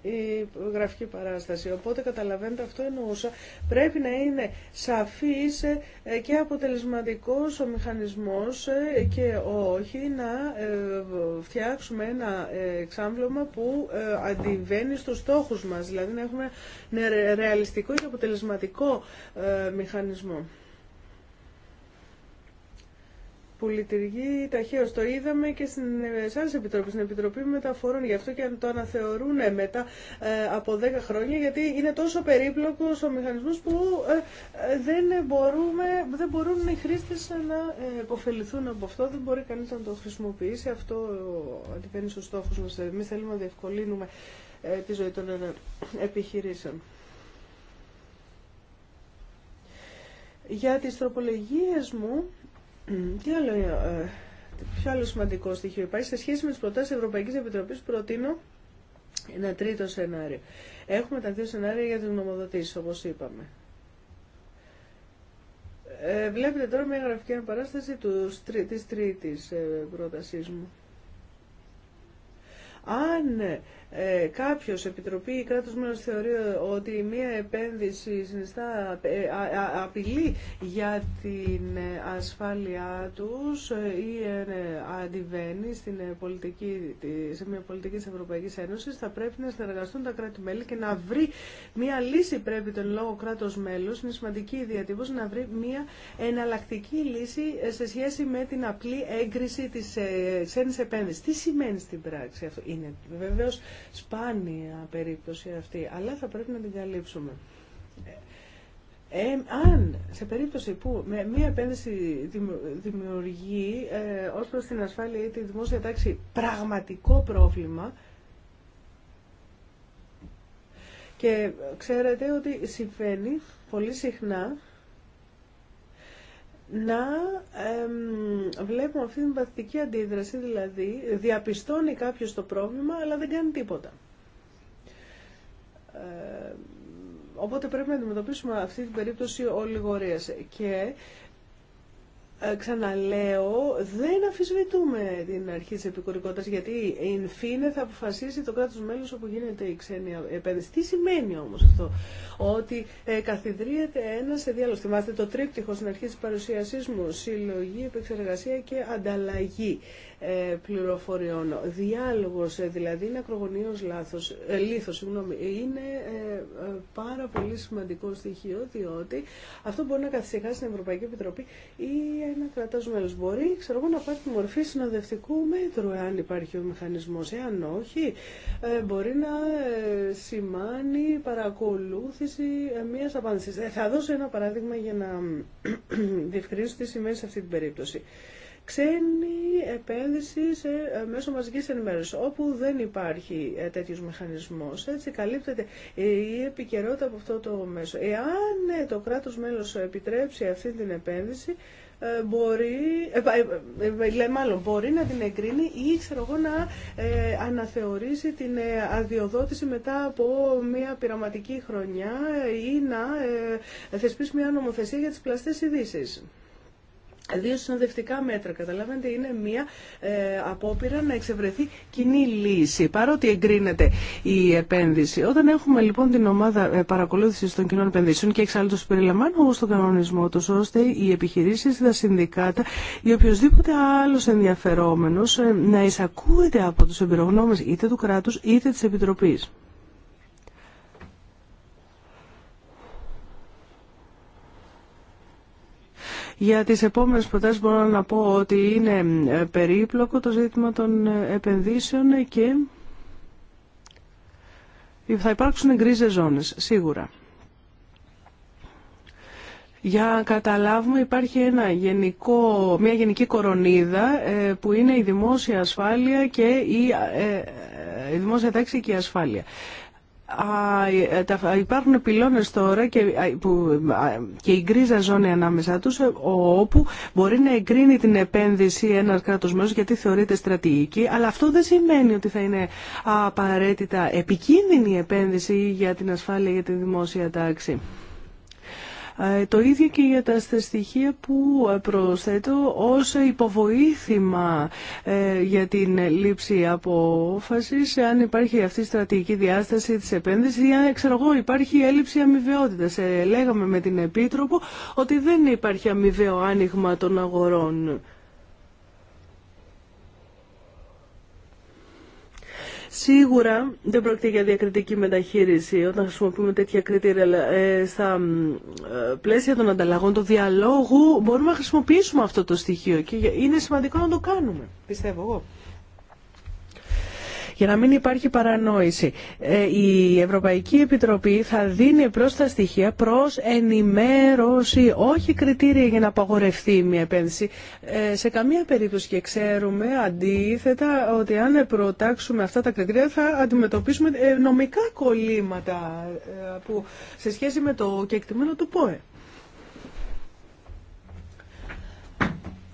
η γραφική παράσταση. Οπότε καταλαβαίνετε αυτό εννοούσα. Πρέπει να είναι σαφής ε, και αποτελεσματικός ο μηχανισμός ε, και όχι να φτιάξουμε ένα εξάμβλωμα που αντιβαίνει στους στόχους μας. Δηλαδή να έχουμε ρεαλιστικό και αποτελεσματικό μηχανισμό που λειτουργεί ταχαίως. Το είδαμε και σε άλλες επιτροπές, στην Επιτροπή Μεταφορών. Γι' αυτό και αν το αναθεωρούν ε, μετά ε, από 10 χρόνια, γιατί είναι τόσο περίπλοκος ο μηχανισμός που ε, δεν, μπορούμε, δεν μπορούν οι χρήστε να υποφεληθούν από αυτό. Δεν μπορεί κανείς να το χρησιμοποιήσει. Αυτό αντιβαίνει στους στόχους μας. Εμείς θέλουμε να διευκολύνουμε τη ζωή των επιχειρήσεων. Για τις τροπολογίες μου τι άλλο, ε, ε, ποιο άλλο σημαντικό στοιχείο υπάρχει. Σε σχέση με τι προτάσει τη Ευρωπαϊκή Επιτροπή προτείνω ένα τρίτο σενάριο. Έχουμε τα δύο σενάρια για τι νομοδοτήσεις, όπω είπαμε. Ε, βλέπετε τώρα μια γραφική αναπαράσταση τη τρίτη τρίτης ε, μου. Αν ναι ε, κάποιο επιτροπή ή κράτο μέλο θεωρεί ότι μία επένδυση συνιστά ε, απειλή για την ασφάλειά του ε, ή ε, ναι, αντιβαίνει στην πολιτική, σε μια πολιτική τη Ευρωπαϊκή Ένωση, θα πρέπει να συνεργαστούν τα κράτη-μέλη και να βρει μία λύση. Πρέπει τον λόγο κράτο μέλο, είναι σημαντική η διατύπωση, να βρει μία εναλλακτική λύση σε σχέση με την απλή έγκριση τη ξένη επένδυση. Τι σημαίνει στην πράξη αυτό, είναι βεβαίω σπάνια περίπτωση αυτή, αλλά θα πρέπει να την καλύψουμε. Ε, ε αν σε περίπτωση που με μία επένδυση δημιουργεί ε, ως προς την ασφάλεια ή τη δημόσια τάξη πραγματικό πρόβλημα και ξέρετε ότι συμβαίνει πολύ συχνά να βλέπουμε αυτή την παθητική αντίδραση, δηλαδή διαπιστώνει κάποιος το πρόβλημα αλλά δεν κάνει τίποτα. Ε, οπότε πρέπει να αντιμετωπίσουμε αυτή την περίπτωση ολιγορίας και ε, ξαναλέω, δεν αφισβητούμε την αρχή της επικουρικότητας, γιατί η φίνε θα αποφασίσει το κράτος μέλος όπου γίνεται η ξένη επένδυση. Τι σημαίνει όμως αυτό, ότι ε, καθιδρύεται ένα σε διάλογο. Θυμάστε το τρίπτυχο στην αρχή της παρουσίαση μου, συλλογή, επεξεργασία και ανταλλαγή. Ε, πληροφοριών. Διάλογος, ε, δηλαδή είναι ακρογωνίως λάθος, ε, συγγνώμη. είναι ε, ε, πάρα πολύ σημαντικό στοιχείο, διότι αυτό μπορεί να καθυσυχάσει την Ευρωπαϊκή Επιτροπή ή ένα κρατάς μέλος. Μπορεί, ξέρω εγώ, να πάρει τη μορφή συνοδευτικού μέτρου, αν υπάρχει ο μηχανισμός. Εάν όχι, ε, μπορεί να σημάνει παρακολούθηση μιας απάντησης. θα δώσω ένα παράδειγμα για να <clears throat> διευκρινίσω τι σημαίνει σε αυτή την περίπτωση ξένη επένδυση σε ε, μέσω μαζικής ενημέρωσης, όπου δεν υπάρχει ε, τέτοιος μηχανισμός. Έτσι καλύπτεται η επικαιρότητα από αυτό το μέσο. Εάν ε, το κράτος μέλος επιτρέψει αυτή την επένδυση, μπορεί, ε, μάλλον μπορεί να την εγκρίνει ή ξέρω εγώ να αναθεωρήσει την ε, αδειοδότηση μετά από μια πειραματική χρονιά ή να θεσπίσει μια νομοθεσία για τις πλαστές ειδήσει. Δύο συνοδευτικά μέτρα, καταλαβαίνετε, είναι μία ε, απόπειρα να εξευρεθεί κοινή λύση, παρότι εγκρίνεται η επένδυση. Όταν έχουμε λοιπόν την ομάδα ε, παρακολούθηση των κοινών επενδύσεων και εξάλλου περιλαμβάνω όμω στον κανονισμό του, ώστε οι επιχειρήσει, τα συνδικάτα ή οποιοδήποτε άλλο ενδιαφερόμενο ε, να εισακούεται από του εμπειρογνώμε είτε του κράτου είτε τη Επιτροπή. Για τις επόμενες προτάσεις μπορώ να πω ότι είναι ε, περίπλοκο το ζήτημα των ε, επενδύσεων και θα υπάρξουν γκρίζες ζώνες, σίγουρα. Για να καταλάβουμε υπάρχει ένα γενικό, μια γενική κορονίδα ε, που είναι η δημόσια ασφάλεια και η, η δημόσια τάξη και η ασφάλεια υπάρχουν πυλώνες τώρα και, και η γκρίζα ζώνη ανάμεσα τους ε, όπου μπορεί να εγκρίνει την επένδυση ένας κράτος γιατί θεωρείται στρατηγική αλλά αυτό δεν σημαίνει ότι θα είναι απαραίτητα επικίνδυνη επένδυση για την ασφάλεια για τη δημόσια τάξη. Ε, το ίδιο και για τα στοιχεία που ε, προσθέτω ως υποβοήθημα ε, για την λήψη απόφασης, αν υπάρχει αυτή η στρατηγική διάσταση της επένδυσης ή αν ξέρω εγώ, υπάρχει έλλειψη αμοιβαιότητας. Λέγαμε με την Επίτροπο ότι δεν υπάρχει αμοιβαίο άνοιγμα των αγορών. Σίγουρα δεν πρόκειται για διακριτική μεταχείριση όταν χρησιμοποιούμε τέτοια κριτήρια. Ε, στα ε, πλαίσια των ανταλλαγών, του διαλόγου, μπορούμε να χρησιμοποιήσουμε αυτό το στοιχείο και είναι σημαντικό να το κάνουμε, πιστεύω εγώ για να μην υπάρχει παρανόηση. Ε, η Ευρωπαϊκή Επιτροπή θα δίνει προς τα στοιχεία προς ενημέρωση, όχι κριτήρια για να απαγορευτεί μια επένδυση. Ε, σε καμία περίπτωση και ξέρουμε αντίθετα ότι αν προτάξουμε αυτά τα κριτήρια θα αντιμετωπίσουμε ε, νομικά κολλήματα που σε σχέση με το κεκτημένο του ΠΟΕ.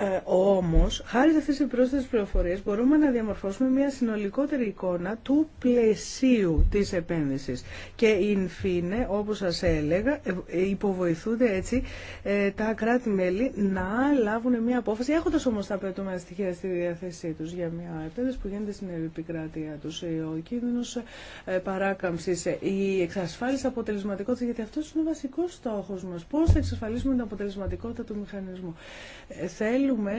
Ε, όμως, χάρη σε αυτέ τι πρόσθετε πληροφορίε, μπορούμε να διαμορφώσουμε μια συνολικότερη εικόνα του πλαισίου τη επένδυση. Και in fine, όπως σας έλεγα, ε, υποβοηθούνται έτσι ε, τα κράτη-μέλη να λάβουν μια απόφαση, Έχοντα όμω τα απαιτούμενα στοιχεία στη διαθέσή του για μια επένδυση που γίνεται στην επικράτεια του. Ε, ο κίνδυνο ε, παράκαμψης, η εξασφάλιση αποτελεσματικότητα, γιατί αυτό είναι ο βασικό στόχο μα. Πώ θα εξασφαλίσουμε την αποτελεσματικότητα του μηχανισμού θέλουμε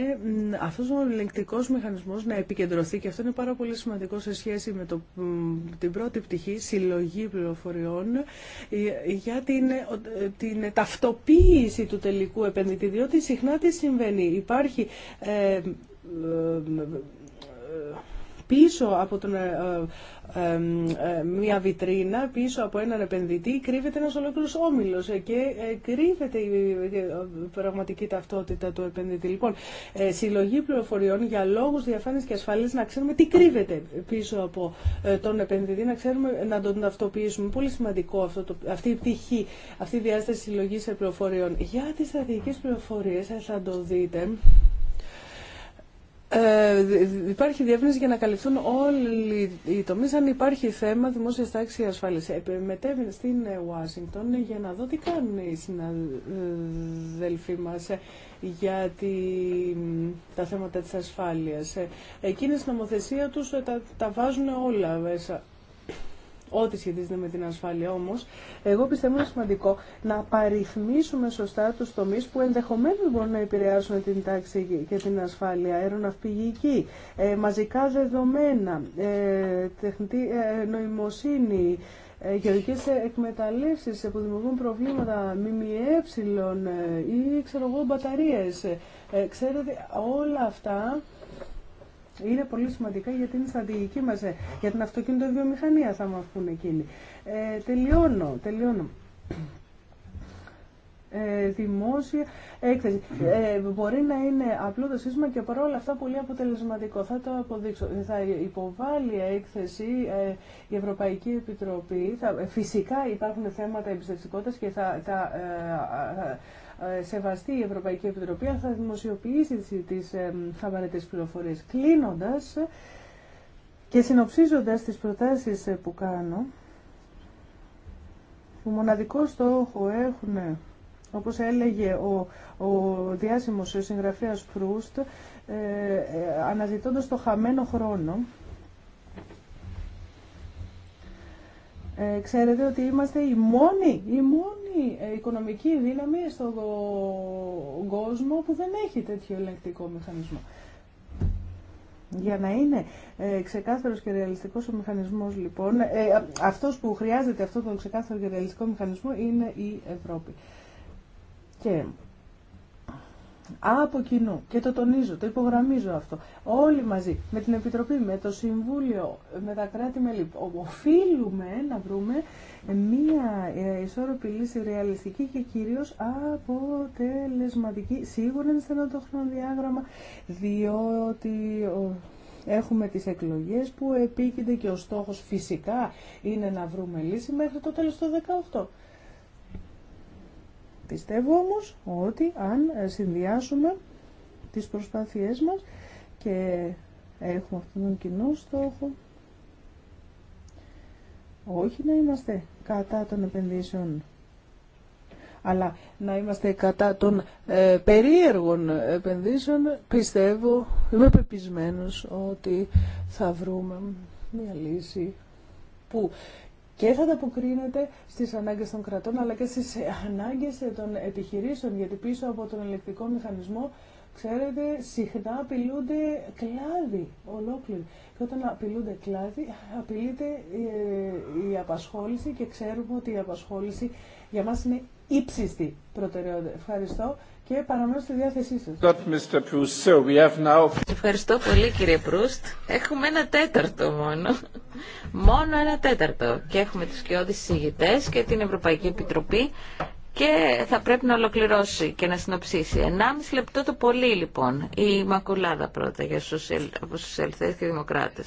αυτός ο ελεγκτικός μηχανισμός να επικεντρωθεί και αυτό είναι πάρα πολύ σημαντικό σε σχέση με το, την πρώτη πτυχή, συλλογή πληροφοριών ε, για την, ε, ε, την ταυτοποίηση του τελικού επενδυτή, διότι συχνά τι συμβαίνει. Υπάρχει πίσω από τον ε, μια βιτρίνα πίσω από έναν επενδυτή κρύβεται ένας ολόκληρος όμιλος ε, και ε, κρύβεται η πραγματική ταυτότητα του επενδυτή. Λοιπόν, συλλογή πληροφοριών για λόγους διαφάνειας και ασφαλής να ξέρουμε τι κρύβεται πίσω από τον επενδυτή, να ξέρουμε να τον ταυτοποιήσουμε. Πολύ σημαντικό αυτό το, αυτή η πτυχή, αυτή η διάσταση συλλογής πληροφοριών. Για τις στρατηγικές πληροφορίες θα το δείτε. Ε, υπάρχει διεύθυνση για να καλυφθούν όλοι οι τομεί αν υπάρχει θέμα δημόσια τάξη ασφάλεια. Ε, μετέβαινε στην ε, Ουάσιγκτον για να δω τι κάνουν οι συναδέλφοι μα ε, για τα θέματα τη ασφάλεια. Εκείνη στην νομοθεσία του τα, τα βάζουν όλα μέσα ό,τι σχετίζεται με την ασφάλεια. Όμω, εγώ πιστεύω είναι σημαντικό να παριθμίσουμε σωστά του τομεί που ενδεχομένω μπορούν να επηρεάσουν την τάξη και την ασφάλεια. Αεροναυπηγική, ε, μαζικά δεδομένα, ε, τεχνητή ε, νοημοσύνη, γεωργικέ εκμεταλλεύσει που δημιουργούν προβλήματα, ΜΜΕ ή ξέρω εγώ μπαταρίε. Ξέρετε, όλα αυτά είναι πολύ σημαντικά ε, για την στρατηγική μας, για την αυτοκινητοβιομηχανία θα μας πούνε εκείνοι. Ε, τελειώνω, τελειώνω. Ε, δημόσια έκθεση. Ε, μπορεί να είναι απλό το σύστημα και παρόλα αυτά πολύ αποτελεσματικό. Θα το αποδείξω. Θα υποβάλει έκθεση ε, η Ευρωπαϊκή Επιτροπή. Θα, φυσικά υπάρχουν θέματα εμπιστευτικότητα και θα, θα ε, σεβαστεί η Ευρωπαϊκή Επιτροπή, θα δημοσιοποιήσει τις απαραίτητες πληροφορίες. Κλείνοντας και συνοψίζοντας τις προτάσεις ε, που κάνω, που μοναδικό στόχο έχουν, ε, όπως έλεγε ο, ο διάσημος συγγραφέας Προύστ, ε, ε αναζητώντας το χαμένο χρόνο, Ε, ξέρετε ότι είμαστε η μόνη, η μόνη ε, οικονομική δύναμη στον κόσμο που δεν έχει τέτοιο ελεγκτικό μηχανισμό. Για να είναι ε, ξεκάθαρο και ρεαλιστικό ο μηχανισμό, λοιπόν, ε, ε αυτό που χρειάζεται αυτόν τον ξεκάθαρο και ρεαλιστικό μηχανισμό είναι η Ευρώπη. Και από κοινού και το τονίζω, το υπογραμμίζω αυτό, όλοι μαζί, με την Επιτροπή, με το Συμβούλιο, με τα κράτη-μέλη, οφείλουμε να βρούμε μία ε, ισόρροπη λύση ρεαλιστική και κυρίως αποτελεσματική. Σίγουρα είναι στενό το χρονοδιάγραμμα, διότι έχουμε τις εκλογές που επίκυνται και ο στόχος φυσικά είναι να βρούμε λύση μέχρι το τέλος του Πιστεύω όμως ότι αν ε, συνδυάσουμε τις προσπάθειές μας και έχουμε αυτόν τον κοινό στόχο, όχι να είμαστε κατά των επενδύσεων, αλλά να είμαστε κατά των ε, περίεργων επενδύσεων, πιστεύω, είμαι πεπισμένος ότι θα βρούμε μια λύση που και θα ανταποκρίνεται στις ανάγκες των κρατών αλλά και στις ανάγκες των επιχειρήσεων γιατί πίσω από τον ελεκτικό μηχανισμό Ξέρετε, συχνά απειλούνται κλάδοι ολόκληροι. Και όταν απειλούνται κλάδοι, απειλείται ε, η απασχόληση και ξέρουμε ότι η απασχόληση για μα είναι ύψιστη προτεραιότητα. Ευχαριστώ και παραμένω στη διάθεσή σα. Ευχαριστώ πολύ κύριε Προύστ. Έχουμε ένα τέταρτο μόνο. Μόνο ένα τέταρτο. Και έχουμε τους κοιόδης συζητητές και την Ευρωπαϊκή Επιτροπή και θα πρέπει να ολοκληρώσει και να συνοψίσει. 1,5 λεπτό το πολύ λοιπόν. Η Μακουλάδα πρώτα για του ελθέ και δημοκράτε.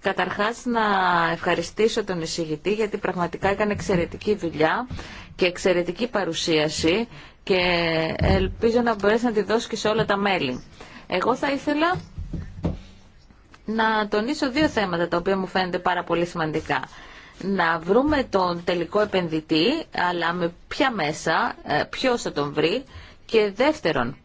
Καταρχάς να ευχαριστήσω τον εισηγητή γιατί πραγματικά έκανε εξαιρετική δουλειά και εξαιρετική παρουσίαση και ελπίζω να μπορέσει να τη δώσει και σε όλα τα μέλη. Εγώ θα ήθελα να τονίσω δύο θέματα τα οποία μου φαίνονται πάρα πολύ σημαντικά. Να βρούμε τον τελικό επενδυτή, αλλά με ποια μέσα, ε, ποιος θα τον βρει. Και δεύτερον,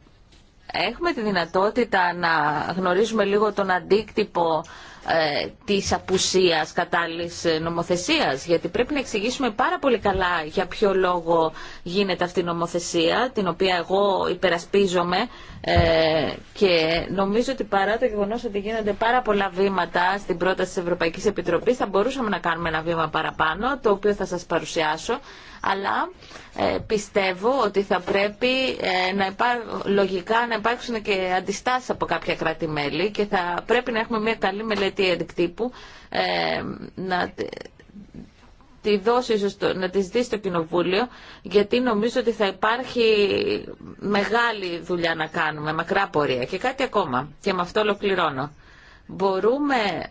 έχουμε τη δυνατότητα να γνωρίζουμε λίγο τον αντίκτυπο ε, της απουσίας κατάλληλης νομοθεσίας, γιατί πρέπει να εξηγήσουμε πάρα πολύ καλά για ποιο λόγο γίνεται αυτή η νομοθεσία, την οποία εγώ υπερασπίζομαι ε, και νομίζω ότι παρά το γεγονός ότι γίνονται πάρα πολλά βήματα στην πρόταση της Ευρωπαϊκής Επιτροπής, θα μπορούσαμε να κάνουμε ένα βήμα παραπάνω, το οποίο θα σας παρουσιάσω αλλά ε, πιστεύω ότι θα πρέπει ε, να υπά... λογικά να υπάρξουν και αντιστάσεις από κάποια κράτη-μέλη και θα πρέπει να έχουμε μια καλή μελέτη αντικτύπου ε, να τη δώσει, να τις δει στο κοινοβούλιο, γιατί νομίζω ότι θα υπάρχει μεγάλη δουλειά να κάνουμε, μακρά πορεία. Και κάτι ακόμα, και με αυτό ολοκληρώνω. Μπορούμε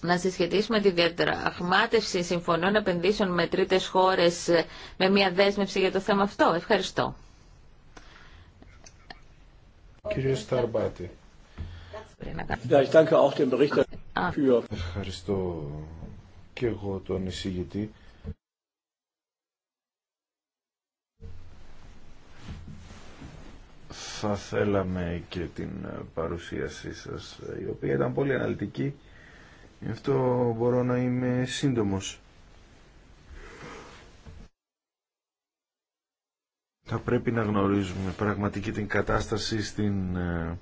να συσχετίσουμε τη διαδραγμάτευση συμφωνών επενδύσεων με τρίτες χώρες ε, με μια δέσμευση για το θέμα αυτό. Ευχαριστώ. Κύριε Σταρμπάτη. Ευχαριστώ και εγώ τον εισηγητή. Θα θέλαμε και την παρουσίασή σας, η οποία ήταν πολύ αναλυτική. Γι' αυτό μπορώ να είμαι σύντομος. Θα πρέπει να γνωρίζουμε πραγματική την κατάσταση στην ε,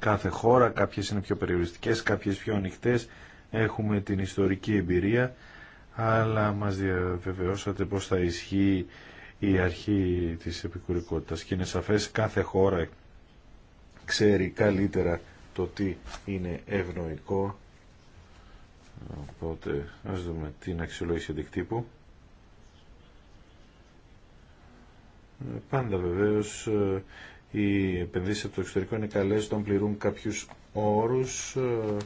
κάθε χώρα, κάποιες είναι πιο περιοριστικές, κάποιες πιο ανοιχτές, έχουμε την ιστορική εμπειρία, αλλά μας διαβεβαιώσατε πως θα ισχύει η αρχή της επικουρικότητας και είναι σαφές κάθε χώρα ξέρει καλύτερα το τι είναι ευνοϊκό οπότε ας δούμε την αξιολόγηση αντικτύπου πάντα βεβαίως ε, οι επενδύσεις από το εξωτερικό είναι καλές όταν πληρούν κάποιους όρους ε,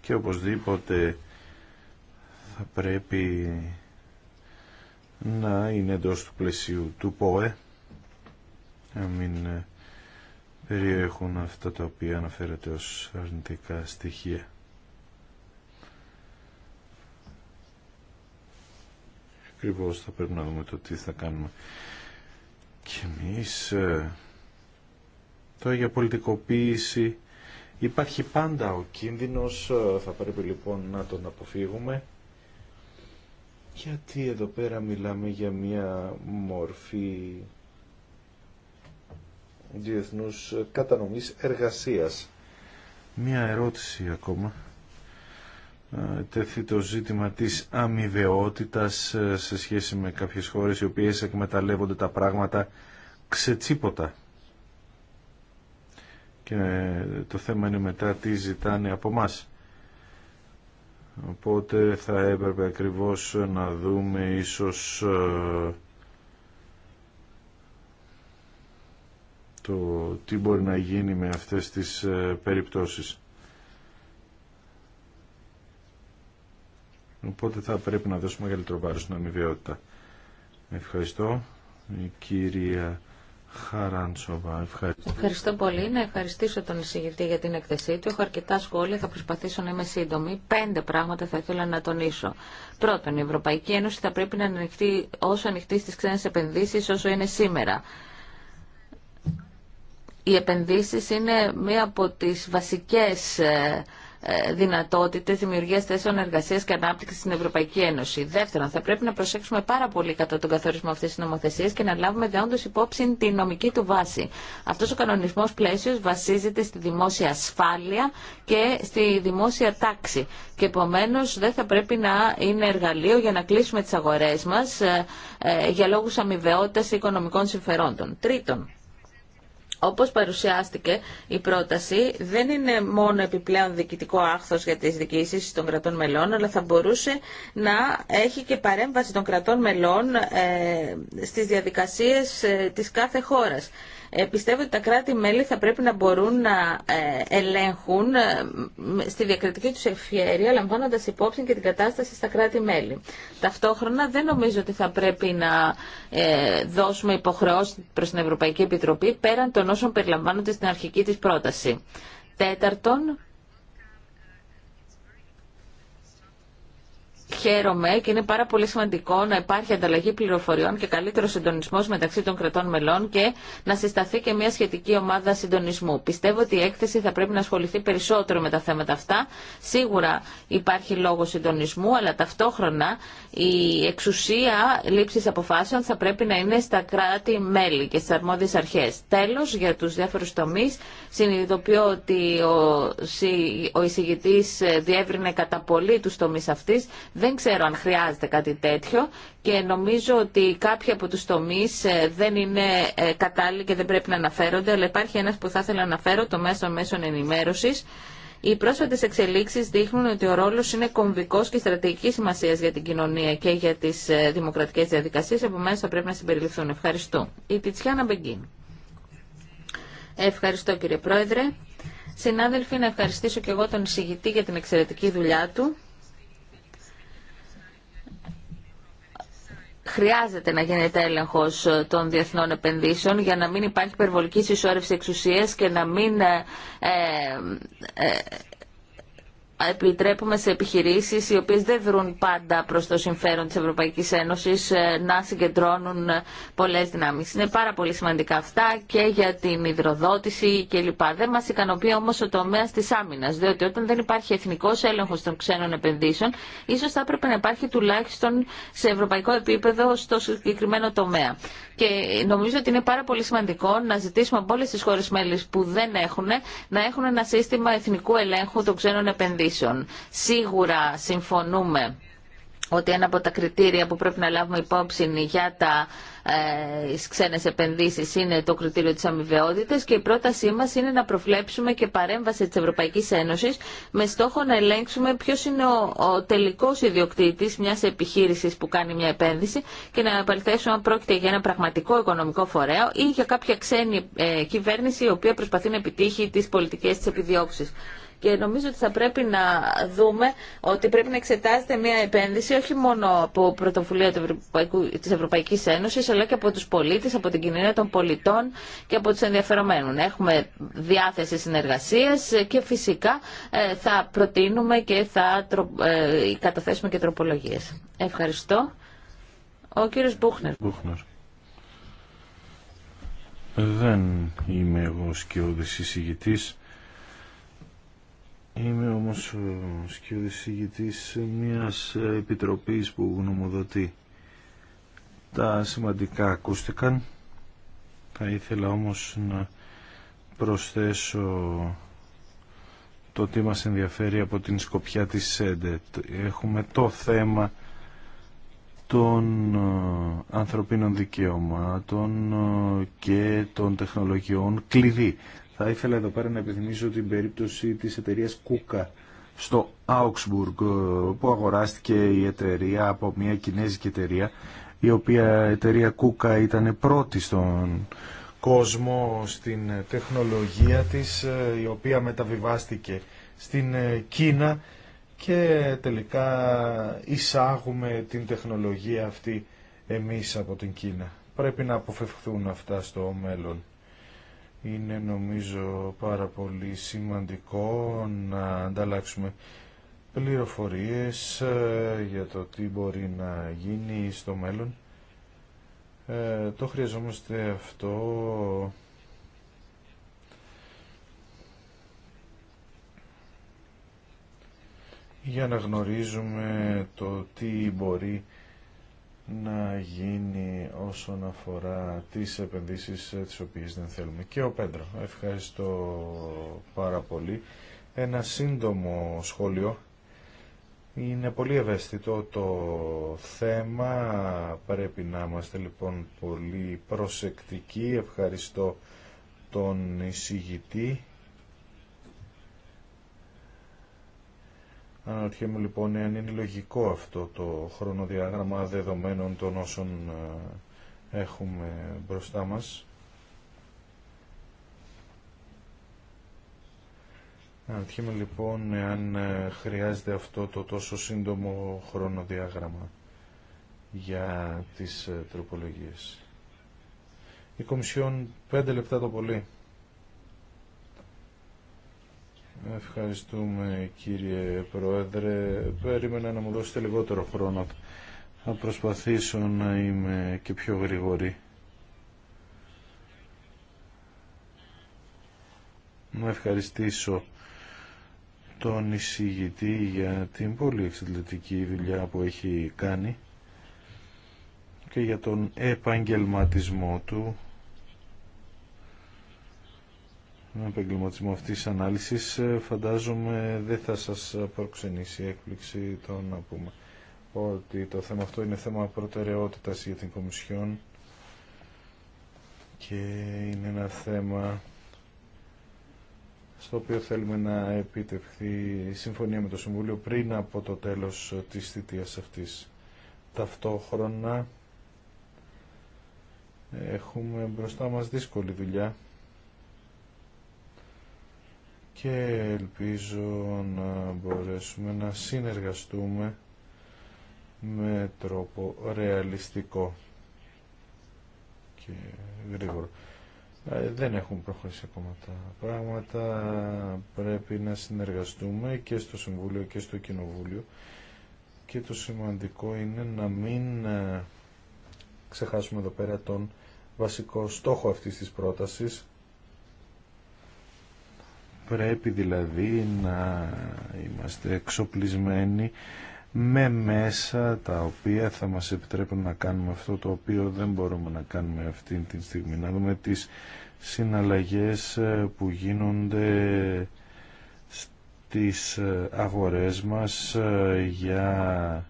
και οπωσδήποτε θα πρέπει να είναι εντό του πλαισίου του ΠΟΕ να μην ε, περιέχουν αυτά τα οποία αναφέρεται ως αρνητικά στοιχεία. Ακριβώ θα πρέπει να δούμε το τι θα κάνουμε και εμείς... Ε, το για πολιτικοποίηση υπάρχει πάντα ο κίνδυνος, ε, θα πρέπει λοιπόν να τον αποφύγουμε. Γιατί εδώ πέρα μιλάμε για μια μορφή διεθνούς κατανομής εργασίας. Μια ερώτηση ακόμα. Ε, τεθεί το ζήτημα της αμοιβαιότητας ε, σε σχέση με κάποιες χώρες οι οποίες εκμεταλλεύονται τα πράγματα ξετσίποτα. Και ε, το θέμα είναι μετά τι ζητάνε από μας. Οπότε θα έπρεπε ακριβώς να δούμε ίσως το τι μπορεί να γίνει με αυτές τις περιπτώσεις. Οπότε θα πρέπει να δώσουμε μεγαλύτερο βάρος στην αμοιβαιότητα. Ευχαριστώ. Η κυρία Χαράντσοβα, ευχαριστώ. Ευχαριστώ πολύ. Να ευχαριστήσω τον εισηγητή για την εκθεσή του. Έχω αρκετά σχόλια, θα προσπαθήσω να είμαι σύντομη. Πέντε πράγματα θα ήθελα να τονίσω. Πρώτον, η Ευρωπαϊκή Ένωση θα πρέπει να ανοιχτεί όσο ανοιχτή στις ξένες επενδύσεις όσο είναι σήμερα. Οι επενδύσεις είναι μία από τις βασικές ε, δυνατότητε, δημιουργία θέσεων εργασία και ανάπτυξη στην Ευρωπαϊκή Ένωση. Δεύτερον, θα πρέπει να προσέξουμε πάρα πολύ κατά τον καθορισμό αυτής της νομοθεσία και να λάβουμε δεόντως υπόψη τη νομική του βάση. Αυτό ο κανονισμό πλαίσιο βασίζεται στη δημόσια ασφάλεια και στη δημόσια τάξη και επομένω δεν θα πρέπει να είναι εργαλείο για να κλείσουμε τις αγορές μας ε, ε, για λόγου αμοιβαιότητα οικονομικών συμφερόντων. Τρίτον, όπως παρουσιάστηκε η πρόταση δεν είναι μόνο επιπλέον διοικητικό άχθος για τις διοικήσεις των κρατών μελών αλλά θα μπορούσε να έχει και παρέμβαση των κρατών μελών ε, στις διαδικασίες ε, της κάθε χώρας. Ε, πιστεύω ότι τα κράτη-μέλη θα πρέπει να μπορούν να ε, ελέγχουν ε, στη διακριτική τους ευχαίρεια, λαμβάνοντας υπόψη και την κατάσταση στα κράτη-μέλη. Ταυτόχρονα δεν νομίζω ότι θα πρέπει να δώσουμε υποχρεώσει προς την Ευρωπαϊκή Επιτροπή πέραν των όσων περιλαμβάνονται στην αρχική της πρόταση. Τέταρτον, χαίρομαι και είναι πάρα πολύ σημαντικό να υπάρχει ανταλλαγή πληροφοριών και καλύτερο συντονισμό μεταξύ των κρατών μελών και να συσταθεί και μια σχετική ομάδα συντονισμού. Πιστεύω ότι η έκθεση θα πρέπει να ασχοληθεί περισσότερο με τα θέματα αυτά. Σίγουρα υπάρχει λόγο συντονισμού, αλλά ταυτόχρονα η εξουσία λήψης αποφάσεων θα πρέπει να είναι στα κράτη-μέλη και στι αρμόδιε αρχέ. Τέλος, για τους διάφορου τομεί. συνειδητοποιώ ότι ο εισηγητή διεύρυνε κατά πολύ του τομεί αυτή. Δεν ξέρω αν χρειάζεται κάτι τέτοιο και νομίζω ότι κάποιοι από τους τομεί ε, δεν είναι ε, κατάλληλοι και δεν πρέπει να αναφέρονται, αλλά υπάρχει ένα που θα ήθελα να αναφέρω, το μέσο μέσων ενημέρωση. Οι πρόσφατες εξελίξεις δείχνουν ότι ο ρόλος είναι κομβικός και στρατηγική σημασία για την κοινωνία και για τις ε, δημοκρατικές διαδικασίες, επομένως θα πρέπει να συμπεριληφθούν. Ευχαριστώ. Η Τιτσιάνα Μπεγκίν. Ευχαριστώ κύριε Πρόεδρε. Συνάδελφοι, να ευχαριστήσω και εγώ τον εισηγητή για την εξαιρετική δουλειά του. χρειάζεται να γίνεται έλεγχο ε, των διεθνών επενδύσεων για να μην υπάρχει υπερβολική συσσόρευση εξουσία και να μην ε, ε, επιτρέπουμε σε επιχειρήσεις οι οποίες δεν δρούν πάντα προς το συμφέρον της Ευρωπαϊκής Ένωσης ε, να συγκεντρώνουν πολλές δυνάμεις. Είναι πάρα πολύ σημαντικά αυτά και για την υδροδότηση κλπ. Δεν μας ικανοποιεί όμως ο τομέας της άμυνας, διότι όταν δεν υπάρχει εθνικός έλεγχος των ξένων επενδύσεων, ίσως θα έπρεπε να υπάρχει τουλάχιστον σε ευρωπαϊκό επίπεδο στο συγκεκριμένο τομέα. Και νομίζω ότι είναι πάρα πολύ σημαντικό να ζητήσουμε από όλε τι χώρε μέλη που δεν έχουν να έχουν ένα σύστημα εθνικού ελέγχου των ξένων επενδύσεων Σίγουρα συμφωνούμε ότι ένα από τα κριτήρια που πρέπει να λάβουμε υπόψη για τα ε, ξένες επενδύσεις είναι το κριτήριο της αμοιβαιότητα και η πρότασή μας είναι να προβλέψουμε και παρέμβαση της Ευρωπαϊκής Ένωσης με στόχο να ελέγξουμε ποιος είναι ο, ο τελικός ιδιοκτήτης μιας επιχείρησης που κάνει μια επένδυση και να επαληθέσουμε αν πρόκειται για ένα πραγματικό οικονομικό φορέα ή για κάποια ξένη ε, κυβέρνηση η για καποια ξενη προσπαθεί να επιτύχει τις πολιτικές της επιδιώξει. Και νομίζω ότι θα πρέπει να δούμε ότι πρέπει να εξετάζεται μια επένδυση όχι μόνο από πρωτοβουλία της Ευρωπαϊκής Ένωσης, αλλά και από τους πολίτες, από την κοινωνία των πολιτών και από τους ενδιαφερομένους. Έχουμε διάθεση συνεργασίας και φυσικά ε, θα προτείνουμε και θα ε, καταθέσουμε και τροπολογίες. Ευχαριστώ. Ο κύριος Μπούχνερ. Ε, δεν είμαι εγώ σκιώδης εισηγητής. Είμαι όμως ο μιας επιτροπής που γνωμοδοτεί. Τα σημαντικά ακούστηκαν. Θα ήθελα όμως να προσθέσω το τι μας ενδιαφέρει από την σκοπιά της ΣΕΝΤΕΤ. Έχουμε το θέμα των ε, ανθρωπίνων δικαιωμάτων ε, και των τεχνολογιών κλειδί θα ήθελα εδώ πέρα να επιθυμίσω την περίπτωση της εταιρείας Κούκα στο Augsburg που αγοράστηκε η εταιρεία από μια κινέζικη εταιρεία η οποία εταιρεία Κούκα ήταν πρώτη στον κόσμο στην τεχνολογία της η οποία μεταβιβάστηκε στην Κίνα και τελικά εισάγουμε την τεχνολογία αυτή εμείς από την Κίνα. Πρέπει να αποφευχθούν αυτά στο μέλλον είναι νομίζω πάρα πολύ σημαντικό να ανταλλάξουμε πληροφορίες ε, για το τι μπορεί να γίνει στο μέλλον. Ε, το χρειαζόμαστε αυτό για να γνωρίζουμε το τι μπορεί να γίνει όσον αφορά τις επενδύσεις ε, τις οποίες δεν θέλουμε. Και ο Πέντρο, ευχαριστώ πάρα πολύ. Ένα σύντομο σχόλιο. Είναι πολύ ευαίσθητο το θέμα, πρέπει να είμαστε λοιπόν πολύ προσεκτικοί. Ευχαριστώ τον εισηγητή Αναρωτιέμαι λοιπόν εάν είναι λογικό αυτό το χρονοδιάγραμμα δεδομένων των όσων ε, έχουμε μπροστά μας. Αναρωτιέμαι λοιπόν εάν ε, χρειάζεται αυτό το τόσο σύντομο χρονοδιάγραμμα για τις ε, τροπολογίες. Η Κομισιόν πέντε λεπτά το πολύ. Ευχαριστούμε κύριε Πρόεδρε. Περίμενα να μου δώσετε λιγότερο χρόνο. Θα προσπαθήσω να είμαι και πιο γρήγορη. Να ευχαριστήσω τον εισηγητή για την πολύ εξαιρετική δουλειά που έχει κάνει και για τον επαγγελματισμό του επαγγελματισμό αυτής της ανάλυσης ε, φαντάζομαι δεν θα σας προξενήσει η έκπληξη το να πούμε ότι το θέμα αυτό είναι θέμα προτεραιότητα για την Κομισιόν και είναι ένα θέμα στο οποίο θέλουμε να επιτευχθεί συμφωνία με το Συμβούλιο πριν από το τέλος της θητείας αυτής. Ταυτόχρονα έχουμε μπροστά μας δύσκολη δουλειά και ελπίζω να μπορέσουμε να συνεργαστούμε με τρόπο ρεαλιστικό και γρήγορο. Ε, δεν έχουν προχωρήσει ακόμα τα πράγματα. Πρέπει να συνεργαστούμε και στο Συμβούλιο και στο Κοινοβούλιο και το σημαντικό είναι να μην ε, ξεχάσουμε εδώ πέρα τον βασικό στόχο αυτής της πρότασης Πρέπει δηλαδή να είμαστε εξοπλισμένοι με μέσα τα οποία θα μας επιτρέπουν να κάνουμε αυτό το οποίο δεν μπορούμε να κάνουμε αυτή τη στιγμή. Να δούμε τις συναλλαγές ε, που γίνονται στις ε, αγορές μας ε, για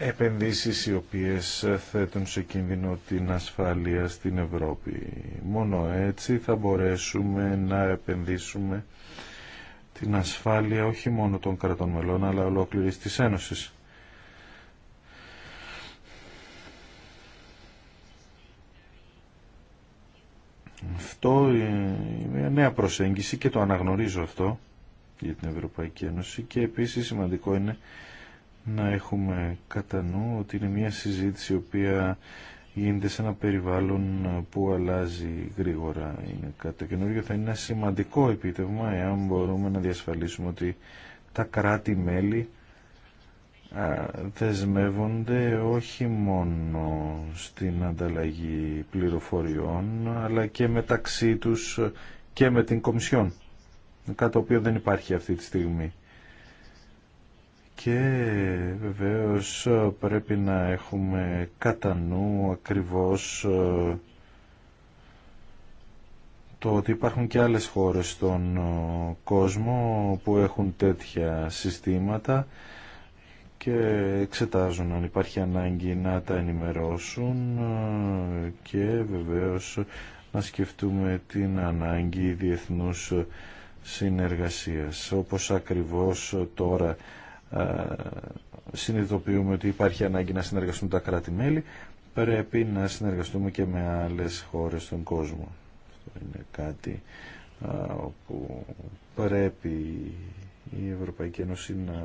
επενδύσεις οι οποίες θέτουν σε κίνδυνο την ασφάλεια στην Ευρώπη. Μόνο έτσι θα μπορέσουμε να επενδύσουμε την ασφάλεια όχι μόνο των κρατών μελών αλλά ολόκληρης της Ένωσης. Αυτό είναι μια νέα προσέγγιση και το αναγνωρίζω αυτό για την Ευρωπαϊκή Ένωση και επίσης σημαντικό είναι να έχουμε κατά νου ότι είναι μια συζήτηση η οποία γίνεται σε ένα περιβάλλον που αλλάζει γρήγορα. Είναι κάτι καινούργιο. θα είναι ένα σημαντικό επίτευγμα εάν μπορούμε να διασφαλίσουμε ότι τα κράτη-μέλη δεσμεύονται όχι μόνο στην ανταλλαγή πληροφοριών αλλά και μεταξύ τους και με την Κομισιόν κάτι το οποίο δεν υπάρχει αυτή τη στιγμή και βεβαίως ε, πρέπει να έχουμε κατά νου ακριβώς ε, το ότι υπάρχουν και άλλες χώρες στον ε, κόσμο που έχουν τέτοια συστήματα και εξετάζουν αν υπάρχει ανάγκη να τα ενημερώσουν και βεβαίως να σκεφτούμε την ανάγκη διεθνούς συνεργασίας όπως ακριβώς τώρα ε, συνειδητοποιούμε ότι υπάρχει ανάγκη να συνεργαστούν τα κράτη-μέλη, πρέπει να συνεργαστούμε και με άλλες χώρες στον κόσμο. Αυτό είναι κάτι ε, όπου πρέπει η Ευρωπαϊκή Ένωση να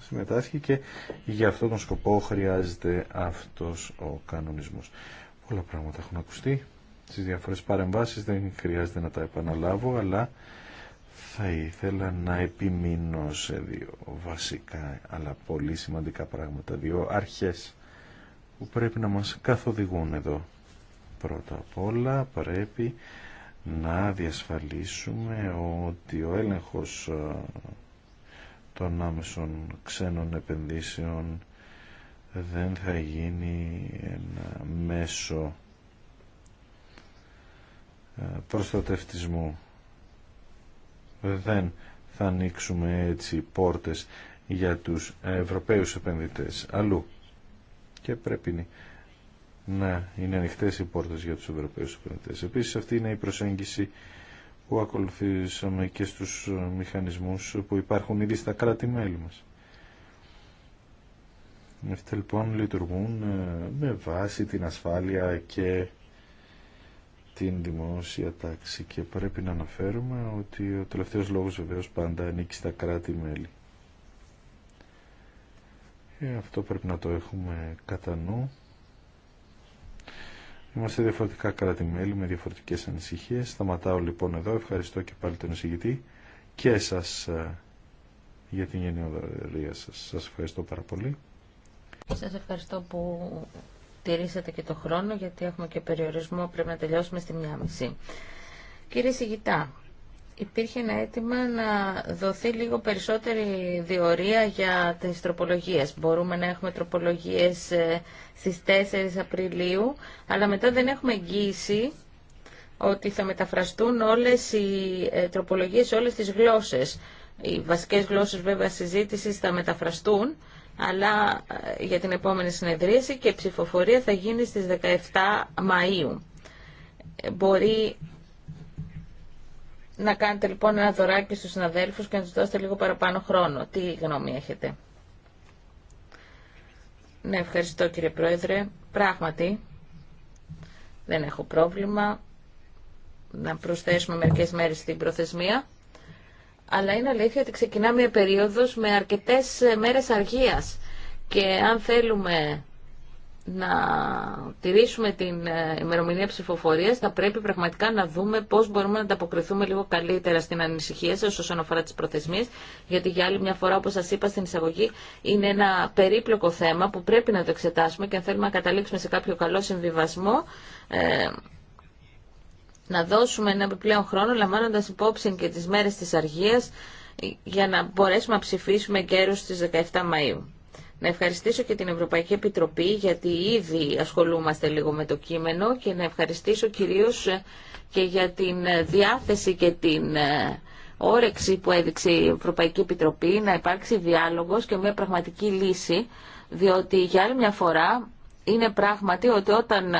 συμμετάσχει και για αυτόν τον σκοπό χρειάζεται αυτός ο κανονισμός. Πολλά πράγματα έχουν ακουστεί στις διάφορες παρεμβάσεις, δεν χρειάζεται να τα επαναλάβω, αλλά θα ήθελα να επιμείνω σε δύο βασικά αλλά πολύ σημαντικά πράγματα, δύο αρχές που πρέπει να μας καθοδηγούν εδώ. Πρώτα απ' όλα πρέπει να διασφαλίσουμε ότι ο έλεγχος ε, των άμεσων ξένων επενδύσεων δεν θα γίνει ένα μέσο ε, προστατευτισμού δεν θα ανοίξουμε έτσι πόρτες για τους Ευρωπαίους επενδυτές αλλού και πρέπει να είναι ανοιχτέ οι πόρτες για τους Ευρωπαίους επενδυτές. Επίσης αυτή είναι η προσέγγιση που ακολουθήσαμε και στους μηχανισμούς που υπάρχουν ήδη στα κράτη-μέλη μας. Αυτά λοιπόν λειτουργούν ε, με βάση την ασφάλεια και την δημόσια τάξη και πρέπει να αναφέρουμε ότι ο τελευταίος λόγος βεβαίως πάντα ανήκει στα κράτη-μέλη. Ε, αυτό πρέπει να το έχουμε κατά νου. Είμαστε διαφορετικά κράτη-μέλη με διαφορετικές ανησυχίες. Σταματάω λοιπόν εδώ. Ευχαριστώ και πάλι τον εισηγητή και σας ε, για την γενναιοδορία σας. Σας ευχαριστώ πάρα πολύ. Σας ευχαριστώ που τηρήσατε και το χρόνο γιατί έχουμε και περιορισμό, πρέπει να τελειώσουμε στη μία Κύριε Σιγητά, υπήρχε ένα αίτημα να δοθεί λίγο περισσότερη διορία για τις τροπολογίες. Μπορούμε να έχουμε τροπολογίες ε, στις 4 Απριλίου, αλλά μετά δεν έχουμε εγγύηση ότι θα μεταφραστούν όλες οι ε, τροπολογίες σε όλες τις γλώσσες. Οι βασικές γλώσσες βέβαια συζήτησης θα μεταφραστούν, αλλά ε, για την επόμενη συνεδρίαση και ψηφοφορία θα γίνει στις 17 Μαΐου. Ε, μπορεί να κάνετε λοιπόν ένα δωράκι στους συναδέλφους και να τους δώσετε λίγο παραπάνω χρόνο. Τι γνώμη έχετε. Ναι, ευχαριστώ κύριε Πρόεδρε. Πράγματι, δεν έχω πρόβλημα να προσθέσουμε μερικές μέρες στην προθεσμία αλλά είναι αλήθεια ότι ξεκινά μια περίοδος με αρκετές μέρες αργίας και αν θέλουμε να τηρήσουμε την ε, ημερομηνία ψηφοφορίας θα πρέπει πραγματικά να δούμε πώς μπορούμε να ανταποκριθούμε λίγο καλύτερα στην ανησυχία σας όσον αφορά τις προθεσμίες γιατί για άλλη μια φορά όπως σας είπα στην εισαγωγή είναι ένα περίπλοκο θέμα που πρέπει να το εξετάσουμε και αν θέλουμε να καταλήξουμε σε κάποιο καλό συμβιβασμό ε, να δώσουμε ένα επιπλέον χρόνο λαμβάνοντας υπόψη και τις μέρες της αργίας για να μπορέσουμε να ψηφίσουμε καιρούς στις 17 Μαΐου. Να ευχαριστήσω και την Ευρωπαϊκή Επιτροπή γιατί ήδη ασχολούμαστε λίγο με το κείμενο και να ευχαριστήσω κυρίως ε, και για την ε, διάθεση και την ε, όρεξη που έδειξε η Ευρωπαϊκή Επιτροπή να υπάρξει διάλογος και μια πραγματική λύση διότι για άλλη μια φορά είναι πράγματι ότι όταν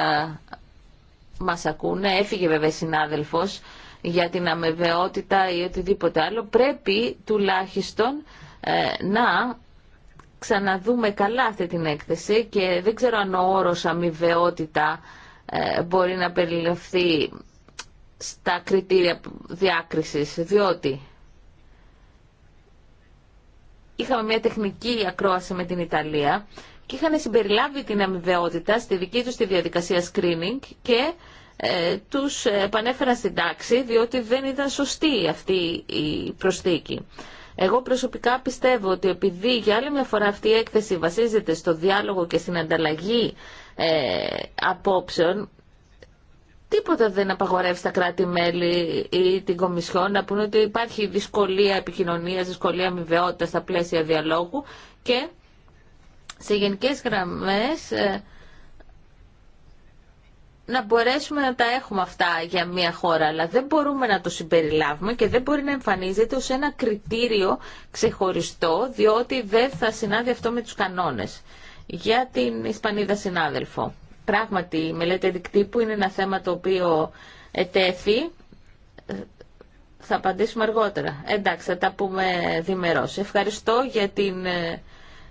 μας ακούνε, έφυγε βέβαια συνάδελφος για την αμεβαιότητα ή οτιδήποτε άλλο, πρέπει τουλάχιστον ε, να ξαναδούμε καλά αυτή την έκθεση και δεν ξέρω αν ο όρος αμοιβαιότητα ε, μπορεί να περιληφθεί στα κριτήρια διάκρισης, διότι είχαμε μια τεχνική ακρόαση με την Ιταλία και είχαν συμπεριλάβει την αμοιβαιότητα στη δική τους τη διαδικασία screening και ε, τους επανέφεραν στην τάξη διότι δεν ήταν σωστή αυτή η προσθήκη. Εγώ προσωπικά πιστεύω ότι επειδή για άλλη μια φορά αυτή η έκθεση βασίζεται στο διάλογο και στην ανταλλαγή ε, απόψεων, τίποτα δεν απαγορεύει στα κράτη-μέλη ή την Κομισιόν να πούνε ότι υπάρχει δυσκολία επικοινωνίας, δυσκολία αμοιβαιότητας στα πλαίσια διαλόγου και σε γενικές γραμμές ε, να μπορέσουμε να τα έχουμε αυτά για μια χώρα, αλλά δεν μπορούμε να το συμπεριλάβουμε και δεν μπορεί να εμφανίζεται ως ένα κριτήριο ξεχωριστό, διότι δεν θα συνάδει αυτό με τους κανόνες. Για την Ισπανίδα συνάδελφο. Πράγματι, η μελέτη δικτύπου είναι ένα θέμα το οποίο ετέθη. Θα απαντήσουμε αργότερα. Εντάξει, θα τα πούμε διμερώς. Ευχαριστώ για την ε,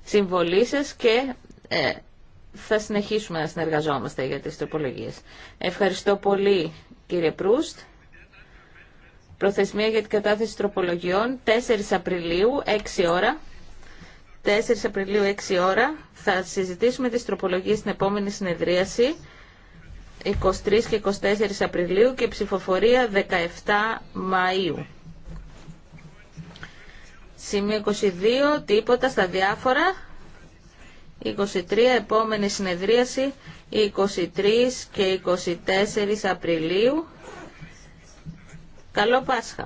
συμβολή σα και ε, θα συνεχίσουμε να συνεργαζόμαστε για τις τροπολογίες. Ευχαριστώ πολύ κύριε Προύστ. Προθεσμία για την κατάθεση τροπολογιών 4 Απριλίου, 6 ώρα. 4 Απριλίου, 6 ώρα. Θα συζητήσουμε τις τροπολογίες στην επόμενη συνεδρίαση. 23 και 24 Απριλίου και ψηφοφορία 17 Μαΐου. Σημείο 22, τίποτα στα διάφορα. 23, επόμενη συνεδρίαση, 23 και 24 Απριλίου. Καλό Πάσχα.